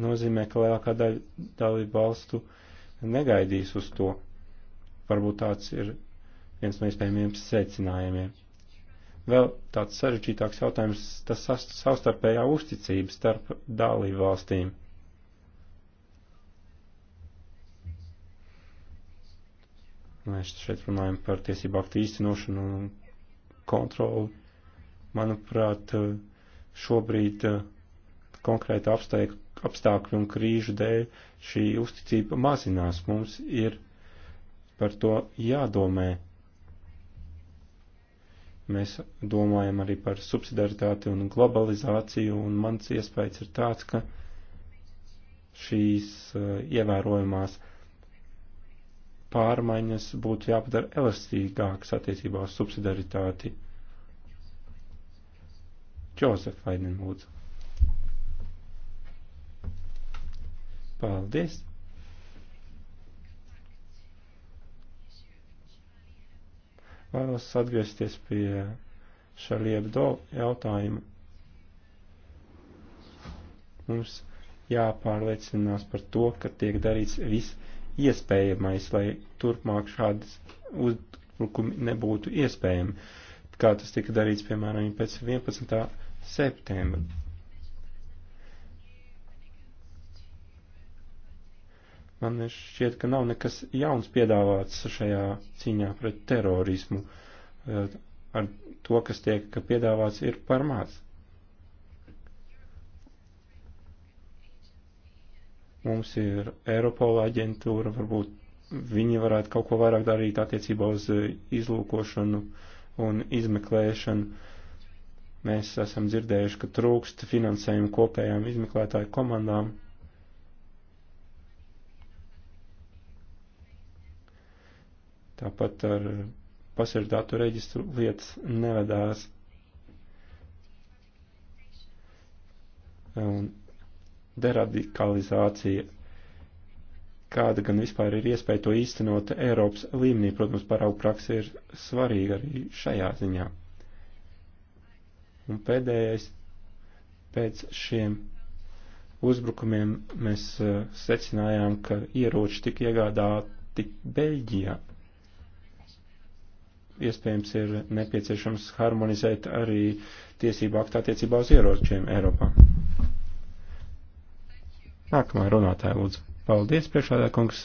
nozīmē, ka lielākā daļa dalību valstu negaidīs uz to. Varbūt tāds ir viens no iespējamiem secinājumiem. Vēl tāds sarežģītāks jautājums - tas savstarpējā uzticība starp dalību valstīm. Mēs šeit runājam par tiesību aktu īstenošanu un kontroli. Manuprāt, šobrīd konkrēta apstākļu un krīžu dēļ šī uzticība mazinās. Mums ir par to jādomē Mēs domājam arī par subsidaritāti un globalizāciju, un mans iespējas ir tāds, ka šīs uh, ievērojumās pārmaiņas būtu jāpadara elastīgākas attiecībā uz subsidaritāti. Džozef Vaidin lūdzu. Paldies! Vēlos atgriezties pie Šaliebdo jautājuma. Mums jāpārliecinās par to, ka tiek darīts viss iespējamais, lai turpmāk šādas uzbrukumi nebūtu iespējami, kā tas tika darīts, piemēram, pēc 11. septembra. Man šķiet, ka nav nekas jauns piedāvāts šajā cīņā pret terorismu. Eh, ar to, kas tiek ka piedāvāts, ir par maz. Mums ir Eiropola aģentūra, varbūt viņi varētu kaut ko vairāk darīt attiecībā uz eh, izlūkošanu un izmeklēšanu. Mēs esam dzirdējuši, ka trūkst finansējumu kopējām izmeklētāju komandām. Tāpat ar pasažu datu reģistru lietas nevedās. Un deradikalizācija. Kāda gan vispār ir iespēja to īstenot Eiropas līmenī, protams, paraugu praksa ir svarīga arī šajā ziņā. Un pēdējais pēc šiem uzbrukumiem mēs eh, secinājām, ka ieroči tika iegādāti Beļģijā iespējams ir nepieciešams harmonizēt arī tiesību aktu attiecībā uz ieročiem Eiropā. Nākamā runātāja lūdzu. Paldies, priekšādā kungs.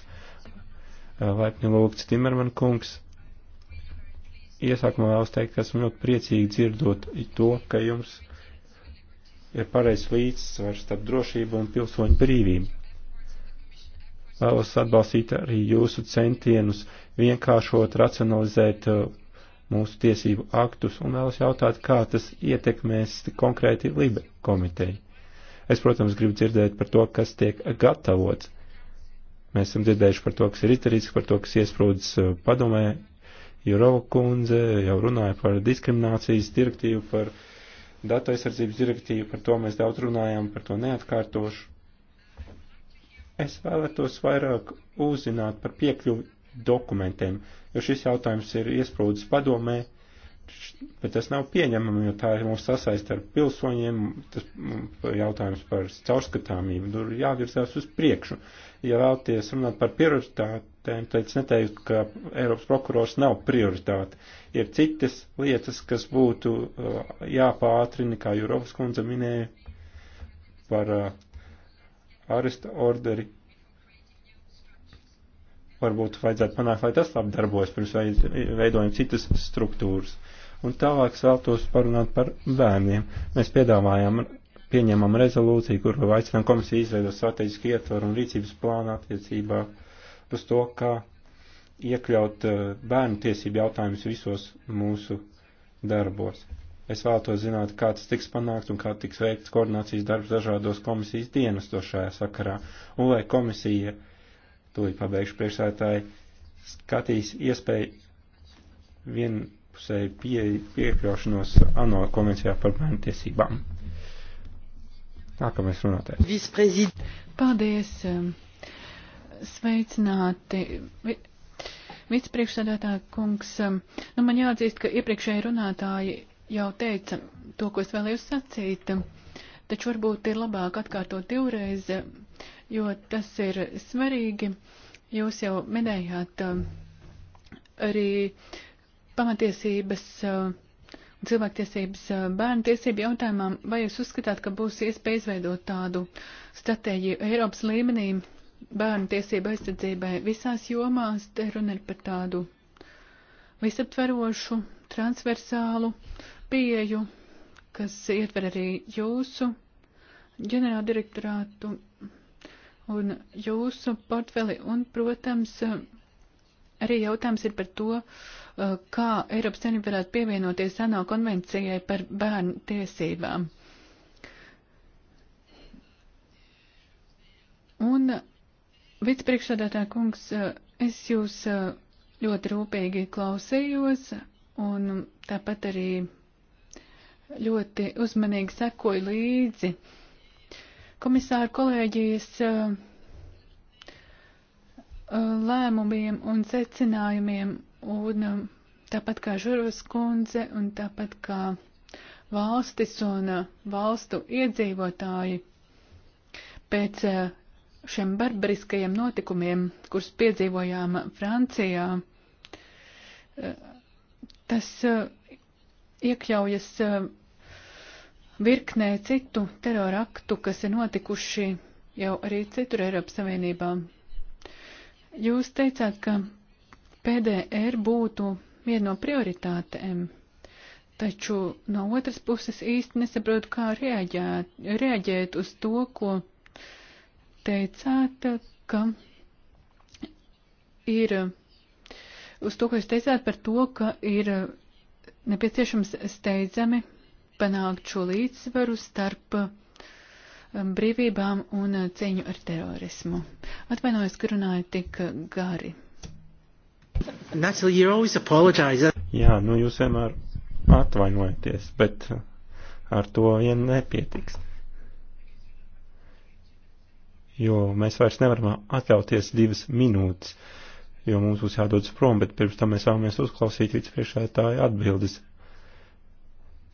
Laipni lūgts Timerman kungs. Iesākumā vēlos teikt, ka esmu ļoti priecīgi dzirdot to, ka jums ir pareizs līdzsvars starp drošību un pilsoņu brīvību. Vēlos atbalstīt arī jūsu centienus vienkāršot, racionalizēt mūsu tiesību aktus un vēlas jautāt, kā tas ietekmēs konkrēti Libe komiteju. Es, protams, gribu dzirdēt par to, kas tiek gatavots. Mēs esam dzirdējuši par to, kas ir izdarīts, par to, kas iesprūdis uh, padomē. Jurova kundze jau runāja par diskriminācijas direktīvu, par datu aizsardzības direktīvu, par to mēs daudz runājām, par to neatkārtošu. Es vēlētos vairāk uzzināt par piekļuvi dokumentiem jo šis jautājums ir iesprūdis padomē, bet tas nav pieņemami, jo tā ir mūsu sasaist ar pilsoņiem, tas mm, jautājums par caurskatāmību, tur jāvirzās uz priekšu. Ja vēlties runāt par prioritātēm, tad es neteiktu, ka Eiropas prokurors nav prioritāte. Ir citas lietas, kas būtu uh, jāpātrina, kā Jūrovas kundze minēja, par uh, aresta orderi varbūt vajadzētu panākt, lai tas labi darbojas, pirms veidojam citas struktūras. Un tālāk es vēltos parunāt par bērniem. Mēs piedāvājam, pieņemam rezolūciju, kur aicinām komisiju izveidot strateģisku ietvaru un rīcības plānu attiecībā uz to, kā iekļaut eh, bērnu tiesību jautājumus visos mūsu darbos. Es vēltos zināt, kā tas tiks panākt un kā tiks veikts koordinācijas darbs dažādos komisijas dienestos šajā sakarā, un lai komisija uh, tūlīt pabeigšu priekšsētāji, skatīs iespēju vienpusēju pie, piekļaušanos ANO konvencijā par bērnu tiesībām. Nākamais runātājs. Visprezid. Paldies. Um, sveicināti. Vicepriekšsēdētā kungs, um, nu man jāatzīst, ka iepriekšēji runātāji jau teica to, ko es vēlēju sacīt, taču varbūt ir labāk atkārtot divreiz jo tas ir svarīgi. Jūs jau minējāt um, arī pamatiesības un um, cilvēktiesības um, bērnu tiesību jautājumā, vai jūs uzskatāt, ka būs iespēja izveidot tādu stratēģiju Eiropas līmenī bērnu tiesību aizsardzībai visās jomās, te runa ir par tādu visaptverošu, transversālu pieju, kas ietver arī jūsu ģenerāldirektorātu un jūsu portfeli. Un, protams, arī jautājums ir par to, uh, kā Eiropas Savienība varētu pievienoties ANO konvencijai par bērnu tiesībām. Un, vicepriekšsādātā kungs, uh, es jūs uh, ļoti rūpīgi klausījos un tāpat arī ļoti uzmanīgi sekoju līdzi komisāru kolēģijas eh, eh, lēmumiem un secinājumiem, un eh, tāpat kā Žuros kundze, un tāpat kā valstis un valstu iedzīvotāji pēc šiem barbariskajiem notikumiem, kurus piedzīvojām Francijā, tas iekļaujas virknē citu teroraktu, kas ir notikuši jau arī citur Eiropas Savienībā. Jūs teicāt, ka PDR būtu viena no prioritātēm, taču no otras puses īsti nesaprotu, kā reaģēt, reaģēt uz to, ko teicāt, ka ir uz to, ko jūs teicāt par to, ka ir nepieciešams steidzami panākt šo līdzsvaru starp um, brīvībām un uh, cīņu ar terorismu. Atvainojos, ka runāju tik uh, gari. Natalie, you always apologize. Jā, nu jūs vienmēr atvainojaties, bet uh, ar to vien nepietiks. Jo mēs vairs nevaram atļauties divas minūtes, jo mums būs jādodas prom, bet pirms tam mēs vēlamies uzklausīt vicepriekšētāju atbildes.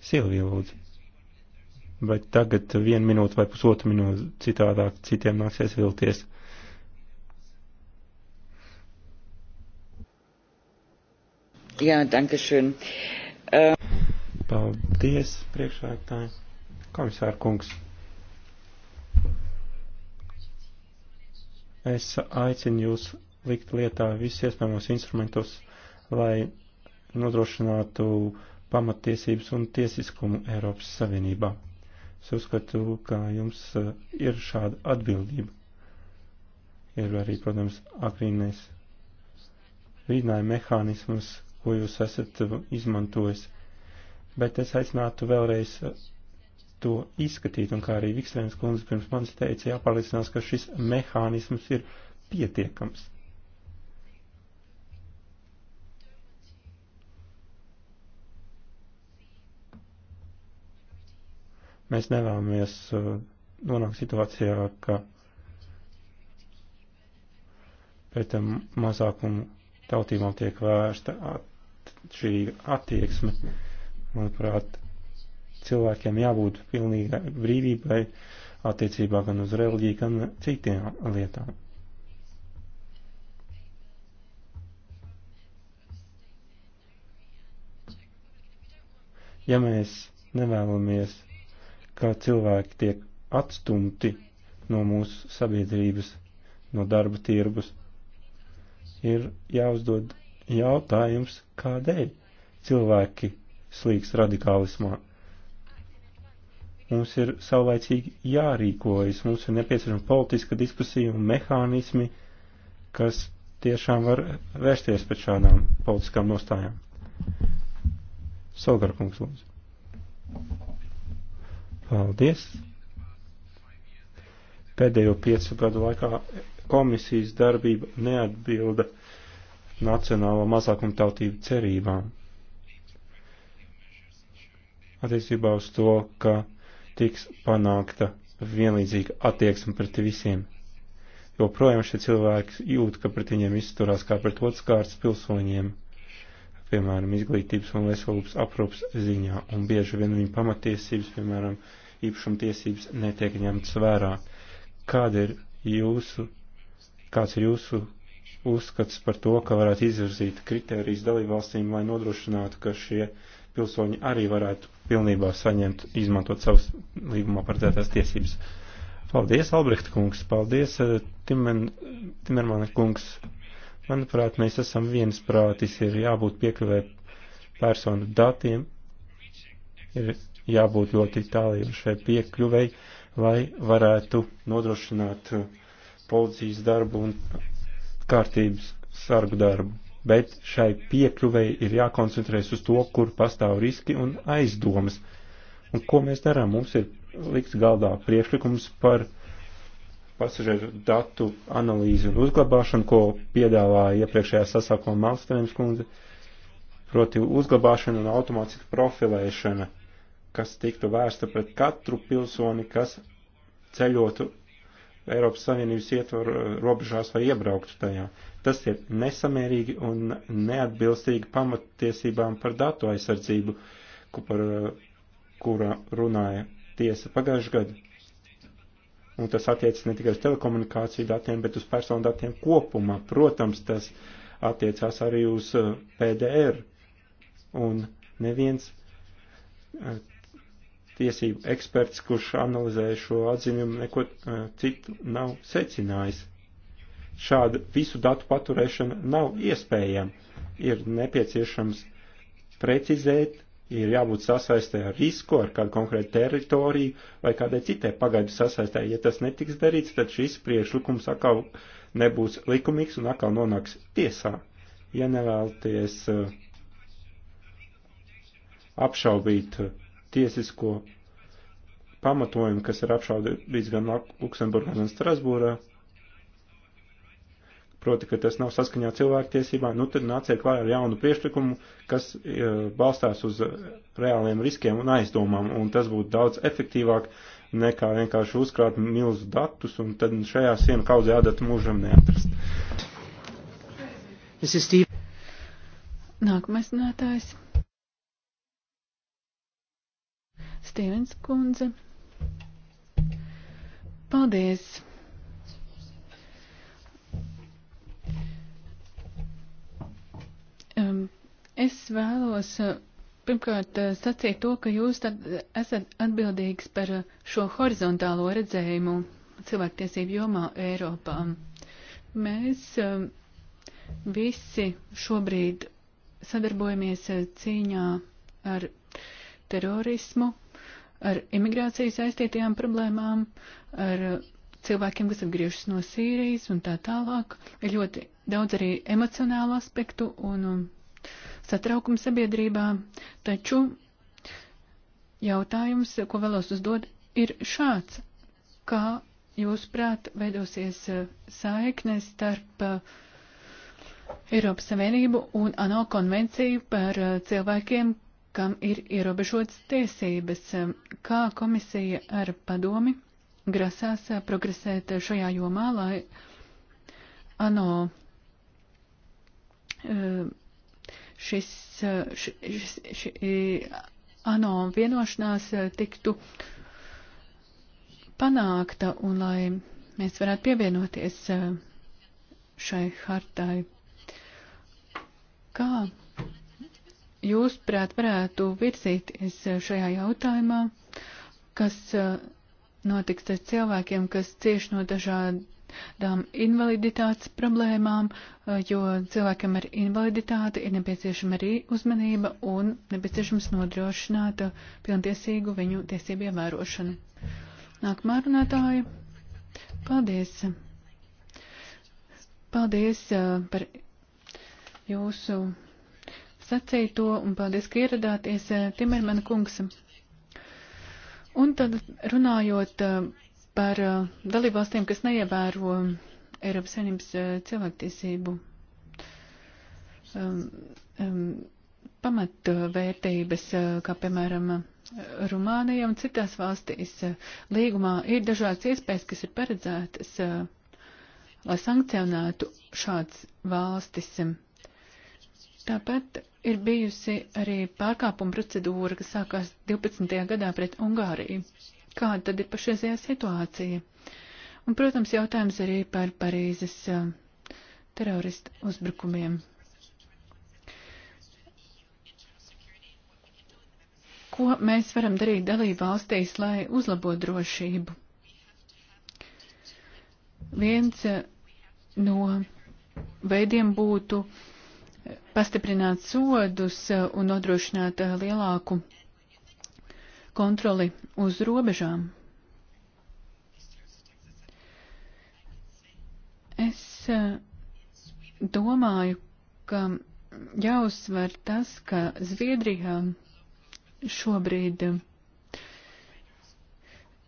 Silvija lūdzu. Bet tagad vienu minūtu vai pusotru minūtu citādāk citiem nāksies vilties. Jā, danke schön. Uh... Paldies, priekšvētāji. Komisāra kungs. Es aicinu jūs likt lietā visus iespējamos instrumentus, lai nodrošinātu uh, pamatiesības un tiesiskumu Eiropas Savienībā. Es uzskatu, ka jums uh, ir šāda atbildība. Ir arī, protams, agrīnais rīnāja mehānismus, ko jūs esat uh, izmantojis, bet es aicinātu vēlreiz uh, to izskatīt, un kā arī Vikstrēns kundze pirms manis teica, jāpārliecinās, ka šis mehānisms ir pietiekams. Mēs nevēlamies uh, nonākt situācijā, ka pret mazākumu tautībām tiek vērsta at, šī attieksme. Manuprāt, cilvēkiem jābūt pilnīgai brīvībai attiecībā gan uz reliģiju, gan citiem lietām. Ja mēs nevēlamies kā cilvēki tiek atstumti no mūsu sabiedrības, no darba tirgus, ir jāuzdod jautājums, kādēļ cilvēki slīgs radikālismā. Mums ir saulaicīgi jārīkojas, mums ir nepieciešama politiska diskusija un mehānismi, kas tiešām var vērsties pēc šādām politiskām nostājām. Solgarkungs, lūdzu. Paldies! Pēdējo piecu gadu laikā komisijas darbība neatbilda nacionālo mazākumtautību cerībām. Attiecībā uz to, ka tiks panākta vienlīdzīga attieksme pret visiem, joprojām šie cilvēki jūt, ka pret viņiem izturās kā pret otrkārtas pilsoņiem, piemēram, izglītības un veselības aprūpas ziņā, un bieži vien viņu pamatiesības, piemēram, īpašumtiesības netiek ņemts vērā. Kāda ir jūsu, kāds ir jūsu uzskats par to, ka varētu izvirzīt kriterijas dalībvalstīm, lai nodrošinātu, ka šie pilsoņi arī varētu pilnībā saņemt, izmantot savas līgumā paredzētās tiesības? Paldies, Albrecht kungs, paldies, eh, Timen, Timermana kungs. Manuprāt, mēs esam viensprātis, ir jābūt piekļuvē personu datiem, ir jābūt ļoti tāliem šai piekļuvei, lai varētu nodrošināt uh, policijas darbu un kārtības sargu darbu. Bet šai piekļuvei ir jākoncentrēs uz to, kur pastāv riski un aizdomas. Un ko mēs darām? Mums ir likts galdā priekšlikums par pasažieru datu analīzi un uzglabāšanu, ko piedāvāja iepriekšējā sasākuma Malstrēms kundze, proti uzglabāšana un automātiska profilēšana kas tiktu vērsta pret katru pilsoni, kas ceļotu Eiropas Savienības ietvaru eh, robežās vai iebrauktu tajā. Tas ir nesamērīgi un neatbilstīgi pamattiesībām par datu aizsardzību, ku par eh, kura runāja tiesa pagājušajā gadu. Un tas attiecas ne tikai uz telekomunikāciju datiem, bet uz personu datiem kopumā. Protams, tas attiecās arī uz eh, PDR. Un neviens tiesību eksperts, kurš analizē šo atziņumu, neko e, citu nav secinājis. Šāda visu datu paturēšana nav iespējama. Ir nepieciešams precizēt, ir jābūt sasaistē ar risku, ar kādu konkrētu teritoriju vai kādai citai pagaidu sasaistē. Ja tas netiks darīts, tad šis priekšlikums atkal nebūs likumīgs un atkal nonāks tiesā. Ja nevēlties e, apšaubīt uh, tiesisko pamatojumu, kas ir apšaudīts gan Luksemburgā, gan Strasbūrā, proti, ka tas nav saskaņā cilvēktiesībām, nu tad nācija klāja ar jaunu priekšlikumu, kas e, balstās uz reāliem riskiem un aizdomām, un tas būtu daudz efektīvāk nekā vienkārši uzkrāt milzu datus, un tad šajā sienu kaudzē ādata mūžam neatrast. Nākamais runātājs. Stīvens kundze. Paldies! Um, es vēlos uh, pirmkārt uh, sacīt to, ka jūs uh, esat atbildīgs par šo horizontālo redzējumu cilvēktiesību jomā Eiropā. Mēs um, visi šobrīd sadarbojamies cīņā ar terorismu ar imigrāciju saistītajām problēmām, ar cilvēkiem, kas atgriežas no Sīrijas un tā tālāk. Ir ļoti daudz arī emocionālu aspektu un um, satraukumu sabiedrībā, taču jautājums, ko vēlos uzdot, ir šāds. Kā jūs prāt veidosies uh, saiknes starp uh, Eiropas Savienību un ANO konvenciju par uh, cilvēkiem, kam ir ierobežotas tiesības. Kā komisija ar padomi grasās progresēt šajā jomā, lai ANO eh, šis, šis, šis ANO vienošanās tiktu panākta un lai mēs varētu pievienoties eh, šai hartai. Kā jūs, prāt, varētu virzīties eh, šajā jautājumā, kas eh, notiks ar cilvēkiem, kas cieši no dažādām invaliditātes problēmām, eh, jo cilvēkam ar invaliditāti ir nepieciešama arī uzmanība un nepieciešams nodrošināt pilntiesīgu viņu tiesību ievērošanu. Nākamā runātāja. Paldies. Paldies par jūsu sacīto un paldies, ka ieradāties, eh, Timermana kungs. Un tad runājot eh, par eh, dalībvalstiem, kas neievēro Eiropas Savienības cilvēktiesību um, um, pamatvērtības, kā piemēram Rumānija un citās valstīs, līgumā ir dažādas iespējas, kas ir paredzētas, lai sankcionētu šāds valstis. Tāpat ir bijusi arī pārkāpuma procedūra, kas sākās 12. gadā pret Ungāriju. Kāda tad ir pašreizējā situācija? Un, protams, jautājums arī par Parīzes uh, teroristu uzbrukumiem. Ko mēs varam darīt dalību valstīs, lai uzlabotu drošību? Viens uh, no veidiem būtu uh, pastiprināt sodus eh, un nodrošināt eh, lielāku kontroli uz robežām. Es eh, domāju, ka jāuzsver tas, ka Zviedrijā šobrīd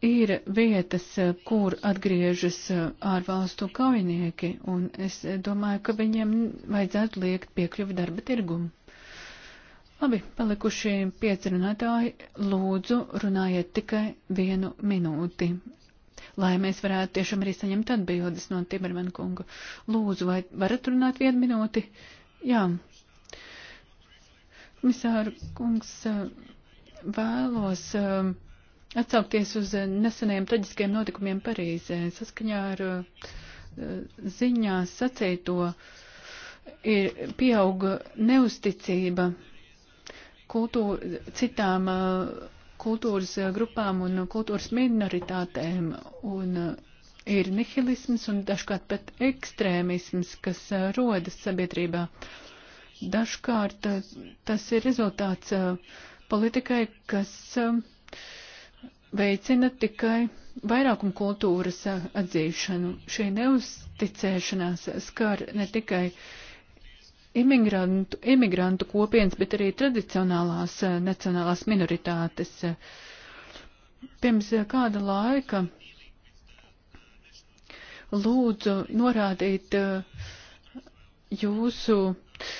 ir vietas, eh, kur atgriežas eh, ārvalstu kaujinieki, un es eh, domāju, ka viņiem vajadzētu liekt piekļuvi darba tirgumu. Labi, palikušie pieci runātāji, lūdzu, runājiet tikai vienu minūti, lai mēs varētu tiešām arī saņemt atbildes no Timerman kunga. Lūdzu, vai varat runāt vienu minūti? Jā. Komisāra kungs, vēlos. Uh, atsaukties uz eh, nesenajiem traģiskiem notikumiem Parīzē. Saskaņā ar eh, ziņās sacīto ir pieauga neusticība kultūra, citām eh, kultūras grupām un kultūras minoritātēm. Un ir nihilisms un dažkārt pat ekstrēmisms, kas rodas sabiedrībā. Dažkārt tas ir rezultāts politikai, kas veicina tikai vairākuma kultūras atzīšanu. Šī neusticēšanās skar ne tikai imigrantu, imigrantu kopienas, bet arī tradicionālās nacionālās minoritātes. Pirms kāda laika lūdzu norādīt uh, jūsu uh,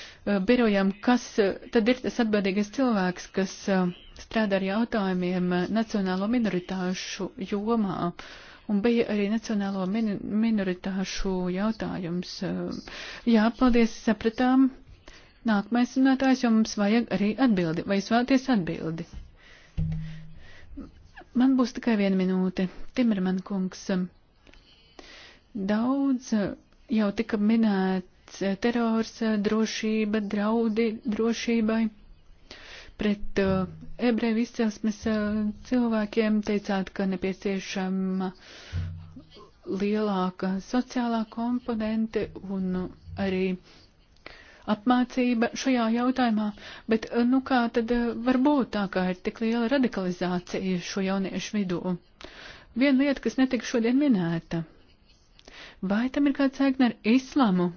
birojam, kas tad ir tas atbildīgais cilvēks, kas uh, strādā ar jautājumiem nacionālo minoritāšu jomā. Un bija arī nacionālo min minoritāšu jautājums. Jā, paldies, sapratām. Nākamais runātājs, jo mums vajag arī atbildi. Vai jūs vēlaties atbildi? Man būs tikai viena minūte. Timerman kungs, daudz jau tika minēts eh, terors, eh, drošība, draudi drošībai pret uh, ebreju izcelsmes uh, cilvēkiem, teicāt, ka nepieciešama lielāka sociālā komponente un arī apmācība šajā jautājumā, bet eh, nu kā tad var būt tā, kā ir tik liela radikalizācija šo jauniešu vidū? Viena lieta, kas netika šodien minēta. Vai tam ir kāds saikne ar islamu?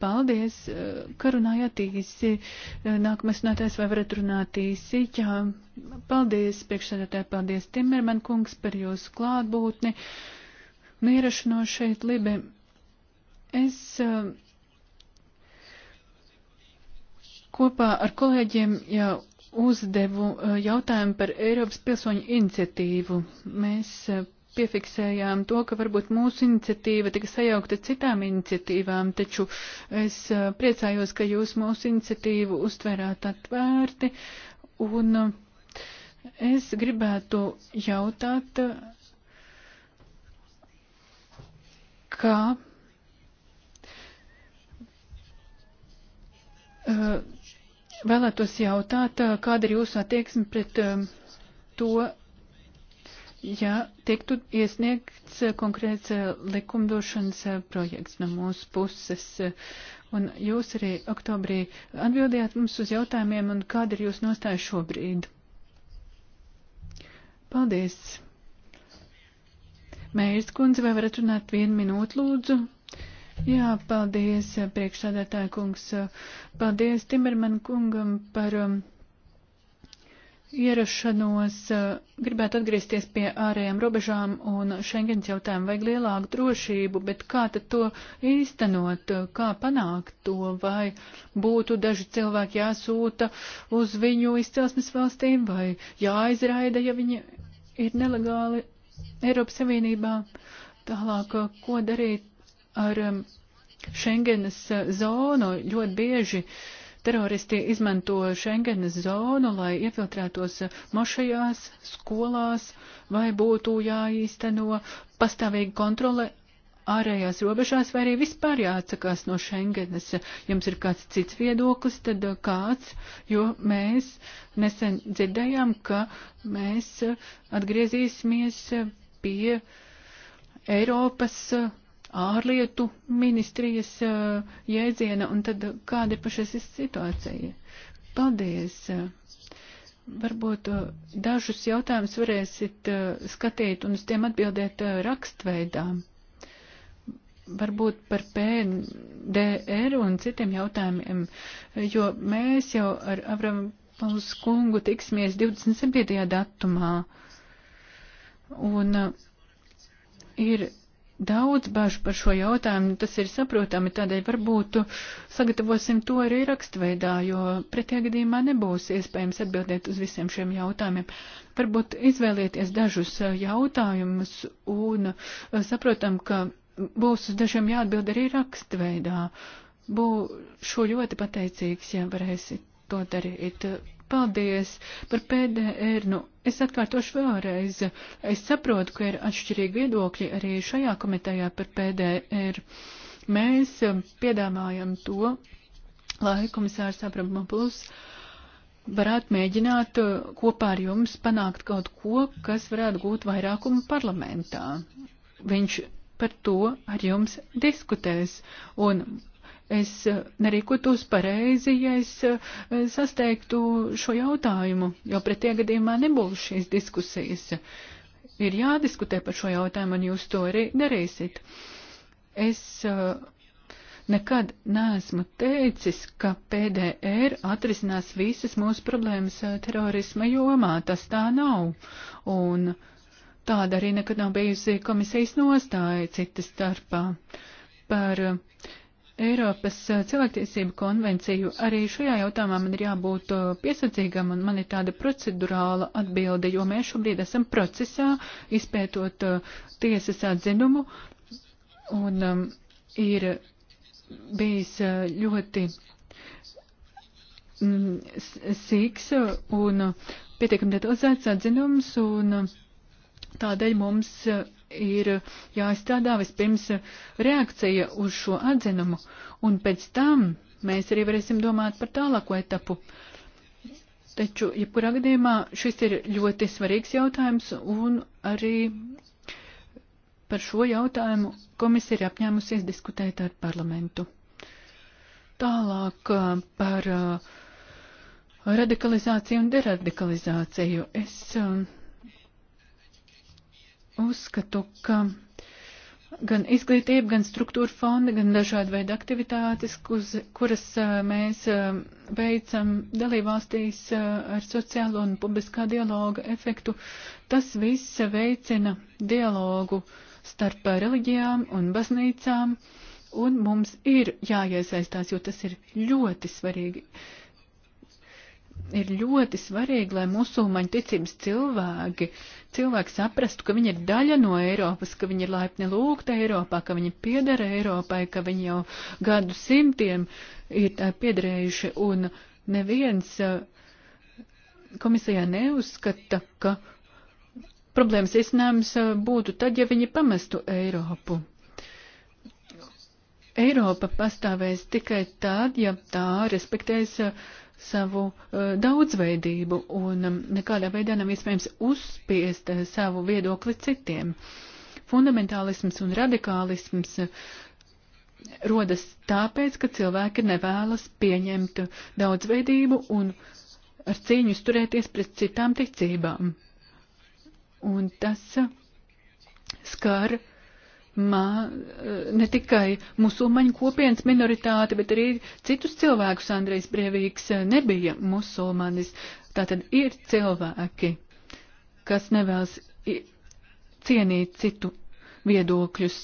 Paldies, eh, ka runājāt īsi. Eh, nākamais runātājs vai varat runāt īsi? Jā, paldies, priekšsēdētāji, paldies, Timerman kungs, par jūsu klātbūtni. Un ierašanos šeit, Libe. Es eh, kopā ar kolēģiem jau uzdevu jautājumu par Eiropas pilsoņu iniciatīvu. Mēs piefiksējām to, ka varbūt mūsu iniciatīva tika sajaukta citām iniciatīvām, taču es priecājos, ka jūs mūsu iniciatīvu uztvērāt atvērti, un es gribētu jautāt, kā. Vēlētos jautāt, kāda ir jūsu attieksme pret to, ja tiktu iesniegts eh, konkrēts eh, likumdošanas eh, projekts no mūsu puses. Un jūs arī oktobrī atbildījāt mums uz jautājumiem, un kāda ir jūsu nostāja šobrīd? Paldies! Mērs kundze, vai varat runāt vienu minūtu, lūdzu? Jā, paldies, priekšsādātāja kungs. Paldies Timerman kungam par. Um, ierašanos eh, gribētu atgriezties pie ārējām robežām un Schengens jautājumu vajag lielāku drošību, bet kā tad to īstenot, kā panākt to, vai būtu daži cilvēki jāsūta uz viņu izcelsmes valstīm, vai jāizraida, ja viņi ir nelegāli Eiropas Savienībā. Tālāk, eh, ko darīt ar eh, Schengenas zonu ļoti bieži. Uh, Teroristi izmanto Schengenes zonu, lai iefiltrētos mošajās, skolās, vai būtu jāīsteno pastāvīga kontrole ārējās robežās, vai arī vispār jāatsakās no Schengenes. Jums ir kāds cits viedoklis, tad kāds, jo mēs nesen dzirdējām, ka mēs atgriezīsimies pie Eiropas ārlietu ministrijas eh, jēdziena, un tad kāda ir pašais situācija? Paldies! Varbūt eh, dažus jautājumus varēsit eh, skatīt un uz tiem atbildēt rakstveidā. Varbūt par PDR un citiem jautājumiem, jo mēs jau ar Avram Paulus kungu tiksimies 27. datumā. Un ir daudz bažu par šo jautājumu, tas ir saprotami, tādēļ varbūt sagatavosim to arī rakstveidā, jo pretie gadījumā nebūs iespējams atbildēt uz visiem šiem jautājumiem. Varbūt izvēlieties dažus eh, jautājumus un eh, saprotam, ka būs uz dažiem jāatbild arī rakstveidā. Būšu ļoti pateicīgs, ja varēsit to darīt. Paldies par PDR. Nu, es atkārtošu vēlreiz. Es saprotu, ka ir atšķirīgi viedokļi arī šajā komitejā par PDR. Mēs um, piedāvājam to, lai komisārs Abramopuls varētu mēģināt uh, kopā ar jums panākt kaut ko, kas varētu gūt vairākumu parlamentā. Viņš par to ar jums diskutēs, un es nerīkotos pareizi, ja es eh, sasteigtu šo jautājumu, jo pretie gadījumā nebūs šīs diskusijas. Ir jādiskutē par šo jautājumu, un jūs to arī darīsiet. Es eh, nekad neesmu teicis, ka PDR atrisinās visas mūsu problēmas eh, terorisma jomā. Tas tā nav. Un tāda arī nekad nav bijusi komisijas nostāja citas starpā. Par Eiropas eh, cilvēktiesību konvenciju, arī šajā jautājumā man ir jābūt eh, piesardzīgam un man ir tāda procedurāla atbilde, jo mēs šobrīd esam procesā izpētot eh, tiesas atzinumu un um, ir bijis ļoti mm, sīks un pietiekami detalizēts atzinums un tādēļ mums ir jāizstrādā vispirms reakcija uz šo atzinumu, un pēc tam mēs arī varēsim domāt par tālāko etapu. Taču, jebkurā gadījumā, šis ir ļoti svarīgs jautājums, un arī par šo jautājumu komisija ir apņēmusies diskutēt ar parlamentu. Tālāk uh, par uh, radikalizāciju un deradikalizāciju. Es um, uzskatu, ka gan izglītība, gan struktūra fonda, gan dažādi veidi aktivitātes, kuz, kuras mēs veicam dalībvalstīs ar sociālo un publiskā dialoga efektu, tas viss veicina dialogu starp reliģijām un baznīcām, un mums ir jāiesaistās, jo tas ir ļoti svarīgi ir ļoti svarīgi, lai musulmaņu ticības cilvēki, cilvēki saprastu, ka viņi ir daļa no Eiropas, ka viņi ir laipni lūgta Eiropā, ka viņi piedara Eiropai, ka viņi jau gadu simtiem ir tā piedarējuši, un neviens komisijā neuzskata, ka problēmas risinājums būtu tad, ja viņi pamestu Eiropu. Eiropa pastāvēs tikai tad, ja tā respektēs uh, savu uh, daudzveidību un um, nekādā veidā nav iespējams uzspiest uh, savu viedokli citiem. Fundamentālisms un radikālisms uh, rodas tāpēc, ka cilvēki nevēlas pieņemt daudzveidību un ar cīņu sturēties pret citām ticībām. Un tas skar mā, eh, ne tikai musulmaņu kopienas minoritāti, bet arī citus cilvēkus. Andrejs Brievīgs eh, nebija musulmanis. Tātad ir cilvēki, kas nevēlas cienīt citu viedokļus,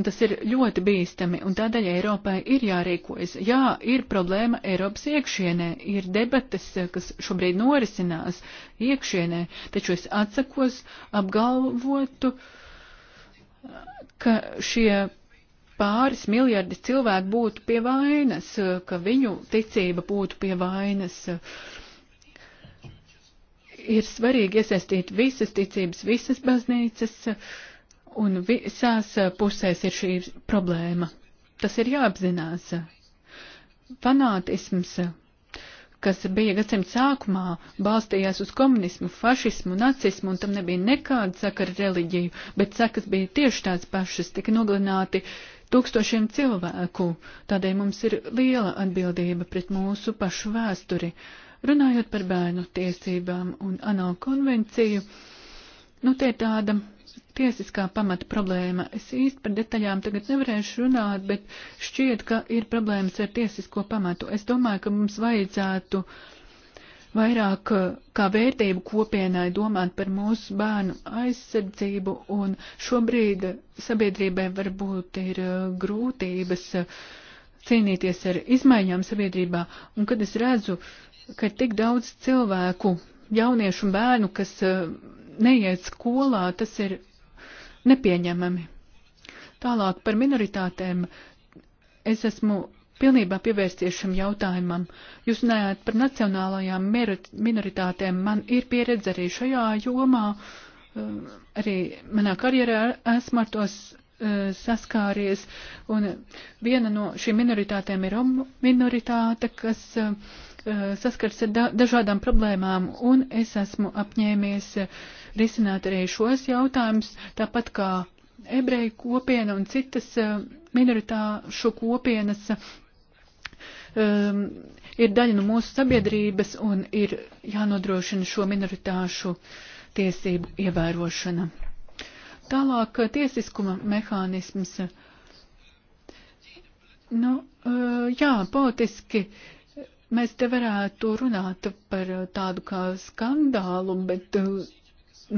un tas ir ļoti bīstami, un tādēļ Eiropai ir jārīkojas. Jā, ir problēma Eiropas iekšienē, ir debates, eh, kas šobrīd norisinās iekšienē, taču es atsakos apgalvotu ka šie pāris miljardi cilvēku būtu pie vainas, ka viņu ticība būtu pie vainas. Ir svarīgi iesaistīt visas ticības, visas baznīcas, un visās pusēs ir šī problēma. Tas ir jāapzinās. Fanātisms kas bija gadsimta sākumā, balstījās uz komunismu, fašismu, nacismu, un tam nebija nekāda sakara ar reliģiju, bet sakas bija tieši tāds pašas, tika nogalināti tūkstošiem cilvēku. Tādēļ mums ir liela atbildība pret mūsu pašu vēsturi. Runājot par bērnu tiesībām un ANO konvenciju, nu tie tāda tiesiskā pamata problēma. Es īsti par detaļām tagad nevarēšu runāt, bet šķiet, ka ir problēmas ar tiesisko pamatu. Es domāju, ka mums vajadzētu vairāk eh, kā vērtību kopienai domāt par mūsu bērnu aizsardzību, un šobrīd sabiedrībai varbūt ir eh, grūtības eh, cīnīties ar izmaiņām sabiedrībā, un kad es redzu, ka tik daudz cilvēku jauniešu un bērnu, kas eh, neiet skolā, tas ir nepieņemami. Tālāk par minoritātēm. Es esmu pilnībā pievērsties šim jautājumam. Jūs runājāt par nacionālajām minoritātēm. Man ir pieredze arī šajā jomā. Eh, arī manā karjerā esmu ar tos eh, saskāries. Un viena no šīm minoritātēm ir romu minoritāte, kas Uh, saskars ar da dažādām problēmām, un es esmu apņēmies uh, risināt arī šos jautājumus, tāpat kā ebreju kopiena un citas uh, minoritāšu kopienas um, ir daļa no mūsu sabiedrības un ir jānodrošina šo minoritāšu tiesību ievērošana. Tālāk tiesiskuma mehānisms. Nu, jā, politiski uh, Mēs te varētu runāt par tādu kā skandālu, bet uh,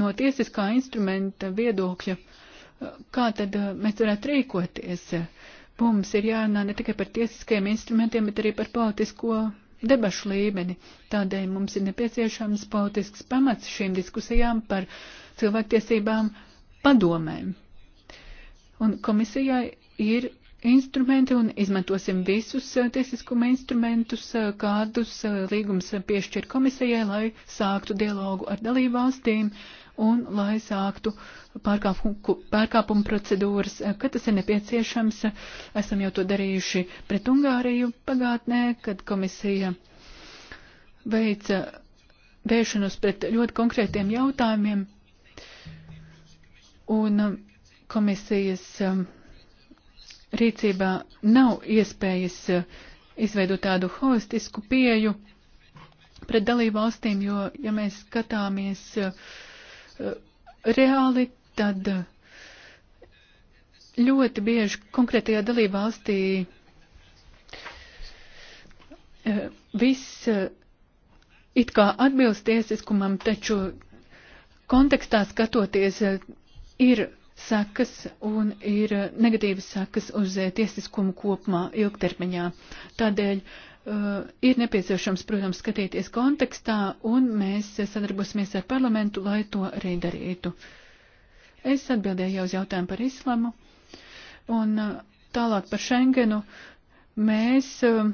no tiesiskā instrumenta viedokļa, uh, kā tad uh, mēs varētu rīkoties? Mums ir jārunā ne tikai par tiesiskajiem instrumentiem, bet arī par politisko debašu līmeni. Tādēļ mums ir nepieciešams politisks pamats šīm diskusijām par cilvēktiesībām padomēm. Un komisijai ir instrumenti un izmantosim visus eh, tiesiskuma instrumentus, eh, kādus eh, līgums piešķir komisijai, lai sāktu dialogu ar dalībvalstīm un lai sāktu pārkāpumu procedūras, kad tas ir nepieciešams. Esam jau to darījuši pret Ungāriju pagātnē, kad komisija veica vēršanos pret ļoti konkrētiem jautājumiem. Un komisijas rīcībā nav iespējas eh, izveidot tādu holistisku pieju pret dalību valstīm, jo, ja mēs skatāmies eh, reāli, tad eh, ļoti bieži konkrētajā dalību valstī viss it kā atbilst tiesiskumam, taču kontekstā skatoties ir sekas un ir negatīvas sekas uz eh, tiesiskumu kopumā ilgtermiņā. Tādēļ uh, ir nepieciešams, protams, skatīties kontekstā, un mēs sadarbosimies ar parlamentu, lai to arī darītu. Es atbildēju jau uz jautājumu par islamu, un uh, tālāk par Schengenu. Mēs uh,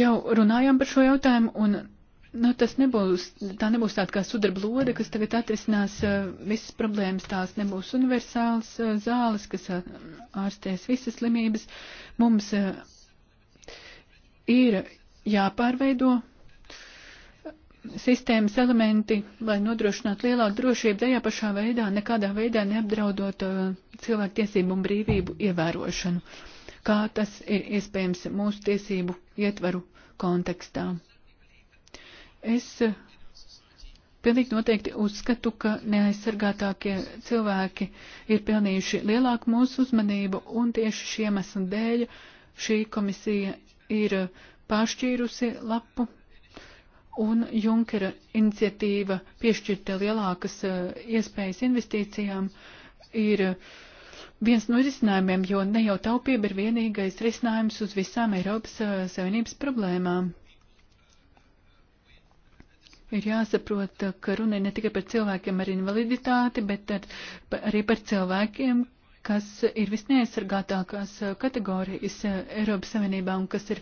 jau runājām par šo jautājumu, un Nu, tas nebūs, tā nebūs tāda kā sudraba lode, kas tagad atrisinās uh, visas problēmas. Tās nebūs universāls uh, zāles, kas uh, ārstēs visas slimības. Mums uh, ir jāpārveido sistēmas elementi, lai nodrošinātu lielāku drošību tajā pašā veidā, nekādā veidā neapdraudot uh, cilvēku tiesību un brīvību ievērošanu, kā tas ir iespējams mūsu tiesību ietvaru kontekstā. Es eh, pilnīgi noteikti uzskatu, ka neaizsargātākie cilvēki ir pelnījuši lielāku mūsu uzmanību, un tieši šī iemesla dēļ šī komisija ir eh, pāršķīrusi lapu un Junkera iniciatīva piešķirta lielākas eh, iespējas investīcijām ir viens no risinājumiem, jo ne jau taupība ir vienīgais risinājums uz visām Eiropas Savienības problēmām. Ir jāsaprot, ka runa ir ne tikai par cilvēkiem ar invaliditāti, bet ar, arī par cilvēkiem, kas ir visneaizsargātākās kategorijas Eiropas Savienībā un kas ir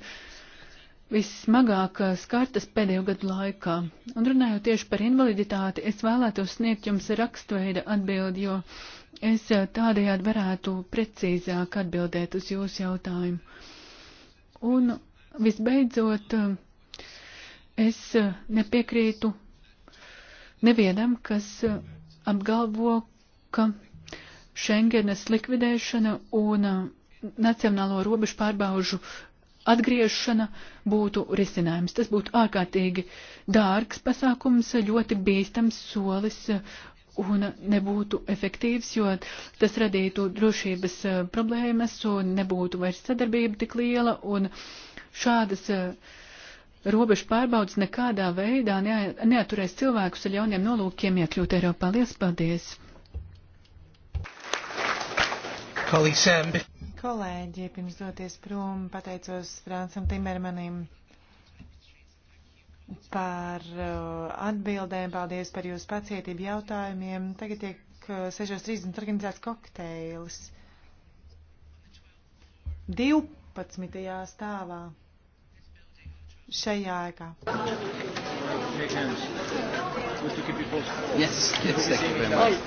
vissmagāk skartas pēdējo gadu laikā. Un runājot tieši par invaliditāti, es vēlētos sniegt jums rakstveida atbildi, jo es tādējādi varētu precīzāk atbildēt uz jūsu jautājumu. Un visbeidzot, Es eh, nepiekrītu nevienam, kas eh, apgalvo, ka Schengenas likvidēšana un eh, nacionālo robežu pārbaužu atgriešana būtu risinājums. Tas būtu ārkārtīgi dārgs pasākums, ļoti bīstams solis un nebūtu efektīvs, jo tas radītu drošības problēmas un nebūtu vairs sadarbība tik liela un šādas uh, robežu pārbaudas nekādā veidā neaturēs cilvēkus ar jauniem nolūkiem iekļūt Eiropā. Lies paldies! Kolēģi, pirms doties prom, pateicos Francam Timermanim par uh, atbildēm, paldies par jūsu pacietību jautājumiem. Tagad tiek 6.30 uh, organizēts kokteilis. 12. stāvā šajā ēkā. Yes, yes, thank you very much.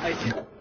Thank you.